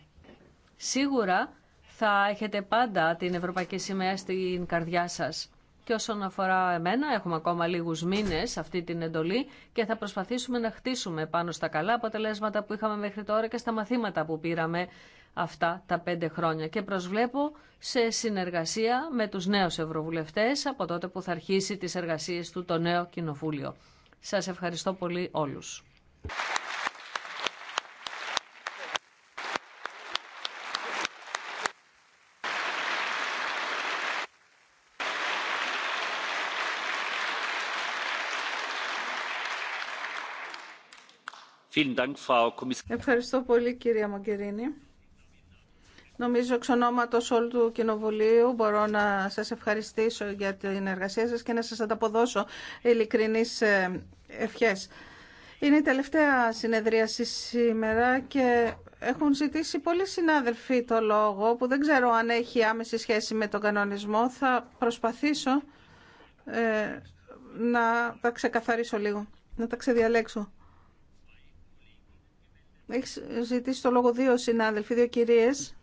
Σίγουρα θα έχετε πάντα την Ευρωπαϊκή Σημαία στην καρδιά σας. Και όσον αφορά εμένα, έχουμε ακόμα λίγους μήνες αυτή την εντολή και θα προσπαθήσουμε να χτίσουμε πάνω στα καλά αποτελέσματα που είχαμε μέχρι τώρα και στα μαθήματα που πήραμε αυτά τα πέντε χρόνια. Και προσβλέπω σε συνεργασία με τους νέους ευρωβουλευτές από τότε που θα αρχίσει τις εργασίες του το νέο κοινοβούλιο. Σας ευχαριστώ πολύ όλους. Ευχαριστώ πολύ κυρία Μογκερίνη. Νομίζω εξ ονόματος όλου του Κοινοβουλίου μπορώ να σας ευχαριστήσω για την εργασία σας και να σας ανταποδώσω ειλικρινείς ε, ευχές. Είναι η τελευταία συνεδρίαση σήμερα και έχουν ζητήσει πολλοί συνάδελφοι το λόγο που δεν ξέρω αν έχει άμεση σχέση με τον κανονισμό. Θα προσπαθήσω ε, να τα ξεκαθαρίσω λίγο, να τα ξεδιαλέξω. Έχει ζητήσει το λόγο δύο συνάδελφοι, δύο κυρίες.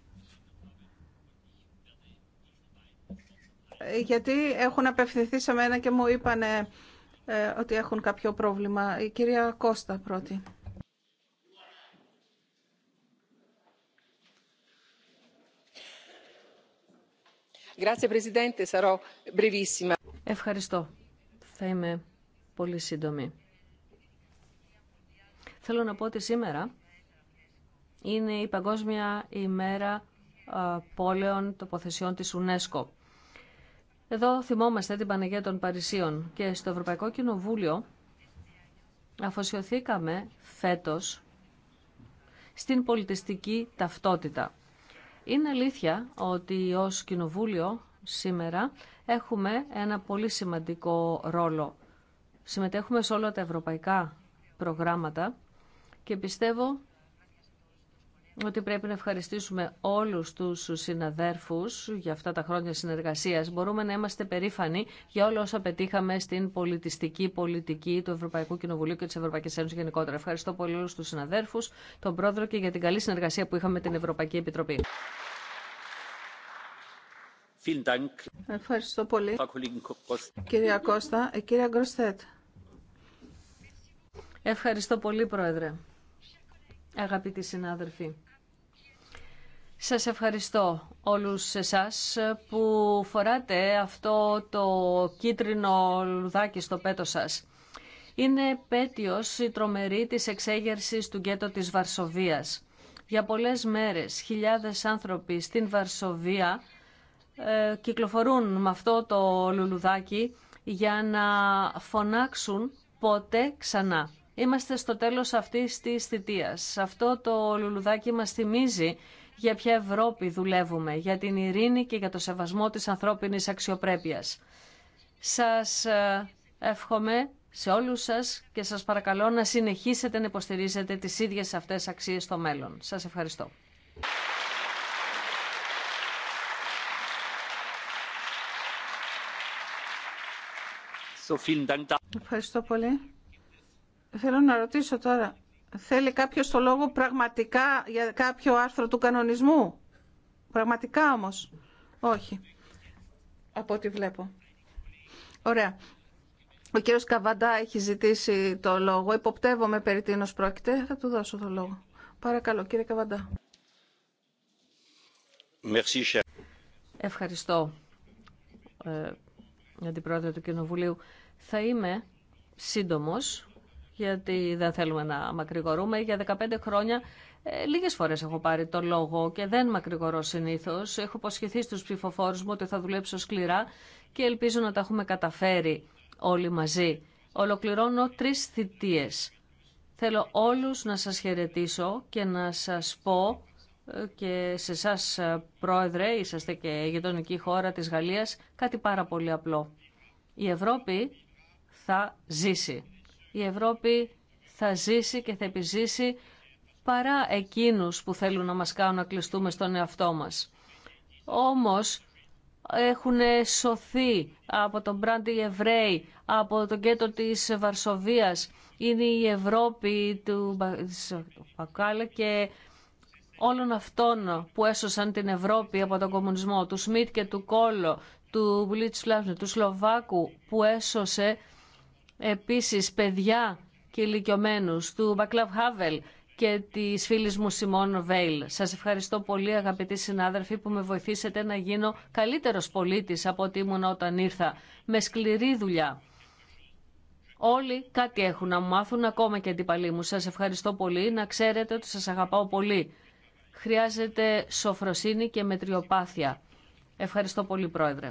Γιατί έχουν απευθυνθεί σε μένα και μου είπανε ε, ότι έχουν κάποιο πρόβλημα. Η κυρία Κώστα πρώτη. Ευχαριστώ. Θα είμαι πολύ σύντομη. Θέλω να πω ότι σήμερα είναι η Παγκόσμια ημέρα πόλεων τοποθεσιών της UNESCO. Εδώ θυμόμαστε την Παναγία των Παρισίων και στο Ευρωπαϊκό Κοινοβούλιο αφοσιωθήκαμε φέτος στην πολιτιστική ταυτότητα. Είναι αλήθεια ότι ως Κοινοβούλιο σήμερα έχουμε ένα πολύ σημαντικό ρόλο. Συμμετέχουμε σε όλα τα ευρωπαϊκά προγράμματα και πιστεύω ότι πρέπει να ευχαριστήσουμε όλους τους συναδέρφους για αυτά τα χρόνια συνεργασίας. Μπορούμε να είμαστε περήφανοι για όλα όσα πετύχαμε στην πολιτιστική πολιτική του Ευρωπαϊκού Κοινοβουλίου και της Ευρωπαϊκής Ένωσης γενικότερα. Ευχαριστώ πολύ όλους τους συναδέρφους, τον Πρόεδρο και για την καλή συνεργασία που είχαμε με την Ευρωπαϊκή Επιτροπή. Ευχαριστώ πολύ. Κυρία Κώστα, ε, κυρία Γκροστέτ. Ευχαριστώ πολύ, Πρόεδρε. Αγαπητοί συνάδελφοι. Σας ευχαριστώ όλους εσάς που φοράτε αυτό το κίτρινο λουδάκι στο πέτο σας. Είναι πέτειος η τρομερή της εξέγερσης του γκέτο της Βαρσοβίας. Για πολλές μέρες χιλιάδες άνθρωποι στην Βαρσοβία ε, κυκλοφορούν με αυτό το λουλουδάκι για να φωνάξουν ποτέ ξανά. Είμαστε στο τέλος αυτής της θητείας. Αυτό το λουλουδάκι μας θυμίζει για ποια Ευρώπη δουλεύουμε, για την ειρήνη και για το σεβασμό της ανθρώπινης αξιοπρέπειας. Σας ε, εύχομαι σε όλους σας και σας παρακαλώ να συνεχίσετε να υποστηρίζετε τις ίδιες αυτές αξίες στο μέλλον. Σας ευχαριστώ. Ευχαριστώ πολύ. Θέλω να ρωτήσω τώρα, Θέλει κάποιος το λόγο πραγματικά για κάποιο άρθρο του κανονισμού. Πραγματικά όμως. Όχι. Από ό,τι βλέπω. Ωραία. Ο κύριος Καβαντά έχει ζητήσει το λόγο. Υποπτεύομαι περί τίνος πρόκειται. Θα του δώσω το λόγο. Παρακαλώ, κύριε Καβαντά. Ευχαριστώ, ε, Αντιπρόεδρε του Κοινοβουλίου. Θα είμαι σύντομος, γιατί δεν θέλουμε να μακρηγορούμε. Για 15 χρόνια ε, λίγες φορές έχω πάρει το λόγο και δεν μακρηγορώ συνήθω. Έχω υποσχεθεί στου ψηφοφόρου μου ότι θα δουλέψω σκληρά και ελπίζω να τα έχουμε καταφέρει όλοι μαζί. Ολοκληρώνω τρει θητείε. Θέλω όλου να σα χαιρετήσω και να σα πω ε, και σε εσά ε, πρόεδρε, είσαστε και η γειτονική χώρα της Γαλλίας, κάτι πάρα πολύ απλό. Η Ευρώπη θα ζήσει η Ευρώπη θα ζήσει και θα επιζήσει παρά εκείνους που θέλουν να μας κάνουν να κλειστούμε στον εαυτό μας. Όμως έχουν σωθεί από τον Μπράντι Εβραίοι, από τον κέντρο της Βαρσοβίας. Είναι η Ευρώπη του Πακάλα και όλων αυτών που έσωσαν την Ευρώπη από τον κομμουνισμό, του Σμιτ και του Κόλλο, του Μπλίτσλαφνε, του Σλοβάκου που έσωσε επίσης παιδιά και ηλικιωμένους του Μπακλαβ Χάβελ και της φίλης μου Σιμών Βέιλ. Σας ευχαριστώ πολύ αγαπητοί συνάδελφοι που με βοηθήσετε να γίνω καλύτερος πολίτης από ό,τι ήμουν όταν ήρθα, με σκληρή δουλειά. Όλοι κάτι έχουν να μου μάθουν, ακόμα και αντιπαλοί μου. Σας ευχαριστώ πολύ, να ξέρετε ότι σας αγαπάω πολύ. Χρειάζεται σοφροσύνη και μετριοπάθεια. Ευχαριστώ πολύ, Πρόεδρε.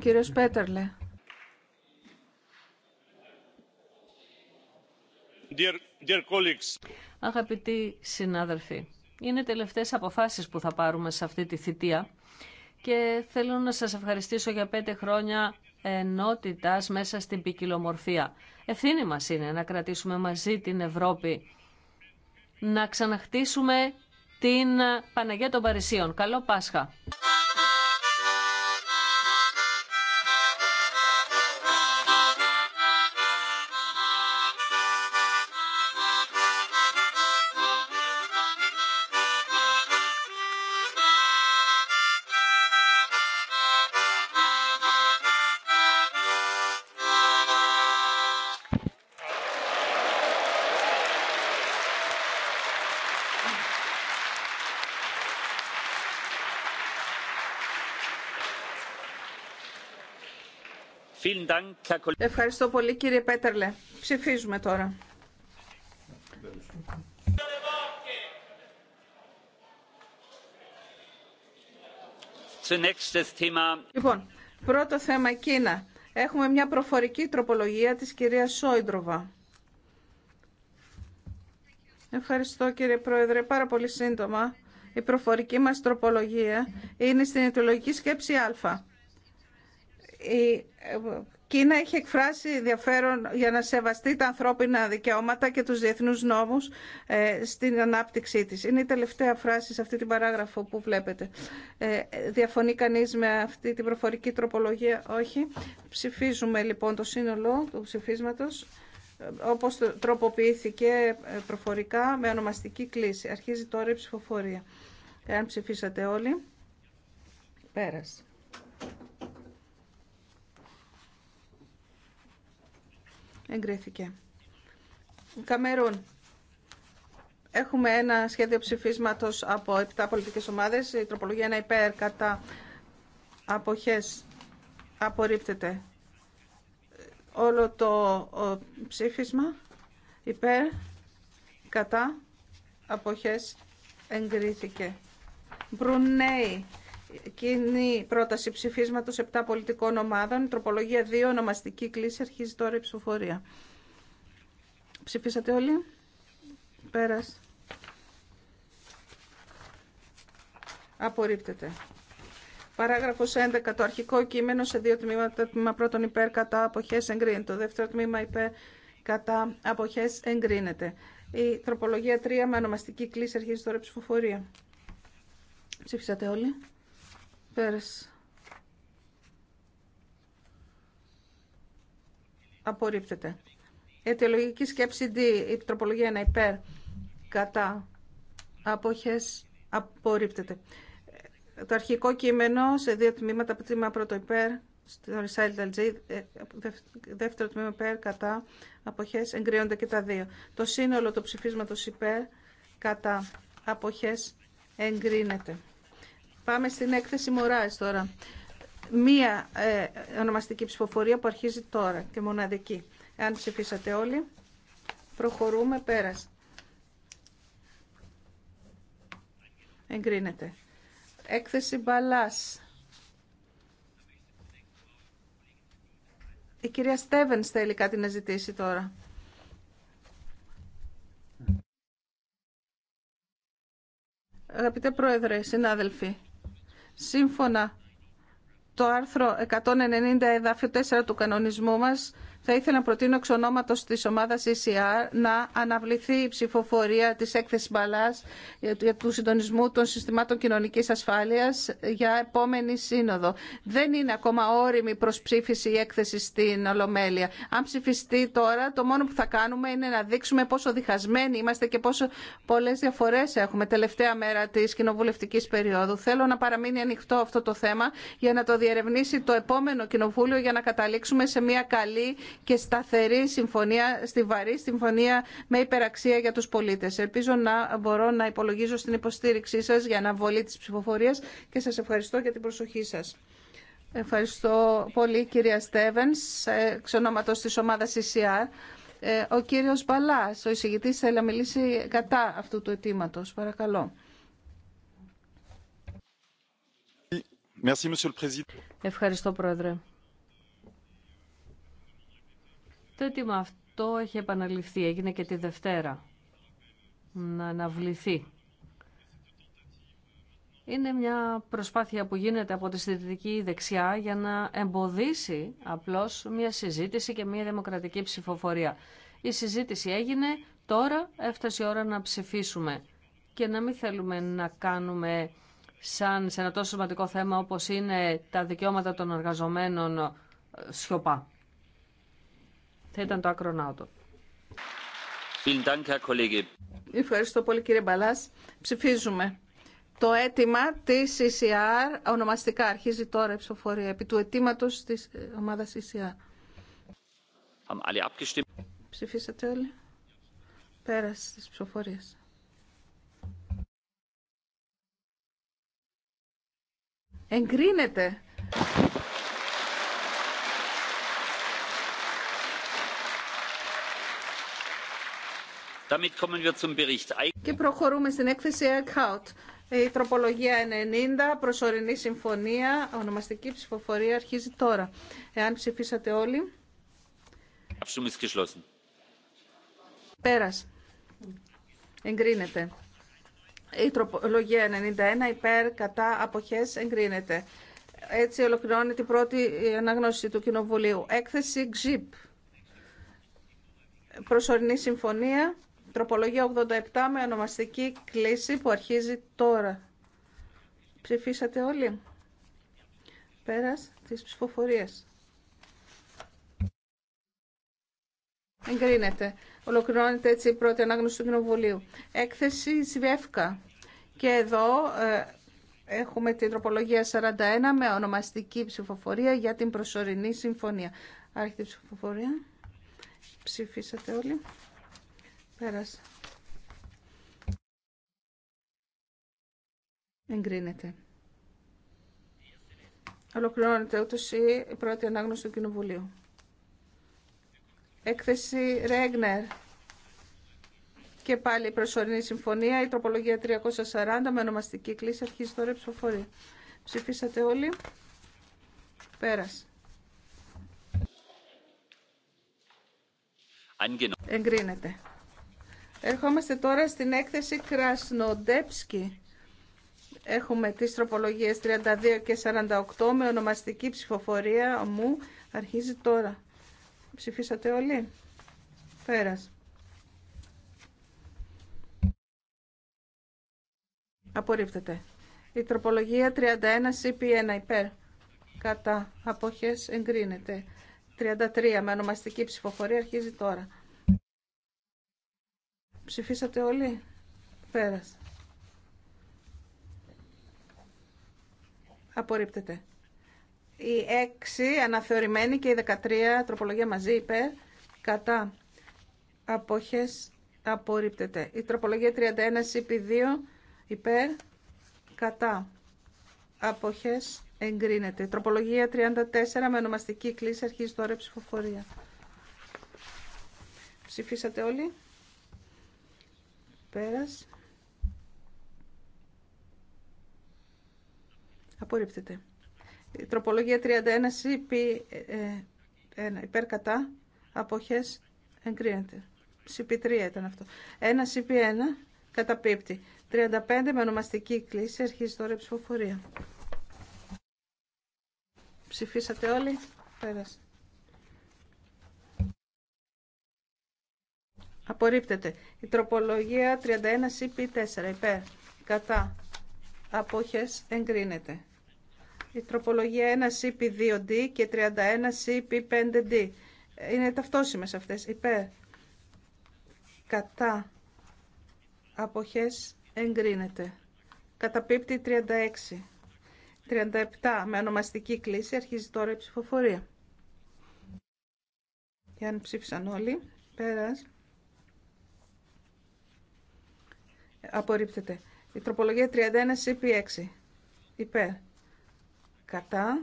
κύριος Πέτερλε. Αγαπητοί συνάδελφοι, είναι τελευταίες αποφάσεις που θα πάρουμε σε αυτή τη θητεία και θέλω να σας ευχαριστήσω για πέντε χρόνια ενότητας μέσα στην ποικιλομορφία. Ευθύνη μας είναι να κρατήσουμε μαζί την Ευρώπη, να ξαναχτίσουμε την Παναγία των Παρισίων. Καλό Πάσχα! Ευχαριστώ πολύ κύριε Πέτερλε. Ψηφίζουμε τώρα. Λοιπόν, πρώτο θέμα Κίνα. Έχουμε μια προφορική τροπολογία της κυρίας Σόιντροβα. Ευχαριστώ κύριε Πρόεδρε. Πάρα πολύ σύντομα. Η προφορική μας τροπολογία είναι στην ιδεολογική σκέψη Α. Κίνα έχει εκφράσει ενδιαφέρον για να σεβαστεί τα ανθρώπινα δικαιώματα και τους διεθνούς νόμους ε, στην ανάπτυξή της. Είναι η τελευταία φράση σε αυτή την παράγραφο που βλέπετε. Ε, διαφωνεί κανείς με αυτή την προφορική τροπολογία, όχι. Ψηφίζουμε λοιπόν το σύνολο του ψηφίσματος ε, όπως τροποποιήθηκε προφορικά με ονομαστική κλίση. Αρχίζει τώρα η ψηφοφορία. Εάν ψηφίσατε όλοι, πέρασε. Εγκρίθηκε. Καμερούν. Έχουμε ένα σχέδιο ψηφίσματος από επτά πολιτικές ομάδες. Η τροπολογία είναι υπέρ κατά αποχές. Απορρίπτεται. Όλο το ψήφισμα υπέρ κατά αποχές εγκρίθηκε. Μπρουνέι κοινή πρόταση ψηφίσματο 7 πολιτικών ομάδων, τροπολογία 2, ονομαστική κλίση, αρχίζει τώρα η ψηφοφορία. Ψηφίσατε όλοι. Πέρας. Απορρίπτεται. Παράγραφο 11. Το αρχικό κείμενο σε δύο τμήματα. Το τμήμα πρώτον υπέρ κατά αποχέ εγκρίνεται. Το δεύτερο τμήμα υπέρ κατά αποχέ εγκρίνεται. Η τροπολογία 3 με ονομαστική κλίση αρχίζει τώρα η ψηφοφορία. Ψήφισατε όλοι. Απορρίπτεται. Αιτιολογική σκέψη D. Η τροπολογία 1 υπέρ. Κατά. Απόχες. Απορρίπτεται. Το αρχικό κείμενο σε δύο τμήματα. Τμήμα πρώτο υπέρ. Στο recital ε, Δεύτερο τμήμα υπέρ. Κατά. Απόχες. Εγκρίνονται και τα δύο. Το σύνολο του ψηφίσματος υπέρ. Κατά. Απόχες. Εγκρίνεται. Πάμε στην έκθεση Μωράης τώρα. Μία ε, ονομαστική ψηφοφορία που αρχίζει τώρα και μοναδική. Εάν ψηφίσατε όλοι, προχωρούμε πέρας. Εγκρίνεται. Έκθεση Μπαλάς. Η κυρία Στέβεν θέλει κάτι να ζητήσει τώρα. Αγαπητέ Πρόεδρε, συνάδελφοι, Σύμφωνα το άρθρο 190 εδάφιο 4 του κανονισμού μας, θα ήθελα να προτείνω εξ ονόματο τη ομάδα ECR να αναβληθεί η ψηφοφορία τη έκθεση Μπαλά για του συντονισμού των συστημάτων κοινωνική ασφάλεια για επόμενη σύνοδο. Δεν είναι ακόμα όριμη προς ψήφιση η έκθεση στην Ολομέλεια. Αν ψηφιστεί τώρα, το μόνο που θα κάνουμε είναι να δείξουμε πόσο διχασμένοι είμαστε και πόσο πολλέ διαφορέ έχουμε τελευταία μέρα τη κοινοβουλευτική περίοδου. Θέλω να παραμείνει ανοιχτό αυτό το θέμα για να το διερευνήσει το επόμενο κοινοβούλιο για να καταλήξουμε σε μια καλή και σταθερή συμφωνία, στιβαρή συμφωνία με υπεραξία για τους πολίτες. Ελπίζω να μπορώ να υπολογίζω στην υποστήριξή σας για αναβολή της ψηφοφορίας και σας ευχαριστώ για την προσοχή σας. Ευχαριστώ πολύ κυρία Στέβενς, εξ ονόματος της ομάδας ECR. Ε, ο κύριος Μπαλάς, ο εισηγητής, θέλει να μιλήσει κατά αυτού του αιτήματο. Παρακαλώ. Ευχαριστώ, Πρόεδρε. Το αίτημα αυτό έχει επαναληφθεί, έγινε και τη Δευτέρα να αναβληθεί. Είναι μια προσπάθεια που γίνεται από τη συντηρητική δεξιά για να εμποδίσει απλώς μια συζήτηση και μια δημοκρατική ψηφοφορία. Η συζήτηση έγινε, τώρα έφτασε η ώρα να ψηφίσουμε και να μην θέλουμε να κάνουμε σαν σε ένα τόσο σημαντικό θέμα όπως είναι τα δικαιώματα των εργαζομένων ε, σιωπά θα ήταν το ακρονάωτο. Ευχαριστώ πολύ κύριε Μπαλάς. Ψηφίζουμε. Το αίτημα της CCR ονομαστικά αρχίζει τώρα η ψηφοφορία επί του αιτήματος της ε, ομάδας CCR. Ψηφίσατε όλοι. Πέρασε τις ψηφοφορίες. Εγκρίνεται. Και προχωρούμε στην έκθεση Eckhout. Η τροπολογία 90, προσωρινή συμφωνία, ονομαστική ψηφοφορία αρχίζει τώρα. Εάν ψηφίσατε όλοι. Πέρας. Εγκρίνεται. Η τροπολογία 91 υπέρ κατά αποχές εγκρίνεται. Έτσι ολοκληρώνει την πρώτη αναγνώση του Κοινοβουλίου. Έκθεση GZIP. Προσωρινή συμφωνία. Τροπολογία 87 με ονομαστική κλίση που αρχίζει τώρα. Ψηφίσατε όλοι. Πέρας της ψηφοφορίας. Εγκρίνεται. Ολοκληρώνεται έτσι η πρώτη ανάγνωση του Κοινοβουλίου. Έκθεση ΣΒΕΦΚΑ. Και εδώ ε, έχουμε την τροπολογία 41 με ονομαστική ψηφοφορία για την προσωρινή συμφωνία. Άρχεται η ψηφοφορία. Ψηφίσατε όλοι. Πέρασε. Εγκρίνεται. Ολοκληρώνεται ούτως η πρώτη ανάγνωση του Κοινοβουλίου. Έκθεση Ρέγνερ. Και πάλι η προσωρινή συμφωνία, η τροπολογία 340 με ονομαστική κλίση αρχίζει τώρα η ψηφοφορία. Ψηφίσατε όλοι. Πέρασε. Εγκρίνεται. Ερχόμαστε τώρα στην έκθεση Κρασνοντέψκη. Έχουμε τις τροπολογίες 32 και 48 με ονομαστική ψηφοφορία μου. Αρχίζει τώρα. Ψηφίσατε όλοι. Πέρας. Απορρίπτεται. Η τροπολογία 31 CP1 υπέρ. Κατά αποχές εγκρίνεται. 33 με ονομαστική ψηφοφορία αρχίζει τώρα. Ψηφίσατε όλοι. Πέρασε. Απορρίπτεται. Η 6 αναθεωρημένη και η 13 τροπολογία μαζί υπέρ κατά αποχές απορρίπτεται. Η τροπολογία 31 CP2 υπέρ κατά αποχές εγκρίνεται. Η τροπολογία 34 με ονομαστική κλίση αρχίζει τώρα η ψηφοφορία. Ψηφίσατε όλοι. Πέρας. Απορρίπτεται. τροπολογία 31 CP 1 υπέρ κατά αποχές εγκρίνεται. CP3 ήταν αυτό. 1 CP1 καταπίπτει. 35 με ονομαστική κλίση αρχίζει τώρα η ψηφοφορία. Ψηφίσατε όλοι. Πέρασε. Απορρίπτεται. Η τροπολογία 31 CP4 υπέρ. Κατά. Απόχες εγκρίνεται. Η τροπολογία 1 CP2D και 31 CP5D. Είναι ταυτόσιμες αυτές. Υπέρ. Κατά. Αποχές εγκρίνεται. Καταπίπτει 36. 37 με ονομαστική κλίση αρχίζει τώρα η ψηφοφορία. Και αν ψήφισαν όλοι, πέρας. Απορρίπτεται. Η τροπολογία 31 CP6. Υπέρ. Κατά.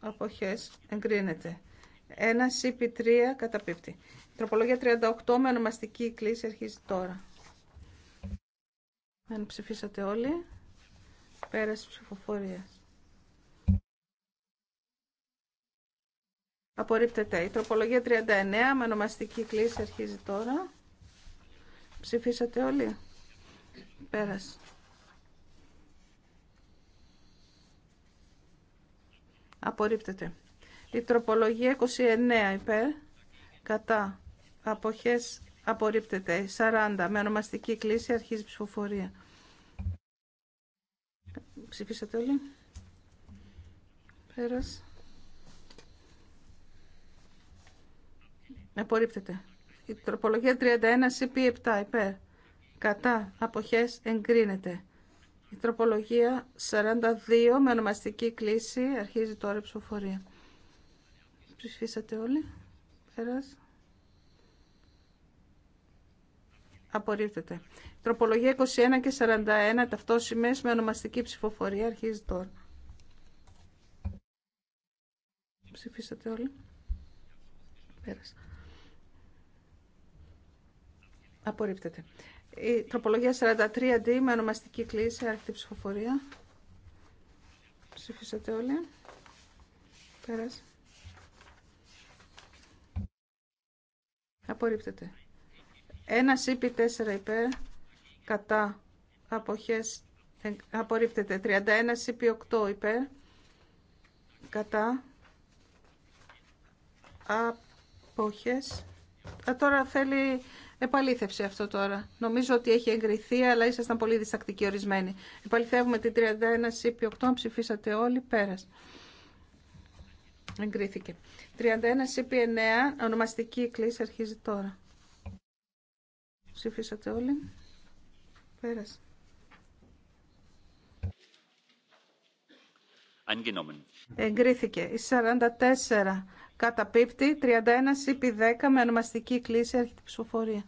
Αποχές. Εγκρίνεται. 1 CP3 καταπίπτει. Η τροπολογία 38 με ονομαστική κλίση αρχίζει τώρα. Αν ψηφίσατε όλοι. Πέραση ψηφοφορία. Απορρίπτεται. Η τροπολογία 39 με ονομαστική κλίση αρχίζει τώρα. Ψηφίσατε όλοι. Πέρας. Απορρίπτεται. Η τροπολογία 29 υπέρ. Κατά. Αποχές απορρίπτεται. 40 με ονομαστική κλίση αρχίζει ψηφοφορία. Ψηφίσατε όλοι. Πέρας. Απορρίπτεται. Η τροπολογία 31 CP7 υπέρ κατά αποχές εγκρίνεται. Η τροπολογία 42 με ονομαστική κλίση αρχίζει τώρα η ψηφοφορία. Ψηφίσατε όλοι. Πέρας. Απορρίπτεται. Τροπολογία 21 και 41 ταυτόσημες με ονομαστική ψηφοφορία αρχίζει τώρα. Ψηφίσατε όλοι. Πέρας. Απορρίπτεται. Η τροπολογία 43D με ονομαστική κλίση, άρχιτη ψηφοφορία. Ψηφίσατε όλοι. Πέρασε. Απορρίπτεται. Ένα CP4 υπέρ, κατά, αποχές, απορρίπτεται. 31 CP8 υπέρ, κατά, αποχές. Α, τώρα θέλει Επαλήθευση αυτό τώρα. Νομίζω ότι έχει εγκριθεί, αλλά ήσασταν πολύ διστακτικοί ορισμένοι. Επαληθεύουμε τη 31 CP8, ψηφίσατε όλοι, πέρας. Εγκρίθηκε. 31 CP9, ονομαστική κλίση αρχίζει τώρα. Ψηφίσατε όλοι. Πέρασε. Εγκρίθηκε. Η 44 καταπίπτει. 31 CP10 με ονομαστική κλίση έρχεται ψηφοφορία.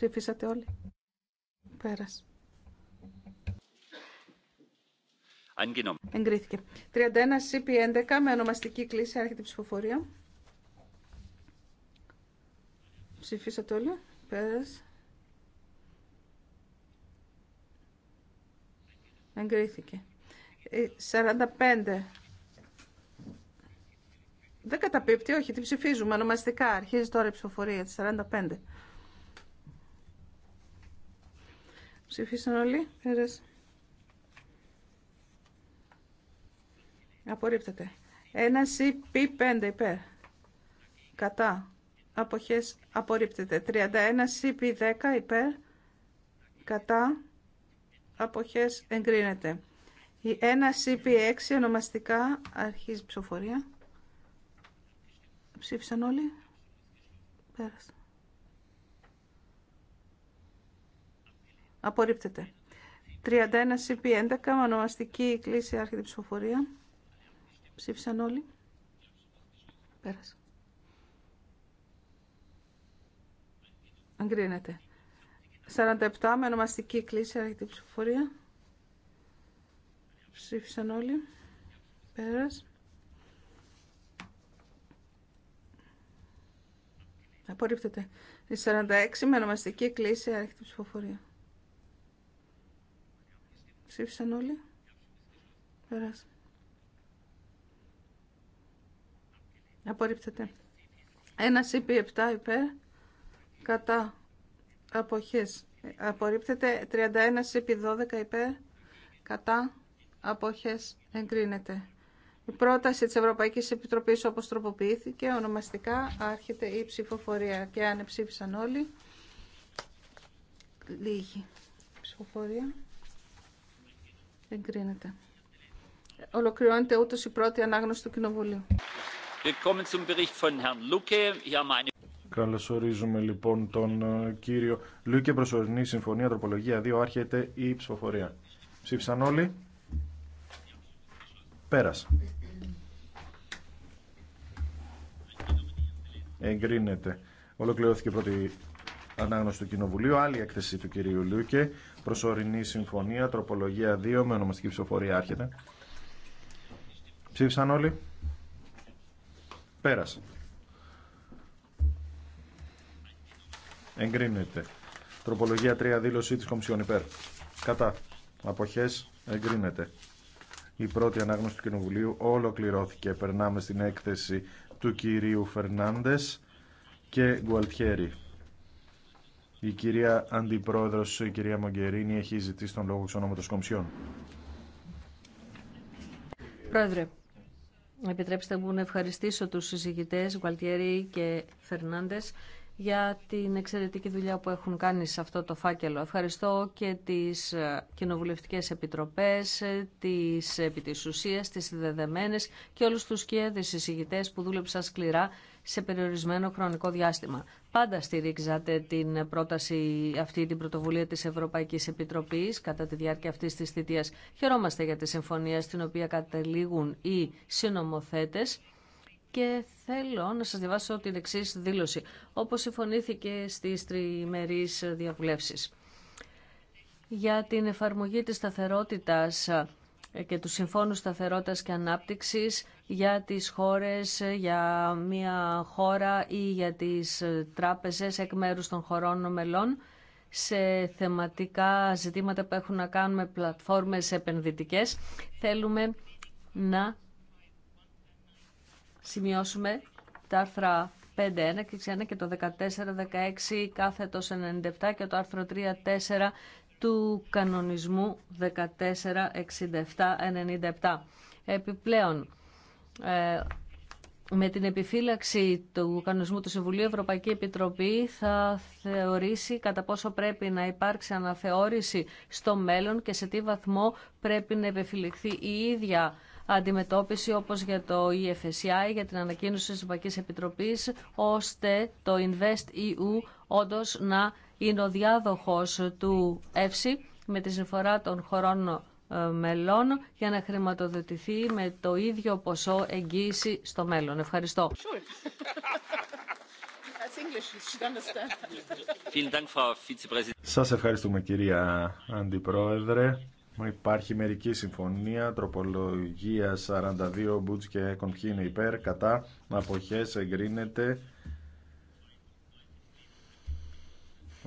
Ψήφισατε όλοι. Πέρας. Εγκρίθηκε. 31 CP11 με ονομαστική κλίση άρχεται ψηφοφορία. Ψηφίσατε όλοι. Πέρας. Εγκρίθηκε. 45. Ε, Δεν καταπίπτει, όχι, την ψηφίζουμε ονομαστικά. Αρχίζει τώρα η ψηφοφορία 45. Ψηφίσαν Πέρας. Απορρίπτεται. Ένα CP5 υπέρ. Κατά. Αποχές απορρίπτεται. 31 CP10 υπέρ. Κατά. Αποχές εγκρίνεται. Η 1 CP6 ονομαστικά αρχίζει ψηφοφορία. Ψήφισαν όλοι. Πέρασε. Απορρίπτεται. 31 CP11 με ονομαστική κλίση ψηφοφορία. Ψήφισαν όλοι. Πέρασε. Αγκρίνεται. 47 με ονομαστική κλίση άρχεται ψηφοφορία. Ψήφισαν όλοι. Πέρασε. Απορρίπτεται. 46 με ονομαστική κλίση ψηφοφορία. Ψήφισαν όλοι. Πέρασε. Απορρίπτεται. Ένα CP7 υπέρ κατά αποχές. Απορρίπτεται 31 CP12 υπέρ κατά αποχές εγκρίνεται. Η πρόταση της Ευρωπαϊκής Επιτροπής όπως τροποποιήθηκε ονομαστικά άρχεται η ψηφοφορία και αν ψήφισαν όλοι λίγη ψηφοφορία. Εγκρίνεται. Ολοκληρώνεται ούτω η πρώτη ανάγνωση του Κοινοβουλίου. Καλωσορίζουμε λοιπόν τον ε, κύριο Λούκε Προσωρινή Συμφωνία Τροπολογία 2. Άρχεται η ψηφοφορία. Ψήφισαν όλοι. Πέρασε. Εγκρίνεται. Ολοκληρώθηκε η πρώτη ανάγνωση του Κοινοβουλίου. Άλλη έκθεση του κυρίου Λούκε προσωρινή συμφωνία, τροπολογία 2 με ονομαστική ψηφοφορία άρχεται. Ψήφισαν όλοι. Πέρασε. Εγκρίνεται. Τροπολογία 3 δήλωση της Κομισιόν υπέρ. Κατά. Αποχές εγκρίνεται. Η πρώτη ανάγνωση του Κοινοβουλίου ολοκληρώθηκε. Περνάμε στην έκθεση του κυρίου Φερνάντες και Γκουαλτιέρη. Η κυρία Αντιπρόεδρος, η κυρία Μογκερίνη, έχει ζητήσει τον λόγο εξ Κομψιών. Πρόεδρε, επιτρέψτε μου να ευχαριστήσω τους συζητητές Γκουαλτιέρη και Φερνάντες για την εξαιρετική δουλειά που έχουν κάνει σε αυτό το φάκελο. Ευχαριστώ και τις ε, κοινοβουλευτικές επιτροπές, ε, τις επί της τις και όλους τους κοιέδες συζητητές που δούλεψαν σκληρά σε περιορισμένο χρονικό διάστημα. Πάντα στηρίξατε την πρόταση αυτή, την πρωτοβουλία της Ευρωπαϊκής Επιτροπής κατά τη διάρκεια αυτής της θητείας. Χαιρόμαστε για τη συμφωνία στην οποία καταλήγουν οι συνομοθέτες και θέλω να σας διαβάσω την εξή δήλωση, όπως συμφωνήθηκε στις τριμερείς διαβουλεύσεις. Για την εφαρμογή της σταθερότητας και του Συμφώνου Σταθερότητας και Ανάπτυξης για τις χώρες, για μια χώρα ή για τις τράπεζες εκ μέρους των χωρών μελών σε θεματικά ζητήματα που έχουν να κάνουν με πλατφόρμες επενδυτικές. Θέλουμε να σημειώσουμε τα άρθρα 5.1 και 6.1 και το 14.16 κάθετος 97 και το άρθρο 3.4 του κανονισμού 14.67-97. Επιπλέον, ε, με την επιφύλαξη του κανονισμού του Συμβουλίου, η Ευρωπαϊκή Επιτροπή θα θεωρήσει κατά πόσο πρέπει να υπάρξει αναθεώρηση στο μέλλον και σε τι βαθμό πρέπει να επιφυληθεί η ίδια αντιμετώπιση όπως για το EFSI, για την ανακοίνωση της Ευρωπαϊκής Επιτροπής, ώστε το Invest EU όντως να είναι ο διάδοχος του EFSI με τη συμφορά των χωρών ε, μελών για να χρηματοδοτηθεί με το ίδιο ποσό εγγύηση στο μέλλον. Ευχαριστώ. Σας ευχαριστούμε κυρία Αντιπρόεδρε. Υπάρχει μερική συμφωνία, τροπολογία 42, Μπούτς και είναι υπέρ, κατά, αποχές εγκρίνεται.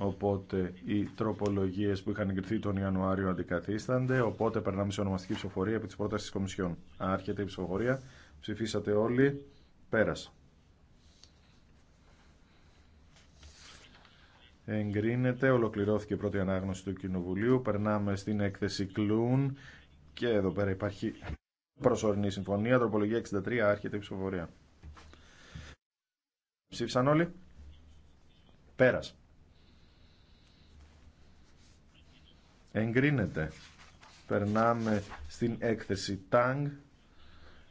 Οπότε οι τροπολογίες που είχαν εγκριθεί τον Ιανουάριο αντικαθίστανται, οπότε περνάμε σε ονομαστική ψηφοφορία από της πρότασης της Κομισιόν. Άρχεται η ψηφοφορία, ψηφίσατε όλοι, πέρασε. Εγκρίνεται, ολοκληρώθηκε η πρώτη ανάγνωση του Κοινοβουλίου, περνάμε στην έκθεση Κλούν και εδώ πέρα υπάρχει προσωρινή συμφωνία, τροπολογία 63, άρχεται η ψηφοφορία. Ψήφισαν όλοι, πέρασε. εγκρίνεται. Περνάμε στην έκθεση TANG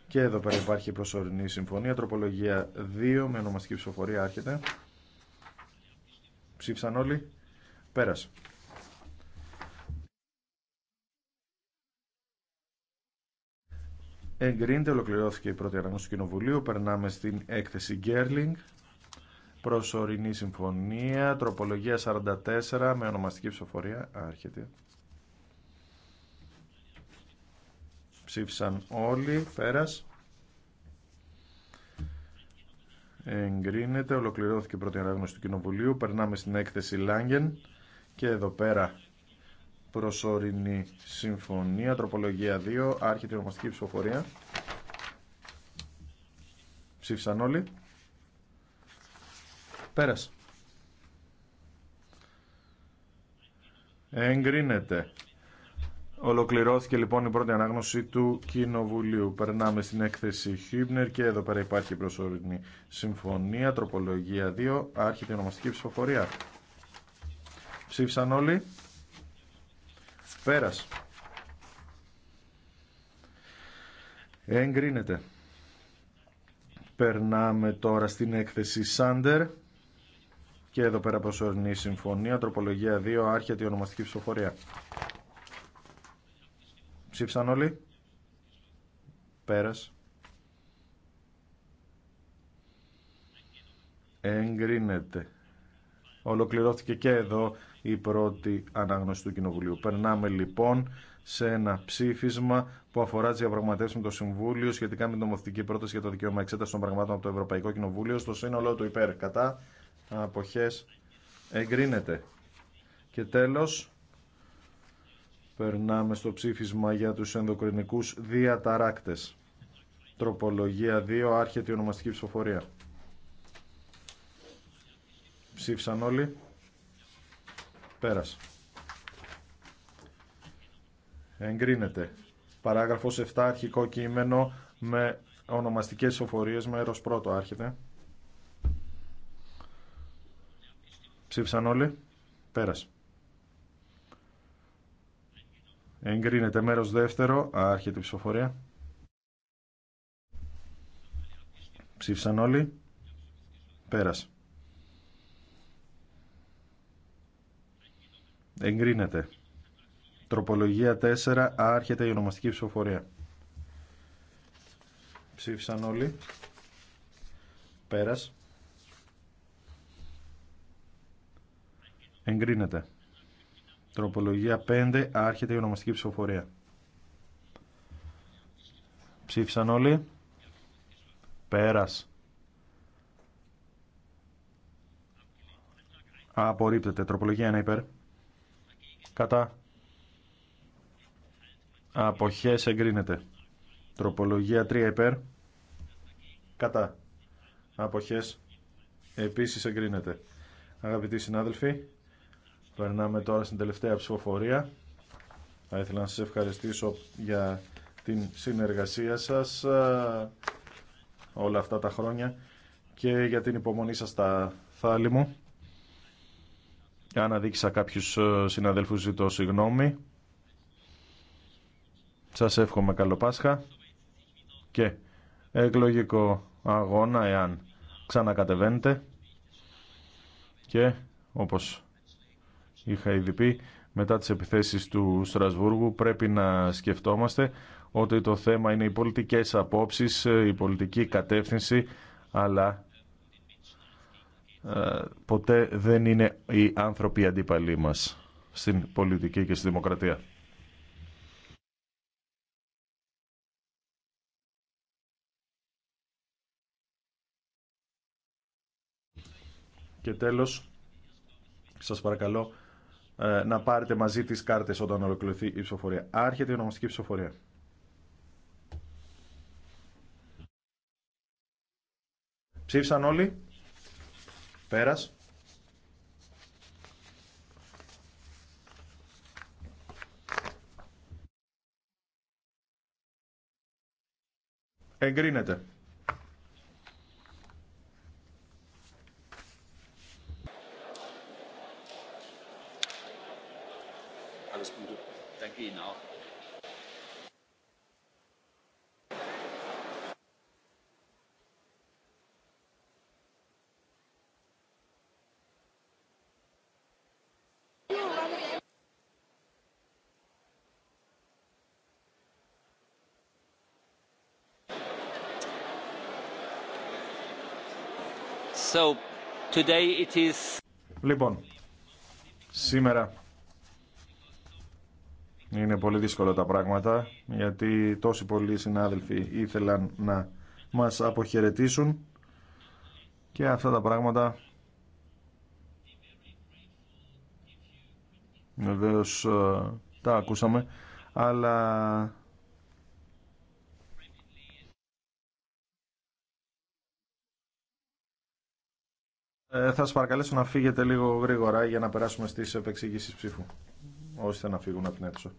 και εδώ πέρα υπάρχει προσωρινή συμφωνία. Τροπολογία 2 με ονομαστική ψηφοφορία άρχεται. Ψήφισαν όλοι. Πέρασε. Εγκρίνεται, ολοκληρώθηκε η πρώτη αναγνώση του Κοινοβουλίου. Περνάμε στην έκθεση Γκέρλινγκ. Προσωρινή συμφωνία, τροπολογία 44 με ονομαστική ψηφοφορία. Άρχεται. Ψήφισαν όλοι. Πέρας. Εγκρίνεται. Ολοκληρώθηκε η πρώτη ανάγνωση του Κοινοβουλίου. Περνάμε στην έκθεση Λάγγεν. Και εδώ πέρα προσωρινή συμφωνία. Τροπολογία 2. Άρχεται η ονομαστική ψηφοφορία. Ψήφισαν όλοι. Πέρας. Εγκρίνεται. Ολοκληρώθηκε λοιπόν η πρώτη ανάγνωση του Κοινοβουλίου. Περνάμε στην έκθεση Χίμπνερ και εδώ πέρα υπάρχει προσωρινή συμφωνία, τροπολογία 2, άρχεται η ονομαστική ψηφοφορία. Ψήφισαν όλοι. Πέρας. Εγκρίνεται. Περνάμε τώρα στην έκθεση Σάντερ και εδώ πέρα προσωρινή συμφωνία, τροπολογία 2, άρχεται η ονομαστική ψηφοφορία. Ψήφισαν όλοι. Πέρας. Εγκρίνεται. Ολοκληρώθηκε και εδώ η πρώτη ανάγνωση του Κοινοβουλίου. Περνάμε λοιπόν σε ένα ψήφισμα που αφορά τι διαπραγματεύσει με το Συμβούλιο σχετικά με την νομοθετική πρόταση για το δικαίωμα εξέταση των πραγμάτων από το Ευρωπαϊκό Κοινοβούλιο στο σύνολό του υπέρ. Κατά αποχέ εγκρίνεται. Και τέλος Περνάμε στο ψήφισμα για τους ενδοκρινικούς διαταράκτες. Τροπολογία 2, άρχεται η ονομαστική ψηφοφορία. Ψήφισαν όλοι. Πέρασε. Εγκρίνεται. Παράγραφος 7, αρχικό κείμενο με ονομαστικές ψηφοφορίες, μέρος πρώτο άρχεται. Ψήφισαν όλοι. Πέρασε. Εγκρίνεται μέρος δεύτερο, άρχεται η ψηφοφορία. Ψήφισαν όλοι. Πέρασε. Εγκρίνεται. Τροπολογία 4, άρχεται η ονομαστική ψηφοφορία. Ψήφισαν όλοι. Πέρας. Εγκρίνεται. Τροπολογία 5. Άρχεται η ονομαστική ψηφοφορία. Ψήφισαν όλοι. Πέρας. Απορρίπτεται. Τροπολογία 1 υπέρ. Κατά. Αποχές εγκρίνεται. Τροπολογία 3 υπέρ. Κατά. Αποχές επίσης εγκρίνεται. Αγαπητοί συνάδελφοι, Περνάμε τώρα στην τελευταία ψηφοφορία. Θα ήθελα να σας ευχαριστήσω για την συνεργασία σας ε, όλα αυτά τα χρόνια και για την υπομονή σας στα θάλη μου. Αν αδίκησα κάποιους ε, συναδέλφους ζητώ συγγνώμη. Σας εύχομαι καλό Πάσχα και εκλογικό αγώνα εάν ξανακατεβαίνετε και όπως είχα ήδη πει μετά τις επιθέσεις του Στρασβούργου πρέπει να σκεφτόμαστε ότι το θέμα είναι οι πολιτικές απόψεις, η πολιτική κατεύθυνση αλλά ε, ποτέ δεν είναι οι άνθρωποι αντίπαλοι μας στην πολιτική και στη δημοκρατία. Και τέλος, σας παρακαλώ ε, να πάρετε μαζί τις κάρτες όταν ολοκληρωθεί η ψηφοφορία. Άρχεται η ονομαστική ψηφοφορία. Ψήφισαν όλοι. Πέρας. Εγκρίνεται. Λοιπόν, σήμερα είναι πολύ δύσκολα τα πράγματα γιατί τόσοι πολλοί συνάδελφοι ήθελαν να μας αποχαιρετήσουν και αυτά τα πράγματα βεβαίω ε, τα ακούσαμε αλλά Ε, θα σας παρακαλέσω να φύγετε λίγο γρήγορα για να περάσουμε στις επεξηγήσεις ψήφου, ώστε να φύγουν από την αίθουσα.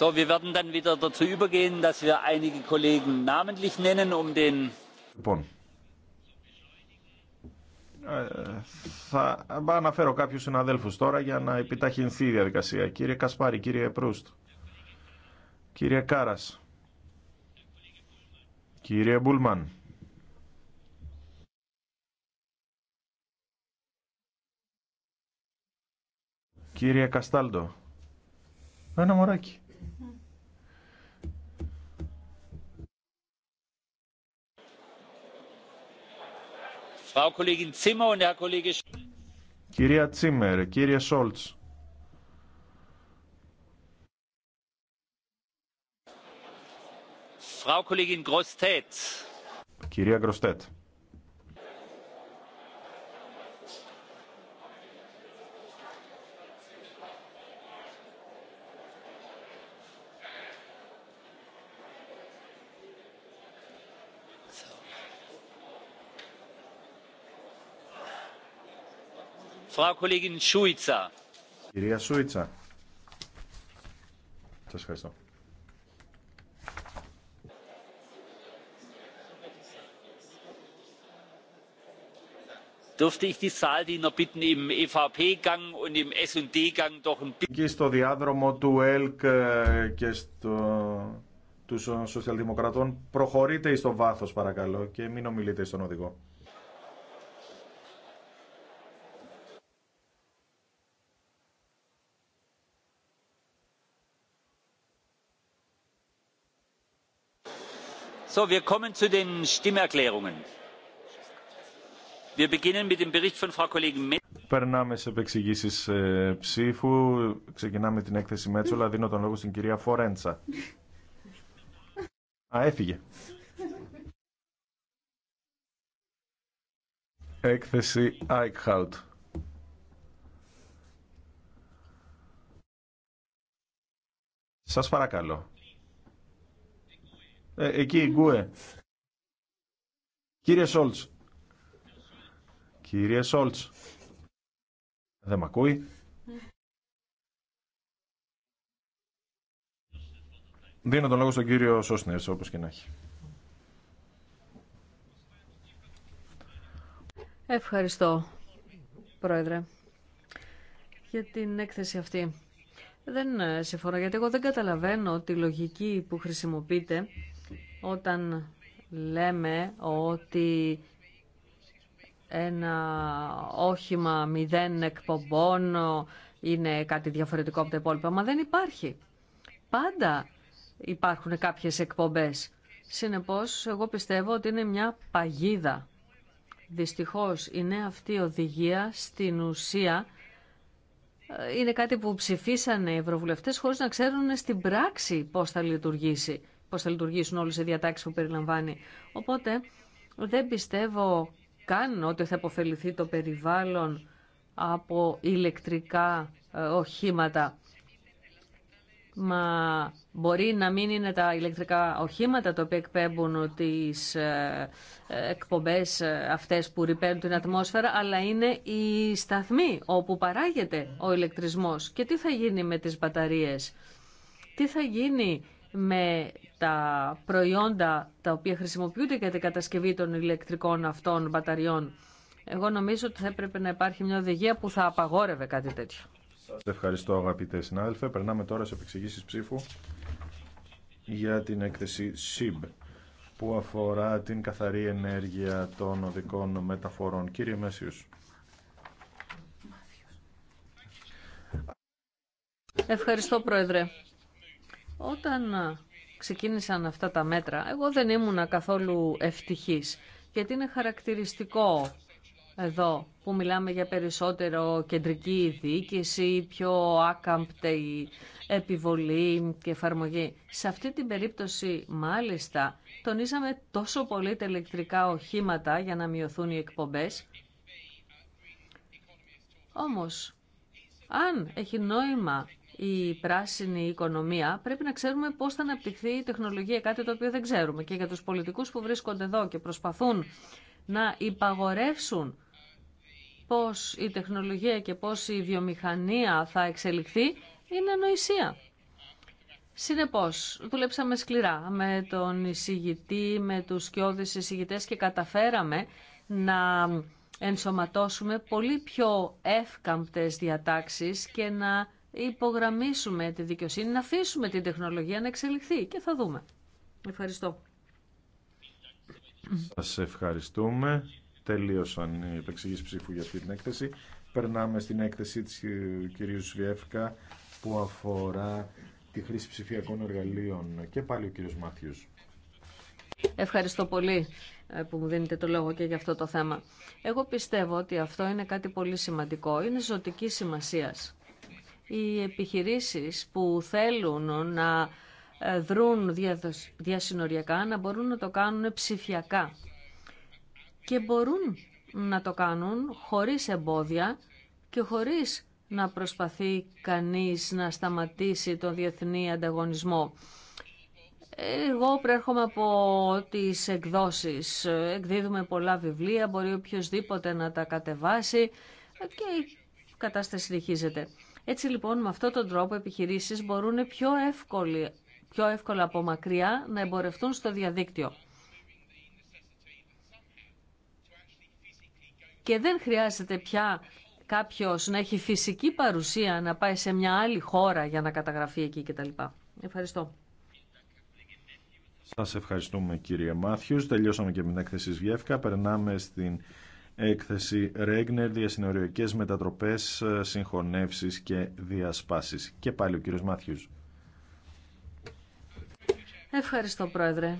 wir werden dann wieder dazu übergehen, dass wir einige Kollegen namentlich nennen, um den. Λοιπόν, ε, θα αναφέρω κάποιους συναδέλφους τώρα για να επιταχυνθεί η διαδικασία. Κύριε Κασπάρη, κύριε Προύστ, κύριε Κάρας, κύριε Μπούλμαν. Κύριε Καστάλτο, Ένα μωράκι. Κυρία Τσίμερ, κύριε Σόλτς. Κυρία Γκροστέτ. Κυρία Σούιτσα. Σας ευχαριστώ. στο διάδρομο του ΕΛΚ ε, και στο... του ε, Σοσιαλδημοκρατών προχωρείτε στο βάθος παρακαλώ και μην ομιλείτε στον οδηγό. Περνάμε σε επεξηγήσει ε, ψήφου. Ξεκινάμε την έκθεση Μέτσολα. Δίνω τον λόγο στην κυρία Φορέντσα. Α, έφυγε. Έκθεση Eichhout. Σας παρακαλώ. Ε, εκεί η Γκουε. Κύριε Σόλτς. Κύριε Σόλτς. Δεν με ακούει. Δίνω τον λόγο στον κύριο Σόσνερ, όπως και να έχει. Ευχαριστώ, Πρόεδρε, για την έκθεση αυτή. Δεν ε, συμφωνώ, γιατί εγώ δεν καταλαβαίνω τη λογική που χρησιμοποιείται όταν λέμε ότι ένα όχημα μηδέν εκπομπών είναι κάτι διαφορετικό από τα υπόλοιπα. Μα δεν υπάρχει. Πάντα υπάρχουν κάποιες εκπομπές. Συνεπώς, εγώ πιστεύω ότι είναι μια παγίδα. Δυστυχώς, είναι αυτή η οδηγία στην ουσία ε, είναι κάτι που ψηφίσανε οι ευρωβουλευτές χωρίς να ξέρουν στην πράξη πώς θα λειτουργήσει πώς θα λειτουργήσουν όλες οι διατάξεις που περιλαμβάνει. Οπότε δεν πιστεύω καν ότι θα αποφεληθεί το περιβάλλον από ηλεκτρικά ε, οχήματα. Μα μπορεί να μην είναι τα ηλεκτρικά οχήματα τα οποία εκπέμπουν τις ε, ε, εκπομπές αυτές που ρηπαίνουν την ατμόσφαιρα, αλλά είναι οι σταθμοί όπου παράγεται ο ηλεκτρισμός. Και τι θα γίνει με τις μπαταρίες, τι θα γίνει με τα προϊόντα τα οποία χρησιμοποιούνται για την κατασκευή των ηλεκτρικών αυτών μπαταριών. Εγώ νομίζω ότι θα έπρεπε να υπάρχει μια οδηγία που θα απαγόρευε κάτι τέτοιο. Σας ευχαριστώ αγαπητέ συνάδελφε. Περνάμε τώρα σε επεξηγήσεις ψήφου για την έκθεση ΣΥΜΠ που αφορά την καθαρή ενέργεια των οδικών μεταφορών. Κύριε Μέσιους. Ευχαριστώ Πρόεδρε. Όταν ξεκίνησαν αυτά τα μέτρα, εγώ δεν ήμουνα καθόλου ευτυχής, γιατί είναι χαρακτηριστικό εδώ που μιλάμε για περισσότερο κεντρική διοίκηση, πιο άκαμπτη επιβολή και εφαρμογή. Σε αυτή την περίπτωση μάλιστα τονίζαμε τόσο πολύ τα ηλεκτρικά οχήματα για να μειωθούν οι εκπομπές. Όμως, αν έχει νόημα η πράσινη οικονομία, πρέπει να ξέρουμε πώς θα αναπτυχθεί η τεχνολογία, κάτι το οποίο δεν ξέρουμε. Και για τους πολιτικούς που βρίσκονται εδώ και προσπαθούν να υπαγορεύσουν πώς η τεχνολογία και πώς η βιομηχανία θα εξελιχθεί, είναι νοησία. Συνεπώς, δουλέψαμε σκληρά με τον εισηγητή, με τους σκιώδεις εισηγητές και καταφέραμε να ενσωματώσουμε πολύ πιο εύκαμπτες διατάξεις και να υπογραμμίσουμε τη δικαιοσύνη, να αφήσουμε την τεχνολογία να εξελιχθεί και θα δούμε. Ευχαριστώ. Σας ευχαριστούμε. Τελείωσαν οι επεξηγήσεις ψήφου για αυτή την έκθεση. Περνάμε στην έκθεση της κυρίου Σβιέφκα που αφορά τη χρήση ψηφιακών εργαλείων. Και πάλι ο κύριος Μάθιος. Ευχαριστώ πολύ ε, που μου δίνετε το λόγο και για αυτό το θέμα. Εγώ πιστεύω ότι αυτό είναι κάτι πολύ σημαντικό. Είναι ζωτική σημασίας οι επιχειρήσεις που θέλουν να ε, δρούν διασυνοριακά να μπορούν να το κάνουν ψηφιακά και μπορούν να το κάνουν χωρίς εμπόδια και χωρίς να προσπαθεί κανείς να σταματήσει τον διεθνή ανταγωνισμό. Εγώ προέρχομαι από τις εκδόσεις. Εκδίδουμε πολλά βιβλία, μπορεί οποιοδήποτε να τα κατεβάσει και η κατάσταση συνεχίζεται. Έτσι λοιπόν με αυτόν τον τρόπο επιχειρήσεις μπορούν πιο, εύκολη, πιο εύκολα από μακριά να εμπορευτούν στο διαδίκτυο. Και δεν χρειάζεται πια κάποιος να έχει φυσική παρουσία να πάει σε μια άλλη χώρα για να καταγραφεί εκεί κτλ. Ευχαριστώ. Σας ευχαριστούμε κύριε Μάθιος. Τελειώσαμε και με την έκθεση Σβιεύκα. Περνάμε στην έκθεση Ρέγνερ, διασυνοριακές μετατροπές, συγχωνεύσεις και διασπάσεις. Και πάλι ο κύριος Μάθιους. Ευχαριστώ Πρόεδρε.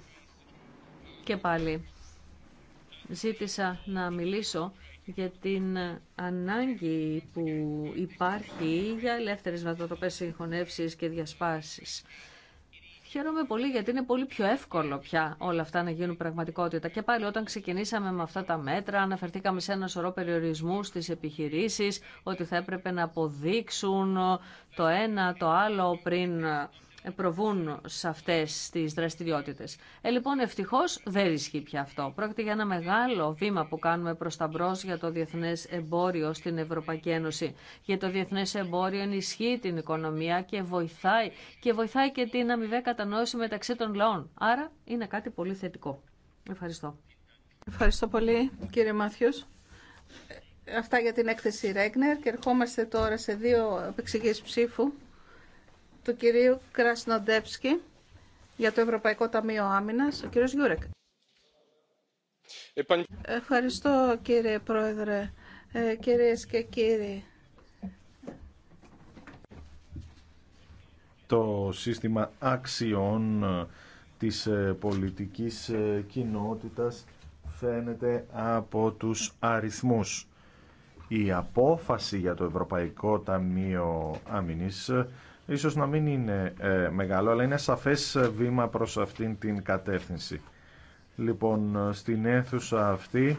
Και πάλι ζήτησα να μιλήσω για την ανάγκη που υπάρχει για ελεύθερες μετατροπές συγχωνεύσεις και διασπάσεις. Χαίρομαι πολύ γιατί είναι πολύ πιο εύκολο πια όλα αυτά να γίνουν πραγματικότητα. Και πάλι όταν ξεκινήσαμε με αυτά τα μέτρα, αναφερθήκαμε σε ένα σωρό περιορισμού στις επιχειρήσει ότι θα έπρεπε να αποδείξουν το ένα, το άλλο πριν προβούν σε αυτέ τι δραστηριότητε. Ε, λοιπόν, ευτυχώ δεν ισχύει πια αυτό. Πρόκειται για ένα μεγάλο βήμα που κάνουμε προ τα μπρο για το διεθνέ εμπόριο στην Ευρωπαϊκή Ένωση. Για το διεθνέ εμπόριο ενισχύει την οικονομία και βοηθάει και βοηθάει και την αμοιβαία κατανόηση μεταξύ των λαών. Άρα είναι κάτι πολύ θετικό. Ευχαριστώ. Ευχαριστώ πολύ κύριε Μάθιος. Ε, αυτά για την έκθεση Ρέγνερ και ερχόμαστε τώρα σε δύο επεξηγήσεις ψήφου του κυρίου Κρασνοντεύσκη για το Ευρωπαϊκό Ταμείο Άμυνας, ο κύριος Γιούρεκ. Ευχαριστώ κύριε Πρόεδρε, ε, κυρίες και κύριοι. Το σύστημα αξιών της ε, πολιτικής ε, κοινότητας φαίνεται από τους αριθμούς. Η απόφαση για το Ευρωπαϊκό Ταμείο Άμυνης ίσως να μην είναι ε, μεγάλο, αλλά είναι σαφές ε, βήμα προς αυτήν την κατεύθυνση. Λοιπόν, ε, στην αίθουσα αυτή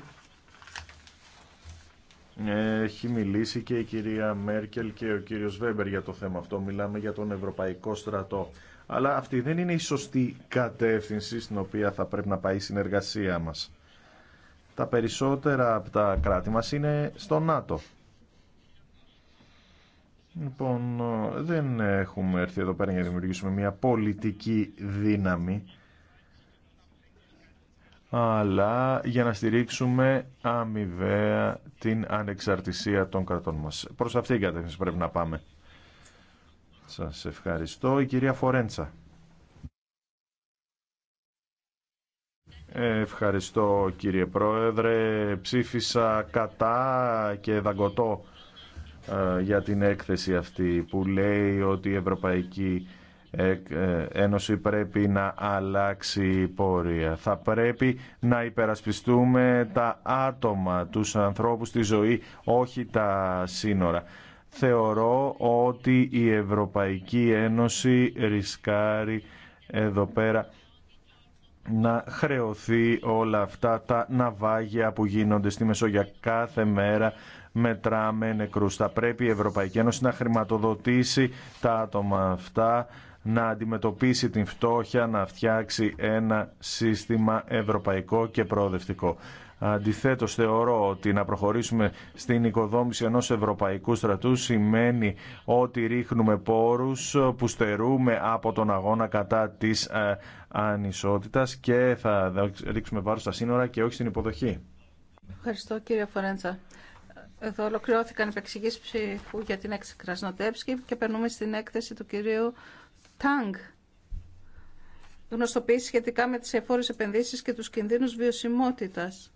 έχει μιλήσει και η κυρία Μέρκελ και ο κύριος Βέμπερ για το θέμα αυτό. Μιλάμε για τον Ευρωπαϊκό Στρατό. Αλλά αυτή δεν είναι η σωστή κατεύθυνση στην οποία θα πρέπει να πάει η συνεργασία μας. Τα περισσότερα από τα κράτη μας είναι στο ΝΑΤΟ. Λοιπόν, ε, δεν έχουμε έρθει εδώ πέρα για να δημιουργήσουμε μια πολιτική δύναμη, αλλά για να στηρίξουμε αμοιβαία την ανεξαρτησία των κρατών μας. Προς αυτήν την κατεύθυνση πρέπει να πάμε. Σας ευχαριστώ. Η κυρία Φορέντσα. Ευχαριστώ κύριε Πρόεδρε. Ψήφισα κατά και δαγκωτό ε, για την έκθεση αυτή που λέει ότι η Ευρωπαϊκή ε, ε, Ένωση πρέπει να αλλάξει πορεία. Θα πρέπει να υπερασπιστούμε τα άτομα, τους ανθρώπους, τη ζωή, όχι τα σύνορα. Θεωρώ ότι η Ευρωπαϊκή Ένωση ρισκάρει εδώ πέρα να χρεωθεί όλα αυτά τα ναυάγια που γίνονται στη Μεσόγεια κάθε μέρα μετράμε νεκρούς. Θα πρέπει η Ευρωπαϊκή Ένωση να χρηματοδοτήσει τα άτομα αυτά, να αντιμετωπίσει την φτώχεια, να φτιάξει ένα σύστημα ευρωπαϊκό και προοδευτικό. Αντιθέτως θεωρώ ότι να προχωρήσουμε στην οικοδόμηση ενός ευρωπαϊκού στρατού σημαίνει ότι ρίχνουμε πόρους που στερούμε από τον αγώνα κατά της ε, ανισότητας και θα ρίξουμε βάρος στα σύνορα και όχι στην υποδοχή. Ευχαριστώ κύριε Φορέντσα. Εδώ ολοκληρώθηκαν οι επεξηγήσεις ψήφου για την έκθεση Κρασνοτέψκη και περνούμε στην έκθεση του κυρίου Τάγκ. Γνωστοποίηση σχετικά με τις εφόρες επενδύσεις και τους κινδύνους βιωσιμότητας.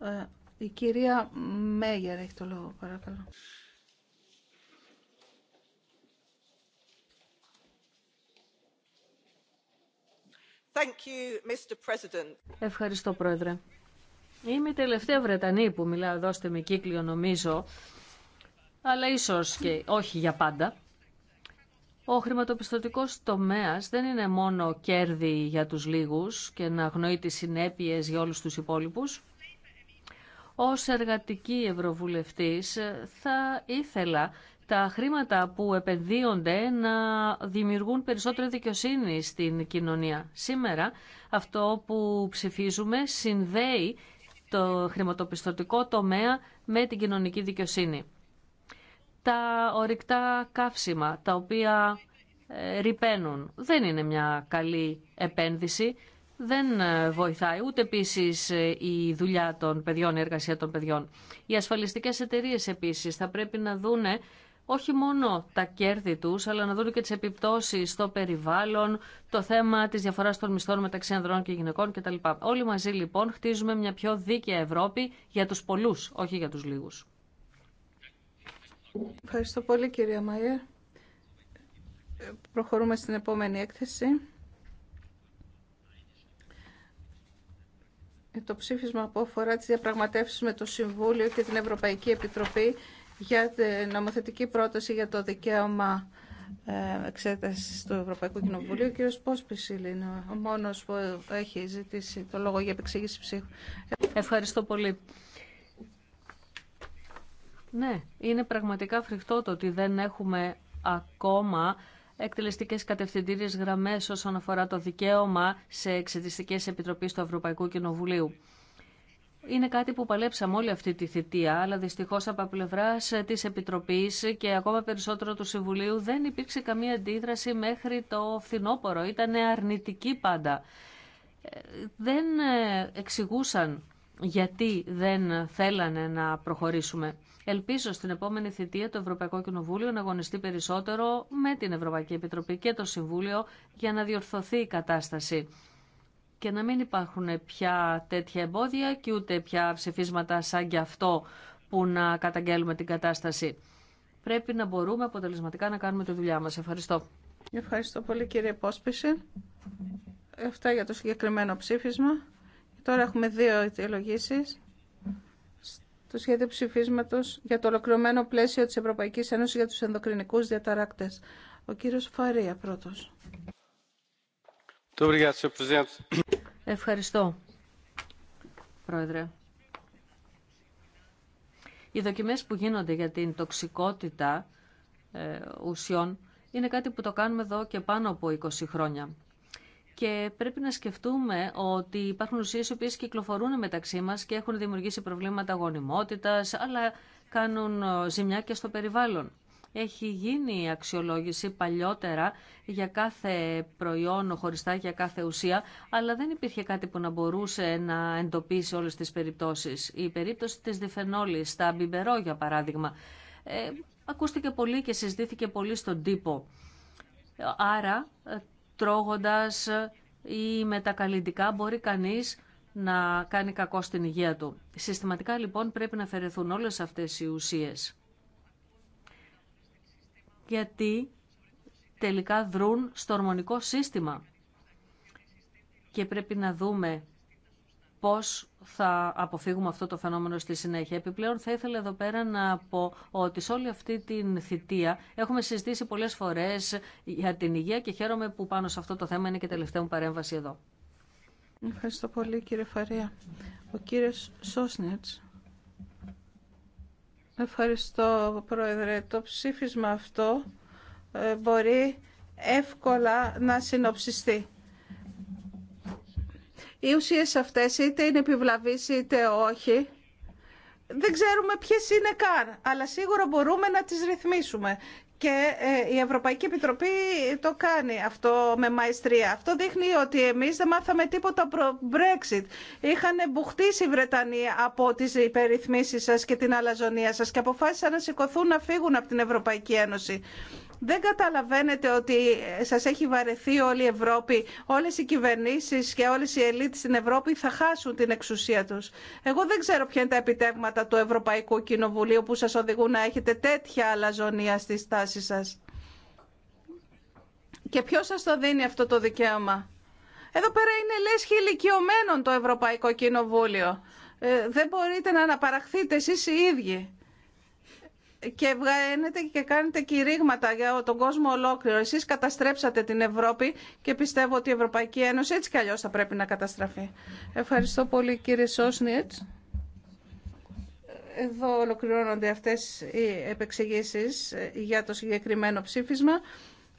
Ε, η κυρία Μέγερ έχει το λόγο, παρακαλώ. Ευχαριστώ, Πρόεδρε. Είμαι η τελευταία Βρετανή που μιλάω εδώ στο κύκλιο νομίζω, αλλά ίσως και όχι για πάντα. Ο χρηματοπιστωτικός τομέας δεν είναι μόνο κέρδη για τους λίγους και να αγνοεί τις συνέπειες για όλους τους υπόλοιπους. Ως εργατική ευρωβουλευτής θα ήθελα τα χρήματα που επενδύονται να δημιουργούν περισσότερη δικαιοσύνη στην κοινωνία. Σήμερα αυτό που ψηφίζουμε συνδέει το χρηματοπιστωτικό τομέα με την κοινωνική δικαιοσύνη. Τα ορυκτά καύσιμα, τα οποία ε, ρηπαίνουν, δεν είναι μια καλή επένδυση, δεν ε, βοηθάει ούτε επίση ε, η δουλειά των παιδιών, η εργασία των παιδιών. Οι ασφαλιστικές εταιρείε επίσης θα πρέπει να δούνε όχι μόνο τα κέρδη τους, αλλά να δουν και τις επιπτώσεις στο περιβάλλον, το θέμα της διαφοράς των μισθών μεταξύ ανδρών και γυναικών κτλ. Όλοι μαζί λοιπόν χτίζουμε μια πιο δίκαια Ευρώπη για τους πολλούς, όχι για τους λίγους. Ευχαριστώ πολύ κυρία Μαϊέρ. Προχωρούμε στην επόμενη έκθεση. Το ψήφισμα που αφορά τις διαπραγματεύσεις με το Συμβούλιο και την Ευρωπαϊκή Επιτροπή για την νομοθετική πρόταση για το δικαίωμα ε, εξέταση του Ευρωπαϊκού Κοινοβουλίου. Ο κύριος Πόσπισιλ είναι ο μόνος που έχει ζητήσει το λόγο για επεξήγηση ψήφου. Ευχαριστώ πολύ. Ναι, είναι πραγματικά φρικτό το ότι δεν έχουμε ακόμα εκτελεστικές κατευθυντήριες γραμμές όσον αφορά το δικαίωμα σε εξετιστικές επιτροπές του Ευρωπαϊκού Κοινοβουλίου είναι κάτι που παλέψαμε όλη αυτή τη θητεία, αλλά δυστυχώ από πλευρά ε, τη Επιτροπή και ακόμα περισσότερο του Συμβουλίου δεν υπήρξε καμία αντίδραση μέχρι το φθινόπωρο. Ήταν αρνητική πάντα. Ε, δεν ε, εξηγούσαν γιατί δεν θέλανε να προχωρήσουμε. Ελπίζω στην επόμενη θητεία το Ευρωπαϊκό Κοινοβούλιο να αγωνιστεί περισσότερο με την Ευρωπαϊκή Επιτροπή και το Συμβούλιο για να διορθωθεί η κατάσταση και να μην υπάρχουν πια τέτοια εμπόδια και ούτε πια ψηφίσματα σαν και αυτό που να καταγγέλουμε την κατάσταση. Πρέπει να μπορούμε αποτελεσματικά να κάνουμε τη δουλειά μας. Ευχαριστώ. Ευχαριστώ πολύ κύριε Πόσπιση. Αυτά για το συγκεκριμένο ψήφισμα. Τώρα έχουμε δύο αιτιολογήσει στο σχέδιο ψηφίσματος για το ολοκληρωμένο πλαίσιο της Ευρωπαϊκής Ένωσης για τους ενδοκρινικούς διαταράκτες. Ο κύριος Φαρία πρώτο Ευχαριστώ, Πρόεδρε. Οι δοκιμές που γίνονται για την τοξικότητα ε, ουσιών είναι κάτι που το κάνουμε εδώ και πάνω από 20 χρόνια. Και πρέπει να σκεφτούμε ότι υπάρχουν ουσίες οι οποίες κυκλοφορούν μεταξύ μας και έχουν δημιουργήσει προβλήματα γονιμότητας, αλλά κάνουν ε, ζημιά και στο περιβάλλον. Έχει γίνει αξιολόγηση παλιότερα για κάθε προϊόν, χωριστά για κάθε ουσία, αλλά δεν υπήρχε κάτι που να μπορούσε να εντοπίσει όλες τις περιπτώσεις. Η περίπτωση της διφενόλης, τα μπιμπερό για παράδειγμα, ε, ακούστηκε πολύ και συζητήθηκε πολύ στον τύπο. Άρα, ε, τρώγοντας ή με τα καλλιντικά μπορεί κανείς να κάνει κακό στην υγεία του. Συστηματικά λοιπόν πρέπει να αφαιρεθούν όλες αυτές οι ουσίες γιατί τελικά δρούν στο ορμονικό σύστημα. Και πρέπει να δούμε πώς θα αποφύγουμε αυτό το φαινόμενο στη συνέχεια. Επιπλέον θα ήθελα εδώ πέρα να πω ότι σε όλη αυτή την θητεία έχουμε συζητήσει πολλές φορές για την υγεία και χαίρομαι που πάνω σε αυτό το θέμα είναι και τελευταία μου παρέμβαση εδώ. Ευχαριστώ πολύ κύριε Φαρία. Ο κύριος Σόσνετς. Ευχαριστώ, Πρόεδρε. Το ψήφισμα αυτό ε, μπορεί εύκολα να συνοψιστεί. Οι ουσίες αυτές είτε είναι επιβλαβείς είτε όχι, δεν ξέρουμε ποιες είναι καν, αλλά σίγουρα μπορούμε να τις ρυθμίσουμε και ε, η Ευρωπαϊκή Επιτροπή το κάνει αυτό με μαϊστρία. Αυτό δείχνει ότι εμείς δεν μάθαμε τίποτα προ Brexit. Είχαν μπουχτίσει οι Βρετανοί από τις υπερρυθμίσεις σας και την αλαζονία σας και αποφάσισαν να σηκωθούν να φύγουν από την Ευρωπαϊκή Ένωση. Δεν καταλαβαίνετε ότι σας έχει βαρεθεί όλη η Ευρώπη, όλες οι κυβερνήσεις και όλες οι ελίτ στην Ευρώπη θα χάσουν την εξουσία τους. Εγώ δεν ξέρω ποια είναι τα επιτεύγματα του Ευρωπαϊκού Κοινοβουλίου που σας οδηγούν να έχετε τέτοια αλαζονία στη στάση σας. Και ποιος σας το δίνει αυτό το δικαίωμα. Εδώ πέρα είναι λέσχη ηλικιωμένων το Ευρωπαϊκό Κοινοβούλιο. Ε, δεν μπορείτε να αναπαραχθείτε εσείς οι ίδιοι και βγαίνετε και κάνετε κηρύγματα για τον κόσμο ολόκληρο. Εσεί καταστρέψατε την Ευρώπη και πιστεύω ότι η Ευρωπαϊκή Ένωση έτσι κι αλλιώς θα πρέπει να καταστραφεί. Ευχαριστώ πολύ κύριε Σόσνιετ. Εδώ ολοκληρώνονται αυτές οι επεξηγήσεις για το συγκεκριμένο ψήφισμα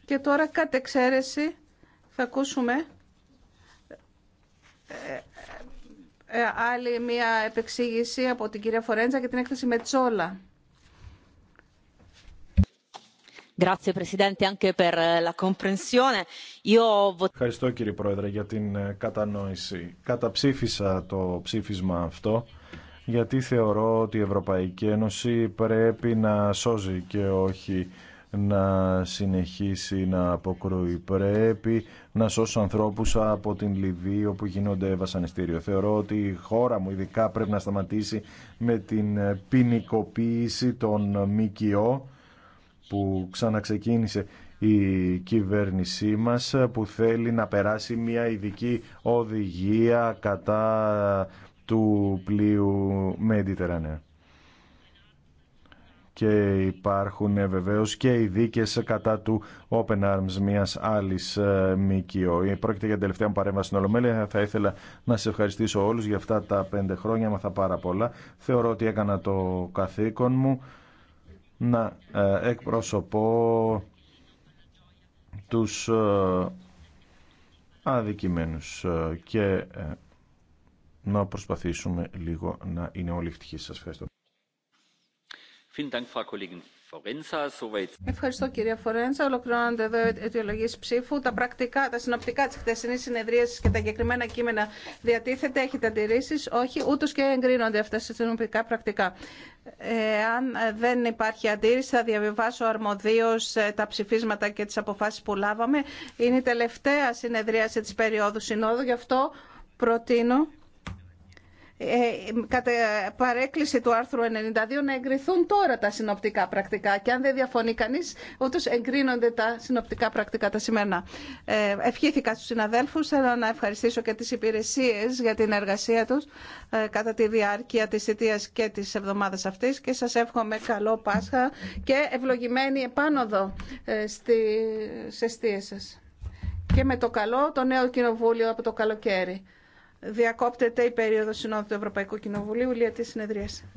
και τώρα κατ' εξαίρεση θα ακούσουμε ε, ε, άλλη μία επεξήγηση από την κυρία Φορέντζα για την έκθεση Μετσόλα. Eh, Ευχαριστώ κύριε Πρόεδρε για την ε, κατανόηση. Καταψήφισα το ψήφισμα αυτό γιατί θεωρώ ότι η Ευρωπαϊκή Ένωση πρέπει να σώζει και όχι να συνεχίσει να αποκρούει. Πρέπει να σώσει ανθρώπους από την Λιβύη όπου γίνονται βασανιστήριο. Θεωρώ ότι η χώρα μου ειδικά πρέπει να σταματήσει με την ποινικοποίηση των ΜΚΟ που ξαναξεκίνησε η κυβέρνησή μας που θέλει να περάσει μια ειδική οδηγία κατά του πλοίου Μεντιτερανέα. Και υπάρχουν ε, βεβαίως και οι κατά του Open Arms μιας άλλης ε, ΜΚΟ. Ε, πρόκειται για την τελευταία μου παρέμβαση στην Ολομέλεια. Θα ήθελα να σε ευχαριστήσω όλους για αυτά τα πέντε χρόνια, μαθα πάρα πολλά. Θεωρώ ότι έκανα το καθήκον μου να ε, εκπροσωπώ τους ε, αδικημένους ε, και να προσπαθήσουμε λίγο να είναι όλοι ευτυχείς. Σας ευχαριστώ. Ευχαριστώ κυρία Φορέντσα. Ολοκληρώνονται εδώ οι αιτιολογίε ψήφου. Τα πρακτικά, τα συνοπτικά τη χτεσινή συνεδρία και τα εγκεκριμένα κείμενα διατίθεται. Έχετε αντιρρήσει. Όχι, ούτω και εγκρίνονται αυτά τα συνοπτικά πρακτικά. Ε, αν δεν υπάρχει αντίρρηση, θα διαβιβάσω αρμοδίω ε, τα ψηφίσματα και τι αποφάσει που λάβαμε. Είναι η τελευταία συνεδρίαση τη περίοδου συνόδου, γι' αυτό προτείνω ε, κατά παρέκκληση του άρθρου 92 να εγκριθούν τώρα τα συνοπτικά πρακτικά και αν δεν διαφωνεί κανείς ούτως εγκρίνονται τα συνοπτικά πρακτικά τα σήμερα, Ε, ευχήθηκα στους συναδέλφους, θέλω να ευχαριστήσω και τις υπηρεσίες για την εργασία τους ε, κατά τη διάρκεια της θητείας και της εβδομάδας αυτής και σας εύχομαι καλό Πάσχα και ευλογημένη επάνωδο ε, στις αιστείες σας. Και με το καλό το νέο κοινοβούλιο από το καλοκαίρι. Διακόπτεται η περίοδος συνόδου του Ευρωπαϊκού Κοινοβουλίου. Λέει τη συνεδρίαση.